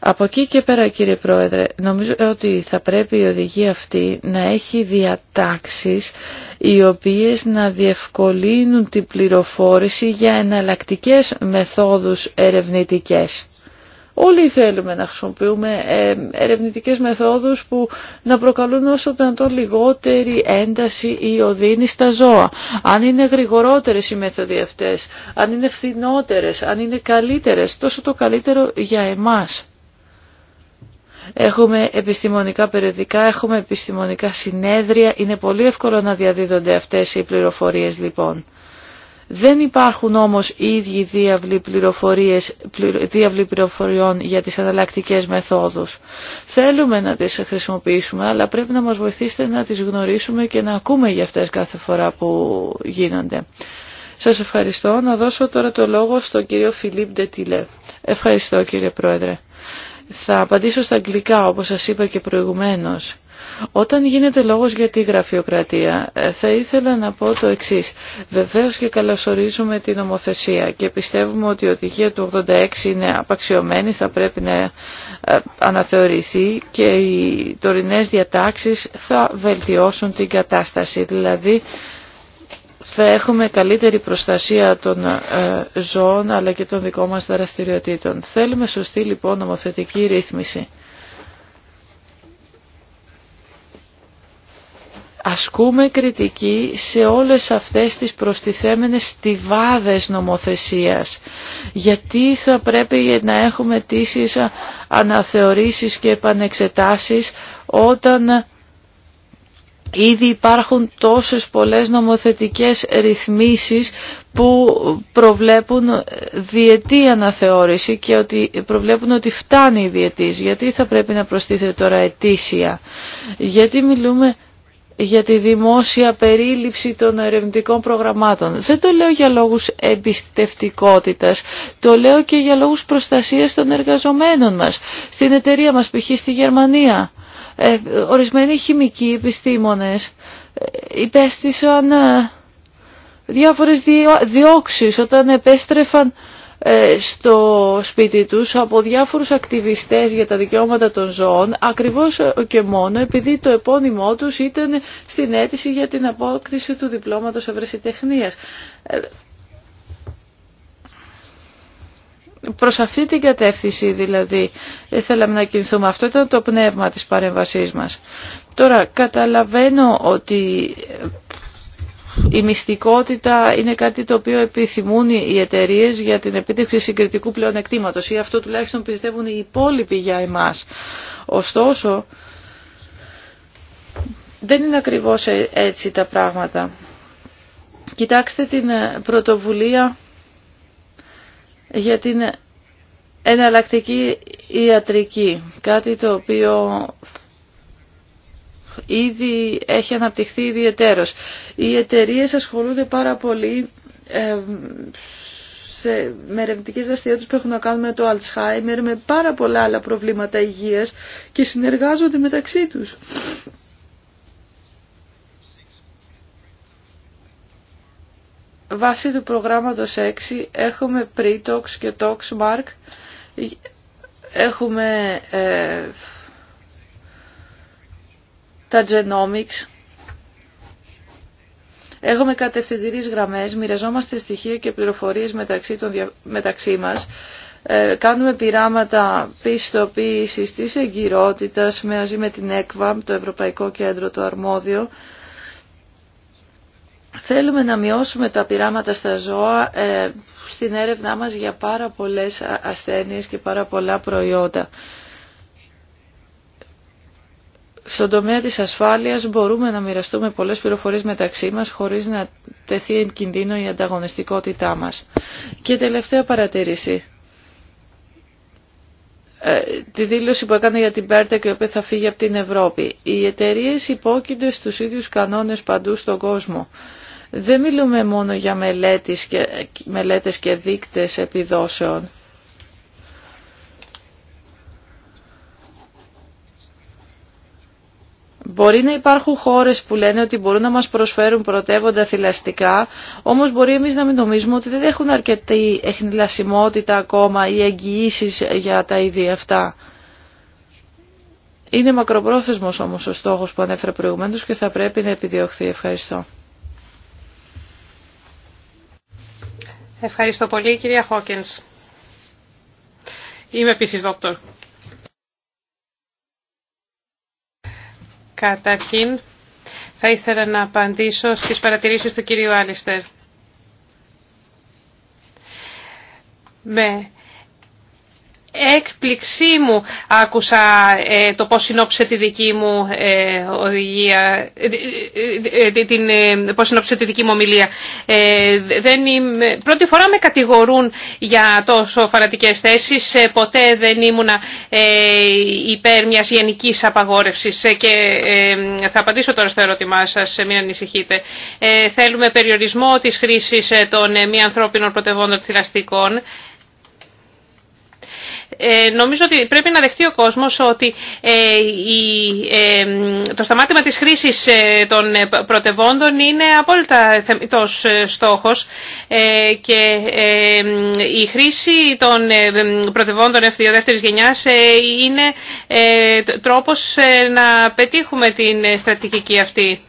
Από εκεί και πέρα κύριε Πρόεδρε, νομίζω ότι θα πρέπει η οδηγία αυτή να έχει διατάξεις οι οποίες να διευκολύνουν την πληροφόρηση για εναλλακτικές μεθόδους ερευνητικές. Όλοι θέλουμε να χρησιμοποιούμε ε, ερευνητικές μεθόδους που να προκαλούν όσο το λιγότερη ένταση ή οδύνη στα ζώα. Αν είναι γρηγορότερες οι μέθοδοι αυτές, αν είναι φθηνότερες, αν είναι καλύτερες, τόσο το καλύτερο για εμάς. Έχουμε επιστημονικά περιοδικά, έχουμε επιστημονικά συνέδρια. Είναι πολύ εύκολο να διαδίδονται αυτές οι πληροφορίες λοιπόν. Δεν υπάρχουν όμως οι ίδιοι διάβλοι, πληροφοριών για τις αναλλακτικέ μεθόδους. Θέλουμε να τις χρησιμοποιήσουμε, αλλά πρέπει να μας βοηθήσετε να τις γνωρίσουμε και να ακούμε για αυτές κάθε φορά που γίνονται. Σας ευχαριστώ. Να δώσω τώρα το λόγο στον κύριο Φιλίπ Ντετιλέ. Ευχαριστώ κύριε Πρόεδρε. Θα απαντήσω στα αγγλικά όπως σας είπα και προηγουμένως. Όταν γίνεται λόγος για τη γραφειοκρατία, ε, θα ήθελα να πω το εξής. Βεβαίως και καλωσορίζουμε την νομοθεσία και πιστεύουμε ότι η οδηγία του 86 είναι απαξιωμένη, θα πρέπει να ε, αναθεωρηθεί και οι τωρινές διατάξεις θα βελτιώσουν την κατάσταση. Δηλαδή, θα έχουμε καλύτερη προστασία των ε, ζώων αλλά και των δικών μας δραστηριοτήτων. Θέλουμε σωστή λοιπόν νομοθετική ρύθμιση. ασκούμε κριτική σε όλες αυτές τις προστιθέμενες στιβάδες νομοθεσίας. Γιατί θα πρέπει να έχουμε αιτήσεις, αναθεωρήσεις και επανεξετάσεις όταν ήδη υπάρχουν τόσες πολλές νομοθετικές ρυθμίσεις που προβλέπουν διετή αναθεώρηση και ότι προβλέπουν ότι φτάνει η διετής. Γιατί θα πρέπει να προστίθεται τώρα ετήσια. Γιατί μιλούμε για τη δημόσια περίληψη των ερευνητικών προγραμμάτων. Δεν το λέω για λόγους εμπιστευτικότητας, το λέω και για λόγους προστασίας των εργαζομένων μας. Στην εταιρεία μας, π.χ. στη Γερμανία, ε, ορισμένοι χημικοί επιστήμονες ε, υπέστησαν ε, διάφορες διώξεις όταν επέστρεφαν ε, στο σπίτι τους από διάφορους ακτιβιστές για τα δικαιώματα των ζώων ακριβώς και μόνο επειδή το επώνυμό τους ήταν στην αίτηση για την απόκτηση του διπλώματος ευρεσιτεχνίας. Ε, προς αυτή την κατεύθυνση δηλαδή θέλαμε να κινηθούμε. Αυτό ήταν το πνεύμα της παρέμβασής μας. Τώρα καταλαβαίνω ότι η μυστικότητα είναι κάτι το οποίο επιθυμούν οι εταιρείε για την επίτευξη συγκριτικού πλεονεκτήματος ή αυτό τουλάχιστον πιστεύουν οι υπόλοιποι για εμάς. Ωστόσο, δεν είναι ακριβώς ε, έτσι τα πράγματα. Κοιτάξτε την ε, πρωτοβουλία για την εναλλακτική ιατρική, κάτι το οποίο ήδη έχει αναπτυχθεί ιδιαιτέρως. Οι εταιρείε ασχολούνται πάρα πολύ σε, με ερευνητικέ δραστηριότητε που έχουν να κάνουν με το Αλτσχάιμερ, με πάρα πολλά άλλα προβλήματα υγείας και συνεργάζονται μεταξύ τους. Βάσει του προγράμματος 6 έχουμε και toxmark Έχουμε ε, τα genomics. Έχουμε κατευθυντηρείς γραμμές, μοιραζόμαστε στοιχεία και πληροφορίες μεταξύ, των, μεταξύ μας. Ε, κάνουμε πειράματα πιστοποίησης της εγκυρότητας μαζί με την ΕΚΒΑΜ, το Ευρωπαϊκό Κέντρο, το Αρμόδιο. Θέλουμε να μειώσουμε τα πειράματα στα ζώα ε, στην έρευνά μας για πάρα πολλές ασθένειες και πάρα πολλά προϊόντα. Στον τομέα της ασφάλειας μπορούμε να μοιραστούμε πολλές πληροφορίες μεταξύ μας χωρίς να τεθεί εν κινδύνο η ανταγωνιστικότητά μας. Και τελευταία παρατήρηση. Ε, τη δήλωση που έκανε για την Πέρτα και η οποία θα φύγει από την Ευρώπη. Οι εταιρείε υπόκεινται στους ίδιους κανόνες παντού στον κόσμο. Δεν μιλούμε μόνο για μελέτες και, μελέτες και δείκτες επιδόσεων. Μπορεί να υπάρχουν χώρες που λένε ότι μπορούν να μας προσφέρουν πρωτεύοντα θηλαστικά, όμως μπορεί εμείς να μην νομίζουμε ότι δεν έχουν αρκετή εχνηλασιμότητα ακόμα ή εγγυήσεις για τα ίδια αυτά. Είναι μακροπρόθεσμος όμως ο στόχος που ανέφερε προηγουμένως και θα πρέπει να επιδιωχθεί. Ευχαριστώ. Ευχαριστώ πολύ κυρία Χόκενς. Είμαι επίσης δόκτωρ. Καταρχήν, θα ήθελα να απαντήσω στις παρατηρήσεις του κυρίου Άλιστερ. Με έκπληξή μου άκουσα ε, το πώς συνόψε τη δική μου ε, οδηγία, ε, ε την, πώς συνόψε τη δική μου ομιλία. δεν είμαι, πρώτη φορά με κατηγορούν για τόσο φαρατικές θέσεις, ποτέ δεν ήμουνα υπέρ μιας γενικής απαγόρευσης και θα απαντήσω τώρα στο ερώτημά σας, μην ανησυχείτε. θέλουμε περιορισμό της χρήσης των μη ανθρώπινων πρωτευόντων θηλαστικών. Ε, νομίζω ότι πρέπει να δεχτεί ο κόσμος ότι ε, ε, το σταμάτημα της χρήσης των πρωτευόντων είναι απόλυτα θεμητός στόχος και η χρήση των πρωτευόντων δεύτερης γενιάς είναι τρόπος να πετύχουμε την στρατηγική αυτή.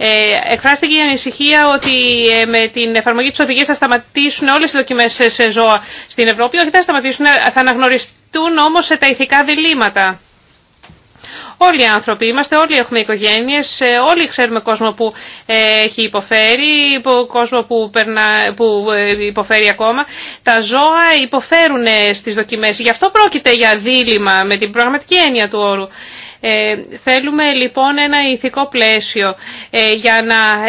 Ε, εκφράστηκε η ανησυχία ότι ε, με την εφαρμογή τη οδηγία θα σταματήσουν όλες οι δοκιμέ σε ζώα στην Ευρώπη. Όχι θα σταματήσουν, θα αναγνωριστούν όμως τα ηθικά διλήμματα. Όλοι οι άνθρωποι είμαστε, όλοι έχουμε οικογένειες, ε, όλοι ξέρουμε κόσμο που έχει υποφέρει, κόσμο που, περνά, που υποφέρει ακόμα. Τα ζώα υποφέρουν στι δοκιμέ. Γι' αυτό πρόκειται για δίλημα με την πραγματική έννοια του όρου. Ε, θέλουμε λοιπόν ένα ηθικό πλαίσιο ε, για να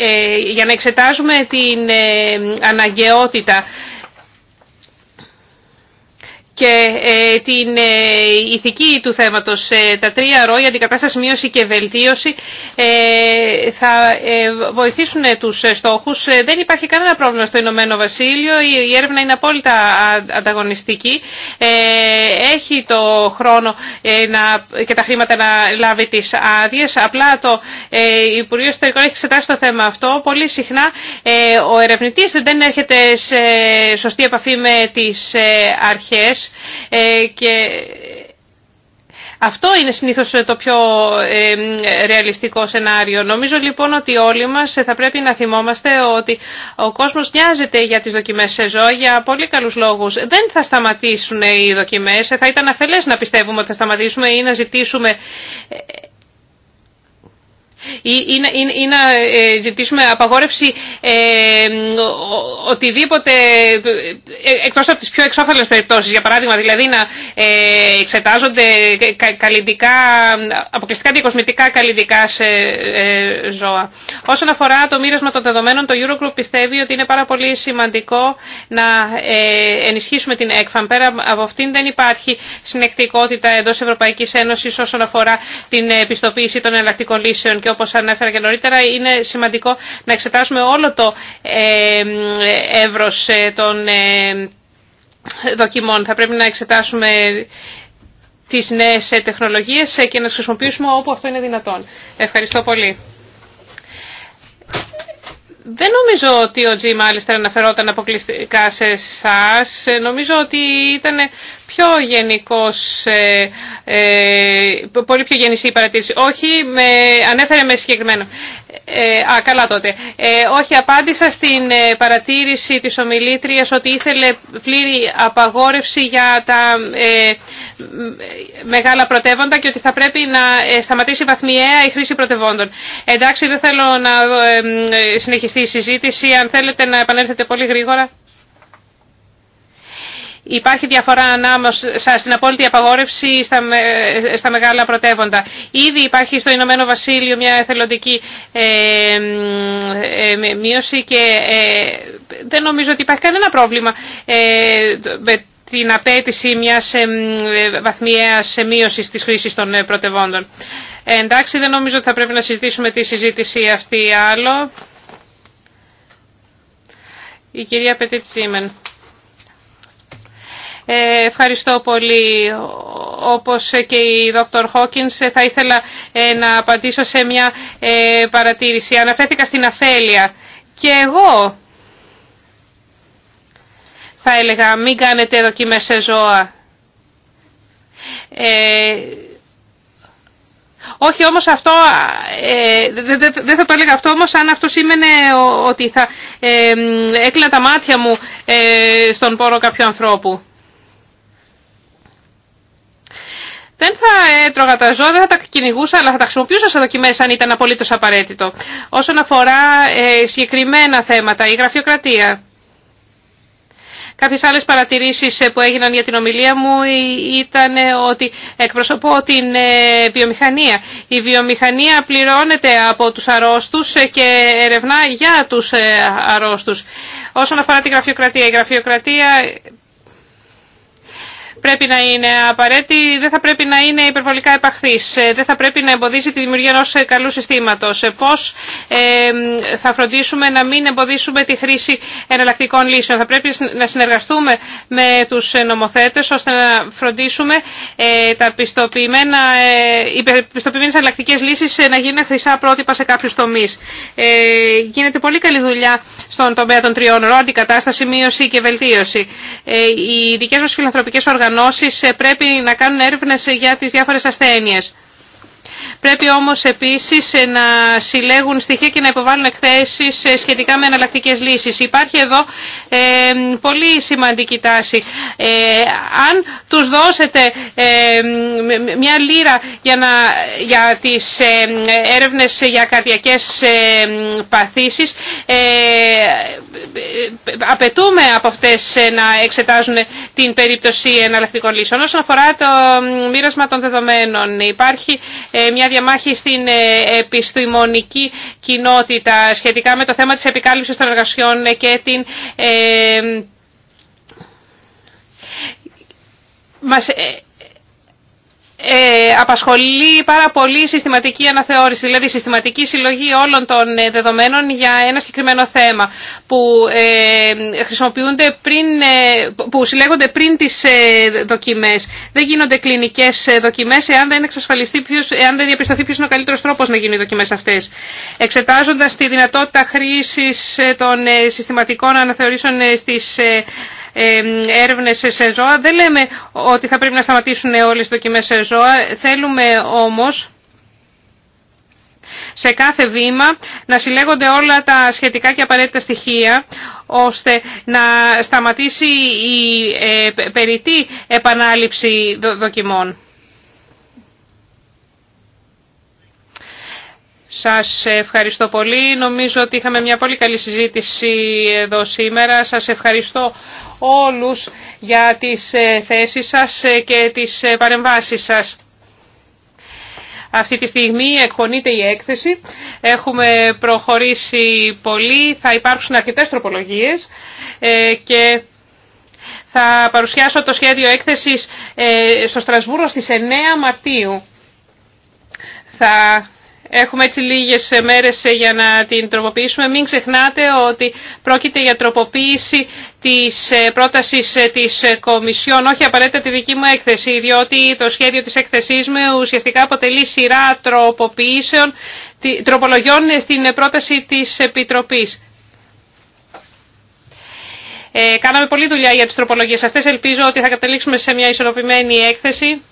ε, για να εξετάζουμε την αναγκαιότητα και ε, την ε, ηθική του θέματος. Ε, τα τρία ρόη, αντικατάσταση, μείωση και βελτίωση θα βοηθήσουν τους στόχους. Δεν υπάρχει κανένα πρόβλημα στο Ηνωμένο Βασίλειο. Η έρευνα είναι απόλυτα ανταγωνιστική. Έχει το χρόνο και τα χρήματα να λάβει τις άδειε. Απλά το Υπουργείο Ιστορικών έχει εξετάσει το θέμα αυτό. Πολύ συχνά ο ερευνητής δεν έρχεται σε σωστή επαφή με τις αρχές ε, και αυτό είναι συνήθως το πιο ε, ρεαλιστικό σενάριο. Νομίζω λοιπόν ότι όλοι μας θα πρέπει να θυμόμαστε ότι ο κόσμος νοιάζεται για τις δοκιμές σε ζώα για πολύ καλούς λόγους. Δεν θα σταματήσουν οι δοκιμές, θα ήταν αφελές να πιστεύουμε ότι θα σταματήσουμε ή να ζητήσουμε ή, να ε, ζητήσουμε απαγόρευση ε, οτιδήποτε ε, εκτός από τις πιο εξώφαλες περιπτώσεις. Για παράδειγμα, δηλαδή να ε, εξετάζονται κα, αποκλειστικά διακοσμητικά καλλιντικά σε ζώα. Όσον αφορά το μοίρασμα των δεδομένων, το Eurogroup πιστεύει ότι είναι πάρα πολύ σημαντικό να ενισχύσουμε την ΕΚΦΑΜ. Πέρα από αυτήν δεν υπάρχει συνεκτικότητα εντός Ευρωπαϊκής Ένωσης όσον αφορά την επιστοποίηση των εναλλακτικών λύσεων και όπως ανέφερα και νωρίτερα είναι σημαντικό να εξετάσουμε όλο το ε, εύρος ε, των ε, δοκιμών. Θα πρέπει να εξετάσουμε τις νέες τεχνολογίες και να τις χρησιμοποιήσουμε όπου αυτό είναι δυνατόν. Ευχαριστώ πολύ. Δεν νομίζω ότι ο Τζι μάλιστα αναφερόταν αποκλειστικά σε εσά. Ε, νομίζω ότι ήταν πιο γενικός, ε, ε, πολύ πιο γενική η παρατήρηση. Όχι, με, ανέφερε με συγκεκριμένο. α, καλά τότε. όχι, απάντησα στην παρατήρηση της ομιλήτριας ότι ήθελε πλήρη απαγόρευση για τα μεγάλα πρωτεύοντα και ότι θα πρέπει να ε, σταματήσει βαθμιαία η χρήση πρωτευόντων. Εντάξει, δεν θέλω να ε, ε, συνεχιστεί η συζήτηση. Αν θέλετε να επανέλθετε πολύ γρήγορα. Υπάρχει διαφορά ανάμεσα στην απόλυτη απαγόρευση στα, στα μεγάλα πρωτεύοντα. Ήδη υπάρχει στο Ηνωμένο Βασίλειο μια εθελοντική ε, μείωση και δεν νομίζω ότι υπάρχει κανένα πρόβλημα με την απέτηση μιας ε, βαθμιαίας μείωσης της χρήσης των ε, πρωτευόντων. Ε, εντάξει, δεν νομίζω ότι θα πρέπει να συζητήσουμε τη συζήτηση αυτή άλλο. Η κυρία Πετή Τζίμεν. Ε, ευχαριστώ πολύ. Όπως και η Δόκτωρ Χόκκινς θα ήθελα να απαντήσω σε μια παρατήρηση. Αναφέρθηκα στην αφέλεια. Και εγώ θα έλεγα μην κάνετε δοκιμές σε ζώα. Ε, όχι όμως αυτό, ε, δεν θα το έλεγα αυτό όμως αν αυτό σήμαινε ότι θα ε, τα μάτια μου ε, στον πόρο κάποιου ανθρώπου. Δεν θα έτρωγα τα ζώα, δεν θα τα κυνηγούσα, αλλά θα τα χρησιμοποιούσα σε δοκιμές αν ήταν απολύτως απαραίτητο. Όσον αφορά ε, συγκεκριμένα θέματα, η γραφειοκρατία. Κάποιες άλλες παρατηρήσεις ε, που έγιναν για την ομιλία μου ε, ήταν ε, ότι εκπροσωπώ την βιομηχανία. Η βιομηχανία πληρώνεται από τους αρρώστους και ερευνά για τους αρρώστους. Όσον αφορά τη γραφειοκρατία, η γραφειοκρατία πρέπει να είναι απαραίτητη, δεν θα πρέπει να είναι υπερβολικά επαχθής, ε, δεν θα πρέπει να εμποδίσει τη δημιουργία ενό ε, καλού συστήματος. Ε, πώς θα φροντίσουμε να μην εμποδίσουμε τη χρήση εναλλακτικών λύσεων. Θα πρέπει να συνεργαστούμε με του νομοθέτες ώστε να φροντίσουμε τα πιστοποιημένα, οι εναλλακτικέ εναλλακτικές λύσεις να γίνουν χρυσά πρότυπα σε κάποιους τομείς. γίνεται πολύ καλή δουλειά στον τομέα των τριών ρόλων, αντικατάσταση, μείωση και βελτίωση. οι δικέ μα φιλανθρωπικέ οργανώσεις ε, πρέπει να κάνουν έρευνες για τις διάφορες ασθένειες. Πρέπει όμως επίσης να συλλέγουν στοιχεία και να υποβάλουν εκθέσεις ε, σχετικά με εναλλακτικέ λύσεις. Υπάρχει εδώ ε, πολύ σημαντική τάση. Ε, αν τους δώσετε ε, μια λίρα για, να, για τις έρευνες για καρδιακές παθήσεις, απαιτούμε από αυτές να εξετάζουν την περίπτωση εναλλακτικών λύσεων. Όσον αφορά το μοίρασμα των δεδομένων, υπάρχει ε, μια διαμάχη στην ε, επιστημονική κοινότητα σχετικά με το θέμα της επικάλυψης των εργασιών και την... Ε, ε, απασχολεί πάρα πολύ συστηματική αναθεώρηση, δηλαδή συστηματική συλλογή όλων των ε, δεδομένων για ένα συγκεκριμένο θέμα που, ε, χρησιμοποιούνται πριν, που συλλέγονται πριν τις δοκιμές. Δεν γίνονται κλινικές δοκιμές εάν δεν, εξασφαλιστεί ποιος, εάν δεν διαπιστωθεί ποιος είναι ο καλύτερος τρόπος να γίνουν οι δοκιμές αυτές. Εξετάζοντας τη δυνατότητα χρήσης των συστηματικών αναθεωρήσεων στις έρευνε σε ζώα. Δεν λέμε ότι θα πρέπει να σταματήσουν όλες οι δοκιμέ σε ζώα. Θέλουμε όμως σε κάθε βήμα να συλλέγονται όλα τα σχετικά και απαραίτητα στοιχεία ώστε να σταματήσει η ε, περιττή επανάληψη δοκιμών. Σας ευχαριστώ πολύ. Νομίζω ότι είχαμε μια πολύ καλή συζήτηση εδώ σήμερα. Σας ευχαριστώ όλους για τις ε, θέσεις σας ε, και τις ε, παρεμβάσεις σας. Αυτή τη στιγμή εκπονείται η έκθεση. Έχουμε προχωρήσει πολύ. Θα υπάρξουν αρκετές τροπολογίες και θα παρουσιάσω το σχέδιο έκθεσης στο Στρασβούργο στις 9 Μαρτίου. Θα έχουμε έτσι λίγες μέρες για να την τροποποιήσουμε. Μην ξεχνάτε ότι πρόκειται για τροποποίηση της ε, πρότασης ε, της ε, Κομισιόν, όχι απαραίτητα τη δική μου έκθεση, διότι το σχέδιο της έκθεσής μου ουσιαστικά αποτελεί σειρά τροποποιήσεων, τροπολογιών στην πρόταση της Επιτροπής. Ε, κάναμε πολλή δουλειά για τις τροπολογίες αυτές, ελπίζω ότι θα καταλήξουμε σε μια ισορροπημένη έκθεση.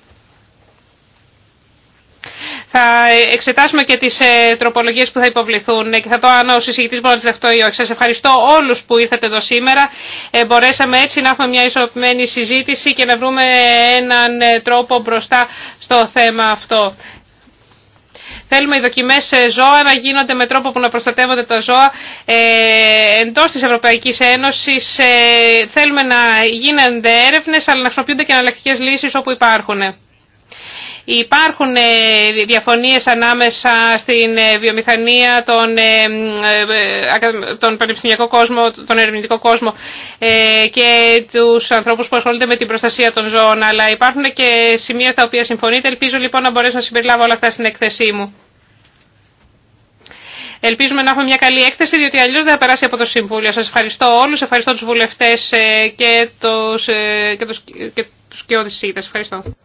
Θα εξετάσουμε και τις ε, τροπολογίες που θα υποβληθούν και θα το αν ο συζητητής μπορεί να τις δεχτώ ή όχι. Σας ευχαριστώ όλους που ήρθατε εδώ σήμερα. Ε, μπορέσαμε έτσι να έχουμε μια ισορροπημένη συζήτηση και να βρούμε έναν ε, τρόπο μπροστά στο θέμα αυτό. Θέλουμε οι δοκιμέ σε ζώα να γίνονται με τρόπο που να προστατεύονται τα ζώα ε, εντό τη Ευρωπαϊκή Ένωση. θέλουμε να γίνονται έρευνε, αλλά να χρησιμοποιούνται και εναλλακτικέ λύσει όπου υπάρχουν. Υπάρχουν ε, διαφωνίες ανάμεσα στην ε, βιομηχανία, τον, ε, τον πανεπιστημιακό κόσμο, τον ερευνητικό κόσμο και τους ανθρώπους που ασχολούνται με την προστασία των ζώων, αλλά υπάρχουν και σημεία στα οποία συμφωνείτε. Ελπίζω λοιπόν να μπορέσω να συμπεριλάβω όλα αυτά στην εκθεσή μου. Ελπίζουμε να έχουμε μια καλή έκθεση, διότι αλλιώς δεν θα περάσει από το Συμβούλιο. Σα ευχαριστώ όλου, ευχαριστώ του βουλευτέ και του και τους, και τους, και τους, και Ευχαριστώ.